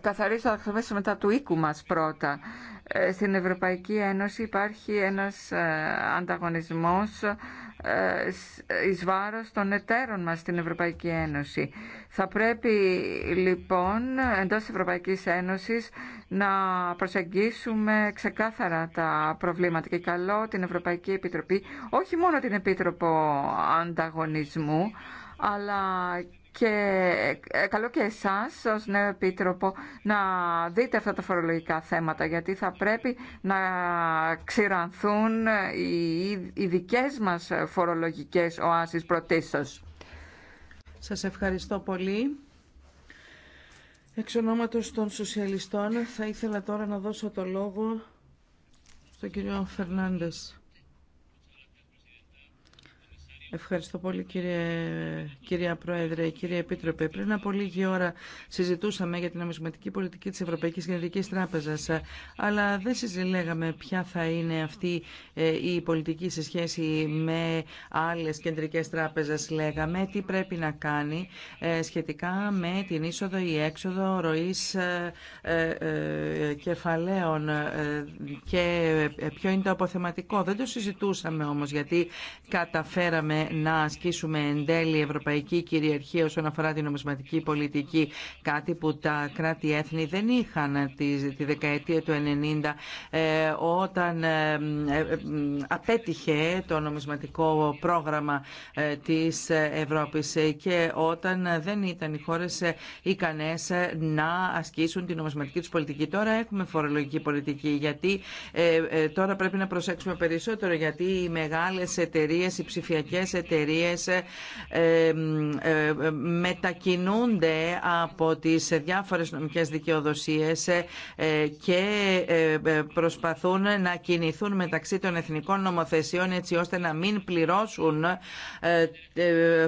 καθαρίσω τα μετά του οίκου μας πρώτα. Ε, στην Ευρωπαϊκή Ένωση υπάρχει ένας ε, ανταγωνισμός ε, εις βάρος των εταίρων μας στην Ευρωπαϊκή Ένωση. Θα πρέπει λοιπόν εντός της Ευρωπαϊκής Ένωσης να προσεγγίσουμε ξεκάθαρα τα προβλήματα και καλό την Ευρωπαϊκή Επιτροπή, όχι μόνο την Επίτροπο Ανταγωνισμού, αλλά και ε, καλό και εσάς ως νέο επίτροπο να δείτε αυτά τα φορολογικά θέματα γιατί θα πρέπει να ξηρανθούν οι δικές μας φορολογικές οάσεις πρωτίστως. Σας ευχαριστώ πολύ. Εξ ονόματος των σοσιαλιστών θα ήθελα τώρα να δώσω το λόγο στον κύριο Φερνάντες. Ευχαριστώ πολύ κύριε, κυρία Πρόεδρε, κύριε Επίτροπε. Πριν από λίγη ώρα συζητούσαμε για την νομισματική πολιτική της Ευρωπαϊκής Κεντρικής Τράπεζας, αλλά δεν συζηλέγαμε ποια θα είναι αυτή ε, η πολιτική σε σχέση με άλλες κεντρικές τράπεζες. Λέγαμε τι πρέπει να κάνει ε, σχετικά με την είσοδο ή έξοδο ροής ε, κεφαλαίων και ποιο είναι το αποθεματικό. Δεν το συζητούσαμε όμως γιατί καταφέραμε να ασκήσουμε εν τέλει ευρωπαϊκή κυριαρχία όσον αφορά την νομισματική πολιτική. Κάτι που τα κράτη-έθνη δεν είχαν τη δεκαετία του 90 ε, όταν ε, ε, απέτυχε το νομισματικό πρόγραμμα της Ευρώπης και όταν δεν ήταν οι χώρες ικανές να ασκήσουν την νομισματική τους πολιτική. Τώρα έχουμε φορολογική πολιτική γιατί τώρα πρέπει να προσέξουμε περισσότερο γιατί οι μεγάλες εταιρείε, οι ψηφιακέ πολλές εταιρείες ε, ε, ε, μετακινούνται από τις διάφορες νομικές δικαιοδοσίες και προσπαθούν να κινηθούν μεταξύ των εθνικών νομοθεσιών έτσι ώστε να μην πληρώσουν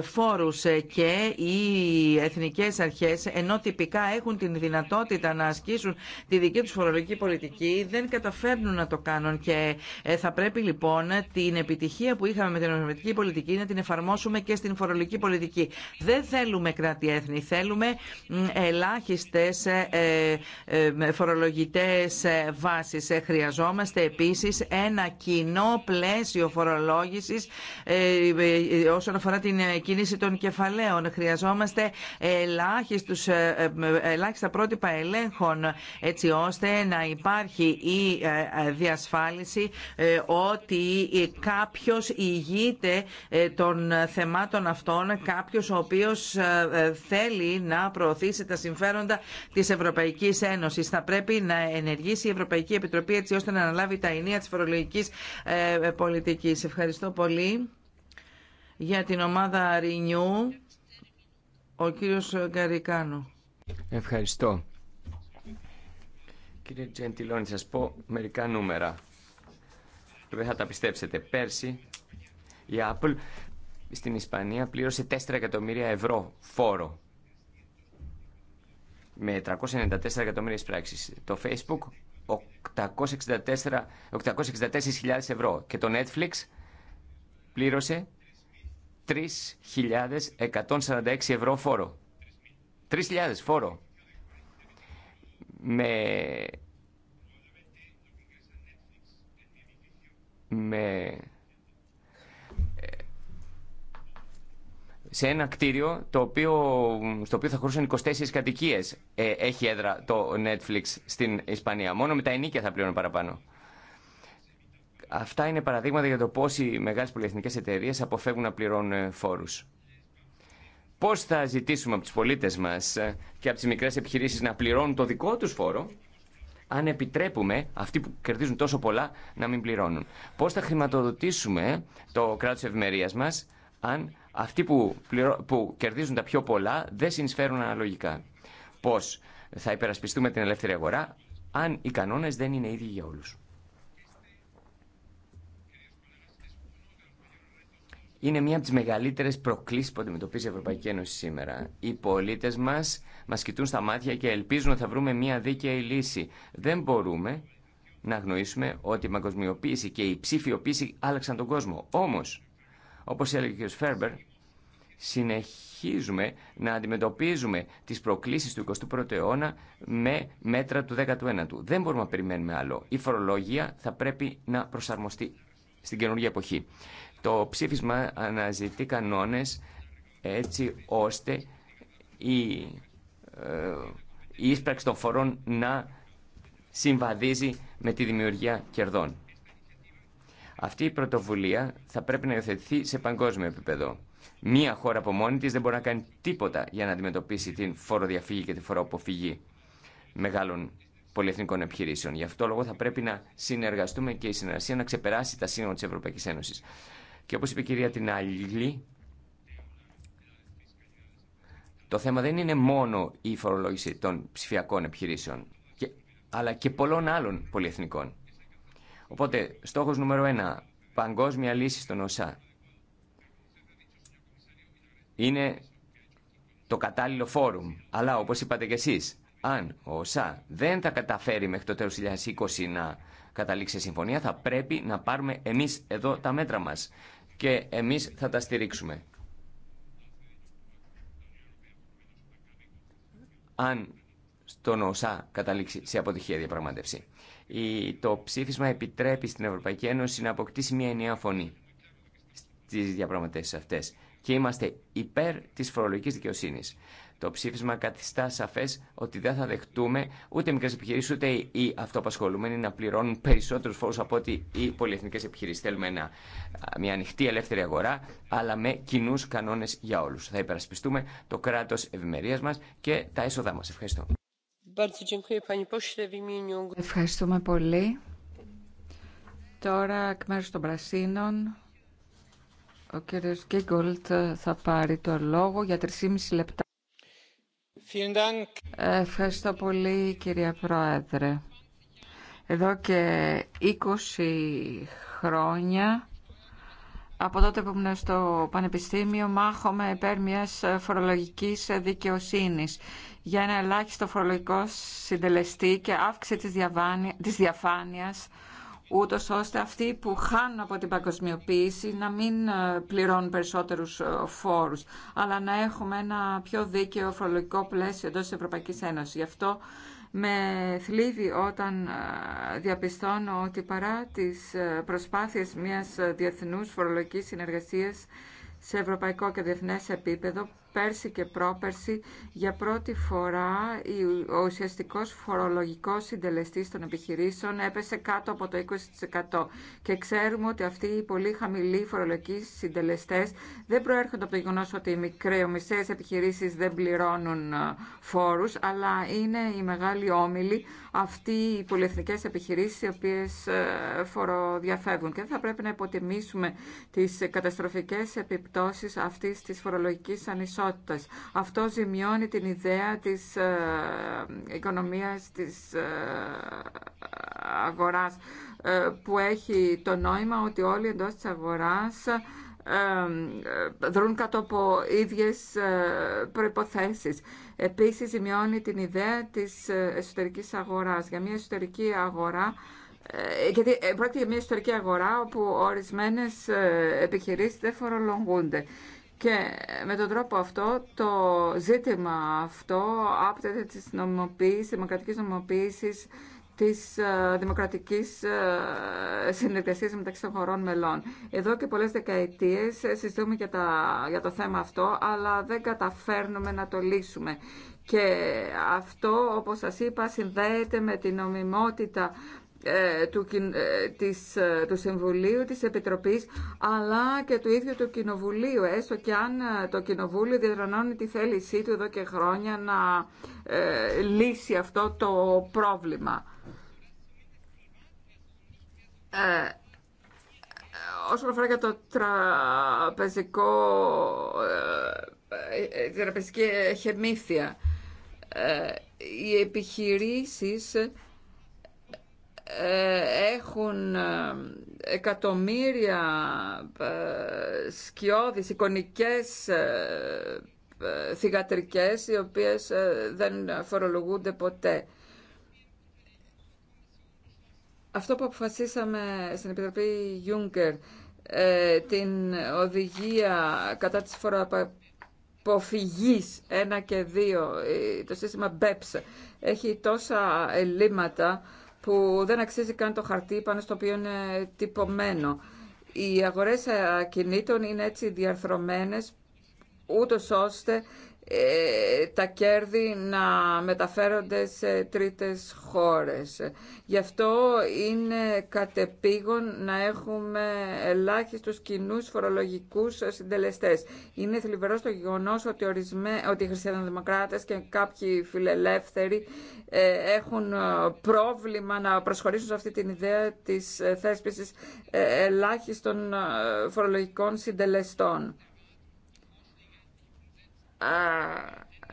φόρους και οι εθνικές αρχές ενώ τυπικά έχουν την δυνατότητα να ασκήσουν τη δική τους φορολογική πολιτική δεν καταφέρνουν να το κάνουν και θα πρέπει λοιπόν την επιτυχία που είχαμε με την νομοθετική πολιτική πολιτική, να την εφαρμόσουμε και στην φορολογική πολιτική. Δεν θέλουμε κράτη-έθνη, θέλουμε ελάχιστες ε, ε, ε, φορολογητές βάσεις. Χρειαζόμαστε επίσης ένα κοινό πλαίσιο φορολόγησης όσον αφορά την κίνηση των κεφαλαίων. Χρειαζόμαστε ελάχιστα πρότυπα ελέγχων έτσι ώστε να υπάρχει η διασφάλιση ότι κάποιος ηγείται ε, των θεμάτων αυτών κάποιος ο οποίος ε, ε, θέλει να προωθήσει τα συμφέροντα της Ευρωπαϊκής Ένωσης. Θα πρέπει να ενεργήσει η Ευρωπαϊκή Επιτροπή έτσι ώστε να αναλάβει τα ενία της φορολογικής πολιτικής. Ευχαριστώ πολύ για την ομάδα Renew, ο κύριος Γκαρικάνο. Ευχαριστώ. Κύριε Τζεντιλόνι, σας πω μερικά νούμερα. Δεν θα τα πιστέψετε. Πέρσι η Apple στην Ισπανία πλήρωσε 4 εκατομμύρια ευρώ φόρο με 394 εκατομμύρια πράξεις. Το Facebook 864.000 864, ευρώ και το Netflix πλήρωσε 3.146 ευρώ φόρο. 3.000 φόρο. Με... με σε ένα κτίριο το οποίο, στο οποίο θα χωρούσαν 24 κατοικίε ε, έχει έδρα το Netflix στην Ισπανία. Μόνο με τα ενίκια θα πληρώνουν παραπάνω. Αυτά είναι παραδείγματα για το πώ οι μεγάλε πολυεθνικές εταιρείε αποφεύγουν να πληρώνουν φόρου. Πώ θα ζητήσουμε από του πολίτε μα και από τι μικρέ επιχειρήσει να πληρώνουν το δικό του φόρο αν επιτρέπουμε αυτοί που κερδίζουν τόσο πολλά να μην πληρώνουν. Πώς θα χρηματοδοτήσουμε το κράτος ευμερίας μας αν αυτοί που, που κερδίζουν τα πιο πολλά δεν συνεισφέρουν αναλογικά. Πώς θα υπερασπιστούμε την ελεύθερη αγορά αν οι κανόνες δεν είναι ίδιοι για όλους. είναι μία από τι μεγαλύτερε προκλήσει που αντιμετωπίζει η Ευρωπαϊκή Ένωση σήμερα. Οι πολίτε μα μας κοιτούν στα μάτια και ελπίζουν ότι θα βρούμε μία δίκαιη λύση. Δεν μπορούμε να γνωρίσουμε ότι η μαγκοσμιοποίηση και η ψηφιοποίηση άλλαξαν τον κόσμο. Όμω, όπως έλεγε ο κ. Φέρμπερ, συνεχίζουμε να αντιμετωπίζουμε τις προκλήσεις του 21ου αιώνα με μέτρα του 19ου. Δεν μπορούμε να περιμένουμε άλλο. Η φορολογία θα πρέπει να προσαρμοστεί στην καινούργια εποχή. Το ψήφισμα αναζητεί κανόνες έτσι ώστε η, ε, η ίσπραξη των φορών να συμβαδίζει με τη δημιουργία κερδών. Αυτή η πρωτοβουλία θα πρέπει να υιοθετηθεί σε παγκόσμιο επίπεδο. Μία χώρα από μόνη τη δεν μπορεί να κάνει τίποτα για να αντιμετωπίσει την φοροδιαφύγη και τη φοροαποφυγή μεγάλων πολυεθνικών επιχειρήσεων. Γι' αυτό λόγο θα πρέπει να συνεργαστούμε και η συνεργασία να ξεπεράσει τα σύνορα τη Ευρωπαϊκή Ένωση. Και όπω είπε η κυρία Τινάλη, το θέμα δεν είναι μόνο η φορολόγηση των ψηφιακών επιχειρήσεων, αλλά και πολλών άλλων πολυεθνικών. Οπότε, στόχος νούμερο ένα, παγκόσμια λύση στον ΩΣΑ. Είναι το κατάλληλο φόρουμ. Αλλά, όπως είπατε κι εσείς, αν ο ΩΣΑ δεν θα καταφέρει μέχρι το τέλος 2020 να καταλήξει σε συμφωνία, θα πρέπει να πάρουμε εμείς εδώ τα μέτρα μας. Και εμείς θα τα στηρίξουμε. Αν στον ΩΣΑ καταλήξει σε αποτυχία διαπραγμάτευση το ψήφισμα επιτρέπει στην Ευρωπαϊκή Ένωση να αποκτήσει μια ενιαία φωνή στι διαπραγματεύσει αυτέ. και είμαστε υπέρ τη φορολογική δικαιοσύνη. Το ψήφισμα καθιστά σαφέ ότι δεν θα δεχτούμε ούτε μικρέ επιχειρήσει ούτε οι αυτοπασχολούμενοι να πληρώνουν περισσότερου φόρου από ότι οι πολυεθνικέ επιχειρήσει. Θέλουμε μια ανοιχτή ελεύθερη αγορά, αλλά με κοινού κανόνε για όλου. Θα υπερασπιστούμε το κράτο ευημερία μα και τα έσοδά μα. Ευχαριστώ. Ευχαριστούμε πολύ. Τώρα, εκ μέρους των Πρασίνων, ο κύριος Γκίγκολτ θα πάρει το λόγο για 3,5 λεπτά. Ευχαριστώ πολύ, κυρία Πρόεδρε. Εδώ και 20 χρόνια από τότε που ήμουν στο Πανεπιστήμιο μάχομαι υπέρ μιας φορολογικής δικαιοσύνης για ένα ελάχιστο φορολογικό συντελεστή και αύξηση της, της διαφάνειας ούτως ώστε αυτοί που χάνουν από την παγκοσμιοποίηση να μην ε, πληρώνουν περισσότερους ε, φόρους, αλλά να έχουμε ένα πιο δίκαιο φορολογικό πλαίσιο εντός της Ευρωπαϊκής Ένωσης με θλίβει όταν ε, διαπιστώνω ότι παρά τις ε, προσπάθειες μιας ε, διεθνούς φορολογικής συνεργασίας σε ευρωπαϊκό και διεθνές επίπεδο πέρσι και πρόπερσι για πρώτη φορά ο ουσιαστικός φορολογικός συντελεστής των επιχειρήσεων έπεσε κάτω από το 20% και ξέρουμε ότι αυτοί οι πολύ χαμηλοί φορολογικοί συντελεστές δεν προέρχονται από το γεγονό ότι οι μικρές επιχειρήσεις δεν πληρώνουν ε, φόρους αλλά είναι οι μεγάλοι όμιλοι αυτοί οι πολυεθνικές επιχειρήσεις οι οποίες ε, φοροδιαφεύγουν και δεν θα πρέπει να υποτιμήσουμε τις καταστροφικές επιπτώσεις αυτής της φορολογικής ανισότητας αυτό ζημιώνει την ιδέα της ε, οικονομίας της ε, αγοράς ε, που έχει το νόημα ότι όλοι εντός της αγοράς δρούν κάτω από ίδιες προϋποθέσεις. Επίσης, ζημιώνει την ιδέα της εσωτερικής αγοράς. Για μια εσωτερική αγορά γιατί πρόκειται για μια ιστορική αγορά όπου ορισμένες επιχειρήσεις δεν φορολογούνται. Και με τον τρόπο αυτό το ζήτημα αυτό άπτεται της νομιμοποίησης, δημοκρατικής νομιμοποίησης της ε, δημοκρατικής ε, συνεργασίας μεταξύ των χωρών μελών. Εδώ και πολλές δεκαετίες συζητούμε για, για το θέμα αυτό, αλλά δεν καταφέρνουμε να το λύσουμε. Και αυτό, όπως σας είπα, συνδέεται με την νομιμότητα ε, του, ε, της, ε, του Συμβουλίου, της Επιτροπής αλλά και του ίδιου του Κοινοβουλίου έστω και αν το Κοινοβούλιο διαδρανώνει τη θέλησή του εδώ και χρόνια να λύσει αυτό το πρόβλημα. Ε, όσον αφορά και το τραπεζικό ε, τραπεζική χεμήθεια οι επιχειρήσεις ε, έχουν ε, εκατομμύρια ε, σκιώδεις, εικονικές θυγατρικές οι οποίες δεν φορολογούνται ποτέ. Αυτό που αποφασίσαμε στην Επιτροπή Juncker, την οδηγία κατά της φοροαποφυγής 1 και 2, το σύστημα BEPS, έχει τόσα ελλείμματα που δεν αξίζει καν το χαρτί πάνω στο οποίο είναι τυπωμένο. Οι αγορές ακινήτων είναι έτσι διαρθρωμένες ούτως ώστε ε, τα κέρδη να μεταφέρονται σε τρίτες χώρες. Γι' αυτό είναι κατεπήγον να έχουμε ελάχιστους κοινού φορολογικούς συντελεστές. Είναι θλιβερό το γεγονός ότι, ορισμέ, ότι οι χριστιανοδημοκράτες και κάποιοι φιλελεύθεροι ε, έχουν ε, πρόβλημα να προσχωρήσουν σε αυτή την ιδέα της θέσπισης ελάχιστων φορολογικών συντελεστών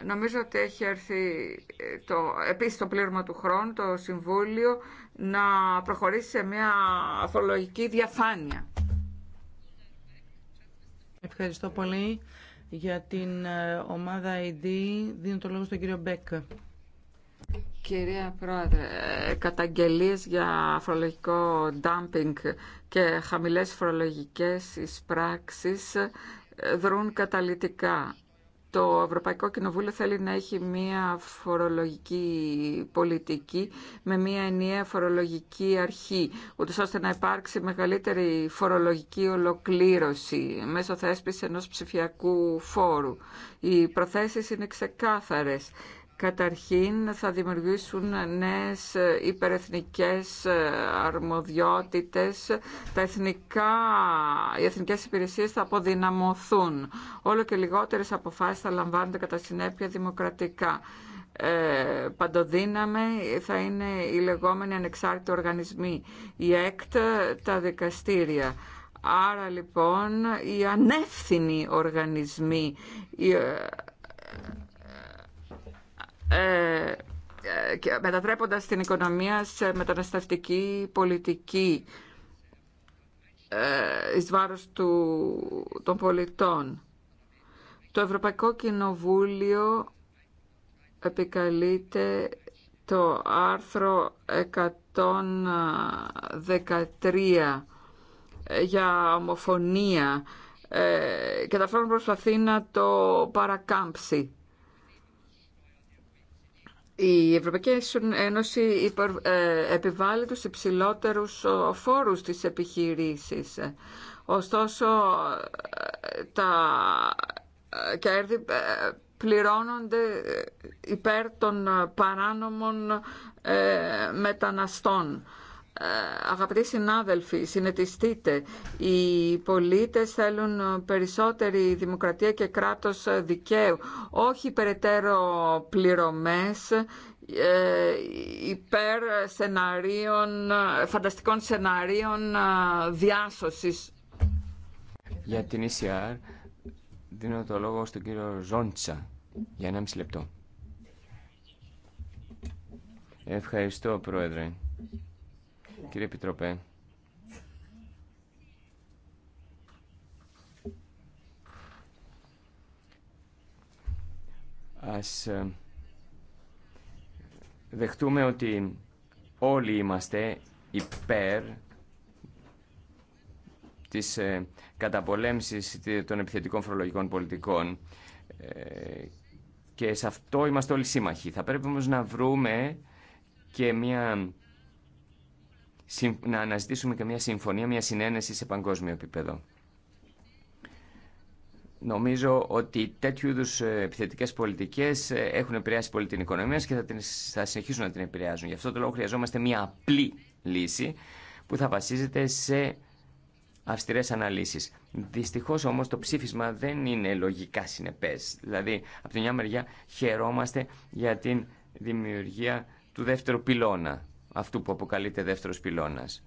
νομίζω ότι έχει έρθει ε, το, επίσης το πλήρωμα του χρόνου το Συμβούλιο να προχωρήσει σε μια φορολογική διαφάνεια. Ευχαριστώ πολύ για την ε, ομάδα ID. Δίνω το λόγο στον κύριο Μπέκ. Κυρία Πρόεδρε, ε, καταγγελίες για φορολογικό dumping και χαμηλές φορολογικές εισπράξεις δρούν καταλητικά το Ευρωπαϊκό Κοινοβούλιο θέλει να έχει μία φορολογική πολιτική με μία ενιαία φορολογική αρχή, ούτως ώστε να υπάρξει μεγαλύτερη φορολογική ολοκλήρωση μέσω θέσπιση ενός ψηφιακού φόρου. Οι προθέσεις είναι ξεκάθαρες καταρχήν θα δημιουργήσουν νέες υπερεθνικές αρμοδιότητες. Τα εθνικά, οι εθνικές υπηρεσίες θα αποδυναμωθούν. Όλο και λιγότερες αποφάσεις θα λαμβάνονται κατά συνέπεια δημοκρατικά. Ε, παντοδύναμε θα είναι οι λεγόμενοι ανεξάρτητοι οργανισμοί, η ΕΚΤ, τα δικαστήρια. Άρα λοιπόν οι ανεύθυνοι οργανισμοί, ε, ε, ε, μετατρέποντας την οικονομία σε μεταναστευτική πολιτική ε, εις βάρος του, των πολιτών. Το Ευρωπαϊκό Κοινοβούλιο επικαλείται το άρθρο 113 για ομοφωνία και ταυτόχρονα προσπαθεί να το παρακάμψει. Η Ευρωπαϊκή Ένωση ε, επιβάλλει τους υψηλότερους φόρους της επιχειρήσης. Ωστόσο, ε, τα ε, κέρδη πληρώνονται υπέρ των παράνομων μεταναστών. Ε, αγαπητοί συνάδελφοι, συνετιστείτε. Οι πολίτες θέλουν περισσότερη δημοκρατία και κράτος δικαίου. Όχι περαιτέρω πληρωμές ε, υπέρ σεναρίων, φανταστικών σεναρίων ε, διάσωσης. Για την ECR δίνω το λόγο στον κύριο Ζόντσα για μισή λεπτό. Ευχαριστώ, Πρόεδρε. Ναι. Κύριε Επιτροπέ. Ας ε, δεχτούμε ότι όλοι είμαστε υπέρ της ε, καταπολέμησης των επιθετικών φορολογικών πολιτικών ε, και σε αυτό είμαστε όλοι σύμμαχοι. Θα πρέπει όμως να βρούμε και μια να αναζητήσουμε και μια συμφωνία, μια συνένεση σε παγκόσμιο επίπεδο. Νομίζω ότι τέτοιου είδου ε, επιθετικέ πολιτικέ ε, έχουν επηρεάσει πολύ την οικονομία και θα, συνεχίσουν να την επηρεάζουν. Γι' αυτό το λόγο χρειαζόμαστε μια απλή λύση που θα βασίζεται σε αυστηρέ αναλύσει. Δυστυχώ όμω το ψήφισμα δεν είναι λογικά συνεπέ. Δηλαδή, από τη μια μεριά χαιρόμαστε για την δημιουργία του δεύτερου πυλώνα αυτού που αποκαλείται δεύτερος πυλώνας.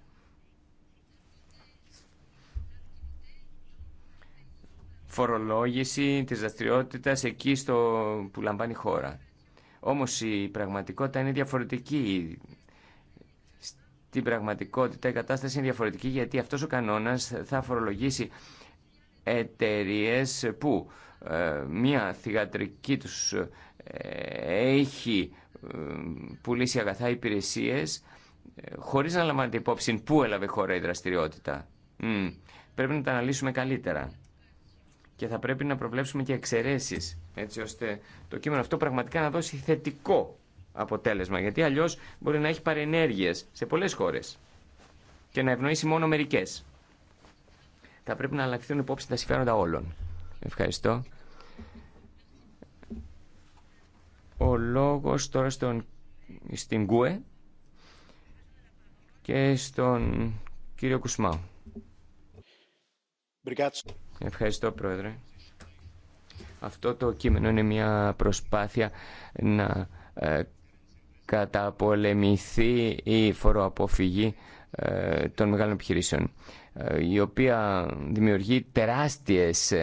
Φορολόγηση της δραστηριότητα εκεί στο που λαμβάνει χώρα. Όμως η πραγματικότητα είναι διαφορετική. Στην πραγματικότητα η κατάσταση είναι διαφορετική γιατί αυτός ο κανόνας θα φορολογήσει εταιρείε που ε, μία θηγατρική τους έχει ε, πουλήσει αγαθά υπηρεσίες ε, χωρίς να λαμβάνεται υπόψη πού έλαβε χώρα η δραστηριότητα. Πρέπει να τα αναλύσουμε καλύτερα και θα πρέπει να προβλέψουμε και εξαιρέσεις έτσι ώστε το κείμενο αυτό πραγματικά να δώσει θετικό αποτέλεσμα γιατί αλλιώς μπορεί να έχει παρενέργειες σε πολλές χώρες και να ευνοήσει μόνο μερικές. Θα πρέπει να αλλάξουν υπόψη τα συμφέροντα όλων. Ευχαριστώ. Ο λόγος τώρα στον, στην ΚΟΕ και στον κύριο Κουσμάου. Ευχαριστώ, Πρόεδρε. Αυτό το κείμενο είναι μια προσπάθεια να ε, καταπολεμηθεί η φοροαποφυγή ε, των μεγάλων επιχειρήσεων, ε, η οποία δημιουργεί τεράστιες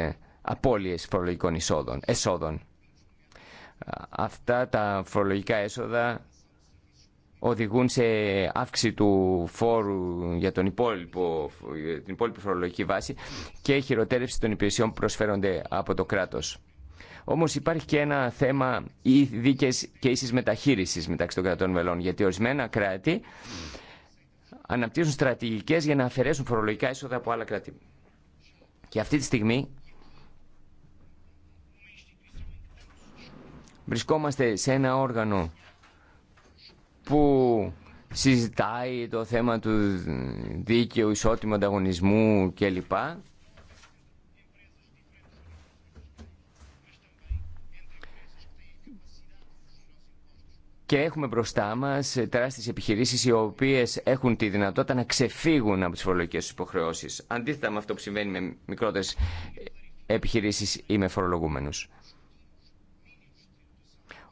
απώλειες φορολογικών εισόδων, εσόδων. Αυτά τα φορολογικά έσοδα οδηγούν σε αύξηση του φόρου για τον υπόλοιπο, την υπόλοιπη φορολογική βάση και χειροτέρευση των υπηρεσιών που προσφέρονται από το κράτος. Όμως υπάρχει και ένα θέμα ή δίκες και ίσης μεταχείρισης μεταξύ των κρατών μελών, γιατί ορισμένα κράτη αναπτύσσουν στρατηγικές για να αφαιρέσουν φορολογικά έσοδα από άλλα κράτη. Και αυτή τη στιγμή Βρισκόμαστε σε ένα όργανο που συζητάει το θέμα του δίκαιου, ισότιμου ανταγωνισμού κλπ. Και έχουμε μπροστά μα τεράστιε επιχειρήσει οι οποίε έχουν τη δυνατότητα να ξεφύγουν από τι φορολογικέ του υποχρεώσει. Αντίθετα με αυτό που συμβαίνει με μικρότερε επιχειρήσει ή με φορολογούμενου.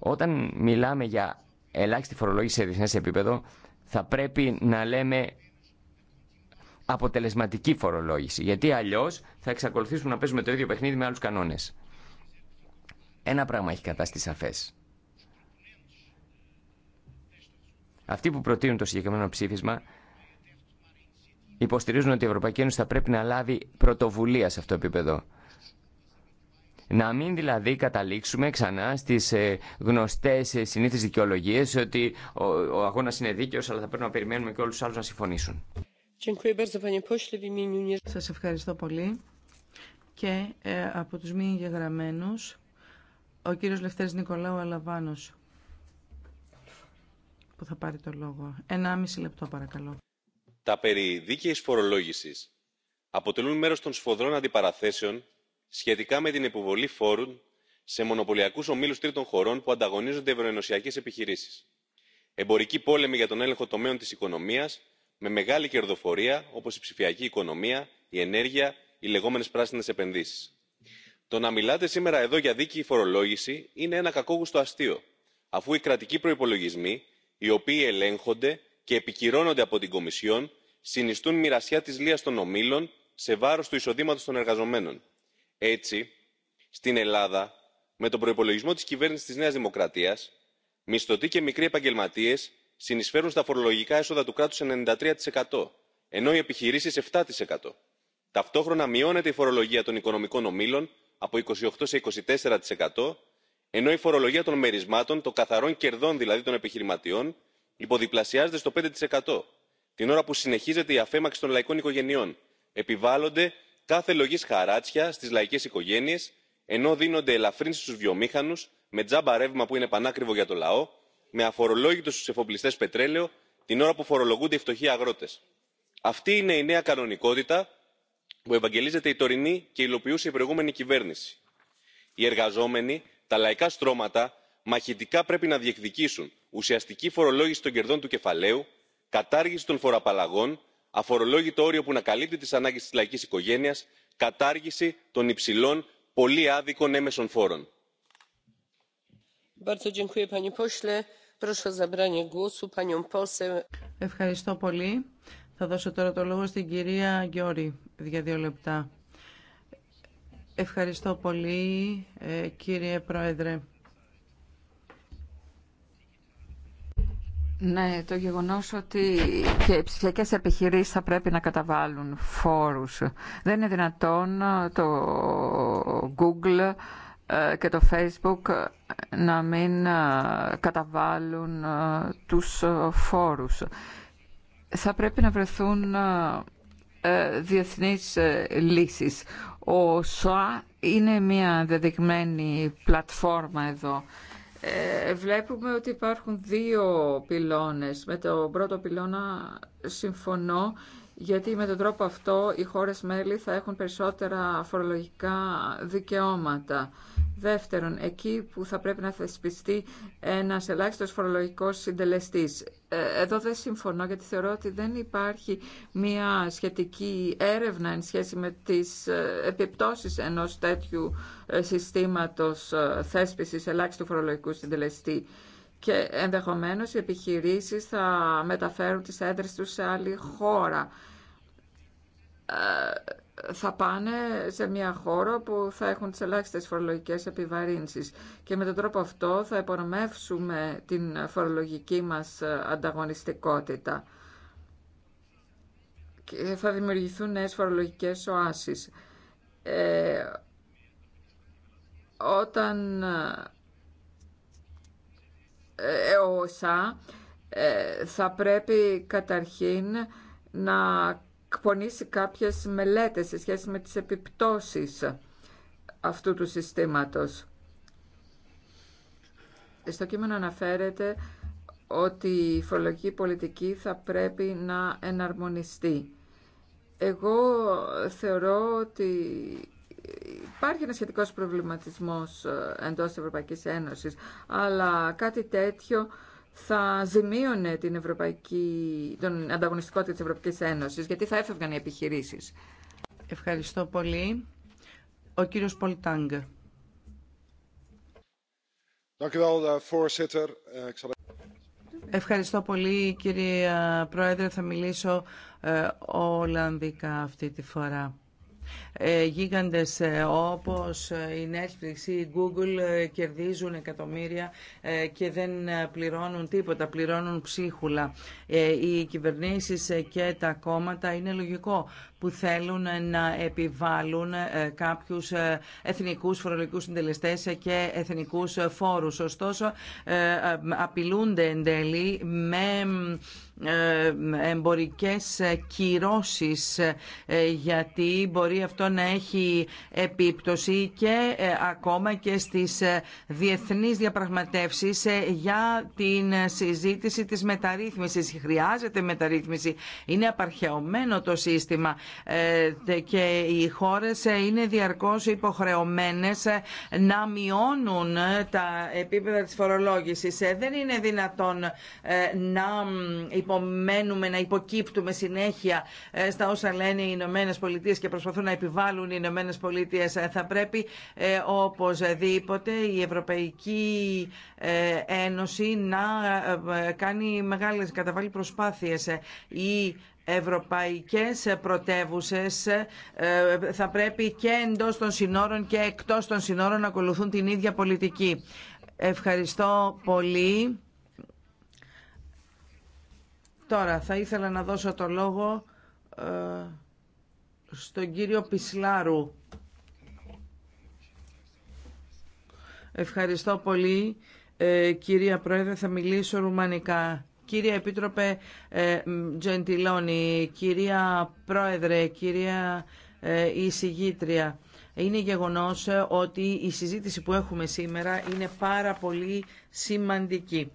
Όταν μιλάμε για ελάχιστη φορολόγηση σε διεθνέ επίπεδο, θα πρέπει να λέμε αποτελεσματική φορολόγηση. Γιατί αλλιώς θα εξακολουθήσουμε να παίζουμε το ίδιο παιχνίδι με άλλους κανόνες. Ένα πράγμα έχει κατάσταση σαφές. Αυτοί που προτείνουν το συγκεκριμένο ψήφισμα υποστηρίζουν ότι η Ευρωπαϊκή Ένωση θα πρέπει να λάβει πρωτοβουλία σε αυτό το επίπεδο. Να μην δηλαδή καταλήξουμε ξανά στις ε, γνωστές ε, συνήθει δικαιολογίε, ότι ο αγώνας είναι δίκαιο, αλλά θα πρέπει να περιμένουμε και όλου του άλλου να συμφωνήσουν. Σα ευχαριστώ πολύ και ε, από τους μη εγγεγραμμένου, ο κύριος Λευτέρη Νικολάου Αλαβάνος που θα πάρει το λόγο. Ένα μισή λεπτό παρακαλώ. Τα περί δίκαιη φορολόγηση αποτελούν μέρος των σφοδρών αντιπαραθέσεων σχετικά με την επιβολή φόρων σε μονοπωλιακούς ομίλους τρίτων χωρών που ανταγωνίζονται ευρωενωσιακές επιχειρήσεις εμπορικοί πόλεμοι για τον έλεγχο τομέων της οικονομίας με μεγάλη κερδοφορία όπως η ψηφιακή οικονομία η ενέργεια οι λεγόμενες πράσινες επενδύσεις. το να μιλάτε σήμερα εδώ για δίκαιη φορολόγηση είναι ένα κακόγουστο αστείο αφού οι κρατικοί προϋπολογισμοί οι οποίοι ελέγχονται και επικυρώνονται από την κομισιόν συνιστούν μοιρασιά τη λίας των ομίλων σε βάρος του εισοδήματος των εργαζομένων έτσι στην ελλάδα με τον προπολογισμό τη κυβέρνηση τη Νέα Δημοκρατία, μισθωτοί και μικροί επαγγελματίε συνεισφέρουν στα φορολογικά έσοδα του κράτου κράτους 93% ενώ οι επιχειρήσεις 7%. Ταυτόχρονα μειώνεται η φορολογία των οικονομικών ομίλων από 28% σε 24% ενώ η φορολογία των μερισμάτων, των καθαρών κερδών δηλαδή των επιχειρηματιών, υποδιπλασιάζεται στο 5%. Την ώρα που συνεχίζεται η αφέμαξη των λαϊκών οικογενειών, επιβάλλονται κάθε λογής χαράτσια στις λαϊκές οικογένειες ενώ δίνονται ελαφρύνσεις στους βιομήχανους με τζάμπα ρεύμα που είναι πανάκριβο για το λαό με αφορολόγητο στους εφοπλιστές πετρέλαιο την ώρα που φορολογούνται οι φτωχοί αγρότες. αυτή είναι η νέα κανονικότητα που ευαγγελίζεται η τωρινή και υλοποιούσε η προηγούμενη κυβέρνηση. οι εργαζόμενοι τα λαϊκά στρώματα μαχητικά πρέπει να διεκδικήσουν ουσιαστική φορολόγηση των κερδών του κεφαλαίου κατάργηση των φοροαπαλλαγών αφορολόγητο όριο που να καλύπτει τις ανάγκες της λαϊκής οικογένειας κατάργηση των υψηλών πολύ άδικων έμεσων φόρων. Ευχαριστώ πολύ. Θα δώσω τώρα το λόγο στην κυρία Γκιόρη για δύο λεπτά. Ευχαριστώ πολύ ε, κύριε Πρόεδρε. Ναι, το γεγονός ότι και οι ψηφιακές επιχειρήσεις θα πρέπει να καταβάλουν φόρους. Δεν είναι δυνατόν το Google ε, και το Facebook ε, να μην ε, καταβάλουν τους φόρους. Θα πρέπει να βρεθούν διεθνείς λύσεις. Ο ΣΟΑ είναι μια δεδειγμένη πλατφόρμα εδώ. Ε, βλέπουμε ότι υπάρχουν δύο πυλώνες. Με το πρώτο πυλώνα συμφωνώ γιατί με τον τρόπο αυτό οι χώρες μέλη θα έχουν περισσότερα φορολογικά δικαιώματα. Δεύτερον, εκεί που θα πρέπει να θεσπιστεί ένας ελάχιστος φορολογικός συντελεστής. Ε, εδώ δεν συμφωνώ γιατί θεωρώ ότι δεν υπάρχει μια σχετική έρευνα εν σχέση με τις ε, επιπτώσεις ενός τέτοιου ε, συστήματος θέσπισης ελάχιστου φορολογικού συντελεστή και ενδεχομένως οι επιχειρήσεις θα μεταφέρουν τις έντρες τους σε άλλη χώρα. Ε, θα πάνε σε μια χώρα που θα έχουν τις ελάχιστες φορολογικές επιβαρύνσεις και με τον τρόπο αυτό θα υπονομεύσουμε την φορολογική μας ανταγωνιστικότητα και θα δημιουργηθούν νέες φορολογικές οάσεις. Ε, όταν ε, ε, ε, θα πρέπει καταρχήν να εκπονήσει κάποιες μελέτες σε σχέση με τις επιπτώσεις αυτού του συστήματος. Στο κείμενο αναφέρεται ότι η φορολογική πολιτική θα πρέπει να εναρμονιστεί. Εγώ θεωρώ ότι υπάρχει ένα σχετικός προβληματισμός ε, εντός της Ευρωπαϊκής Ένωσης, αλλά κάτι τέτοιο θα ζημίωνε την ευρωπαϊκή, τον ανταγωνιστικότητα της Ευρωπαϊκής Ένωσης, γιατί θα έφευγαν οι επιχειρήσεις. Ευχαριστώ πολύ. Ο κύριος Πολιτάγκ. Eh, eh, Ευχαριστώ πολύ κύριε ε, Πρόεδρε. Θα μιλήσω ε, Ολλανδικά αυτή τη φορά. Ε, γίγαντες ε, όπως η Netflix ή η Google ε, κερδίζουν εκατομμύρια και δεν πληρώνουν τίποτα, πληρώνουν ψίχουλα. Οι κυβερνήσεις και τα κόμματα είναι λογικό που θέλουν να επιβάλλουν ε, κάποιους ε, εθνικούς φορολογικούς συντελεστές και εθνικούς φόρους. Ωστόσο, ε, απειλούνται εν τέλει με εμπορικές κυρώσεις γιατί μπορεί αυτό να έχει επίπτωση και ακόμα και στις διεθνείς διαπραγματεύσεις για την συζήτηση της μεταρρύθμισης. Χρειάζεται μεταρρύθμιση. Είναι απαρχαιωμένο το σύστημα ε, και οι χώρες ε, είναι διαρκώς υποχρεωμένες ε, να μειώνουν τα επίπεδα της φορολόγησης. Δεν είναι δυνατόν να υπομένουμε, να υποκύπτουμε συνέχεια στα όσα λένε οι Ηνωμένε Πολιτείε και προσπαθούν να επιβάλλουν οι Ηνωμένε Πολιτείε. Θα πρέπει οπωσδήποτε η Ευρωπαϊκή Ένωση να κάνει μεγάλες καταβάλει προσπάθειες. Η ευρωπαϊκές πρωτεύουσες ε, θα πρέπει και εντός των συνόρων και εκτός των συνόρων να ακολουθούν την ίδια πολιτική. Ευχαριστώ πολύ. Τώρα θα ήθελα να δώσω το λόγο ε, στον κύριο Πισλάρου. Ευχαριστώ πολύ. Ε, κυρία Πρόεδρε, θα μιλήσω ρουμανικά. Κύριε Επίτροπε ε, Τζεντιλόνι, κυρία Πρόεδρε, κυρία ε, εισηγήτρια, είναι γεγονός ε, ότι η συζήτηση που έχουμε σήμερα είναι πάρα πολύ σημαντική.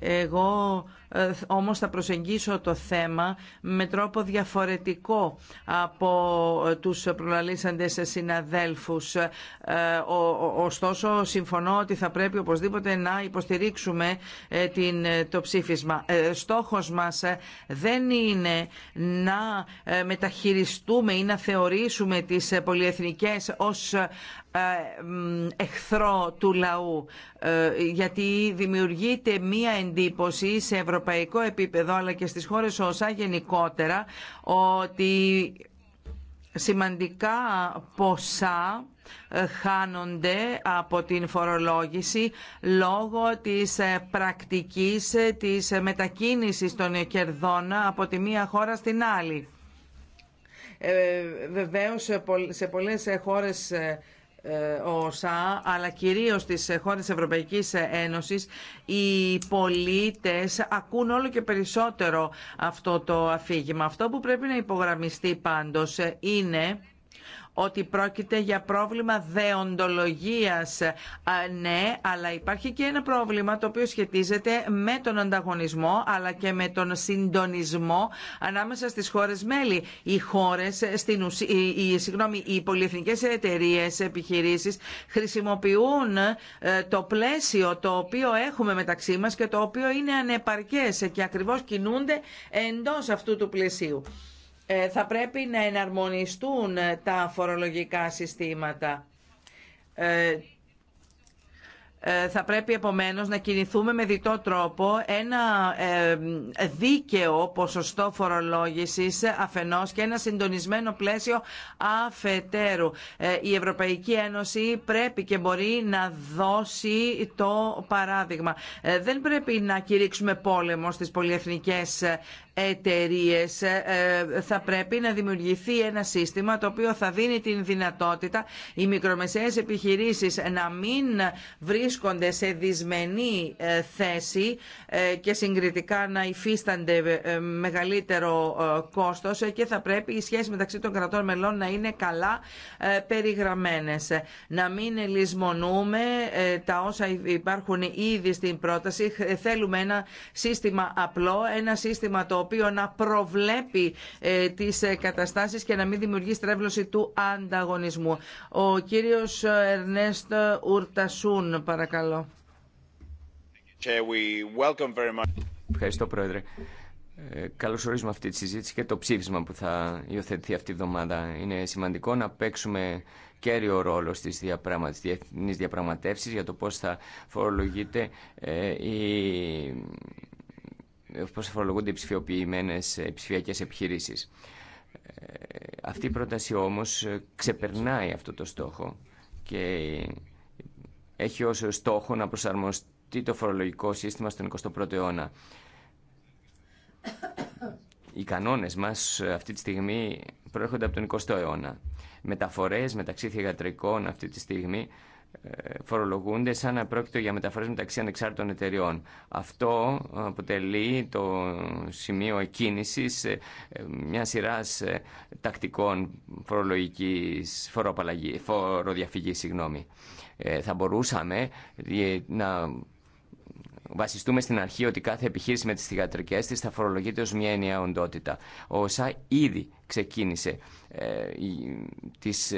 Εγώ ε, όμως θα προσεγγίσω το θέμα με τρόπο διαφορετικό από ε, τους προλαλήσαντες συναδέλφους. Ε, ωστόσο, συμφωνώ ότι θα πρέπει οπωσδήποτε να υποστηρίξουμε το ψήφισμα. Στόχος μας δεν είναι να μεταχειριστούμε ή να θεωρήσουμε τις πολυεθνικές ως εχθρό του λαού, γιατί δημιουργείται μία εντύπωση σε Ευρωπαϊκή ευρωπαϊκό επίπεδο αλλά και στις χώρες όσα γενικότερα ότι σημαντικά ποσά ε, χάνονται από την φορολόγηση λόγω της ε, πρακτικής ε, της μετακίνησης των κερδών από τη μία χώρα στην άλλη. Ε, βεβαίως σε πολλές χώρες ΩΣΑ, ε, αλλά κυρίως στις χώρες Ευρωπαϊκής Ένωσης, οι πολίτες ακούν όλο και περισσότερο αυτό το αφήγημα. Αυτό που πρέπει να υπογραμμιστεί πάντως ε, είναι ότι πρόκειται για πρόβλημα δεοντολογίας. Ναι, αλλά υπάρχει και ένα πρόβλημα το οποίο σχετίζεται με τον ανταγωνισμό αλλά και με τον συντονισμό ανάμεσα στις χώρες μέλη. Οι χώρες, στην ουσ... οι, συγγνώμη, οι πολυεθνικές εταιρείες, επιχειρήσεις χρησιμοποιούν ε, το πλαίσιο το οποίο έχουμε μεταξύ μας και το οποίο είναι ανεπαρκές και ακριβώς κινούνται εντός αυτού του πλαισίου. Ε, θα πρέπει να εναρμονιστούν τα φορολογικά συστήματα. Ε, ε, θα πρέπει επομένως να κινηθούμε με διτό τρόπο ένα δίκαιο ποσοστό φορολόγησης αφενός και ένα συντονισμένο πλαίσιο αφετέρου. Η Ευρωπαϊκή Ένωση πρέπει και μπορεί να δώσει το παράδειγμα. Δεν πρέπει να κηρύξουμε πόλεμο στις πολυεθνικές εταιρείε ε, ε, θα πρέπει να δημιουργηθεί ένα σύστημα το οποίο θα δίνει την δυνατότητα οι μικρομεσαίες επιχειρήσεις να μην βρίσκονται σε δυσμενή ε, θέση και συγκριτικά να υφίστανται μεγαλύτερο κόστος και θα πρέπει οι σχέσεις μεταξύ των κρατών μελών να είναι καλά περιγραμμένες. Να μην λησμονούμε τα όσα υπάρχουν ήδη στην πρόταση. Θέλουμε ένα σύστημα απλό, ένα σύστημα το οποίο να προβλέπει ε, τις ε, καταστάσεις και να μην δημιουργεί στρέβλωση του ανταγωνισμού. Ο κύριος Ερνέστ Ουρτασούν, παρακαλώ. Ευχαριστώ, Πρόεδρε. Ε, Καλώς ορίζουμε αυτή τη συζήτηση και το ψήφισμα που θα υιοθετηθεί αυτή τη εβδομάδα. Είναι σημαντικό να παίξουμε κέριο ρόλο στις διεθνείς διαπραγματεύσεις για το πώς θα φορολογείται η ε, πώς αφορολογούνται οι ψηφιοποιημένες ε, ψηφιακές επιχειρήσεις. Ε, αυτή η πρόταση όμως ξεπερνάει αυτό το στόχο και έχει ως στόχο να προσαρμοστεί το φορολογικό σύστημα στον 21ο αιώνα. Οι κανόνες μας αυτή τη στιγμή προέρχονται από τον 20ο αιώνα. Μεταφορές μεταξύ θηγατρικών αυτή τη στιγμή φορολογούνται σαν να πρόκειται για μεταφορές μεταξύ ανεξάρτητων εταιριών. Αυτό αποτελεί το σημείο εκκίνησης ε, ε, μια σειράς ε, τακτικών φορολογικής φοροδιαφυγής. Θα μπορούσαμε να βασιστούμε στην αρχή ότι κάθε επιχείρηση με τις θηγατρικές της θα φορολογείται ως μια ενιαία οντότητα. Ο ήδη ξεκίνησε ε, τις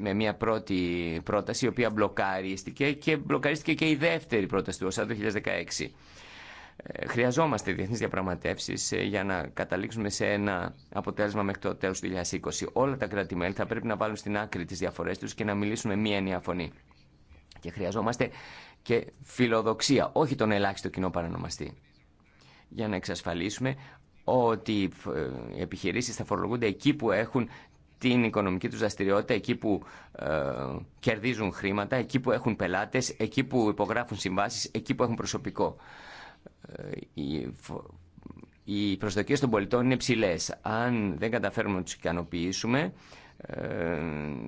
με μια πρώτη πρόταση η οποία μπλοκαρίστηκε και μπλοκαρίστηκε και η δεύτερη πρόταση του ΩΣΑ το 2016. Χρειαζόμαστε διεθνείς διαπραγματεύσεις ε, για να καταλήξουμε σε ένα αποτέλεσμα μέχρι το τέλος του 2020. Όλα τα κράτη-μέλη θα πρέπει να βάλουν στην άκρη τις διαφορές τους και να μιλήσουμε με μία ενιαία φωνή. Και χρειαζόμαστε και φιλοδοξία, όχι τον ελάχιστο κοινό παρανομαστή. Για να εξασφαλίσουμε ότι ε, οι επιχειρήσεις θα φορολογούνται εκεί που έχουν την οικονομική τους δραστηριότητα εκεί που ε, κερδίζουν χρήματα, εκεί που έχουν πελάτες, εκεί που υπογράφουν συμβάσεις, εκεί που έχουν προσωπικό. Ε, οι, οι προσδοκίες των πολιτών είναι ψηλές. Αν δεν καταφέρουμε να τους ικανοποιήσουμε, ε,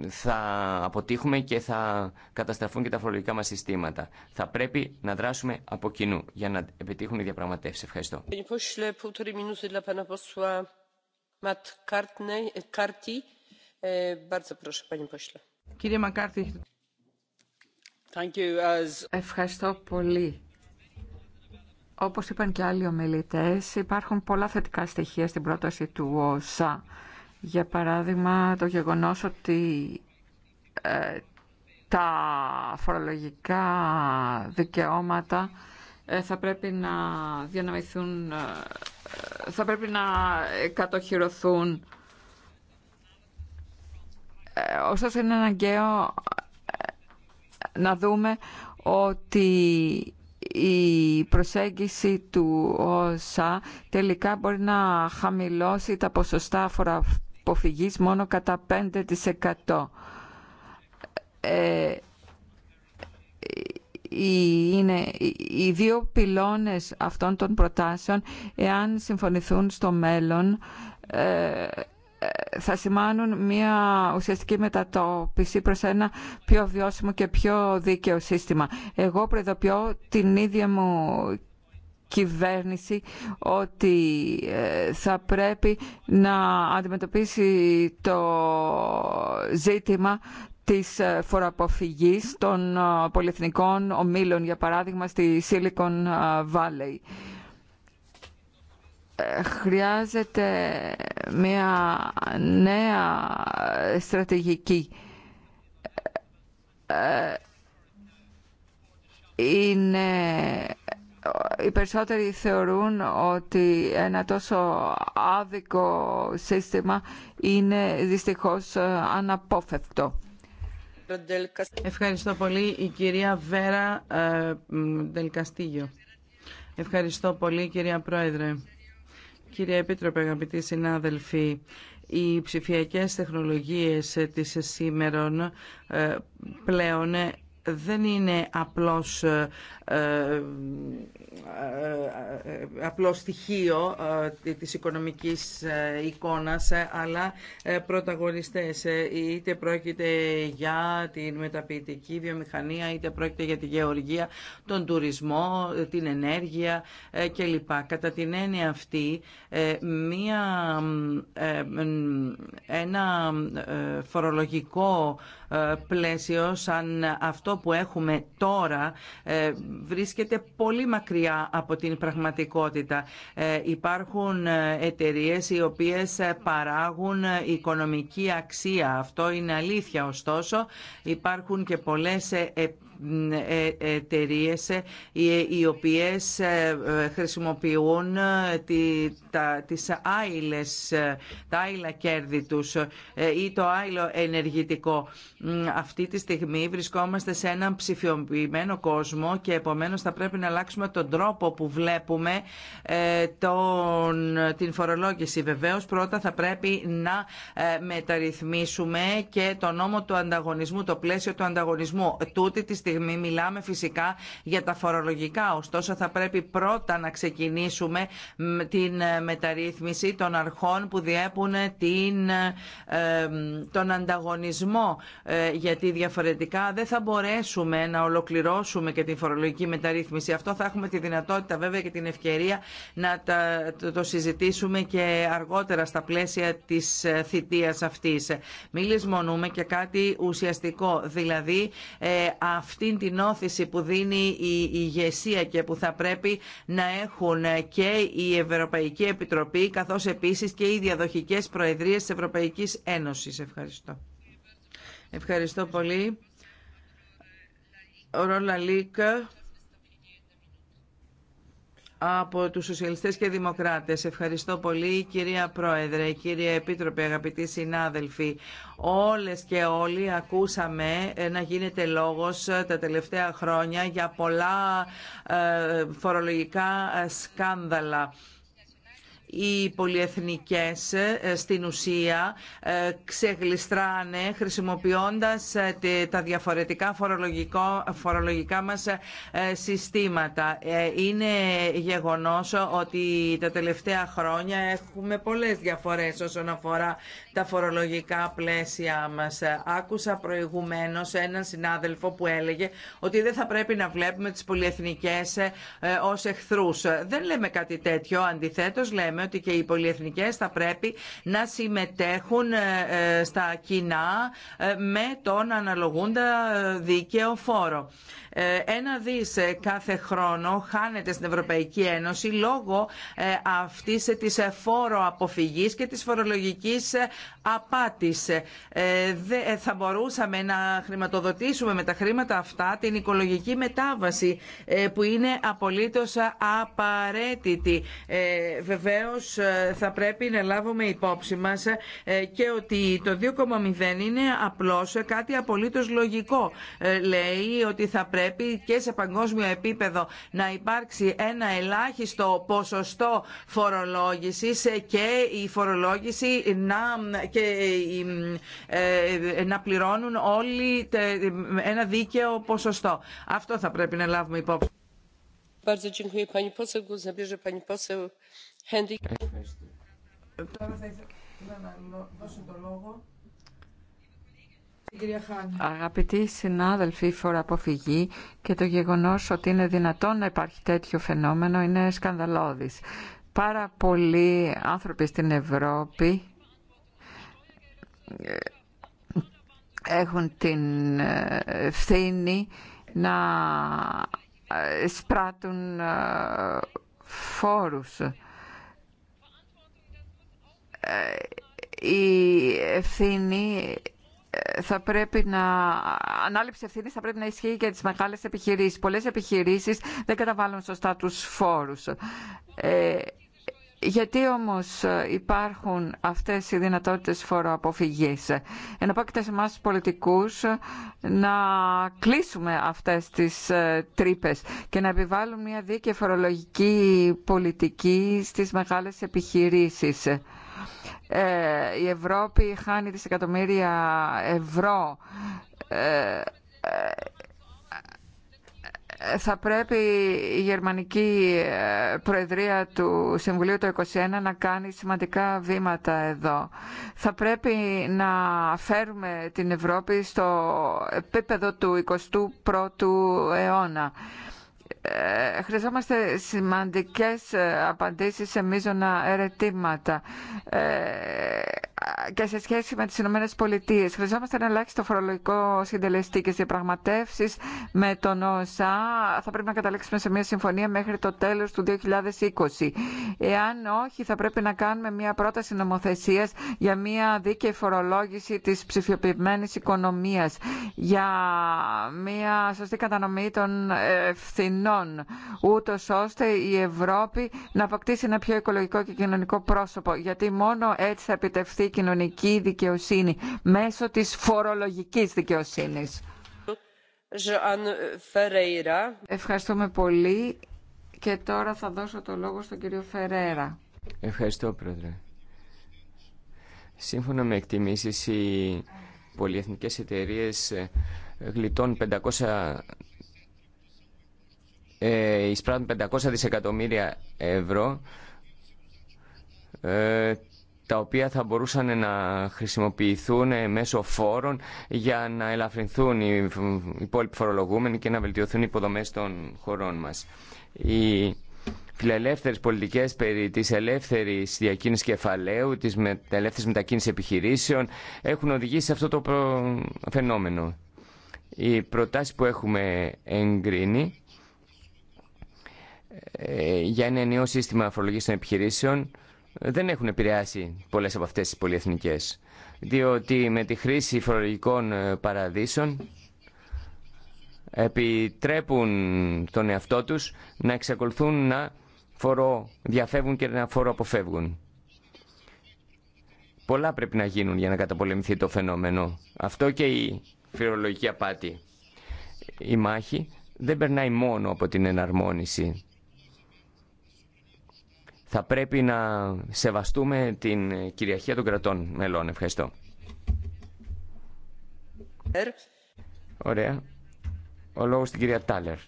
θα αποτύχουμε και θα καταστραφούν και τα φορολογικά μας συστήματα. Θα πρέπει να δράσουμε από κοινού για να επιτύχουν οι διαπραγματεύσεις. Ευχαριστώ. E, Κύριε Μακάρτη, ευχαριστώ πολύ. Όπως είπαν και άλλοι ομιλητές, υπάρχουν πολλά θετικά στοιχεία στην πρόταση του ΩΣΑ. Για παράδειγμα, το γεγονός ότι ε, τα φορολογικά δικαιώματα ε, θα πρέπει να ε, θα πρέπει να κατοχυρωθούν ε, ωστόσο είναι αναγκαίο ε, να δούμε ότι η προσέγγιση του ΩΣΑ τελικά μπορεί να χαμηλώσει τα ποσοστά αποφυγής μόνο κατά 5%. Ε, είναι οι δύο πυλώνες αυτών των προτάσεων, εάν συμφωνηθούν στο μέλλον, ε, θα σημάνουν μια ουσιαστική μετατόπιση προς ένα πιο βιώσιμο και πιο δίκαιο σύστημα. Εγώ προειδοποιώ την ίδια μου κυβέρνηση ότι ε, θα πρέπει να αντιμετωπίσει το ζήτημα της ε, φοροαποφυγής των ε, πολυεθνικών ομίλων, για παράδειγμα στη Silicon Valley χρειάζεται μια νέα στρατηγική. Είναι... Οι περισσότεροι θεωρούν ότι ένα τόσο άδικο σύστημα είναι δυστυχώς αναπόφευκτο. Ευχαριστώ πολύ η κυρία Βέρα ε, Δελκαστίγιο. Ευχαριστώ πολύ κυρία Πρόεδρε. Κύριε Επίτροπε, αγαπητοί συνάδελφοι, οι ψηφιακές τεχνολογίες της σήμερα ε, πλέον δεν είναι απλώς, ε, ε, ε, στοιχείο της οικονομικής εικόνας, αλλά πρωταγωνιστές. Είτε πρόκειται για την μεταποιητική βιομηχανία, είτε πρόκειται για τη γεωργία, τον τουρισμό, την ενέργεια κλπ. Κατά την έννοια αυτή, μία, ένα φορολογικό ε, πλαίσιο σαν αυτό που έχουμε τώρα ε, βρίσκεται πολύ μακριά από την πραγματικότητα. Ε, υπάρχουν εταιρείες οι οποίες παράγουν οικονομική αξία. Αυτό είναι αλήθεια ωστόσο. Υπάρχουν και πολλές ε, εταιρείε οι οποίες ε, χρησιμοποιούν ε, τις άειλες, τα άειλα κέρδη τους ή το άειλο ενεργητικό. Αυτή τη στιγμή βρισκόμαστε σε έναν ψηφιοποιημένο κόσμο και επομένως θα πρέπει να αλλάξουμε τον τρόπο που βλέπουμε τον, την φορολόγηση. Βεβαίως πρώτα θα πρέπει να μεταρρυθμίσουμε και το νόμο του ανταγωνισμού, το πλαίσιο του ανταγωνισμού. Τούτη τη στιγμή μιλάμε φυσικά για τα φορολογικά. Ωστόσο θα πρέπει πρώτα να ξεκινήσουμε την ε, μεταρρύθμιση των αρχών που διέπουν την, ε, τον ανταγωνισμό. Ε, γιατί διαφορετικά δεν θα μπορέσουμε να ολοκληρώσουμε και την φορολογική μεταρρύθμιση. Αυτό θα έχουμε τη δυνατότητα βέβαια και την ευκαιρία να το συζητήσουμε και αργότερα στα πλαίσια της θητείας αυτής. Μη και κάτι ουσιαστικό, δηλαδή αυτήν την όθηση που δίνει η ηγεσία και που θα πρέπει να έχουν και η Ευρωπαϊκή Επιτροπή καθώς επίσης και οι διαδοχικές προεδρίες της Ευρωπαϊκής Ένωσης. Ευχαριστώ. Ευχαριστώ πολύ από τους Σοσιαλιστές και Δημοκράτες. Ευχαριστώ πολύ κυρία Πρόεδρε, κύρια Επίτροπε, αγαπητοί συνάδελφοι. Όλες και όλοι ακούσαμε ε, να γίνεται λόγος ε, τα τελευταία χρόνια για πολλά ε, φορολογικά σκάνδαλα οι πολυεθνικές ε, στην ουσία ε, ξεγλιστράνε χρησιμοποιώντας ε, τα διαφορετικά φορολογικά μας συστήματα. Είναι γεγονός ότι τα τελευταία χρόνια έχουμε πολλές διαφορές όσον αφορά τα φορολογικά πλαίσια μας. Άκουσα προηγουμένως έναν συνάδελφο που έλεγε ότι δεν θα πρέπει να βλέπουμε τις πολυεθνικές ως εχθρούς. Δεν λέμε κάτι τέτοιο, αντιθέτως λέμε ότι και οι πολυεθνικές θα πρέπει να συμμετέχουν ε, ε, στα κοινά ε, με τον αναλογούντα δίκαιο φόρο. Ένα δις κάθε χρόνο χάνεται στην Ευρωπαϊκή Ένωση λόγω αυτής της φόρο αποφυγής και της φορολογικής απάτης. Θα μπορούσαμε να χρηματοδοτήσουμε με τα χρήματα αυτά την οικολογική μετάβαση που είναι απολύτως απαραίτητη. Βεβαίω βεβαίως ε, θα πρέπει να λάβουμε υπόψη μας ε, και ότι το 2,0 είναι απλώς κάτι απολύτως λογικό. Ε, λέει ότι θα πρέπει και σε παγκόσμιο επίπεδο να υπάρξει ένα ελάχιστο ποσοστό φορολόγησης και η φορολόγηση να, και, να πληρώνουν όλοι ένα δίκαιο ποσοστό. Αυτό θα πρέπει να λάβουμε υπόψη. Αγαπητοί συνάδελφοι, η φορά και το γεγονός ότι είναι δυνατόν να υπάρχει τέτοιο φαινόμενο είναι σκανδαλώδης. Πάρα πολλοί άνθρωποι στην Ευρώπη ε, έχουν την ε, ευθύνη να ε, εισπράττουν ε, φόρους. Ε, η ευθύνη θα πρέπει να ανάληψη ευθύνη θα πρέπει να ισχύει για τις μεγάλες επιχειρήσεις. Πολλές επιχειρήσεις δεν καταβάλουν σωστά τους φόρους. Γιατί όμως υπάρχουν αυτές οι δυνατότητες φοροαποφυγής. Εναπόκειται σε εμάς του πολιτικούς να κλείσουμε αυτές τις ε, τρύπε και να επιβάλλουμε μια δίκαιη φορολογική πολιτική στις μεγάλες επιχειρήσεις. Ε, η Ευρώπη χάνει δισεκατομμύρια ευρώ ε, θα πρέπει η Γερμανική ε, Προεδρία του Συμβουλίου το 2021 να κάνει σημαντικά βήματα εδώ. Θα πρέπει να φέρουμε την Ευρώπη στο επίπεδο του 21ου αιώνα. Ε, χρειαζόμαστε σημαντικές ε, απαντήσεις σε μείζωνα ερετήματα ε, και σε σχέση με τις Ηνωμένε Πολιτείε. Χρειαζόμαστε ένα ελάχιστο φορολογικό συντελεστή και στις με τον ΩΣΑ θα πρέπει να καταλήξουμε σε μια συμφωνία μέχρι το τέλος του 2020. Εάν όχι θα πρέπει να κάνουμε μια πρόταση νομοθεσίας για μια δίκαιη φορολόγηση της ψηφιοποιημένης οικονομίας, για μια σωστή κατανομή των ευθυνών δαπανών, ούτω ώστε η Ευρώπη να αποκτήσει ένα πιο οικολογικό και κοινωνικό πρόσωπο. Γιατί μόνο έτσι θα επιτευχθεί η κοινωνική δικαιοσύνη μέσω τη φορολογική δικαιοσύνη. Ευχαριστούμε πολύ και τώρα θα δώσω το λόγο στον κύριο Φερέρα. Ευχαριστώ, Πρόεδρε. Σύμφωνα με εκτιμήσεις, οι πολυεθνικές εταιρείες ε, γλιτώνουν 500 ε, εισπράττουν 500 δισεκατομμύρια ευρώ ε, τα οποία θα μπορούσαν να χρησιμοποιηθούν ε, μέσω φόρων για να ελαφρυνθούν οι υπόλοιποι φορολογούμενοι και να βελτιωθούν οι υποδομές των χωρών μας. Οι φιλελεύθερες πολιτικές περί της ελεύθερης διακίνησης κεφαλαίου, της με, ελεύθερης μετακίνησης επιχειρήσεων έχουν οδηγήσει σε αυτό το φαινόμενο. Οι προτάσεις που έχουμε εγκρίνει ε, για ένα νέο σύστημα φορολογής των επιχειρήσεων ε, δεν έχουν επηρεάσει πολλές από αυτές τις πολυεθνικές. Διότι με τη χρήση φορολογικών ε, παραδείσων επιτρέπουν τον εαυτό τους να εξακολουθούν να διαφεύγουν και να φοροαποφεύγουν. Πολλά πρέπει να γίνουν για να καταπολεμηθεί το φαινόμενο. Αυτό και η φορολογική απάτη. Η μάχη δεν περνάει μόνο από την εναρμόνιση θα πρέπει να σεβαστούμε την κυριαρχία των κρατών μελών. Ευχαριστώ. Ωραία. Ο λόγος στην κυρία Τάλερ.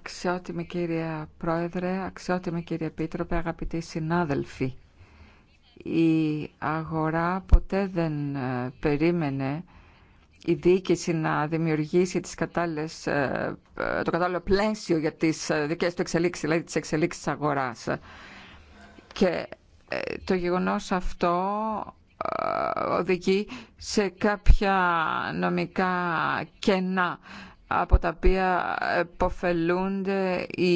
Αξιότιμη κυρία Πρόεδρε, αξιότιμη κύριε Επίτροπε, αγαπητοί συνάδελφοι. Η αγορά ποτέ δεν ε, περίμενε η διοίκηση να δημιουργήσει τις ε, ε, το κατάλληλο πλαίσιο για τις ε, δικές του εξελίξεις, δηλαδή τις εξελίξεις της αγοράς. Και το γεγονός αυτό οδηγεί σε κάποια νομικά κενά από τα οποία υποφελούνται οι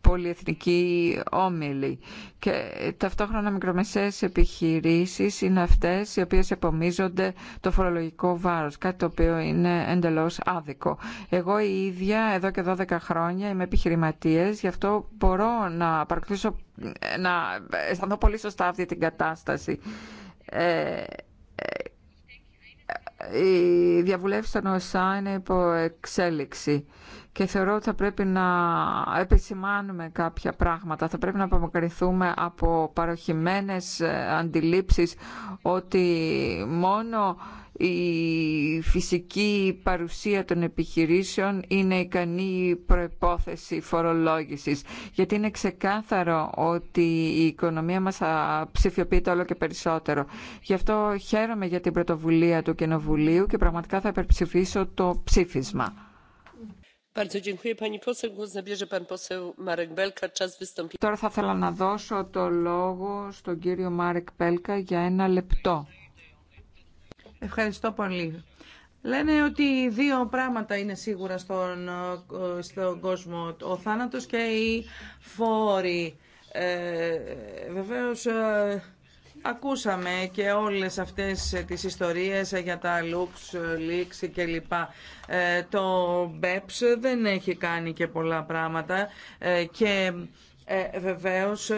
πολυεθνικοί όμιλη και ταυτόχρονα μικρομεσαίες επιχειρήσεις είναι αυτές οι οποίες επομίζονται το φορολογικό βάρος, κάτι το οποίο είναι εντελώς άδικο. Εγώ η ίδια εδώ και 12 χρόνια είμαι επιχειρηματίες, γι' αυτό μπορώ να παρακολουθήσω, να αισθανθώ πολύ σωστά αυτή την κατάσταση. Ε, ε, ε η των ΟΣΑ είναι υπό εξέλιξη και θεωρώ ότι θα πρέπει να επισημάνουμε κάποια πράγματα. Θα πρέπει να απομακρυνθούμε από παροχημένες ε, αντιλήψεις ότι μόνο η φυσική παρουσία των επιχειρήσεων είναι ικανή προϋπόθεση φορολόγησης. Γιατί είναι ξεκάθαρο ότι η οικονομία μας θα ψηφιοποιείται όλο και περισσότερο. Γι' αυτό χαίρομαι για την πρωτοβουλία του Κοινοβουλίου και πραγματικά θα υπερψηφίσω το ψήφισμα. Τώρα θα ήθελα να δώσω το λόγο στον κύριο Μάρεκ Πέλκα για ένα λεπτό. Ευχαριστώ πολύ. Λένε ότι δύο πράγματα είναι σίγουρα στον, στον κόσμο. Ο θάνατος και οι φόροι. Ε, βεβαίως... Ε, Ακούσαμε και όλες αυτές τις ιστορίες για τα Lux, Leaks και λοιπά. Ε, το BEPS δεν έχει κάνει και πολλά πράγματα ε, και ε, βεβαίως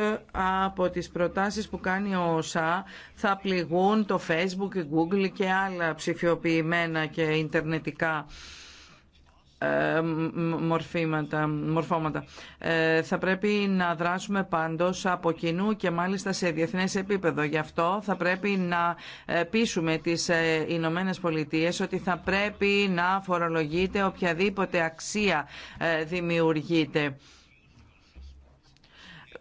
από τις προτάσεις που κάνει ο ΩΣΑ θα πληγούν το Facebook, Google και άλλα ψηφιοποιημένα και ιντερνετικά ε, μορφήματα, μορφώματα. Ε, θα πρέπει να δράσουμε πάντως από κοινού και μάλιστα σε διεθνές επίπεδο. Γι' αυτό θα πρέπει να ε, πείσουμε τις Ηνωμένε Πολιτείες ότι θα πρέπει να φορολογείται οποιαδήποτε αξία δημιουργείται.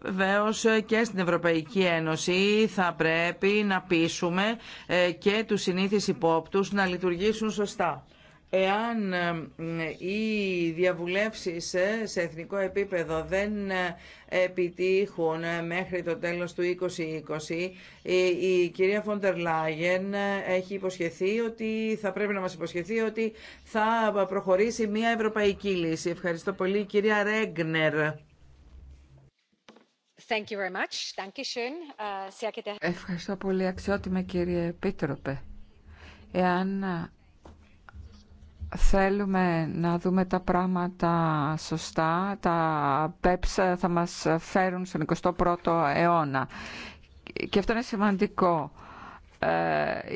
Βεβαίω και στην Ευρωπαϊκή Ένωση θα πρέπει να πείσουμε και τους συνήθεις υπόπτους να λειτουργήσουν σωστά εάν ε, οι διαβουλεύσεις ε, σε εθνικό επίπεδο δεν ε, επιτύχουν μέχρι το τέλος του 2020, η κυρία Φόντερ Λάγεν έχει υποσχεθεί ότι θα πρέπει να μας υποσχεθεί ότι θα προχωρήσει μια ευρωπαϊκή λύση. Ευχαριστώ πολύ κυρία Ρέγνερ. Thank you very much. Ευχαριστώ πολύ αξιότιμε κύριε πίτροπε. Εάν θέλουμε να δούμε τα πράγματα σωστά, τα ΠΕΠΣ θα μας φέρουν στον 21ο αιώνα. Και αυτό είναι σημαντικό.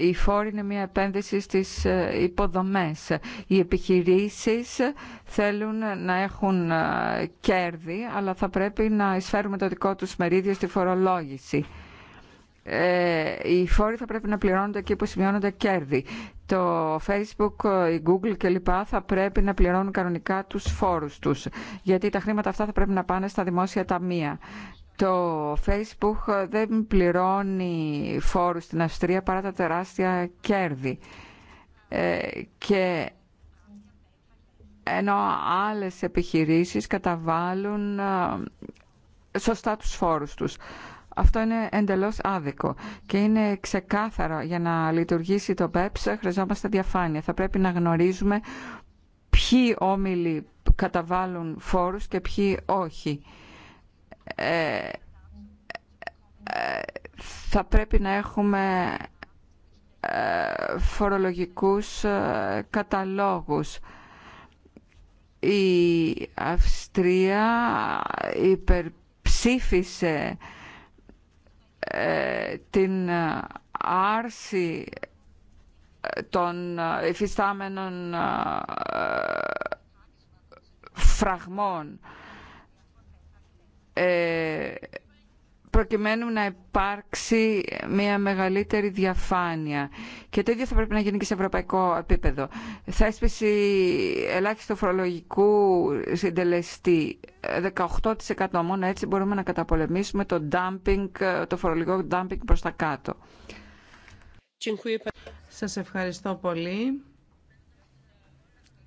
Η ε, φόρη είναι μια επένδυση στις ε, υποδομές. Οι επιχειρήσεις θέλουν να έχουν ε, κέρδη, αλλά θα πρέπει να εισφέρουμε το δικό τους μερίδιο στη φορολόγηση. Οι φόροι θα πρέπει να πληρώνονται εκεί που σημειώνονται κέρδη το Facebook, η Google κλπ. θα πρέπει να πληρώνουν κανονικά τους φόρους τους, γιατί τα χρήματα αυτά θα πρέπει να πάνε στα δημόσια ταμεία. Το Facebook δεν πληρώνει φόρους στην Αυστρία παρά τα τεράστια κέρδη. Ε, και ενώ άλλες επιχειρήσεις καταβάλουν ε, σωστά τους φόρους τους. Αυτό είναι εντελώς άδικο και είναι ξεκάθαρο για να λειτουργήσει το ΠΕΠΣ χρειαζόμαστε διαφάνεια. Θα πρέπει να γνωρίζουμε ποιοι όμιλοι καταβάλουν φόρους και ποιοι όχι. Ε, ε, θα πρέπει να έχουμε ε, φορολογικούς καταλόγους. Η Αυστρία υπερψήφισε την άρση των υφιστάμενων ε, φραγμών ε, προκειμένου να υπάρξει μια μεγαλύτερη διαφάνεια. Και το ίδιο θα πρέπει να γίνει και σε ευρωπαϊκό επίπεδο. Θέσπιση ελάχιστο φορολογικού συντελεστή 18% μόνο έτσι μπορούμε να καταπολεμήσουμε το, dumping, το φορολογικό dumping προς τα κάτω. Σας ευχαριστώ πολύ.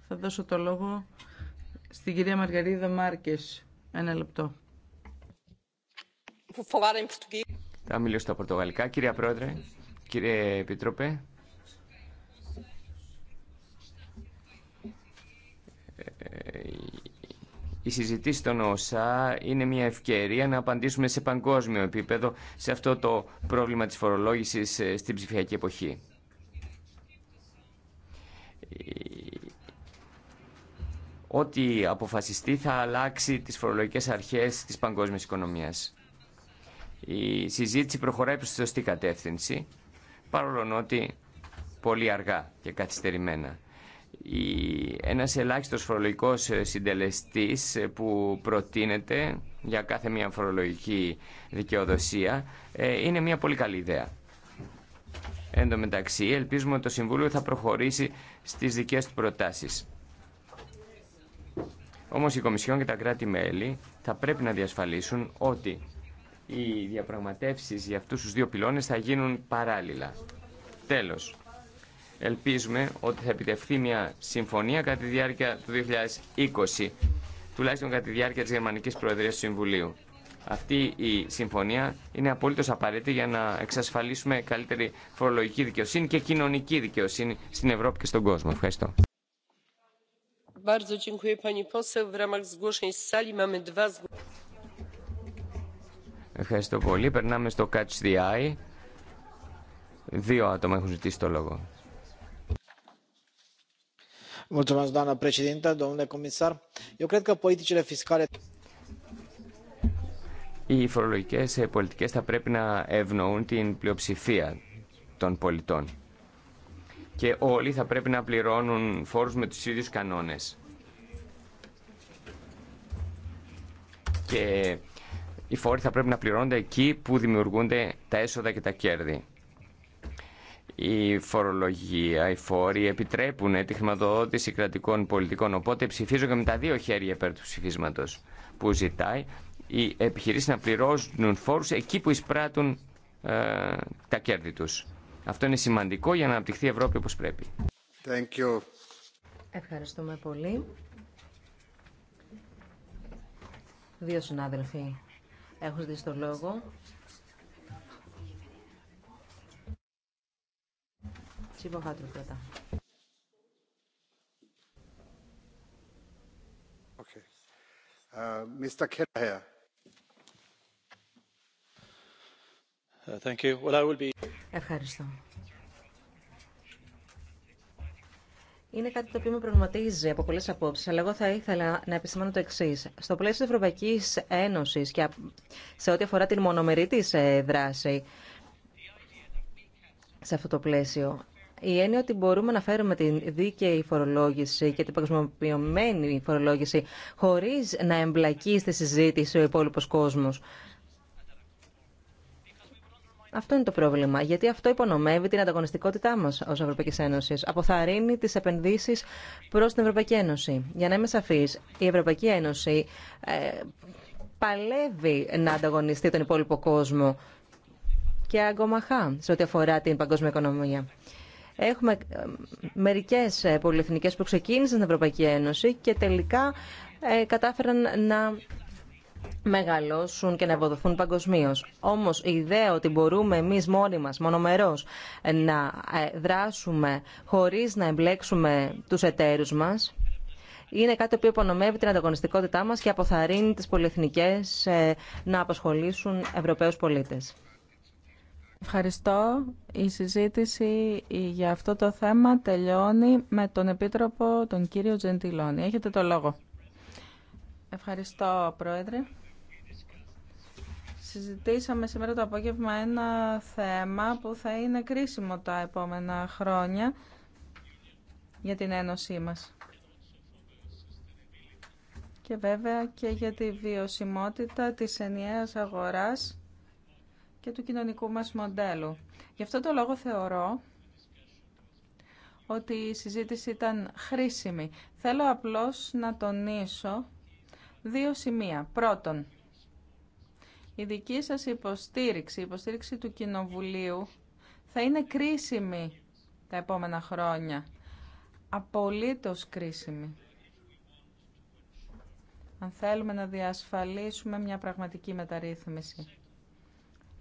Θα δώσω το λόγο στην κυρία Μαργαρίδα Μάρκες. Ένα λεπτό. Θα μιλήσω στα πορτογαλικά. Κύριε Πρόεδρε, κύριε Επίτροπε. Ε, η συζητήση των ΩΣΑ είναι μια ευκαιρία να απαντήσουμε σε παγκόσμιο επίπεδο σε αυτό το πρόβλημα της φορολόγησης ε, στην ψηφιακή εποχή. Ε, ό,τι αποφασιστεί θα αλλάξει τις φορολογικές αρχές της παγκόσμιας οικονομίας. Η συζήτηση προχωράει προς τη σωστή κατεύθυνση, παρόλο ότι πολύ αργά και καθυστερημένα. Ένας ελάχιστος φορολογικός ε, συντελεστής ε, που προτείνεται για κάθε μια φορολογική δικαιοδοσία ε, είναι μια πολύ καλή ιδέα. Εν τω μεταξύ, ελπίζουμε ότι το Συμβούλιο θα προχωρήσει στις δικές του προτάσεις. Όμως η Κομισιόν και τα κράτη-μέλη θα πρέπει να διασφαλίσουν ότι οι διαπραγματεύσεις για αυτούς τους δύο πυλώνες θα γίνουν παράλληλα. Τέλος, ελπίζουμε ότι θα επιτευχθεί μια συμφωνία κατά τη διάρκεια του 2020, τουλάχιστον κατά τη διάρκεια της Γερμανικής Προεδρίας του Συμβουλίου. Αυτή η συμφωνία είναι απολύτω απαραίτητη για να εξασφαλίσουμε καλύτερη φορολογική δικαιοσύνη και κοινωνική δικαιοσύνη στην Ευρώπη και στον κόσμο. Ευχαριστώ. Ευχαριστώ πολύ. Περνάμε στο Catch the Eye. Δύο άτομα έχουν ζητήσει το λόγο. Οι φορολογικέ ε, πολιτικέ θα πρέπει να ευνοούν την πλειοψηφία των πολιτών. Και όλοι θα πρέπει να πληρώνουν φόρους με τους ίδιους κανόνες. Και οι φόροι θα πρέπει να πληρώνονται εκεί που δημιουργούνται τα έσοδα και τα κέρδη. Η φορολογία, οι φόροι επιτρέπουν τη χρηματοδότηση κρατικών πολιτικών. Οπότε ψηφίζω και με τα δύο χέρια υπέρ του ψηφίσματο που ζητάει οι επιχειρήσει να πληρώσουν φόρου εκεί που εισπράττουν ε, τα κέρδη του. Αυτό είναι σημαντικό για να αναπτυχθεί η Ευρώπη όπω πρέπει. Ευχαριστούμε πολύ. Δύο συνάδελφοι έχουν ζητήσει το λόγο. Τσίποχάτρου πρώτα. Okay. Uh, Mr. Kelleher. Uh, thank you. Well, I will be... Ευχαριστώ. είναι κάτι το οποίο με προβληματίζει από πολλέ απόψει, αλλά εγώ θα ήθελα να επισημάνω το εξή. Στο πλαίσιο τη Ευρωπαϊκή Ένωση και σε ό,τι αφορά την μονομερή τη ε, δράση, σε αυτό το πλαίσιο, η έννοια ότι μπορούμε να φέρουμε την δίκαιη φορολόγηση και την παγκοσμιοποιημένη φορολόγηση χωρί να εμπλακεί στη συζήτηση ο υπόλοιπο κόσμο. Αυτό είναι το πρόβλημα. Γιατί αυτό υπονομεύει την ανταγωνιστικότητά μα ω Ευρωπαϊκή Ένωση. Αποθαρρύνει τι επενδύσει προ την Ευρωπαϊκή Ένωση. Για να είμαι σαφή, η Ευρωπαϊκή Ένωση ε, παλεύει να ανταγωνιστεί τον υπόλοιπο κόσμο και αγκομαχά σε ό,τι αφορά την παγκόσμια οικονομία. Έχουμε ε, μερικέ ε, πολυεθνικέ που ξεκίνησαν στην Ευρωπαϊκή Ένωση και τελικά κατάφεραν να μεγαλώσουν και να ευοδοθούν παγκοσμίω. Όμω η ιδέα ότι μπορούμε εμεί μόνοι μα, μονομερό, να ε, δράσουμε χωρί να εμπλέξουμε του εταίρου μα, είναι κάτι που υπονομεύει την ανταγωνιστικότητά μα και αποθαρρύνει τι πολυεθνικέ ε, να απασχολήσουν Ευρωπαίου πολίτε. Ευχαριστώ. Η συζήτηση για αυτό το θέμα τελειώνει με τον Επίτροπο, τον κύριο Τζεντιλόνι. Έχετε το λόγο. Ευχαριστώ, Πρόεδρε. Συζητήσαμε σήμερα το απόγευμα ένα θέμα που θα είναι κρίσιμο τα επόμενα χρόνια για την Ένωσή μας. Και βέβαια και για τη βιωσιμότητα της ενιαίας αγοράς και του κοινωνικού μας μοντέλου. Γι' αυτό το λόγο θεωρώ ότι η συζήτηση ήταν χρήσιμη. Θέλω απλώς να τονίσω Δύο σημεία. Πρώτον, η δική σας υποστήριξη, η υποστήριξη του Κοινοβουλίου θα είναι κρίσιμη τα επόμενα χρόνια. Απολύτως κρίσιμη. Αν θέλουμε να διασφαλίσουμε μια πραγματική μεταρρύθμιση.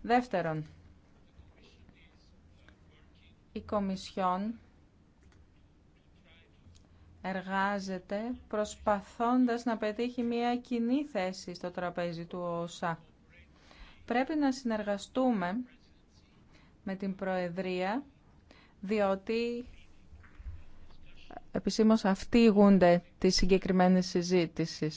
Δεύτερον, η Κομισιόν εργάζεται προσπαθώντας να πετύχει μια κοινή θέση στο τραπέζι του ΟΣΑ. Πρέπει να συνεργαστούμε με την Προεδρία, διότι επισήμως αυτοί γούνται τις συγκεκριμένες συζήτηση.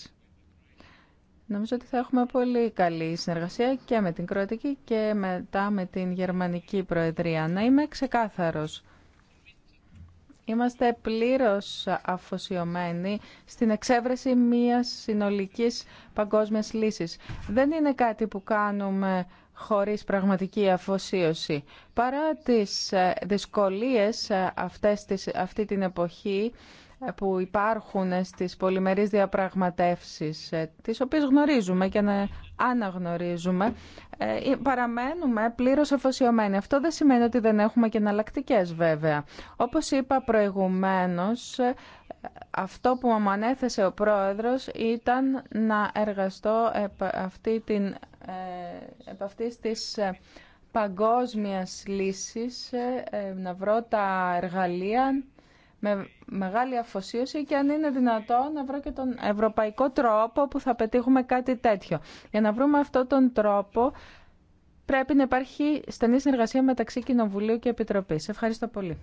Νομίζω ότι θα έχουμε πολύ καλή συνεργασία και με την Κροατική και μετά με την Γερμανική Προεδρία. Να είμαι ξεκάθαρος. Είμαστε πλήρως αφοσιωμένοι στην εξέβρεση μιας συνολικής παγκόσμιας λύσης. Δεν είναι κάτι που κάνουμε χωρίς πραγματική αφοσίωση. Παρά τις ε, δυσκολίες ε, αυτές, αυτή την εποχή, που υπάρχουν στις πολυμερείς διαπραγματεύσεις, ε, τις οποίες γνωρίζουμε και να αναγνωρίζουμε, ε, ε, παραμένουμε πλήρως αφοσιωμένοι. Αυτό δεν σημαίνει ότι δεν έχουμε και εναλλακτικέ βέβαια. Όπως είπα προηγουμένως, αυτό που μου ανέθεσε ο πρόεδρος ήταν να εργαστώ επ' αυτή την, επ αυτής της παγκόσμιας λύσης, να βρω τα εργαλεία με μεγάλη αφοσίωση και αν είναι δυνατό να βρω και τον ευρωπαϊκό τρόπο που θα πετύχουμε κάτι τέτοιο. Για να βρούμε αυτόν τον τρόπο πρέπει να υπάρχει στενή συνεργασία μεταξύ Κοινοβουλίου και Επιτροπής. Ευχαριστώ πολύ.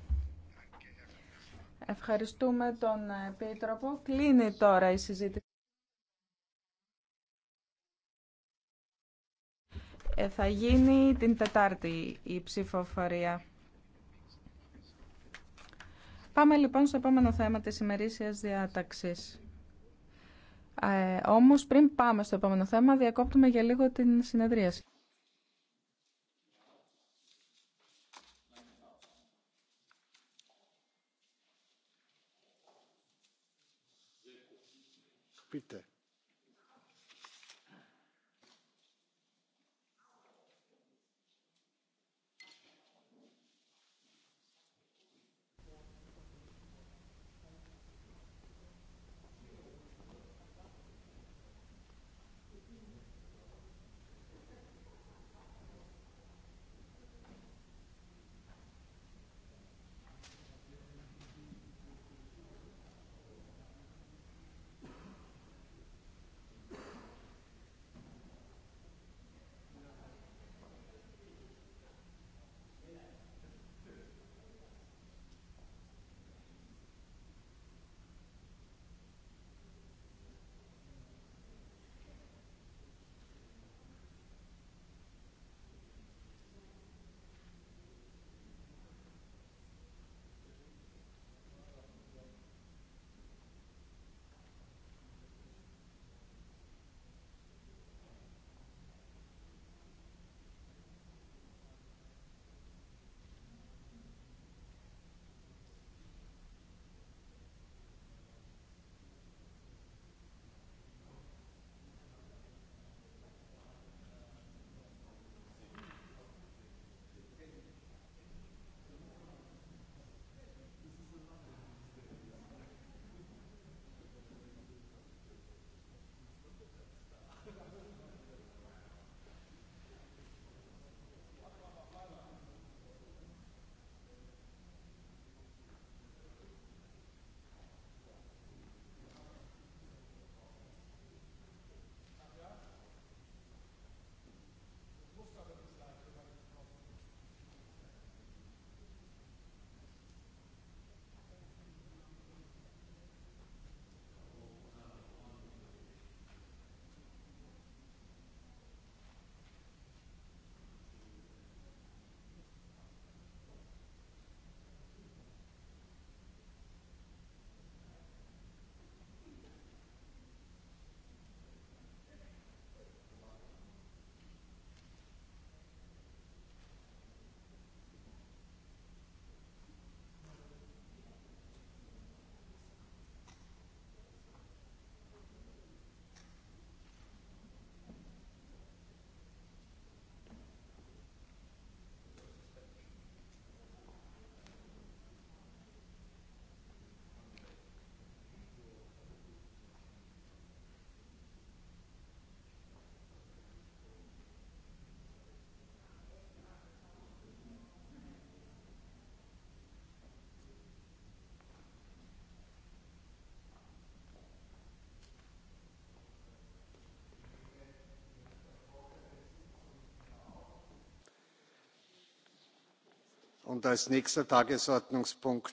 Ευχαριστούμε τον Επίτροπο. Κλείνει τώρα η συζήτηση. Ε, θα γίνει την Τετάρτη η ψηφοφορία. Πάμε λοιπόν στο επόμενο θέμα της ημερήσιας διάταξης. Ε, όμως πριν πάμε στο επόμενο θέμα διακόπτουμε για λίγο την συνεδρίαση. Πείτε.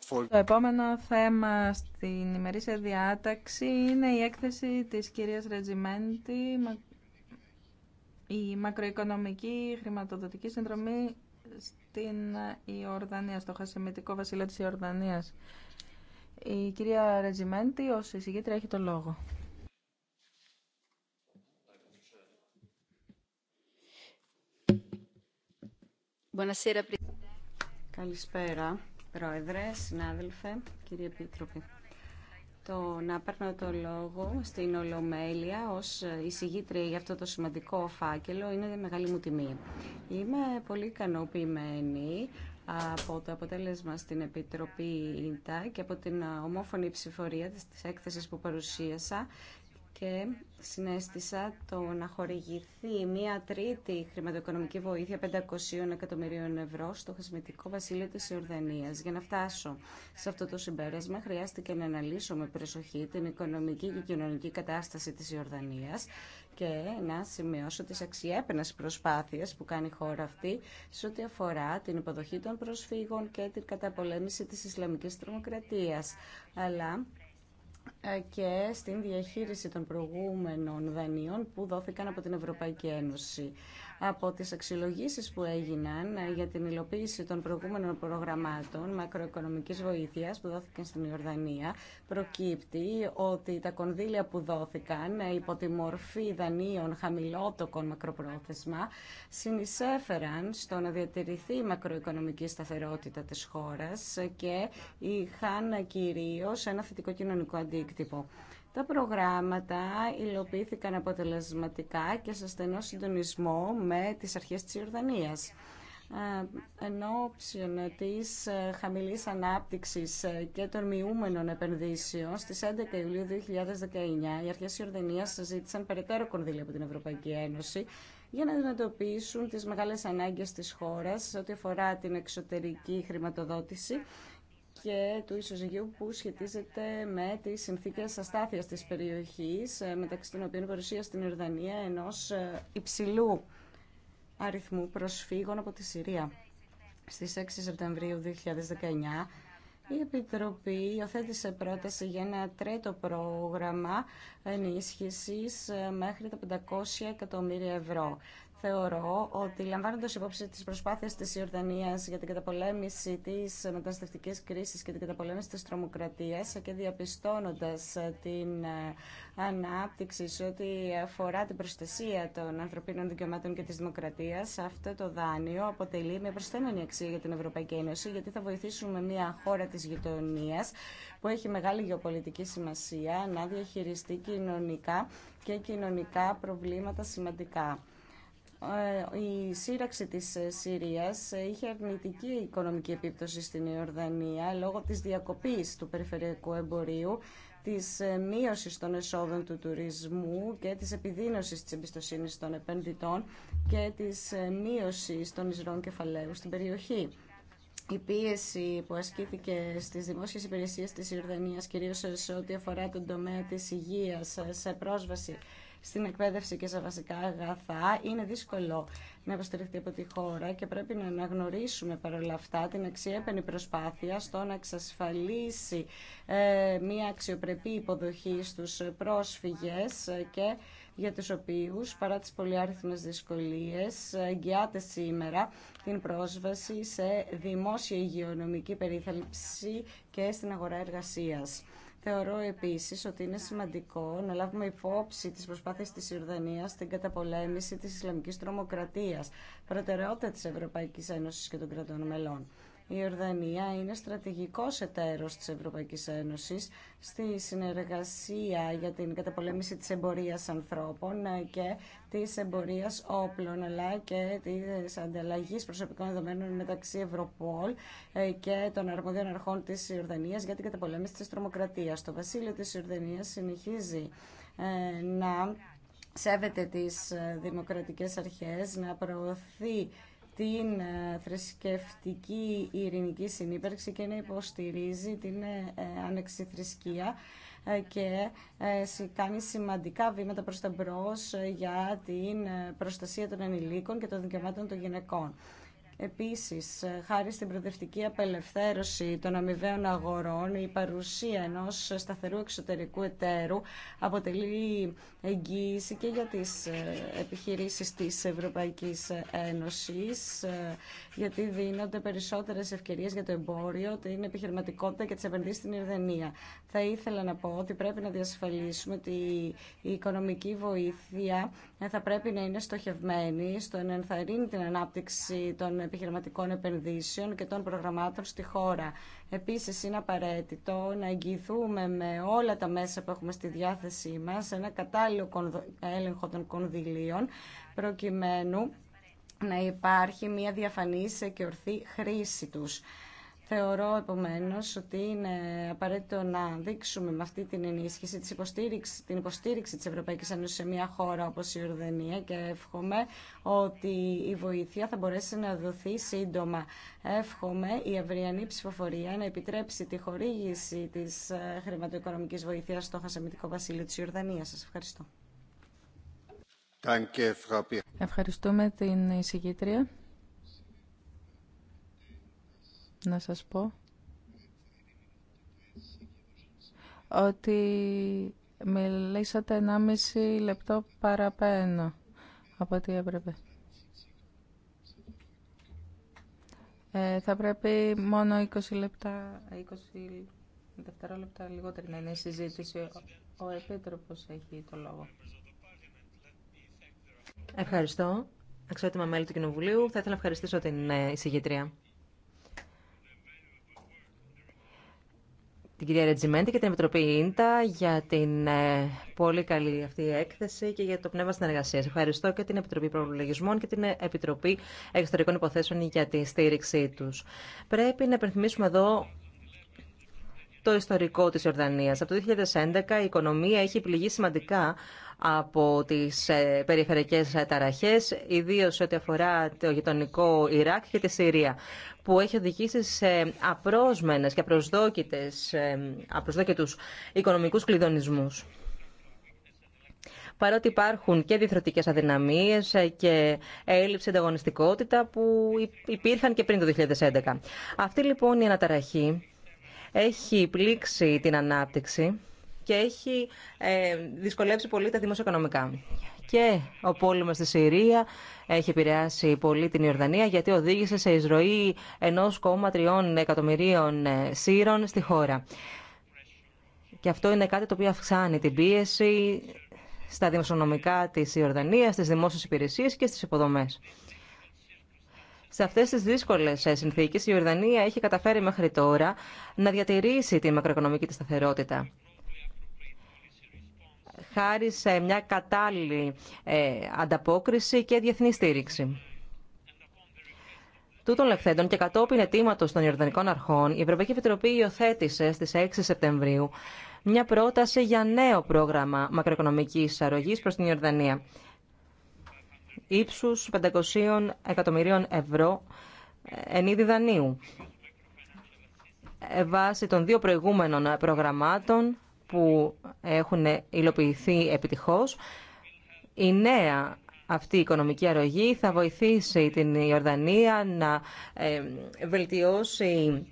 Το επόμενο θέμα στην ημερήσια διάταξη είναι η έκθεση της κυρίας Ρετζιμέντη η μακροοικονομική χρηματοδοτική συνδρομή στην Ιορδανία, στο χασιμητικό βασίλειο της Ιορδανίας. Η κυρία Ρετζιμέντη ως εισηγήτρια έχει το λόγο. Καλησπέρα, Πρόεδρε, συνάδελφε, κύριε Επίτροπε. Το να παίρνω το λόγο στην Ολομέλεια ως εισηγήτρια για αυτό το σημαντικό φάκελο είναι μεγάλη μου τιμή. Είμαι πολύ ικανοποιημένη από το αποτέλεσμα στην Επιτροπή ΙΝΤΑ και από την ομόφωνη ψηφορία της έκθεσης που παρουσίασα και συνέστησα το να χορηγηθεί μία τρίτη χρηματοοικονομική βοήθεια 500 εκατομμυρίων ευρώ στο χασμητικό βασίλειο της Ιορδανίας. Για να φτάσω σε αυτό το συμπέρασμα χρειάστηκε να αναλύσω με προσοχή την οικονομική και κοινωνική κατάσταση της Ιορδανίας και να σημειώσω τις αξιέπαινες προσπάθειες που κάνει η χώρα αυτή σε ό,τι αφορά την υποδοχή των προσφύγων και την καταπολέμηση της Ισλαμικής τρομοκρατίας. Αλλά ε, και στην διαχείριση των προηγούμενων δανείων που δόθηκαν από την Ευρωπαϊκή Ένωση από τις αξιολογήσεις που έγιναν ε, για την υλοποίηση των προηγούμενων προγραμμάτων μακροοικονομικής βοήθειας που δόθηκαν στην Ιορδανία προκύπτει ότι τα κονδύλια που δόθηκαν ε, υπό τη μορφή δανείων χαμηλότοκων μακροπρόθεσμα συνεισέφεραν στο να διατηρηθεί η μακροοικονομική σταθερότητα της χώρας και είχαν κυρίως ένα θετικό κοινωνικό αντίκτυπο. Τα προγράμματα υλοποιήθηκαν αποτελεσματικά και σε στενό συντονισμό με τις αρχές της Ιορδανίας ε, εν όψιον της ε, χαμηλής ανάπτυξης ε, και των μειούμενων επενδύσεων στις 11 Ιουλίου 2019 οι αρχές Ιορδανίας ζήτησαν περαιτέρω κονδύλια από την Ευρωπαϊκή Ένωση για να αντιμετωπίσουν τις μεγάλες ανάγκες της χώρας σε ό,τι αφορά την εξωτερική χρηματοδότηση και του ισοζυγίου που σχετίζεται με τις συνθήκε αστάθεια τη περιοχή, ε, μεταξύ των οποίων παρουσία στην Ιορδανία ενός ε, υψηλού αριθμού προσφύγων από τη Συρία. Στις 6 Σεπτεμβρίου 2019, η Επιτροπή υιοθέτησε πρόταση για ένα τρίτο πρόγραμμα ενίσχυσης ε, μέχρι τα 500 εκατομμύρια ευρώ θεωρώ ότι λαμβάνοντα υπόψη τι προσπάθειε τη Ιορδανία για την καταπολέμηση τη μεταναστευτική κρίση και την καταπολέμηση τη τρομοκρατία και διαπιστώνοντα την ανάπτυξη σε ό,τι αφορά την προστασία των ανθρωπίνων δικαιωμάτων και τη δημοκρατία, αυτό το δάνειο αποτελεί μια προσθέμενη αξία για την Ευρωπαϊκή Ένωση, γιατί θα βοηθήσουμε μια χώρα τη γειτονία που έχει μεγάλη γεωπολιτική σημασία να διαχειριστεί κοινωνικά και κοινωνικά προβλήματα σημαντικά. Ε, η σύραξη της ε, Συρίας ε, είχε αρνητική οικονομική επίπτωση στην Ιορδανία λόγω της διακοπής του περιφερειακού εμπορίου, της μείωσης των εσόδων του τουρισμού και της επιδείνωσης της εμπιστοσύνης των επενδυτών και της μείωσης των ισρών κεφαλαίου στην περιοχή. Η πίεση που ασκήθηκε στις δημόσιες υπηρεσίες της Ιορδανίας, κυρίως σε ό,τι αφορά τον τομέα της υγείας, σε πρόσβαση στην εκπαίδευση και σε βασικά αγαθά, είναι δύσκολο να υποστηριχθεί από τη χώρα και πρέπει να αναγνωρίσουμε παρόλα αυτά την αξιέπαινη προσπάθεια στο να εξασφαλίσει ε, μια αξιοπρεπή υποδοχή στους πρόσφυγες και για τους οποίους, παρά τις πολυάριθμες δυσκολίες, εγγυάται σήμερα την πρόσβαση σε δημόσια υγειονομική περίθαλψη και στην αγορά εργασίας. Θεωρώ επίσης ότι είναι σημαντικό να λάβουμε υπόψη τις προσπάθειες της Ιορδανίας στην καταπολέμηση της Ισλαμικής τρομοκρατίας, προτεραιότητα της Ευρωπαϊκής Ένωσης και των κρατών μελών. Η Ιορδανία είναι στρατηγικός εταίρος της Ευρωπαϊκής Ένωσης στη συνεργασία για την καταπολέμηση της εμπορίας ανθρώπων και της εμπορίας όπλων αλλά και της ανταλλαγής προσωπικών δεδομένων μεταξύ Ευρωπόλ και των αρμοδίων αρχών της Ιορδανίας για την καταπολέμηση της τρομοκρατίας. Το βασίλειο της Ιορδανίας συνεχίζει ε, να σέβεται τις ε, δημοκρατικές αρχές, να προωθεί την ε, θρησκευτική ειρηνική συνύπαρξη και να υποστηρίζει την ανεξιθρησκεία ε, ε, και κάνει σημαντικά βήματα προς τα μπρος για την προστασία των ενηλίκων και των δικαιωμάτων των γυναικών. Επίσης, χάρη στην προοδευτική απελευθέρωση των αμοιβαίων αγορών, η παρουσία ενός σταθερού εξωτερικού εταίρου αποτελεί εγγύηση και για τις ε, επιχειρήσεις της Ευρωπαϊκής Ένωσης, ε, γιατί δίνονται περισσότερες ευκαιρίες για το εμπόριο, την επιχειρηματικότητα και τις επενδύσεις στην Ιρδενία. Θα ήθελα να πω ότι πρέπει να διασφαλίσουμε ότι η οικονομική βοήθεια θα πρέπει να είναι στοχευμένη στο να ενθαρρύνει την ανάπτυξη των επιχειρηματικών επενδύσεων και των προγραμμάτων στη χώρα. Επίσης, είναι απαραίτητο να εγγυηθούμε με όλα τα μέσα που έχουμε στη διάθεσή μας ένα κατάλληλο έλεγχο των κονδυλίων, προκειμένου να υπάρχει μια διαφανής και ορθή χρήση τους. Θεωρώ επομένω ότι είναι απαραίτητο να δείξουμε με αυτή την ενίσχυση της υποστήριξη, την υποστήριξη της Ευρωπαϊκής Ένωση σε μια χώρα όπως η Ιορδανία και εύχομαι ότι η βοήθεια θα μπορέσει να δοθεί σύντομα. Εύχομαι η αυριανή ψηφοφορία να επιτρέψει τη χορήγηση της ε, χρηματοοικονομικής βοήθειας στο Χασαμιτικό Βασίλειο τη Ιορδανία. Σα ευχαριστώ. Ευχαριστούμε την εισηγήτρια να σας πω ότι μιλήσατε 1,5 λεπτό παραπάνω από ό,τι έπρεπε. Ε, θα πρέπει μόνο 20 λεπτά, 20 δευτερόλεπτα λιγότερη να είναι η συζήτηση. Ο Επίτροπος έχει το λόγο. Ευχαριστώ. Αξιότιμα μέλη του Κοινοβουλίου. Θα ήθελα να ευχαριστήσω την ε, εισηγήτρια την κυρία Ρετζιμέντη και την Επιτροπή Ίντα για την ε, πολύ καλή αυτή έκθεση και για το πνεύμα συνεργασία. Ευχαριστώ και την Επιτροπή Προλογισμών και την Επιτροπή Εξωτερικών Υποθέσεων για τη στήριξή του. Πρέπει να υπενθυμίσουμε εδώ το ιστορικό της Ιορδανίας. Από το 2011 η οικονομία έχει πληγεί σημαντικά από τις ε, περιφερειακές ταραχές, ιδίως ό,τι αφορά το γειτονικό Ιράκ και τη Συρία, που έχει οδηγήσει σε απρόσμενες και απροσδόκητες, ε, απροσδόκητους οικονομικούς κλειδονισμούς. Παρότι υπάρχουν και διθρωτικές αδυναμίες ε, και έλλειψη ανταγωνιστικότητα που υπήρχαν και πριν το 2011. Αυτή λοιπόν η αναταραχή έχει πλήξει την ανάπτυξη και έχει ε, δυσκολέψει πολύ τα δημοσιοοικονομικά. Και ο πόλεμος στη Συρία έχει επηρεάσει πολύ την Ιορδανία γιατί οδήγησε σε εισρωή 1,3 εκατομμυρίων ε, Σύρων στη χώρα. Και αυτό είναι κάτι το οποίο αυξάνει την πίεση στα δημοσιονομικά της Ιορδανίας, στις δημόσιες υπηρεσίες και στις υποδομές. Σε αυτές τις δύσκολες ε, συνθήκες η Ιορδανία έχει καταφέρει μέχρι τώρα να διατηρήσει τη μακροοικονομική της σταθερότητα χάρη σε μια κατάλληλη ε, ανταπόκριση και διεθνή στήριξη. Τούτων λεχθέντων και κατόπιν αιτήματο των Ιορδανικών Αρχών, η Ευρωπαϊκή Επιτροπή υιοθέτησε στι 6 Σεπτεμβρίου μια πρόταση για νέο πρόγραμμα μακροοικονομική αρρωγή προ την Ιορδανία ύψου 500 εκατομμυρίων ευρώ ε, εν είδη δανείου. Ε, βάσει των δύο προηγούμενων προγραμμάτων, που έχουν υλοποιηθεί επιτυχώς. Η νέα αυτή η οικονομική αρρωγή θα βοηθήσει την Ιορδανία να ε, βελτιώσει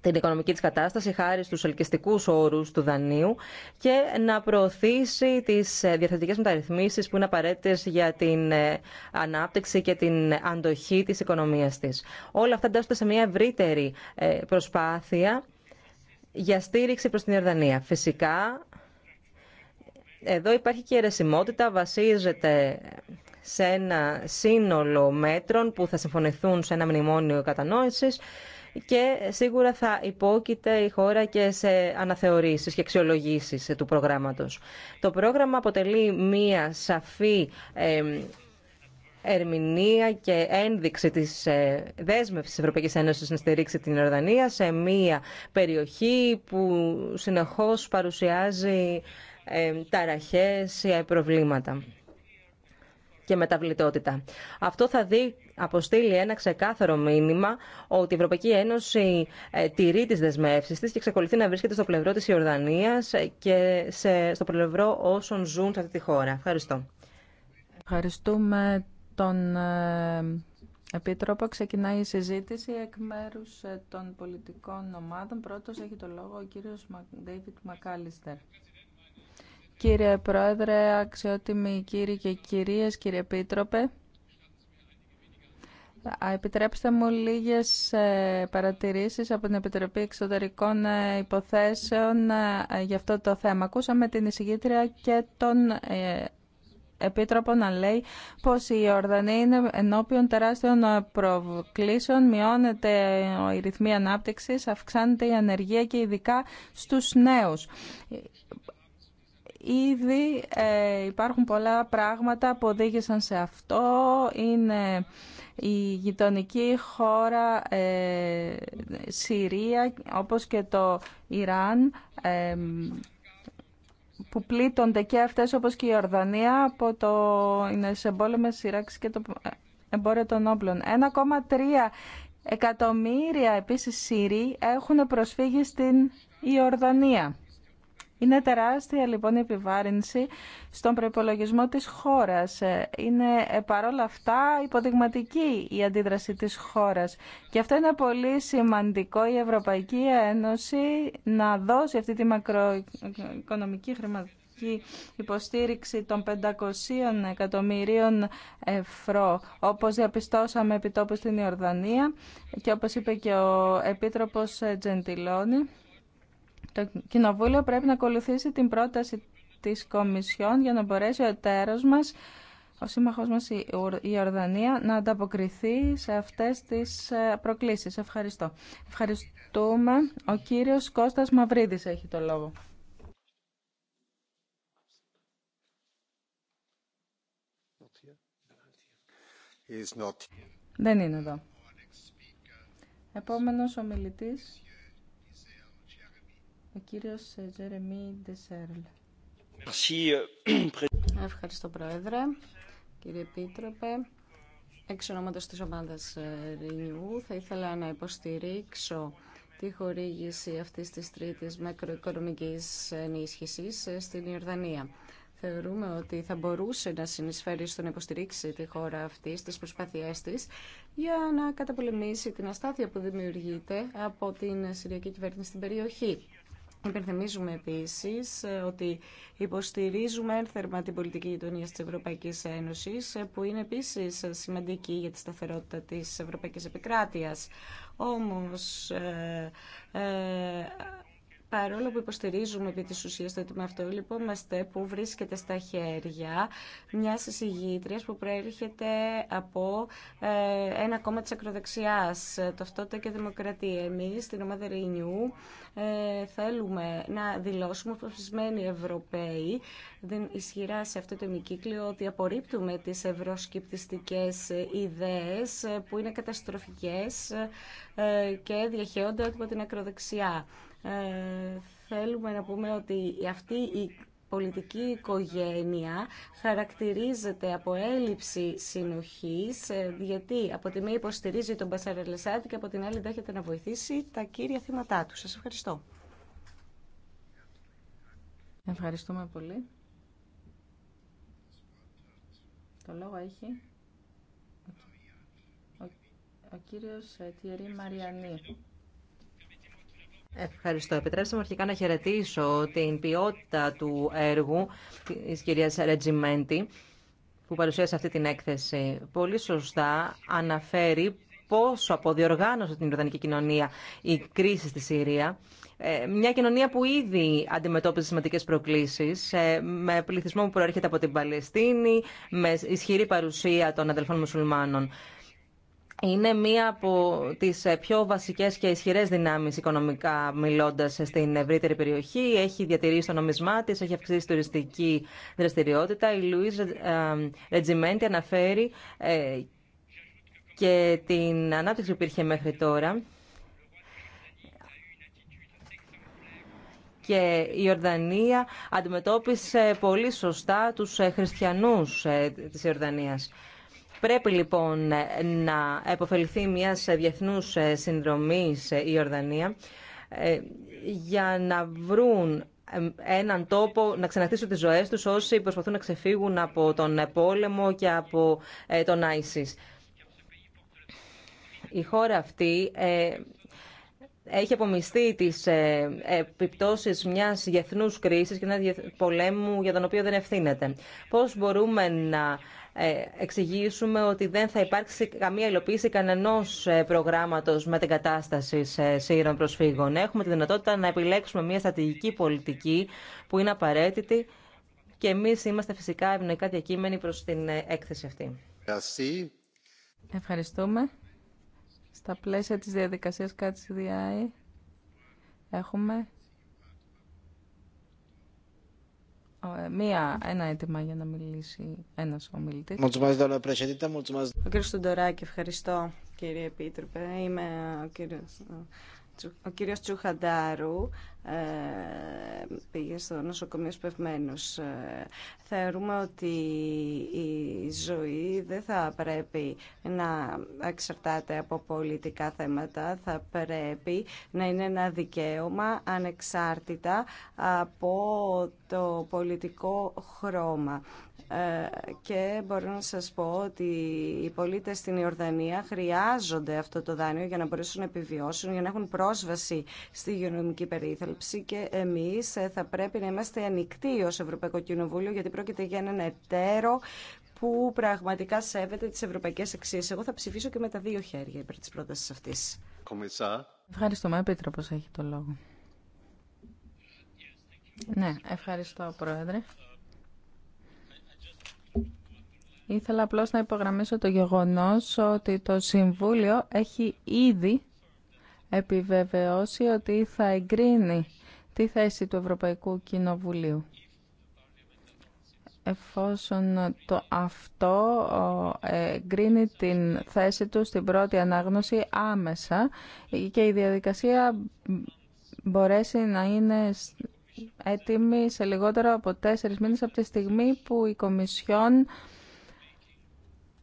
την οικονομική της κατάσταση χάρη στους ελκυστικούς όρους του δανείου και να προωθήσει τις διαθετικές μεταρρυθμίσεις που είναι απαραίτητες για την ε, ανάπτυξη και την αντοχή της οικονομίας της. Όλα αυτά εντάσσονται σε μια ευρύτερη ε, προσπάθεια για στήριξη προς την Ιορδανία. Φυσικά, εδώ υπάρχει και αιρεσιμότητα, βασίζεται σε ένα σύνολο μέτρων που θα συμφωνηθούν σε ένα μνημόνιο κατανόησης και σίγουρα θα υπόκειται η χώρα και σε αναθεωρήσεις και αξιολογήσεις του προγράμματος. Το πρόγραμμα αποτελεί μία σαφή ερμηνεία και ένδειξη της ε, δέσμευση τη Ευρωπαϊκής Ένωσης να στηρίξει την Ιορδανία σε μια περιοχή που συνεχώς παρουσιάζει ε, ταραχές ή προβλήματα και μεταβλητότητα. Αυτό θα δει, αποστείλει ένα ξεκάθαρο μήνυμα ότι η Ευρωπαϊκή Ένωση ε, τηρεί τις δεσμεύσεις της και εξακολουθεί να βρίσκεται στο πλευρό της Ιορδανίας και σε, στο πλευρό όσων ζουν σε αυτή τη χώρα. Ευχαριστώ. Ευχαριστούμε τον ε, Επίτροπο. Ξεκινάει η συζήτηση εκ μέρους ε, των πολιτικών ομάδων. Πρώτος έχει το λόγο ο κύριος Ντέιβιτ Μακάλιστερ. Κύριε Πρόεδρε, αξιότιμοι κύριοι και κυρίες, κύριε Επίτροπε, Επιτρέψτε μου λίγες ε, παρατηρήσεις από την Επιτροπή Εξωτερικών Υποθέσεων για αυτό το θέμα. Ακούσαμε την εισηγήτρια και τον Επίτροπο να λέει πως η Ορδανία είναι ενώπιον τεράστιων προκλήσεων, μειώνεται η ρυθμή ανάπτυξης, αυξάνεται η ανεργία και ειδικά στους νέους. Ήδη ε, υπάρχουν πολλά πράγματα που οδήγησαν σε αυτό. Είναι η γειτονική χώρα ε, Συρία, όπως και το Ιράν, ε, που πλήττονται και αυτές όπως και η Ορδανία από το είναι σε και το εμπόριο των όπλων. 1,3 εκατομμύρια επίσης Σύριοι έχουν προσφύγει στην Ιορδανία. Είναι τεράστια λοιπόν η επιβάρυνση στον προπολογισμό της χώρας. Είναι ε, παρόλα αυτά υποδειγματική η αντίδραση της χώρας. Και αυτό είναι πολύ σημαντικό η Ευρωπαϊκή Ένωση να δώσει αυτή τη μακροοικονομική χρηματική υποστήριξη των 500 εκατομμυρίων ευρώ όπως διαπιστώσαμε επιτόπου στην Ιορδανία και όπως είπε και ο Επίτροπος Τζεντιλόνι το Κοινοβούλιο πρέπει να ακολουθήσει την πρόταση της Κομισιόν για να μπορέσει ο εταίρος μας, ο σύμμαχός μας η Ορδανία, να ανταποκριθεί σε αυτές τις ε, προκλήσεις. Ευχαριστώ. Ευχαριστούμε. Ο κύριος Κώστας Μαυρίδης έχει το λόγο. Δεν είναι εδώ. Επόμενος ομιλητής ε, ε, ευχαριστώ, Πρόεδρε. Κύριε Επίτροπε, εξ ονόματος της ομάδας ε, Renew, θα ήθελα να υποστηρίξω τη χορήγηση αυτής της τρίτης μακροοικονομικής ενίσχυσης στην Ιορδανία. Θεωρούμε ότι θα μπορούσε να συνεισφέρει στο να υποστηρίξει τη χώρα αυτή στις προσπάθειές της για να καταπολεμήσει την αστάθεια που δημιουργείται από την Συριακή Κυβέρνηση στην περιοχή. Υπενθυμίζουμε επίση ε, ότι υποστηρίζουμε ένθερμα την πολιτική γειτονία τη Ευρωπαϊκή Ένωση, ε, που είναι επίση ε, σημαντική για τη σταθερότητα τη Ευρωπαϊκή Επικράτεια. Όμω, Παρόλο που υποστηρίζουμε επί της ουσίας το έτοιμο αυτό, λυπόμαστε που βρίσκεται στα χέρια μια εισηγήτριας που προέρχεται από ε, ένα κόμμα της ακροδεξιάς, ταυτότητα και δημοκρατία. Εμείς στην ομάδα Renew ε, θέλουμε να δηλώσουμε αποφασισμένοι Ευρωπαίοι δεν ισχυρά σε αυτό το ημικύκλιο ότι απορρίπτουμε τις ευρωσκεπτιστικέ ιδέες που είναι καταστροφικές ε, και διαχέονται από την ακροδεξιά. Ε, θέλουμε να πούμε ότι αυτή η πολιτική οικογένεια χαρακτηρίζεται από έλλειψη συνοχής, ε, γιατί από τη μία υποστηρίζει τον Μπασαρελεσάτη και από την άλλη δέχεται να βοηθήσει τα κύρια θύματά του. Σας ευχαριστώ. Ευχαριστούμε πολύ. Το λόγο έχει ο, ο κύριος ε, Τιερή Μαριανή. Ευχαριστώ. Επιτρέψτε μου αρχικά να χαιρετήσω την ποιότητα του έργου της κυρίας Ρετζιμέντη που παρουσίασε αυτή την έκθεση. Πολύ σωστά αναφέρει πόσο αποδιοργάνωσε την Ιορδανική κοινωνία η κρίση στη Συρία. Ε, μια κοινωνία που ήδη αντιμετώπιζε σημαντικές προκλήσεις ε, με πληθυσμό που προέρχεται από την Παλαιστίνη, με ισχυρή παρουσία των αδελφών μουσουλμάνων είναι μία από τις ε, πιο βασικές και ισχυρέ δυνάμεις οικονομικά μιλώντας στην ευρύτερη περιοχή. Έχει διατηρήσει το νομισμά της, έχει αυξήσει τουριστική δραστηριότητα. Η Λουίς ε, Ρετζιμέντη αναφέρει ε, και την ανάπτυξη που υπήρχε μέχρι τώρα. και η Ιορδανία αντιμετώπισε πολύ σωστά τους χριστιανούς της Ιορδανίας. Πρέπει λοιπόν να επωφεληθεί μιας διεθνούς ε, συνδρομής ε, η Ορδανία ε, για να βρουν έναν τόπο να ξαναχτίσουν τις ζωές τους όσοι προσπαθούν να ξεφύγουν από τον πόλεμο και από τον ISIS. Η χώρα αυτή έχει απομειστεί τις επιπτώσεις μιας διεθνούς κρίσης και ένα πολέμου για τον οποίο δεν ευθύνεται. Πώς μπορούμε να ε, εξηγήσουμε ότι δεν θα υπάρξει καμία υλοποίηση κανενό ε, προγράμματο κατάσταση σύρων προσφύγων. Έχουμε τη δυνατότητα να επιλέξουμε μια στρατηγική πολιτική που είναι απαραίτητη και εμεί είμαστε φυσικά ευνοϊκά διακείμενοι προ την ε, έκθεση αυτή. Ευχαριστούμε. Στα πλαίσια της διαδικασίας ΚΑΤΣΙΔΙΑΗ έχουμε Ε, μία, ένα αίτημα για να μιλήσει ένας ομιλητής. Ο κύριος Τουντοράκη, ευχαριστώ κύριε Επίτροπε. Είμαι ο κύριο ο κύριος Τσουχαντάρου. Ε, πήγε στο νοσοκομείο σπευμένος. Ε, θεωρούμε ότι η ζωή δεν θα πρέπει να εξαρτάται από πολιτικά θέματα, θα πρέπει να είναι ένα δικαίωμα ανεξάρτητα από το πολιτικό χρώμα ε, και μπορώ να σας πω ότι οι πολίτες στην Ιορδανία χρειάζονται αυτό το δάνειο για να μπορέσουν να επιβιώσουν, για να έχουν πρόσβαση στη υγειονομική περίθαλψη και εμείς ε, θα πρέπει να είμαστε ανοιχτοί ως Ευρωπαϊκό Κοινοβούλιο γιατί πρόκειται για έναν εταίρο που πραγματικά σέβεται τις ευρωπαϊκές αξίες. Εγώ θα ψηφίσω και με τα δύο χέρια υπέρ της πρότασης αυτής. Ευχαριστούμε, Επίτροπος έχει το λόγο. Ναι, ευχαριστώ, Πρόεδρε. Ήθελα απλώς να υπογραμμίσω το γεγονός ότι το Συμβούλιο έχει ήδη επιβεβαιώσει ότι θα εγκρίνει τη θέση του Ευρωπαϊκού Κοινοβουλίου. Εφόσον το αυτό εγκρίνει την θέση του στην πρώτη ανάγνωση άμεσα και η διαδικασία μπορέσει να είναι έτοιμη σε λιγότερο από τέσσερις μήνες από τη στιγμή που η Κομισιόν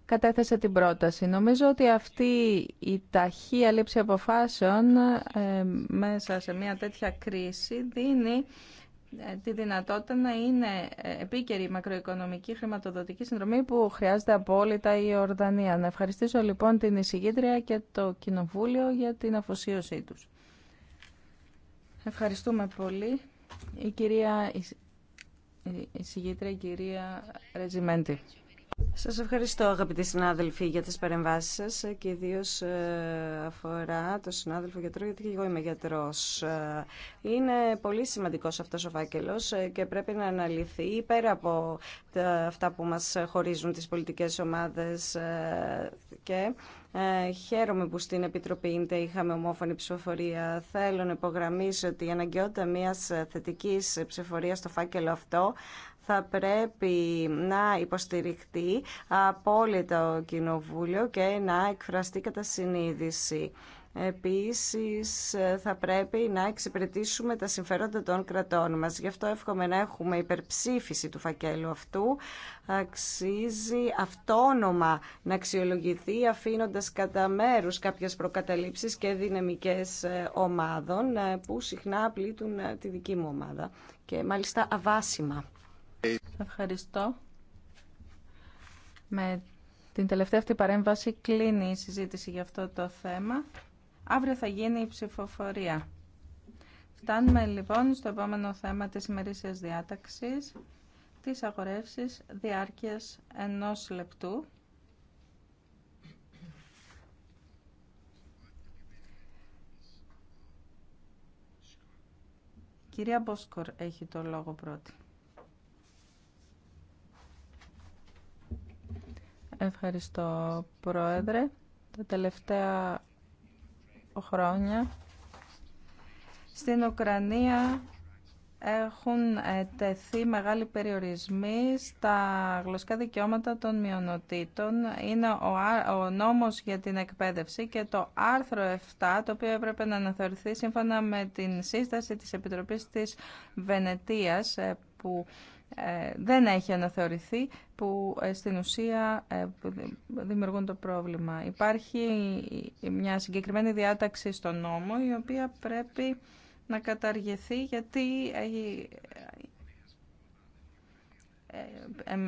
κατέθεσε την πρόταση. Νομίζω ότι αυτή η ταχεία λήψη αποφάσεων ε, μέσα σε μια τέτοια κρίση δίνει ε, τη δυνατότητα να είναι ε, επίκαιρη η μακροοικονομική χρηματοδοτική συνδρομή που χρειάζεται απόλυτα η Ορδανία. Να ευχαριστήσω λοιπόν την εισηγήτρια και το Κοινοβούλιο για την αφοσίωσή τους. Ευχαριστούμε πολύ. Η κυρία η εισηγήτρια, κυρία Ρεζιμέντη. Σας ευχαριστώ αγαπητοί συνάδελφοι για τις παρεμβάσεις σας και ιδίω ε, αφορά το συνάδελφο γιατρό γιατί και εγώ είμαι γιατρός. Ε, είναι πολύ σημαντικός αυτός ο φάκελος ε, και πρέπει να αναλυθεί πέρα από αυτά που μας χωρίζουν τις πολιτικές ομάδες και ε, χαίρομαι που στην Επιτροπή ΙΝΤΕ είχαμε ομόφωνη ψηφοφορία. Θέλω να υπογραμμίσω ότι η αναγκαιότητα μιας θετικής ψηφοφορίας στο φάκελο αυτό θα πρέπει να υποστηριχτεί απόλυτα το Κοινοβούλιο και να εκφραστεί κατά συνείδηση. Επίσης θα πρέπει να εξυπηρετήσουμε τα συμφέροντα των κρατών μας. Γι' αυτό εύχομαι να έχουμε υπερψήφιση του φακέλου αυτού. Αξίζει αυτόνομα να αξιολογηθεί αφήνοντας κατά μέρους κάποιες προκαταλήψεις και δυναμικές ε, ομάδων ε, που συχνά πλήττουν ε, τη δική μου ομάδα και μάλιστα αβάσιμα. Ευχαριστώ. Με την τελευταία αυτή παρέμβαση κλείνει η συζήτηση για αυτό το θέμα. Αύριο θα γίνει η ψηφοφορία. Φτάνουμε λοιπόν στο επόμενο θέμα της ημερήσιας διάταξης, της αγορεύσης διάρκειας ενός λεπτού. Κυρία Μπόσκορ έχει το λόγο πρώτη. Ευχαριστώ, Πρόεδρε. Το τελευταία χρόνια στην Ουκρανία έχουν ε, τεθεί μεγάλοι περιορισμοί στα γλωσσικά δικαιώματα των μειονοτήτων. Είναι ο, ο νόμος για την εκπαίδευση και το άρθρο 7, το οποίο έπρεπε να αναθεωρηθεί σύμφωνα με την σύσταση της Επιτροπής της Βενετίας, ε, που ε, δεν έχει αναθεωρηθεί που ε, στην ουσία ε, δημιουργούν το πρόβλημα. Υπάρχει μια συγκεκριμένη διάταξη στο νόμο η οποία πρέπει να καταργηθεί γιατί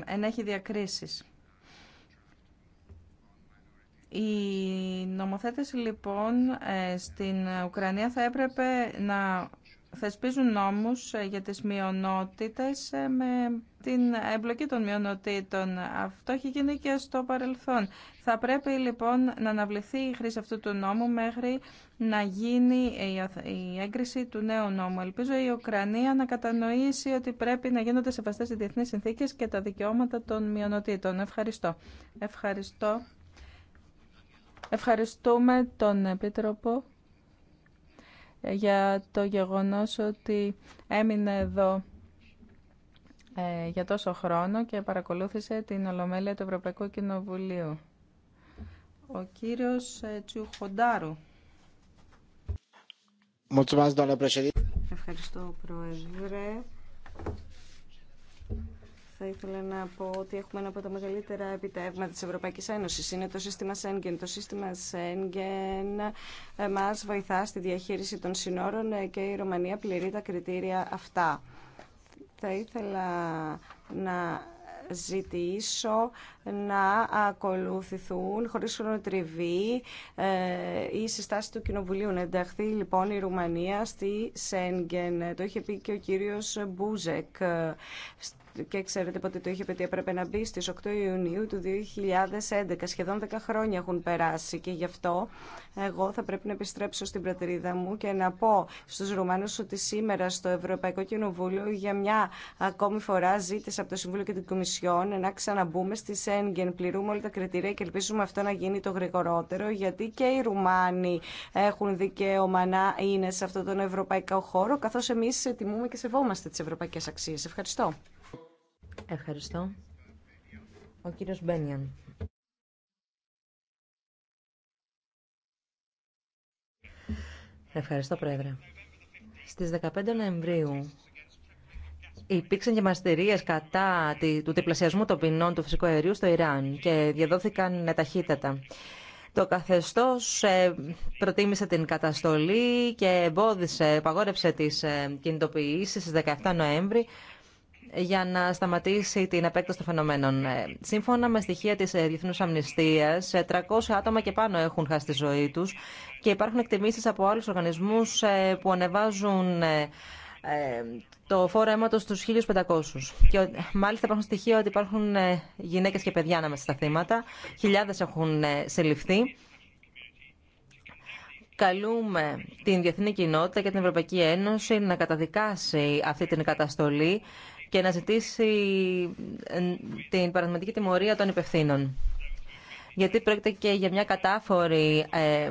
ενέχει διακρίσεις. Οι νομοθέτες λοιπόν στην Ουκρανία θα έπρεπε να θεσπίζουν νόμους ε, για τις μειονότητες ε, με την εμπλοκή των μειονοτήτων. Αυτό έχει γίνει και στο παρελθόν. Θα πρέπει λοιπόν να αναβληθεί η χρήση αυτού του νόμου μέχρι να γίνει η έγκριση του νέου νόμου. Ελπίζω η Ουκρανία να κατανοήσει ότι πρέπει να γίνονται σεβαστές οι διεθνείς συνθήκες και τα δικαιώματα των μειονοτήτων. Ευχαριστώ. Ευχαριστώ. Ευχαριστούμε τον Επίτροπο για το γεγονός ότι έμεινε εδώ ε, για τόσο χρόνο και παρακολούθησε την Ολομέλεια του Ευρωπαϊκού Κοινοβουλίου. Ο κύριος ε, Τσιουχοντάρου. Ευχαριστώ, Πρόεδρε θα ήθελα να πω ότι έχουμε ένα από τα μεγαλύτερα επιτεύγματα της Ευρωπαϊκής Ένωσης. Είναι το σύστημα Σέγγεν. Το σύστημα Σέγγεν ε, μας βοηθά στη διαχείριση των συνόρων και η Ρωμανία πληρεί τα κριτήρια αυτά. Θα ήθελα να ζητήσω να ακολουθηθούν χωρίς χρονοτριβή ε, οι συστάσεις του Κοινοβουλίου. Να ενταχθεί λοιπόν η Ρουμανία στη Σέγγεν. Το είχε πει και ο κύριος Μπούζεκ και ξέρετε πότε το είχε πει ότι έπρεπε να μπει στις 8 Ιουνίου του 2011. Σχεδόν 10 χρόνια έχουν περάσει και γι' αυτό εγώ θα πρέπει να επιστρέψω στην πρατηρίδα μου και να πω στους Ρουμάνους ότι σήμερα στο Ευρωπαϊκό Κοινοβούλιο για μια ακόμη φορά ζήτησα από το Συμβούλιο και την Κομισιόν να ξαναμπούμε Σέγγεν. Πληρούμε όλα τα κριτήρια και ελπίζουμε αυτό να γίνει το γρηγορότερο, γιατί και οι Ρουμάνοι έχουν δικαίωμα να είναι σε αυτόν τον ευρωπαϊκό χώρο, καθώ εμεί τιμούμε και σεβόμαστε τι ευρωπαϊκέ αξίε. Ευχαριστώ. Ευχαριστώ. Ο κύριος Μπένιαν. Ευχαριστώ, Πρόεδρε. Στις 15 Νοεμβρίου Υπήρξαν και μαστηρίες κατά του τριπλασιασμού των ποινών του φυσικού αερίου στο Ιράν και διαδόθηκαν ταχύτατα. Το καθεστώς ε, προτίμησε την καταστολή και εμπόδισε, παγόρευσε τις ε, κινητοποιήσεις στις 17 Νοέμβρη για να σταματήσει την επέκταση των φαινομένων. Ε, σύμφωνα με στοιχεία της Διεθνούς Αμνηστίας, 300 άτομα και πάνω έχουν χάσει τη ζωή τους και υπάρχουν εκτιμήσεις από άλλους οργανισμούς που ανεβάζουν το φόρο αίματος στους 1.500. Και μάλιστα υπάρχουν στοιχεία ότι υπάρχουν ε, γυναίκες και παιδιά ανάμεσα στα θύματα. Χιλιάδες έχουν ε, συλληφθεί. Καλούμε την διεθνή κοινότητα και την Ευρωπαϊκή Ένωση να καταδικάσει αυτή την καταστολή και να ζητήσει την παραδειγματική τιμωρία των υπευθύνων. Γιατί πρόκειται και για μια κατάφορη ε,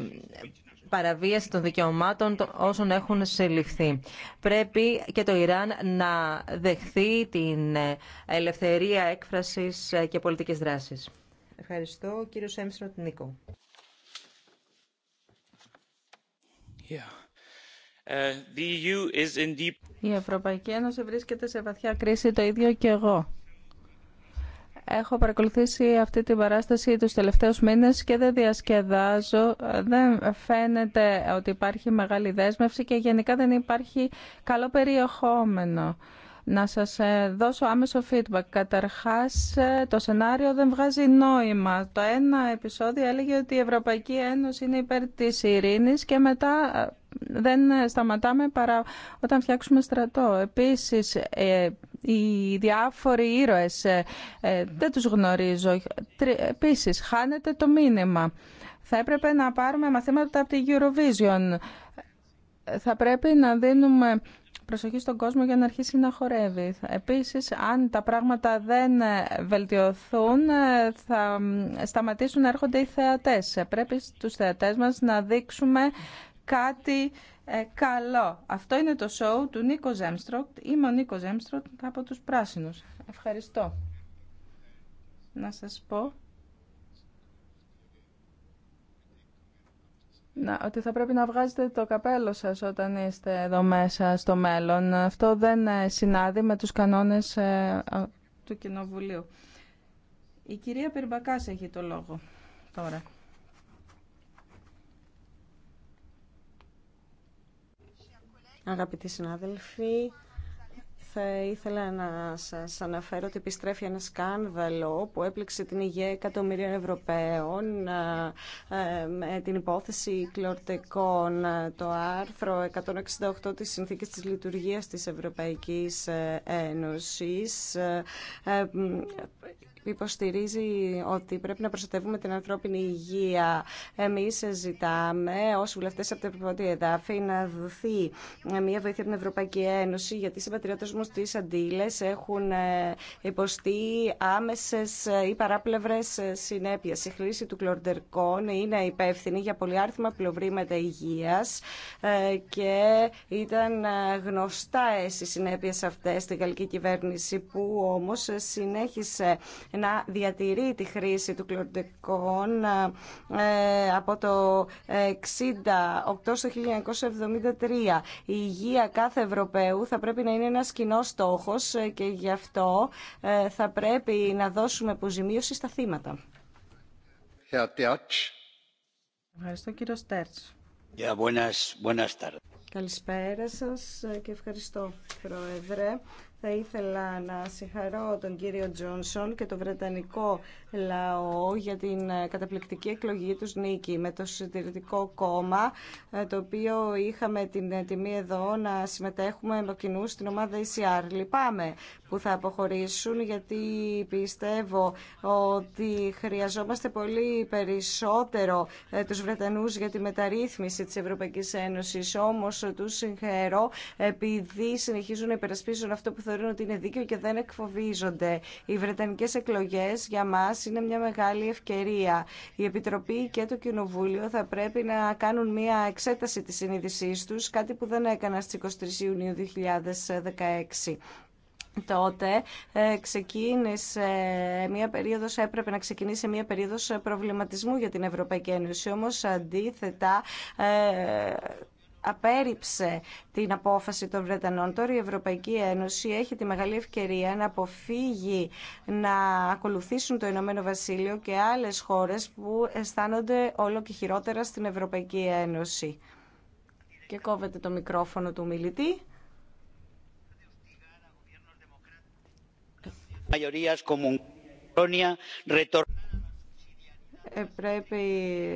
παραβίαση των δικαιωμάτων όσων έχουν συλληφθεί. Πρέπει και το Ιράν να δεχθεί την ε, ελευθερία έκφρασης ε, και πολιτικής δράσης. Ευχαριστώ. Κύριο Σέμιστρο Νίκο. Yeah. Ε, e Η Ευρωπαϊκή Ένωση βρίσκεται σε βαθιά κρίση, το ίδιο και εγώ. Έχω παρακολουθήσει αυτή την παράσταση τους τελευταίους μήνες και δεν διασκεδάζω. Δεν φαίνεται ότι υπάρχει μεγάλη δέσμευση και γενικά δεν υπάρχει καλό περιεχόμενο. Να σας ε, δώσω άμεσο feedback. Καταρχάς, ε, το σενάριο δεν βγάζει νόημα. Το ένα επεισόδιο έλεγε ότι η Ευρωπαϊκή Ένωση είναι υπέρ της ειρήνης και μετά ε, δεν σταματάμε παρά όταν φτιάξουμε στρατό. Επίσης, οι διάφοροι ήρωες. Ε, ε, δεν τους γνωρίζω. Επίσης, χάνεται το μήνυμα. Θα έπρεπε να πάρουμε μαθήματα από τη Eurovision. Θα πρέπει να δίνουμε προσοχή στον κόσμο για να αρχίσει να χορεύει. Επίσης, αν τα πράγματα δεν ε, βελτιωθούν, θα σταματήσουν να έρχονται οι θεατές. Πρέπει στους θεατές μας να δείξουμε κάτι ε, καλό. Αυτό είναι το show του Νίκο Ζέμστροκτ. Είμαι ο Νίκο Ζέμστροκτ από τους Πράσινους. Ευχαριστώ. Να σας πω να, ότι θα πρέπει να βγάζετε το καπέλο σας όταν είστε εδώ μέσα στο μέλλον. Αυτό δεν ε, συνάδει με τους κανόνες ε, του Κοινοβουλίου. Η κυρία Περμπακάς έχει το λόγο τώρα. Αγαπητοί συνάδελφοι, θα ήθελα να σας αναφέρω ότι επιστρέφει ένα σκάνδαλο που έπληξε την υγεία εκατομμυρίων Ευρωπαίων ε, με την υπόθεση κλορτεκών. Το άρθρο 168 της Συνθήκης της Λειτουργίας της Ευρωπαϊκής Ένωσης ε, ε, υποστηρίζει ότι πρέπει να προστατεύουμε την ανθρώπινη υγεία. Εμεί ζητάμε ως βουλευτέ από το Ευρωπαϊκή Εδάφη να δοθεί μια βοήθεια από την Ευρωπαϊκή Ένωση γιατί οι συμπατριώτε μου στις αντίλες έχουν ε, υποστεί άμεσες ε, ή παρά πλευρε συνέπειε. Η παραπλευρε συνεπειε η χρηση του κλορντερκών είναι υπεύθυνη για πολυάριθμα πλευρήματα υγεία ε, και ήταν γνωστά οι συνέπειε αυτέ στη γαλλική κυβέρνηση που όμω συνέχισε να διατηρεί τη χρήση του ε, από το 68 στο 1973. Η υγεία κάθε Ευρωπαίου θα πρέπει να είναι ένας κοινό στόχος ε, και γι' αυτό ε, θα πρέπει να δώσουμε αποζημίωση στα θύματα. Ευχαριστώ κύριο Στέρτς. Yeah, buenas, Καλησπέρα σας ε, και ευχαριστώ Πρόεδρε. Θα ήθελα να συγχαρώ τον κύριο Τζόνσον και τον Βρετανικό λαό για την ε, καταπληκτική εκλογή τους νίκη με το συντηρητικό κόμμα ε, το οποίο είχαμε την ε, τιμή εδώ να συμμετέχουμε με κοινού στην ομάδα ECR. Λυπάμαι που θα αποχωρήσουν γιατί πιστεύω ότι χρειαζόμαστε πολύ περισσότερο τους Βρετανούς για τη μεταρρύθμιση της Ευρωπαϊκής Ένωσης. Όμως τους συγχαίρω επειδή συνεχίζουν να υπερασπίζουν αυτό που θα θεωρούν ότι είναι δίκαιο και δεν εκφοβίζονται. Οι βρετανικές εκλογές για μας είναι μια μεγάλη ευκαιρία. Η Επιτροπή και το Κοινοβούλιο θα πρέπει να κάνουν μια εξέταση της συνείδησή τους, κάτι που δεν έκανα στις 23 Ιουνίου 2016. Τότε ε, ξεκίνησε μια περίοδος, έπρεπε να ξεκινήσει μια περίοδος προβληματισμού για την Ευρωπαϊκή Ένωση. Όμως αντίθετα ε, απέρριψε την απόφαση των Βρετανών. Τώρα η Ευρωπαϊκή Ένωση έχει τη μεγάλη ευκαιρία να αποφύγει να ακολουθήσουν το Ηνωμένο Βασίλειο και άλλες χώρες που αισθάνονται όλο και χειρότερα στην Ευρωπαϊκή Ένωση. Και κόβεται το μικρόφωνο του μιλητή. Ε, πρέπει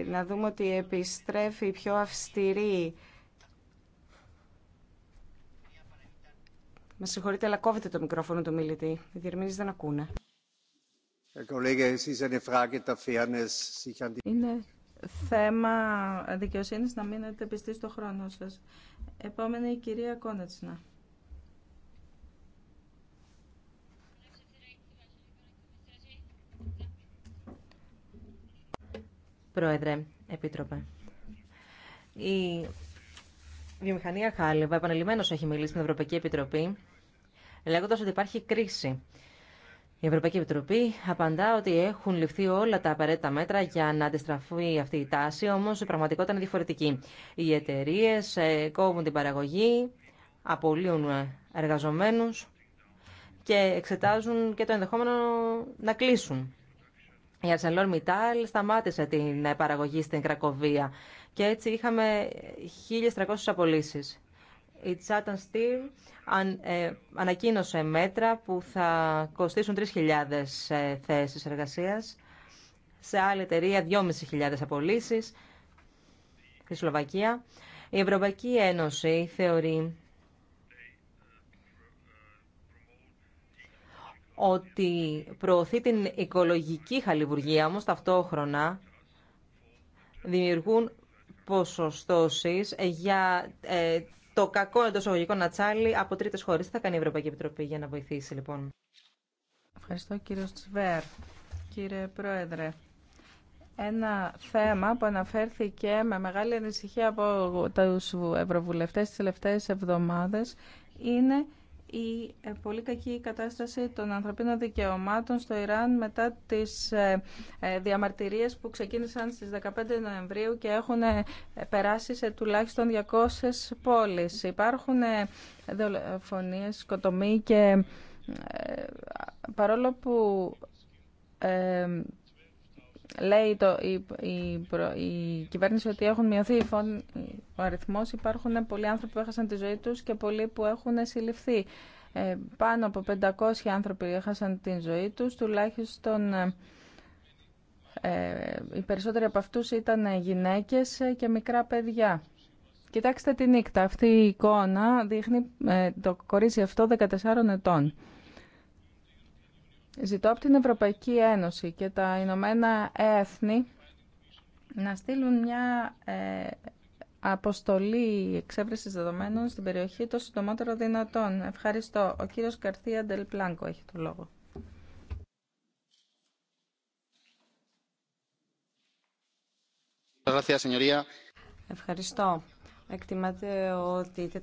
να δούμε ότι επιστρέφει πιο αυστηρή Με συγχωρείτε, αλλά κόβετε το μικρόφωνο του μιλητή. Οι διερμηνείς δεν ακούνε. Ε, είναι θέμα δικαιοσύνη να μείνετε πιστοί στο χρόνο σα. Επόμενη η κυρία Κόνετσνα. Πρόεδρε, Επίτροπε. Η βιομηχανία Χάλιβα επανελειμμένω έχει μιλήσει στην Ευρωπαϊκή Επιτροπή Λέγοντα ότι υπάρχει κρίση. Η Ευρωπαϊκή Επιτροπή απαντά ότι έχουν ληφθεί όλα τα απαραίτητα μέτρα για να αντιστραφεί αυτή η τάση, όμως η πραγματικότητα είναι διαφορετική. Οι εταιρείε ε, κόβουν την παραγωγή, απολύουν ε, εργαζομένους και εξετάζουν και το ενδεχόμενο να κλείσουν. Η Αρσελόρ Μιτάλ σταμάτησε την παραγωγή στην Κρακοβία και έτσι είχαμε 1.300 απολύσεις. Η Chatham Steel ε, ανακοίνωσε μέτρα που θα κοστίσουν 3.000 ε, θέσεις εργασίας. Σε άλλη εταιρεία 2.500 απολύσεις στη Σλοβακία. Η Ευρωπαϊκή Ένωση θεωρεί ότι προωθεί την οικολογική χαλιβουργία, όμως ταυτόχρονα δημιουργούν ποσοστώσεις για ε, το κακό εντό αγωγικών ατσάλι από τρίτε χώρε. Τι θα κάνει η Ευρωπαϊκή Επιτροπή για να βοηθήσει, λοιπόν. Ευχαριστώ, κύριο Τσβέρ. Κύριε Πρόεδρε, ένα θέμα που αναφέρθηκε με μεγάλη ανησυχία από τους ευρωβουλευτές τις τελευταίες εβδομάδες είναι η ε, πολύ κακή κατάσταση των ανθρωπίνων δικαιωμάτων στο Ιράν μετά τις ε, ε, διαμαρτυρίες που ξεκίνησαν στις 15 Νοεμβρίου και έχουν περάσει σε τουλάχιστον 200 πόλεις. Υπάρχουν δολοφονίες, σκοτομοί και παρόλο που λέει το, η, κυβέρνηση ότι έχουν μειωθεί ο αριθμός. Υπάρχουν πολλοί άνθρωποι που έχασαν τη ζωή τους και πολλοί που έχουν συλληφθεί. Ε, πάνω από 500 άνθρωποι έχασαν τη ζωή τους, τουλάχιστον ε, οι περισσότεροι από αυτούς ήταν γυναίκες και μικρά παιδιά. Κοιτάξτε τη νύχτα. Αυτή η εικόνα δείχνει ε, το κορίτσι αυτό 14 ετών. Ζητώ από την Ευρωπαϊκή Ένωση και τα Ηνωμένα Έθνη να στείλουν μια ε, αποστολή εξέβρεσης δεδομένων στην περιοχή το συντομότερο δυνατόν. Ευχαριστώ. Ο κύριος Καρθία Ντελπλάνκο έχει το λόγο. Ευχαριστώ. Εκτιμάται ότι 400.000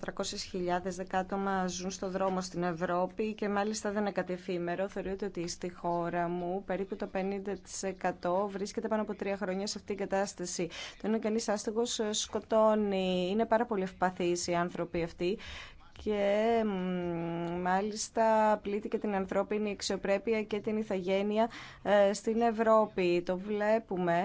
δεκάτομα ζουν στο δρόμο στην Ευρώπη και μάλιστα δεν είναι κάτι εφήμερο. Θεωρείται ότι στη χώρα μου περίπου το 50% βρίσκεται πάνω από τρία χρόνια σε αυτήν την κατάσταση. Το είναι κανεί άστεγο ε, σκοτώνει. Είναι πάρα πολύ ευπαθεί οι άνθρωποι αυτοί και μάλιστα πλήττει και την ανθρώπινη αξιοπρέπεια και την ηθαγένεια ε, στην Ευρώπη. Το βλέπουμε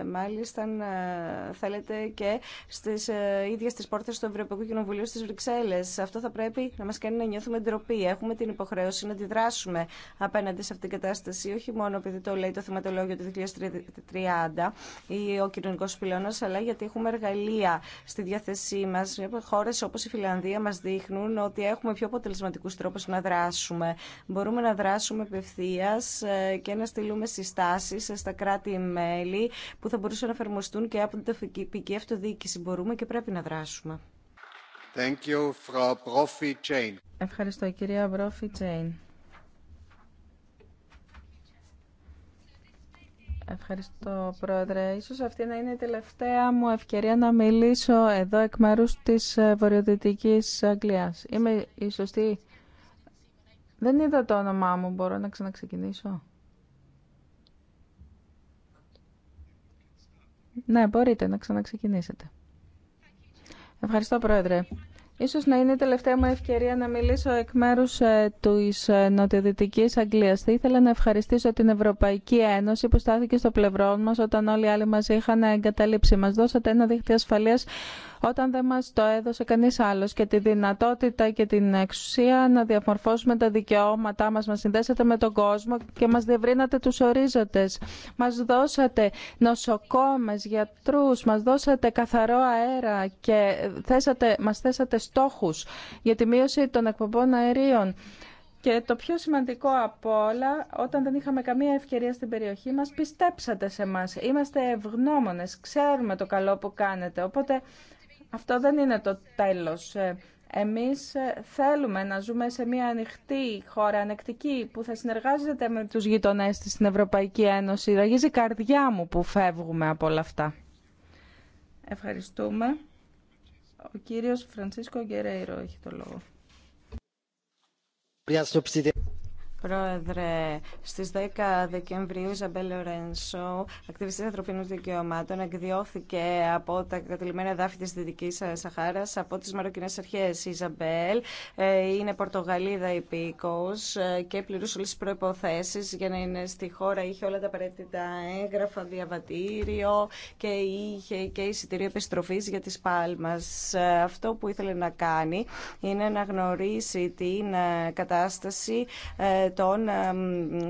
ε, μάλιστα ε, θέλετε και στις ίδιες τις πόρτες του Ευρωπαϊκού Κοινοβουλίου στις Βρυξέλλες. Αυτό θα πρέπει να μας κάνει να νιώθουμε ντροπή. Έχουμε την υποχρέωση να αντιδράσουμε απέναντι σε αυτήν την κατάσταση, όχι μόνο επειδή το λέει το θεματολόγιο του 2030 ή ο κοινωνικός πυλώνας, αλλά γιατί έχουμε εργαλεία στη διάθεσή μας. Χώρες όπως η Φιλανδία μας δίνει δείχνουν ότι έχουμε πιο αποτελεσματικού τρόπους να δράσουμε. Μπορούμε να δράσουμε απευθεία ε, και να στείλουμε συστάσεις ε, στα κράτη-μέλη που θα μπορούσαν να εφαρμοστούν και από την τοπική αυτοδιοίκηση. Μπορούμε και πρέπει να δράσουμε. Thank you, Frau Ευχαριστώ, κυρία Μπρόφι Τζέιν. Ευχαριστώ, Πρόεδρε. Ίσως αυτή να είναι η τελευταία μου ευκαιρία να μιλήσω εδώ εκ μερου της ε, Βορειοδυτικής Αγγλίας. Είμαι η σωστή. Δεν είδα το όνομά μου. Μπορώ να ξαναξεκινήσω. Ναι, μπορείτε να ξαναξεκινήσετε. Ευχαριστώ, Πρόεδρε. Ίσως να είναι η τελευταία μου ευκαιρία να μιλήσω εκ μέρους ε, της ε, Νοτιοδυτική Αγγλίας. Θα ήθελα να ευχαριστήσω την Ευρωπαϊκή Ένωση που στάθηκε στο πλευρό μας όταν όλοι οι άλλοι μας είχαν εγκαταλείψει. Μας δώσατε ένα δίχτυ ασφαλείας όταν δεν μας το έδωσε κανείς άλλος και τη δυνατότητα και την εξουσία να διαμορφώσουμε τα δικαιώματά μας, μας συνδέσατε με τον κόσμο και μας διευρύνατε τους ορίζοντες. Μας δώσατε νοσοκόμες, γιατρούς, μας δώσατε καθαρό αέρα και θέσατε, μας θέσατε στόχους για τη μείωση των εκπομπών αερίων. Και το πιο σημαντικό από όλα, όταν δεν είχαμε καμία ευκαιρία στην περιοχή μας, πιστέψατε σε μας. Είμαστε ευγνώμονες, ξέρουμε το καλό που κάνετε. Οπότε αυτό δεν είναι το τέλος. Ε, εμείς ε, θέλουμε να ζούμε σε μια ανοιχτή χώρα, ανεκτική, που θα συνεργάζεται με τους γειτονές της στην Ευρωπαϊκή Ένωση. Ραγίζει η καρδιά μου που φεύγουμε από όλα αυτά. Ευχαριστούμε. Ο κύριος Φρανσίσκο Γκερέιρο έχει το λόγο. Πρόεδρε, στις 10 Δεκεμβρίου η Ζαμπέλ Λορένσο, ακτιβιστή ανθρωπίνων δικαιωμάτων, εκδιώθηκε από τα κατελημένα εδάφη της Δυτικής Σαχάρας από τις Μαροκινές Αρχές. Η Ζαμπέλ ε, είναι Πορτογαλίδα υπήκος ε, και πληρούσε όλες τις προϋποθέσεις για να είναι στη χώρα. Είχε όλα τα απαραίτητα έγγραφα, διαβατήριο και είχε και εισιτήριο επιστροφή για τις Πάλμας. Ε, αυτό που ήθελε να κάνει είναι να γνωρίσει την κατάσταση των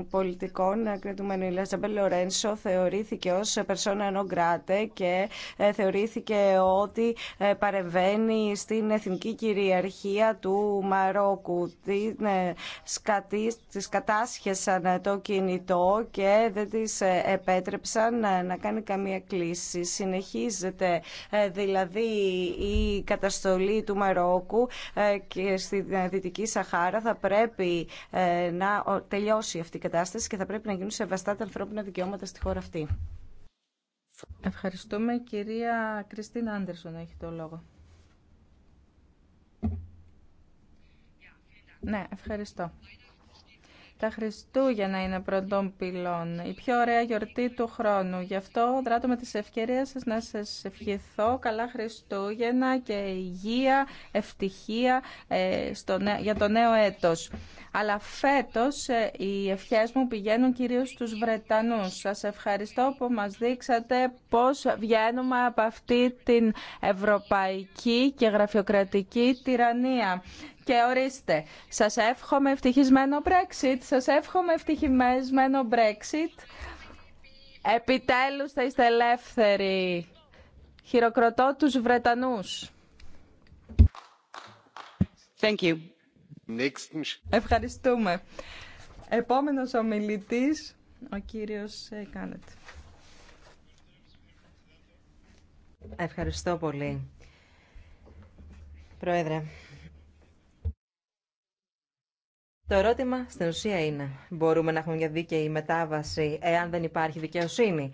πολιτικών ε, κρατουμένων. Η Λαζαμπέλ Λορένσο θεωρήθηκε ω ε, persona non grata και ε, θεωρήθηκε ότι παρεβαίνει στην εθνική κυριαρχία του Μαρόκου. Της κατάσχεσαν το κινητό και δεν τις επέτρεψαν να κάνει καμία κλίση. Συνεχίζεται δηλαδή η καταστολή του Μαρόκου και στη Δυτική Σαχάρα θα πρέπει να τελειώσει αυτή η κατάσταση και θα πρέπει να γίνουν σεβαστά τα ανθρώπινα δικαιώματα στη χώρα αυτή. Ευχαριστούμε. Κυρία Κριστίνα Άντερσον έχει το λόγο. Ναι, ευχαριστώ. Τα Χριστούγεννα είναι πρωτών πυλών, η πιο ωραία γιορτή του χρόνου. Γι' αυτό δράτω με τις ευκαιρίες σας να σας ευχηθώ καλά Χριστούγεννα και υγεία, ευτυχία ε, στο, για το νέο έτος. Αλλά φέτος ε, οι ευχές μου πηγαίνουν κυρίως στους Βρετανούς. Σας ευχαριστώ που μας δείξατε πώς βγαίνουμε από αυτή την ευρωπαϊκή και γραφειοκρατική τυραννία. Και ορίστε, σας εύχομαι ευτυχισμένο Brexit, σας εύχομαι ευτυχισμένο Brexit. Επιτέλους θα είστε ελεύθεροι. Χειροκροτώ τους Βρετανούς. Thank you. Ευχαριστούμε. Επόμενος ομιλητής, ο κύριος ε, Κάνετ. Ευχαριστώ πολύ. Πρόεδρε, το ερώτημα στην ουσία είναι, μπορούμε να έχουμε μια δίκαιη μετάβαση εάν δεν υπάρχει δικαιοσύνη.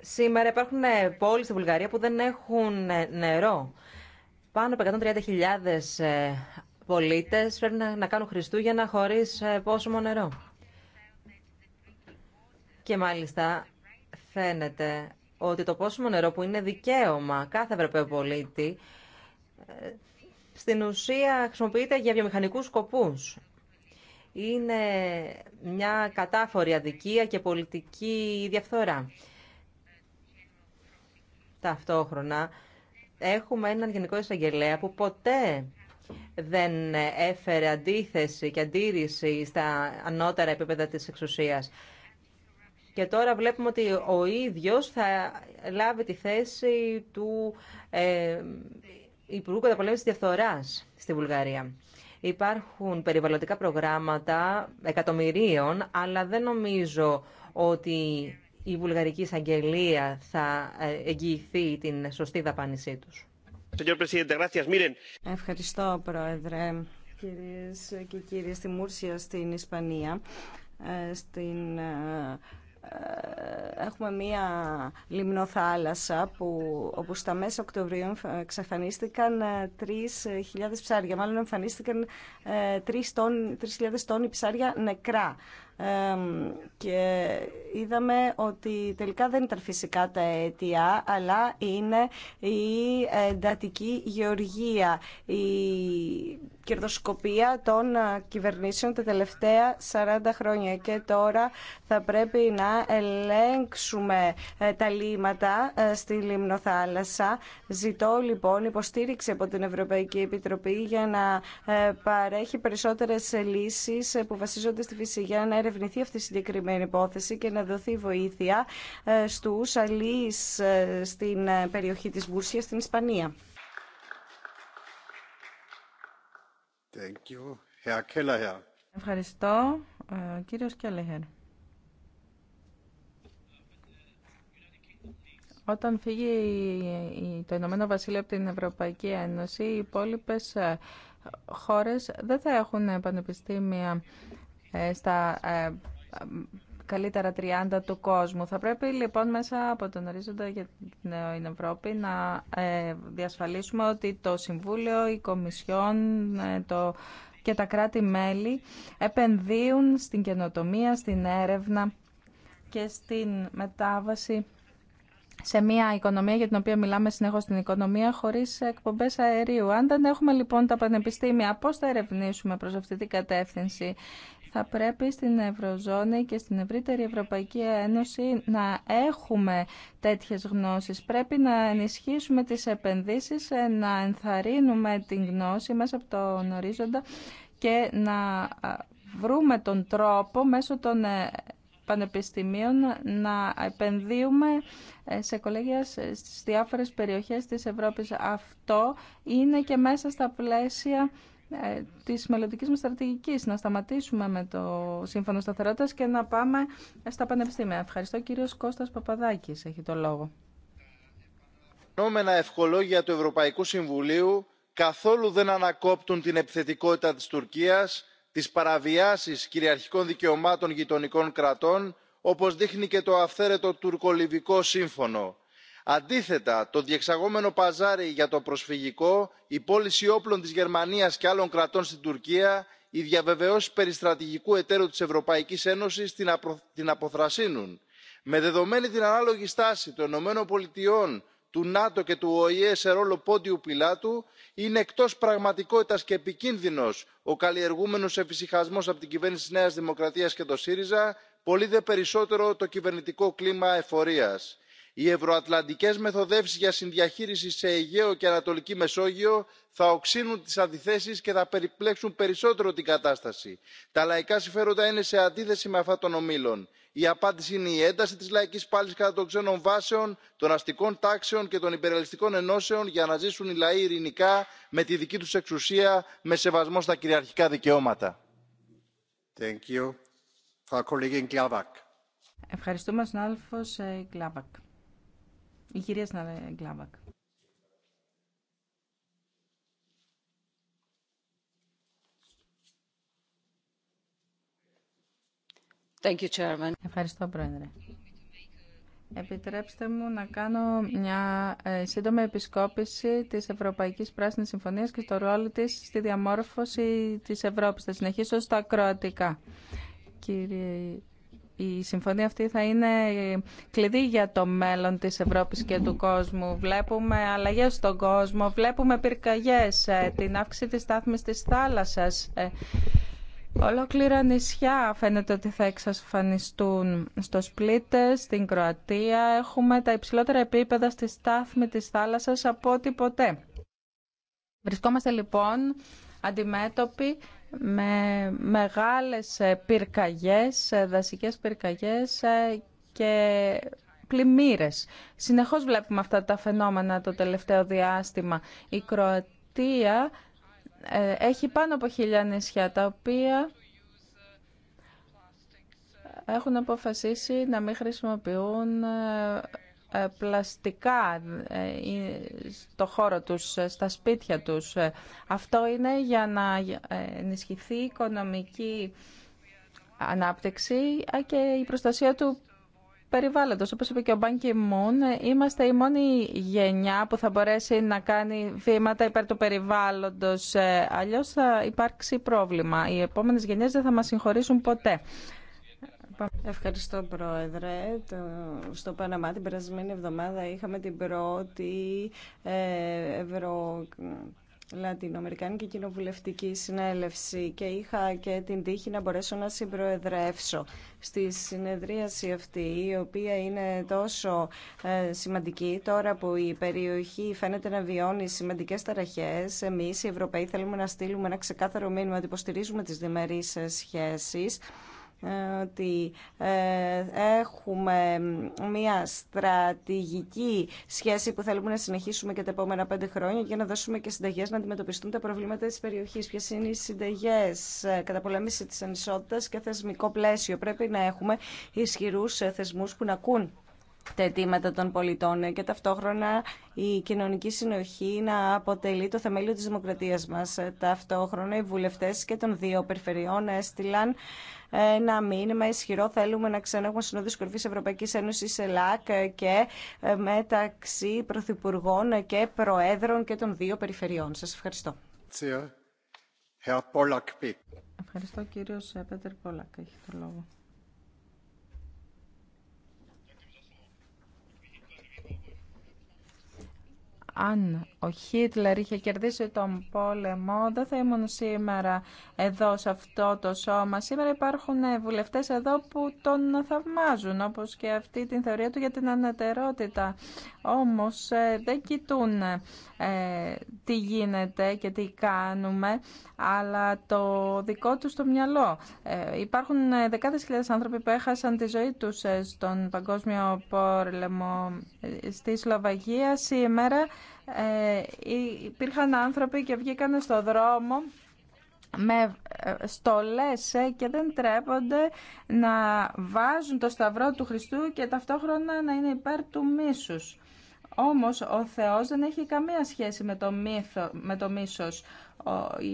Σήμερα υπάρχουν ε, πόλεις στη Βουλγαρία που δεν έχουν ε, νερό. Πάνω από 130.000 ε, πολίτες πρέπει να κάνουν Χριστούγεννα χωρίς πόσιμο νερό. Και μάλιστα φαίνεται ότι το πόσιμο νερό που είναι δικαίωμα κάθε Ευρωπαίου πολίτη στην ουσία χρησιμοποιείται για βιομηχανικούς σκοπούς. Είναι μια κατάφορη αδικία και πολιτική διαφθορά. Ταυτόχρονα έχουμε έναν γενικό εισαγγελέα που ποτέ δεν έφερε αντίθεση και αντίρρηση στα ανώτερα επίπεδα της εξουσίας. Και τώρα βλέπουμε ότι ο ίδιος θα λάβει τη θέση του ε, Υπουργού Καταπολέμησης Διαφθοράς στη Βουλγαρία. Υπάρχουν περιβαλλοντικά προγράμματα εκατομμυρίων, αλλά δεν νομίζω ότι η Βουλγαρική Εισαγγελία θα ε, εγγυηθεί την σωστή δαπάνησή τους. Ευχαριστώ, Πρόεδρε. Κυρίες και κύριοι, στη Μούρσια, στην Ισπανία, ε, στην ε, ε, έχουμε μία λιμνοθάλασσα που, όπου στα μέσα Οκτωβρίου ε, εξαφανίστηκαν 3.000 ε, ψάρια. Μάλλον εμφανίστηκαν 3.000 τόνοι ψάρια νεκρά. και είδαμε ότι τελικά δεν ήταν φυσικά τα αίτια, αλλά είναι η εντατική γεωργία, κερδοσκοπία των ε, κυβερνήσεων τα τελευταία 40 χρόνια και τώρα θα πρέπει να ελέγξουμε ε, τα λίματα ε, στη Λιμνοθάλασσα. Ζητώ λοιπόν υποστήριξη από την Ευρωπαϊκή Επιτροπή για να παρέχει περισσότερες λύσεις που βασίζονται στη φύση για να ερευνηθεί αυτή η συγκεκριμένη υπόθεση και να δοθεί βοήθεια στους αλείς στην περιοχή της Μπούσια στην Ισπανία. Ευχαριστώ. Ε, κύριος Κέλεχερ. Όταν φύγει το Ηνωμένο Βασίλειο από την Ευρωπαϊκή Ένωση, οι υπόλοιπε ε, χώρες δεν θα έχουν πανεπιστήμια ε, στα καλύτερα 30 του κόσμου. Θα πρέπει λοιπόν μέσα από τον ορίζοντα για την Ευρώπη να ε, διασφαλίσουμε ότι το Συμβούλιο, η Κομισιόν ε, το... και τα κράτη-μέλη επενδύουν στην καινοτομία, στην έρευνα και στην μετάβαση σε μια οικονομία για την οποία μιλάμε συνεχώ στην οικονομία χωρί εκπομπέ αερίου. Αν δεν έχουμε λοιπόν τα πανεπιστήμια, πώ θα ερευνήσουμε προ αυτή την κατεύθυνση θα πρέπει στην Ευρωζώνη και στην ευρύτερη Ευρωπαϊκή Ένωση να έχουμε τέτοιες γνώσεις. Πρέπει να ενισχύσουμε τις επενδύσεις, να ενθαρρύνουμε την γνώση μέσα από τον ορίζοντα και να βρούμε τον τρόπο μέσω των ε, πανεπιστημίων να επενδύουμε ε, σε κολέγια στις διάφορες περιοχές της Ευρώπης. Αυτό είναι και μέσα στα πλαίσια ε, Τη μελλοντική μα στρατηγική, να σταματήσουμε με το Σύμφωνο σταθερότητα και να πάμε στα πανεπιστήμια. Ευχαριστώ κύριος Κώστας Παπαδάκης, έχει το λόγο. Νόμενα ευχολόγια του Ευρωπαϊκού Συμβουλίου καθόλου δεν ανακόπτουν την επιθετικότητα της Τουρκίας, τις παραβιάσεις κυριαρχικών δικαιωμάτων γειτονικών κρατών, όπως δείχνει και το αυθαίρετο τουρκολιβικό σύμφωνο αντίθετα το διεξαγόμενο παζάρι για το προσφυγικό η πώληση όπλων της γερμανίας και άλλων κρατών στην τουρκία οι διαβεβαιώσεις περί στρατηγικού εταίρου της ευρωπαϊκής ένωσης την αποθρασύνουν. με δεδομένη την ανάλογη στάση των ηνωμένων πολιτειών του νάτο και του οηε σε ρόλο πόντιου πιλάτου είναι εκτός πραγματικότητας και επικίνδυνος ο καλλιεργούμενος εφησυχασμός από την κυβέρνηση της νέας δημοκρατίας και το σύριζα πολύ δε περισσότερο το κυβερνητικό κλίμα εφορίας οι ευρωατλαντικές μεθοδεύσεις για συνδιαχείριση σε αιγαίο και ανατολική μεσόγειο θα οξύνουν τις αντιθέσεις και θα περιπλέξουν περισσότερο την κατάσταση. τα λαϊκά συμφέροντα είναι σε αντίθεση με αυτά των ομίλων. η απάντηση είναι η ένταση της λαϊκής πάλης κατά των ξένων βάσεων των αστικών τάξεων και των υπερελιστικών ενώσεων για να ζήσουν οι λαοί ειρηνικά με τη δική τους εξουσία με σεβασμό στα κυριαρχικά δικαιώματα. Η κυρία Σναλεγκλάβακ. Ευχαριστώ, Πρόεδρε. Επιτρέψτε μου να κάνω μια ε, σύντομη επισκόπηση της Ευρωπαϊκής Πράσινης Συμφωνίας και στο ρόλο της στη διαμόρφωση της Ευρώπης. Θα συνεχίσω στα ακροατικά. Κύριε η συμφωνία αυτή θα είναι κλειδί για το μέλλον της Ευρώπης και του κόσμου. Βλέπουμε αλλαγές στον κόσμο, βλέπουμε πυρκαγιές, ε, την αύξηση της στάθμης της θάλασσας. Ε, ολόκληρα νησιά φαίνεται ότι θα εξασφανιστούν στο Σπλίτε, στην Κροατία. Έχουμε τα υψηλότερα επίπεδα στη στάθμη της θάλασσας από ό,τι ποτέ. Βρισκόμαστε λοιπόν αντιμέτωποι με μεγάλες ε, πυρκαγιές, ε, δασικές πυρκαγιές ε, και πλημμύρες. Συνεχώς βλέπουμε αυτά τα φαινόμενα το τελευταίο διάστημα. Η Κροατία έχει πάνω από χίλια νησιά τα οποία έχουν αποφασίσει να μην χρησιμοποιούν ε, πλαστικά ε, ε, στο χώρο τους, στα σπίτια τους. Αυτό είναι για να ενισχυθεί η οικονομική ανάπτυξη και η προστασία του περιβάλλοντος. Όπως είπε και ο Μπάνκι Μουν, είμαστε η μόνη γενιά που θα μπορέσει να κάνει βήματα υπέρ του περιβάλλοντος. Αλλιώς θα υπάρξει πρόβλημα. Οι επόμενες γενιές δεν θα μας συγχωρήσουν ποτέ. Ευχαριστώ Πρόεδρε. στο Παναμά την περασμένη εβδομάδα είχαμε την πρώτη ε, ευρω... Λατινοαμερικάνικη Κοινοβουλευτική Συνέλευση και είχα και την τύχη να μπορέσω να συμπροεδρεύσω στη συνεδρίαση αυτή η οποία είναι τόσο ε, σημαντική τώρα που η περιοχή φαίνεται να βιώνει σημαντικές ταραχές εμείς οι Ευρωπαίοι θέλουμε να στείλουμε ένα ξεκάθαρο μήνυμα ότι υποστηρίζουμε τις διμερείς ε, σχέσεις ότι ε, έχουμε μια στρατηγική σχέση που θέλουμε να συνεχίσουμε και τα επόμενα πέντε χρόνια για να δώσουμε και συνταγές να αντιμετωπιστούν τα προβλήματα της περιοχής. Ποιες είναι οι συνταγές, ε, πολέμηση της ανισότητας και θεσμικό πλαίσιο. Πρέπει να έχουμε ισχυρούς ε, θεσμούς που να ακούν τα αιτήματα των πολιτών και ταυτόχρονα η κοινωνική συνοχή να αποτελεί το θεμέλιο της δημοκρατίας μας. Ταυτόχρονα οι βουλευτές και των δύο περιφερειών έστειλαν ένα μήνυμα ισχυρό. Θέλουμε να ξανέχουμε συνόδου κορυφή Ευρωπαϊκή Ένωση, ΕΛΑΚ και μεταξύ πρωθυπουργών και προέδρων και των δύο περιφερειών. Σα ευχαριστώ. Ευχαριστώ κύριο Πέτερ Πόλακ. Έχει το λόγο. αν ο Χίτλερ είχε κερδίσει τον πόλεμο, δεν θα ήμουν σήμερα εδώ σε αυτό το σώμα. Σήμερα υπάρχουν βουλευτές εδώ που τον θαυμάζουν, όπως και αυτή την θεωρία του για την ανατερότητα. Όμως ε, δεν κοιτούν ε, τι γίνεται και τι κάνουμε, αλλά το δικό τους το μυαλό. Ε, υπάρχουν δεκάδες χιλιάδες άνθρωποι που έχασαν τη ζωή τους στον Παγκόσμιο Πόλεμο στη Σλοβαγία σήμερα ε, υπήρχαν άνθρωποι και βγήκαν στο δρόμο με ε, στολές ε, και δεν τρέπονται να βάζουν το σταυρό του Χριστού και ταυτόχρονα να είναι υπέρ του μίσους. Όμως ο Θεός δεν έχει καμία σχέση με το, μύθο, με το μίσος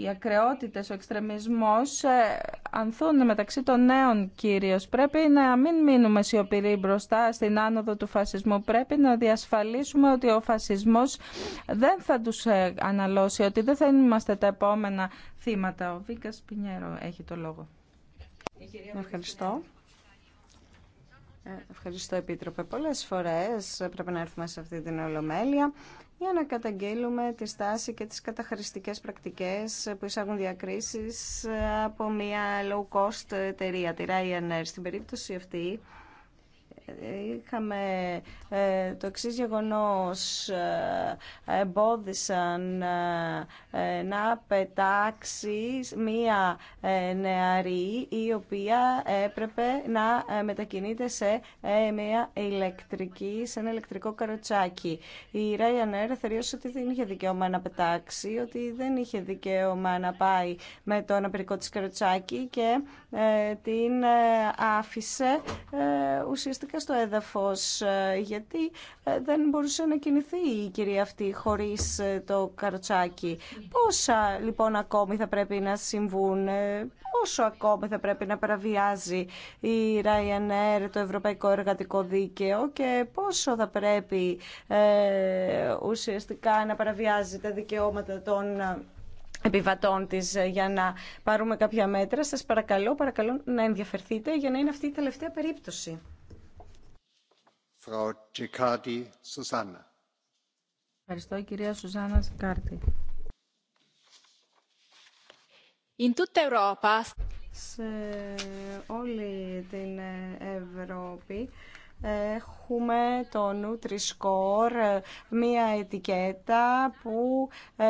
οι ακρεότητες, ο εξτρεμισμός ε, ανθούν μεταξύ των νέων κυρίως. Πρέπει να μην μείνουμε σιωπηροί μπροστά στην άνοδο του φασισμού. Πρέπει να διασφαλίσουμε ότι ο φασισμός δεν θα τους ε, αναλώσει, ότι δεν θα είμαστε τα επόμενα θύματα. Ο Βίκας Πινιέρο έχει το λόγο. Ευχαριστώ. Ε, ευχαριστώ, Επίτροπε. Πολλές φορές πρέπει να έρθουμε σε αυτή την ολομέλεια για να καταγγείλουμε τη στάση και τις καταχρηστικές πρακτικές που εισάγουν διακρίσεις από μια low-cost εταιρεία, τη Ryanair. Στην περίπτωση αυτή, είχαμε ε, το εξή γεγονός ε, εμπόδισαν ε, να πετάξει μία νεαρή η οποία έπρεπε να μετακινείται σε μία ηλεκτρική, σε ένα ηλεκτρικό καροτσάκι. Η Ryanair θεωρήσε ότι δεν είχε δικαίωμα να πετάξει, ότι δεν είχε δικαίωμα να πάει με το αναπηρικό της καροτσάκι και την άφησε ουσιαστικά στο έδαφος ε, γιατί ε, δεν μπορούσε να κινηθεί η κυρία αυτή χωρίς ε, το καροτσάκι. Πόσα λοιπόν ακόμη θα πρέπει να συμβούν, πόσο ακόμη θα πρέπει να παραβιάζει η Ryanair το Ευρωπαϊκό Εργατικό Δίκαιο και πόσο θα πρέπει ουσιαστικά να παραβιάζει τα δικαιώματα των επιβατών της για να πάρουμε κάποια μέτρα. Σας παρακαλώ, παρακαλώ να ενδιαφερθείτε για να είναι αυτή η τελευταία περίπτωση. Ευχαριστώ, κυρία Σουζάνα Σικάρτη. Σε όλη την Ευρώπη έχουμε έχουμε το Nutri-Score, μία ετικέτα που ε,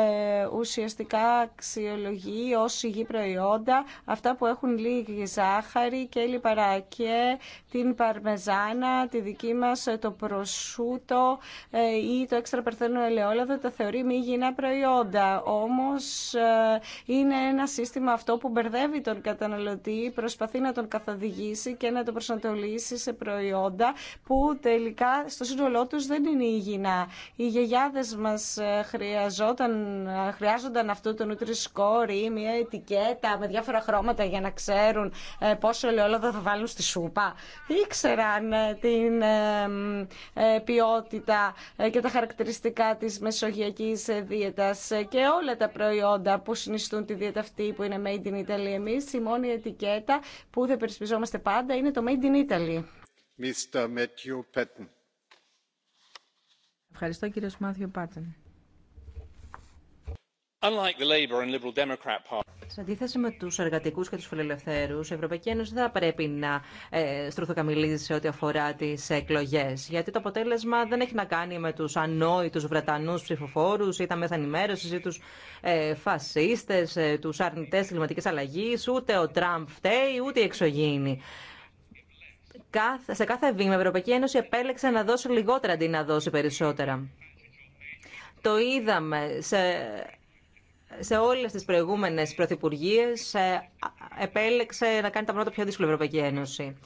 ουσιαστικά αξιολογεί ως υγιή προϊόντα αυτά που έχουν λίγη ζάχαρη και λιπαρά και την παρμεζάνα, τη δική μας το προσούτο ε, ή το έξτρα περθένο ελαιόλαδο τα θεωρεί μη υγιεινά προϊόντα. Όμως ε, είναι ένα σύστημα αυτό που μπερδεύει τον καταναλωτή, προσπαθεί να τον καθοδηγήσει και να τον προσανατολίσει σε προϊόντα που τελικά στο σύνολό τους δεν είναι υγιεινά. Οι γιαγιάδες μας ε, χρειαζόταν, ε, χρειάζονταν αυτό το νουτρισκόρι, ή μια ετικέτα με διάφορα χρώματα για να ξέρουν ε, πόσο ελαιόλαδο θα βάλουν στη σούπα. Ήξεραν την ποιότητα και τα χαρακτηριστικά της μεσογειακής δίαιτας και όλα τα προϊόντα που συνιστούν τη δίαιτα αυτή που είναι made in Italy. Εμείς η μόνη ετικέτα που δεν περισπιζόμαστε πάντα είναι το made in Italy. Σε αντίθεση με του εργατικού και του φιλελευθέρου, η Ευρωπαϊκή Ένωση δεν θα πρέπει να ε, στρουθοκαμιλίζει σε ό,τι αφορά τι εκλογέ. Γιατί το αποτέλεσμα δεν έχει να κάνει με του ανόητου Βρετανού ψηφοφόρου ή τα μέσα ενημέρωση ή του ε, φασίστε, ε, του αρνητέ κλιματική αλλαγή. Ούτε ο Τραμπ φταίει, ούτε η εξωγήινη σε κάθε βήμα η Ευρωπαϊκή Ένωση επέλεξε να δώσει λιγότερα αντί να δώσει περισσότερα. Το είδαμε σε, σε όλες τις προηγούμενες πρωθυπουργίες. Ε, επέλεξε να κάνει τα πρώτα πιο δύσκολα η Ευρωπαϊκή Ένωση.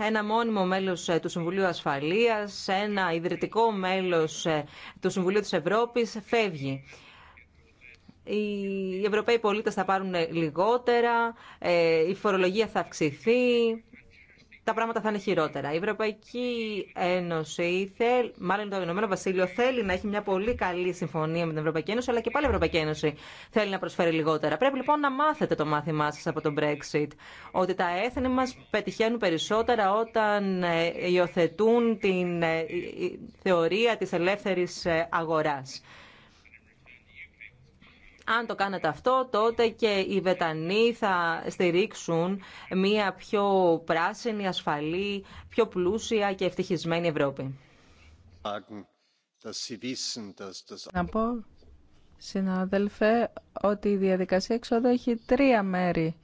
Ένα μόνιμο μέλος ε, του Συμβουλίου Ασφαλείας, ένα ιδρυτικό μέλος ε, του Συμβουλίου της Ευρώπης φεύγει οι Ευρωπαίοι πολίτες θα πάρουν λιγότερα, ε, η φορολογία θα αυξηθεί, τα πράγματα θα είναι χειρότερα. Η Ευρωπαϊκή Ένωση, θέλ, μάλλον το Ηνωμένο Βασίλειο, θέλει να έχει μια πολύ καλή συμφωνία με την Ευρωπαϊκή Ένωση, αλλά και πάλι η Ευρωπαϊκή Ένωση θέλει να προσφέρει λιγότερα. Πρέπει λοιπόν να μάθετε το μάθημά σα από τον Brexit, ότι τα έθνη μα πετυχαίνουν περισσότερα όταν ε, υιοθετούν την ε, θεωρία τη ελεύθερη αγορά. Αν το κάνετε αυτό, τότε και οι Βετανοί θα στηρίξουν μια πιο πράσινη, ασφαλή, πιο πλούσια και ευτυχισμένη Ευρώπη. Να πω, συνάδελφε, ότι η διαδικασία εξόδου έχει τρία μέρη.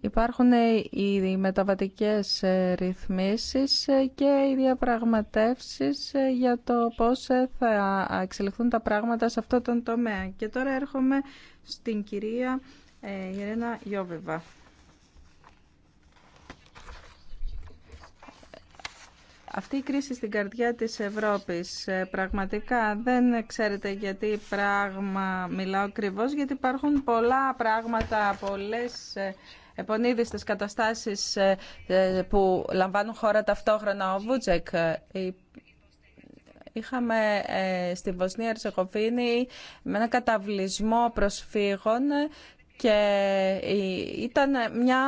Υπάρχουν ε, οι μεταβατικές ε, ρυθμίσεις ε, και οι διαπραγματεύσεις για το πώς θα εξελιχθούν τα πράγματα σε αυτό τον τομέα. Και τώρα έρχομαι στην κυρία Ιρένα Γιώβεβα. Αυτή η κρίση στην καρδιά της Ευρώπης πραγματικά δεν ξέρετε γιατί πράγμα μιλάω ακριβώ, γιατί υπάρχουν πολλά πράγματα, πολλές επονίδη στις καταστάσεις ε, ε, που λαμβάνουν χώρα ταυτόχρονα ο Βούτζεκ. Ε, είχαμε στη Βοσνία Ερσεγοβίνη με ένα καταβλισμό προσφύγων και ήταν μια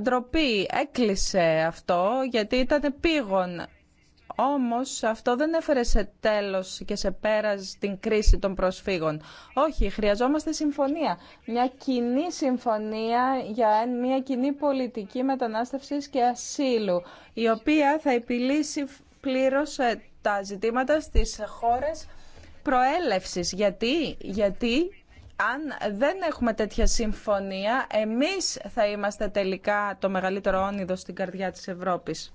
ντροπή. Έκλεισε αυτό γιατί ήταν πήγον όμως αυτό δεν έφερε σε τέλος και σε πέρας την κρίση των προσφύγων. Όχι, χρειαζόμαστε συμφωνία. Μια κοινή συμφωνία για μια κοινή πολιτική μετανάστευσης και ασύλου, η οποία θα επιλύσει πλήρως ε, τα ζητήματα στις χώρες προέλευσης. Γιατί, γιατί αν δεν έχουμε τέτοια συμφωνία, εμείς θα είμαστε τελικά το μεγαλύτερο όνειρο στην καρδιά της Ευρώπης.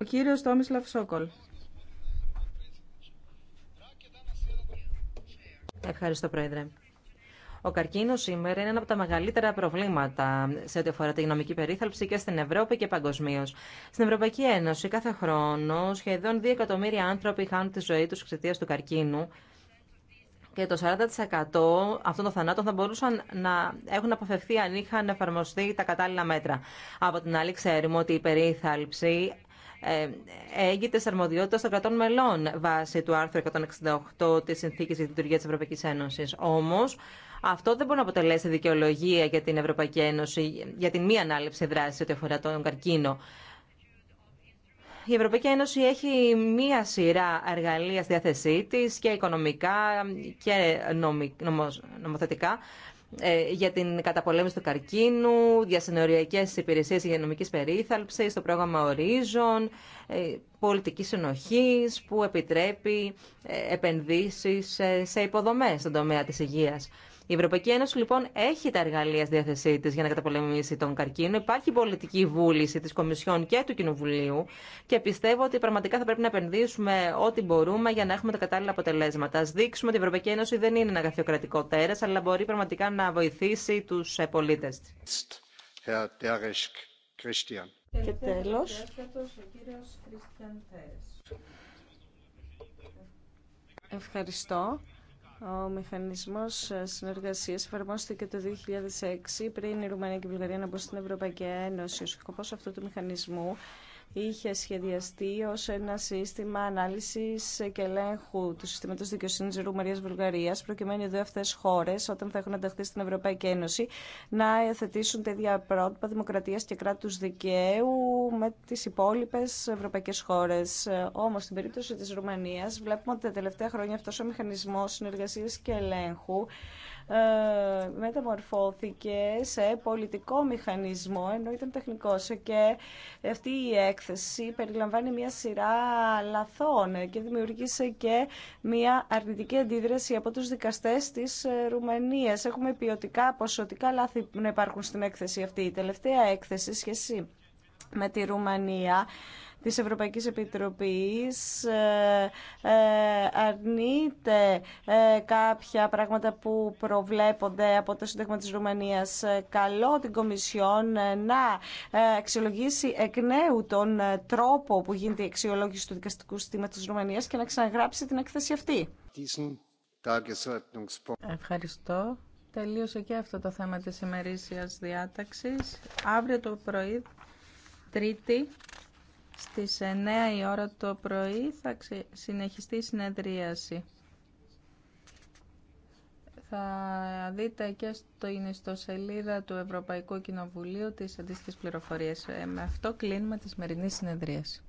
Ο κύριος Τόμισλαφ Σόκολ. Ευχαριστώ, Πρόεδρε. Ο καρκίνο σήμερα είναι ένα από τα μεγαλύτερα προβλήματα σε ό,τι αφορά τη γνωμική περίθαλψη και στην Ευρώπη και παγκοσμίω. Στην Ευρωπαϊκή Ένωση, κάθε χρόνο, σχεδόν 2 εκατομμύρια άνθρωποι χάνουν τη ζωή του εξαιτία του καρκίνου και το 40% αυτών των θανάτων θα μπορούσαν να έχουν αποφευθεί αν είχαν εφαρμοστεί τα κατάλληλα μέτρα. Από την άλλη, ξέρουμε ότι η περίθαλψη ε, έγκυται σε αρμοδιότητα των κρατών μελών βάσει του άρθρου 168 της Συνθήκης για τη Λειτουργία της Ευρωπαϊκής Ένωσης. Όμως, αυτό δεν μπορεί να αποτελέσει δικαιολογία για την Ευρωπαϊκή Ένωση για την μη ανάληψη δράση ό,τι αφορά τον καρκίνο. Η Ευρωπαϊκή Ένωση έχει μία σειρά εργαλεία στη διάθεσή τη και οικονομικά και νομοθετικά ε, για την καταπολέμηση του καρκίνου, για συνοριακές υπηρεσίε υγειονομικής περίθαλψης, το πρόγραμμα ορίζων, ε, πολιτική συνοχής που επιτρέπει ε, επενδύσεις σε υποδομές στον τομέα της υγείας. Η Ευρωπαϊκή Ένωση λοιπόν έχει τα εργαλεία στη διάθεσή τη για να καταπολεμήσει τον καρκίνο. Υπάρχει πολιτική βούληση τη Κομισιόν και του Κοινοβουλίου και πιστεύω ότι πραγματικά θα πρέπει να επενδύσουμε ό,τι μπορούμε για να έχουμε τα κατάλληλα αποτελέσματα. Α δείξουμε ότι η Ευρωπαϊκή Ένωση δεν είναι ένα γραφειοκρατικό τέρα, αλλά μπορεί πραγματικά να βοηθήσει του ε, πολίτε. Και τέλος, Ευχαριστώ. Ο μηχανισμός συνεργασίας εφαρμόστηκε το 2006 πριν η Ρουμανία και η Βουλγαρία να μπουν στην Ευρωπαϊκή Ένωση. Ο σκοπό αυτού του μηχανισμού είχε σχεδιαστεί ω ένα σύστημα ανάλυσης και ελέγχου του συστήματος δικαιοσύνης Ρουμανία Βουλγαρίας προκειμένου οι δύο αυτέ χώρες όταν θα έχουν ενταχθεί στην Ευρωπαϊκή Ένωση να εθετήσουν τέτοια πρότυπα δημοκρατίας και κράτους δικαίου με τις υπόλοιπε ευρωπαϊκές χώρες. Όμως στην περίπτωση της Ρουμανίας βλέπουμε ότι τα τελευταία χρόνια αυτό ο μηχανισμό συνεργασία και ελέγχου ε, μεταμορφώθηκε σε πολιτικό μηχανισμό, ενώ ήταν τεχνικός. Και αυτή η έκθεση περιλαμβάνει μια σειρά λαθών και δημιουργήσε και μια αρνητική αντίδραση από τους δικαστές της ε, Ρουμανίας. Έχουμε ποιοτικά, ποσοτικά λάθη να υπάρχουν στην έκθεση αυτή. Η τελευταία έκθεση, σχέση με τη Ρουμανία, της Ευρωπαϊκής Επιτροπής ε, ε, αρνείται ε, κάποια πράγματα που προβλέπονται από το Σύνταγμα της Ρουμανίας. Καλό την Κομισιόν να αξιολογήσει εκ νέου τον τρόπο που γίνεται η αξιολόγηση του δικαστικού συστήματος της Ρουμανίας και να ξαναγράψει την έκθεση αυτή. Ευχαριστώ. Τελείωσε και αυτό το θέμα της ημερήσιας διάταξης. Αύριο το πρωί, Τρίτη, στις 9 η ώρα το πρωί θα συνεχιστεί η συνεδρίαση. Θα δείτε και στο ιστοσελίδα του Ευρωπαϊκού Κοινοβουλίου τις αντίστοιχες πληροφορίες. Ε, με αυτό κλείνουμε τη σημερινή συνεδρίαση.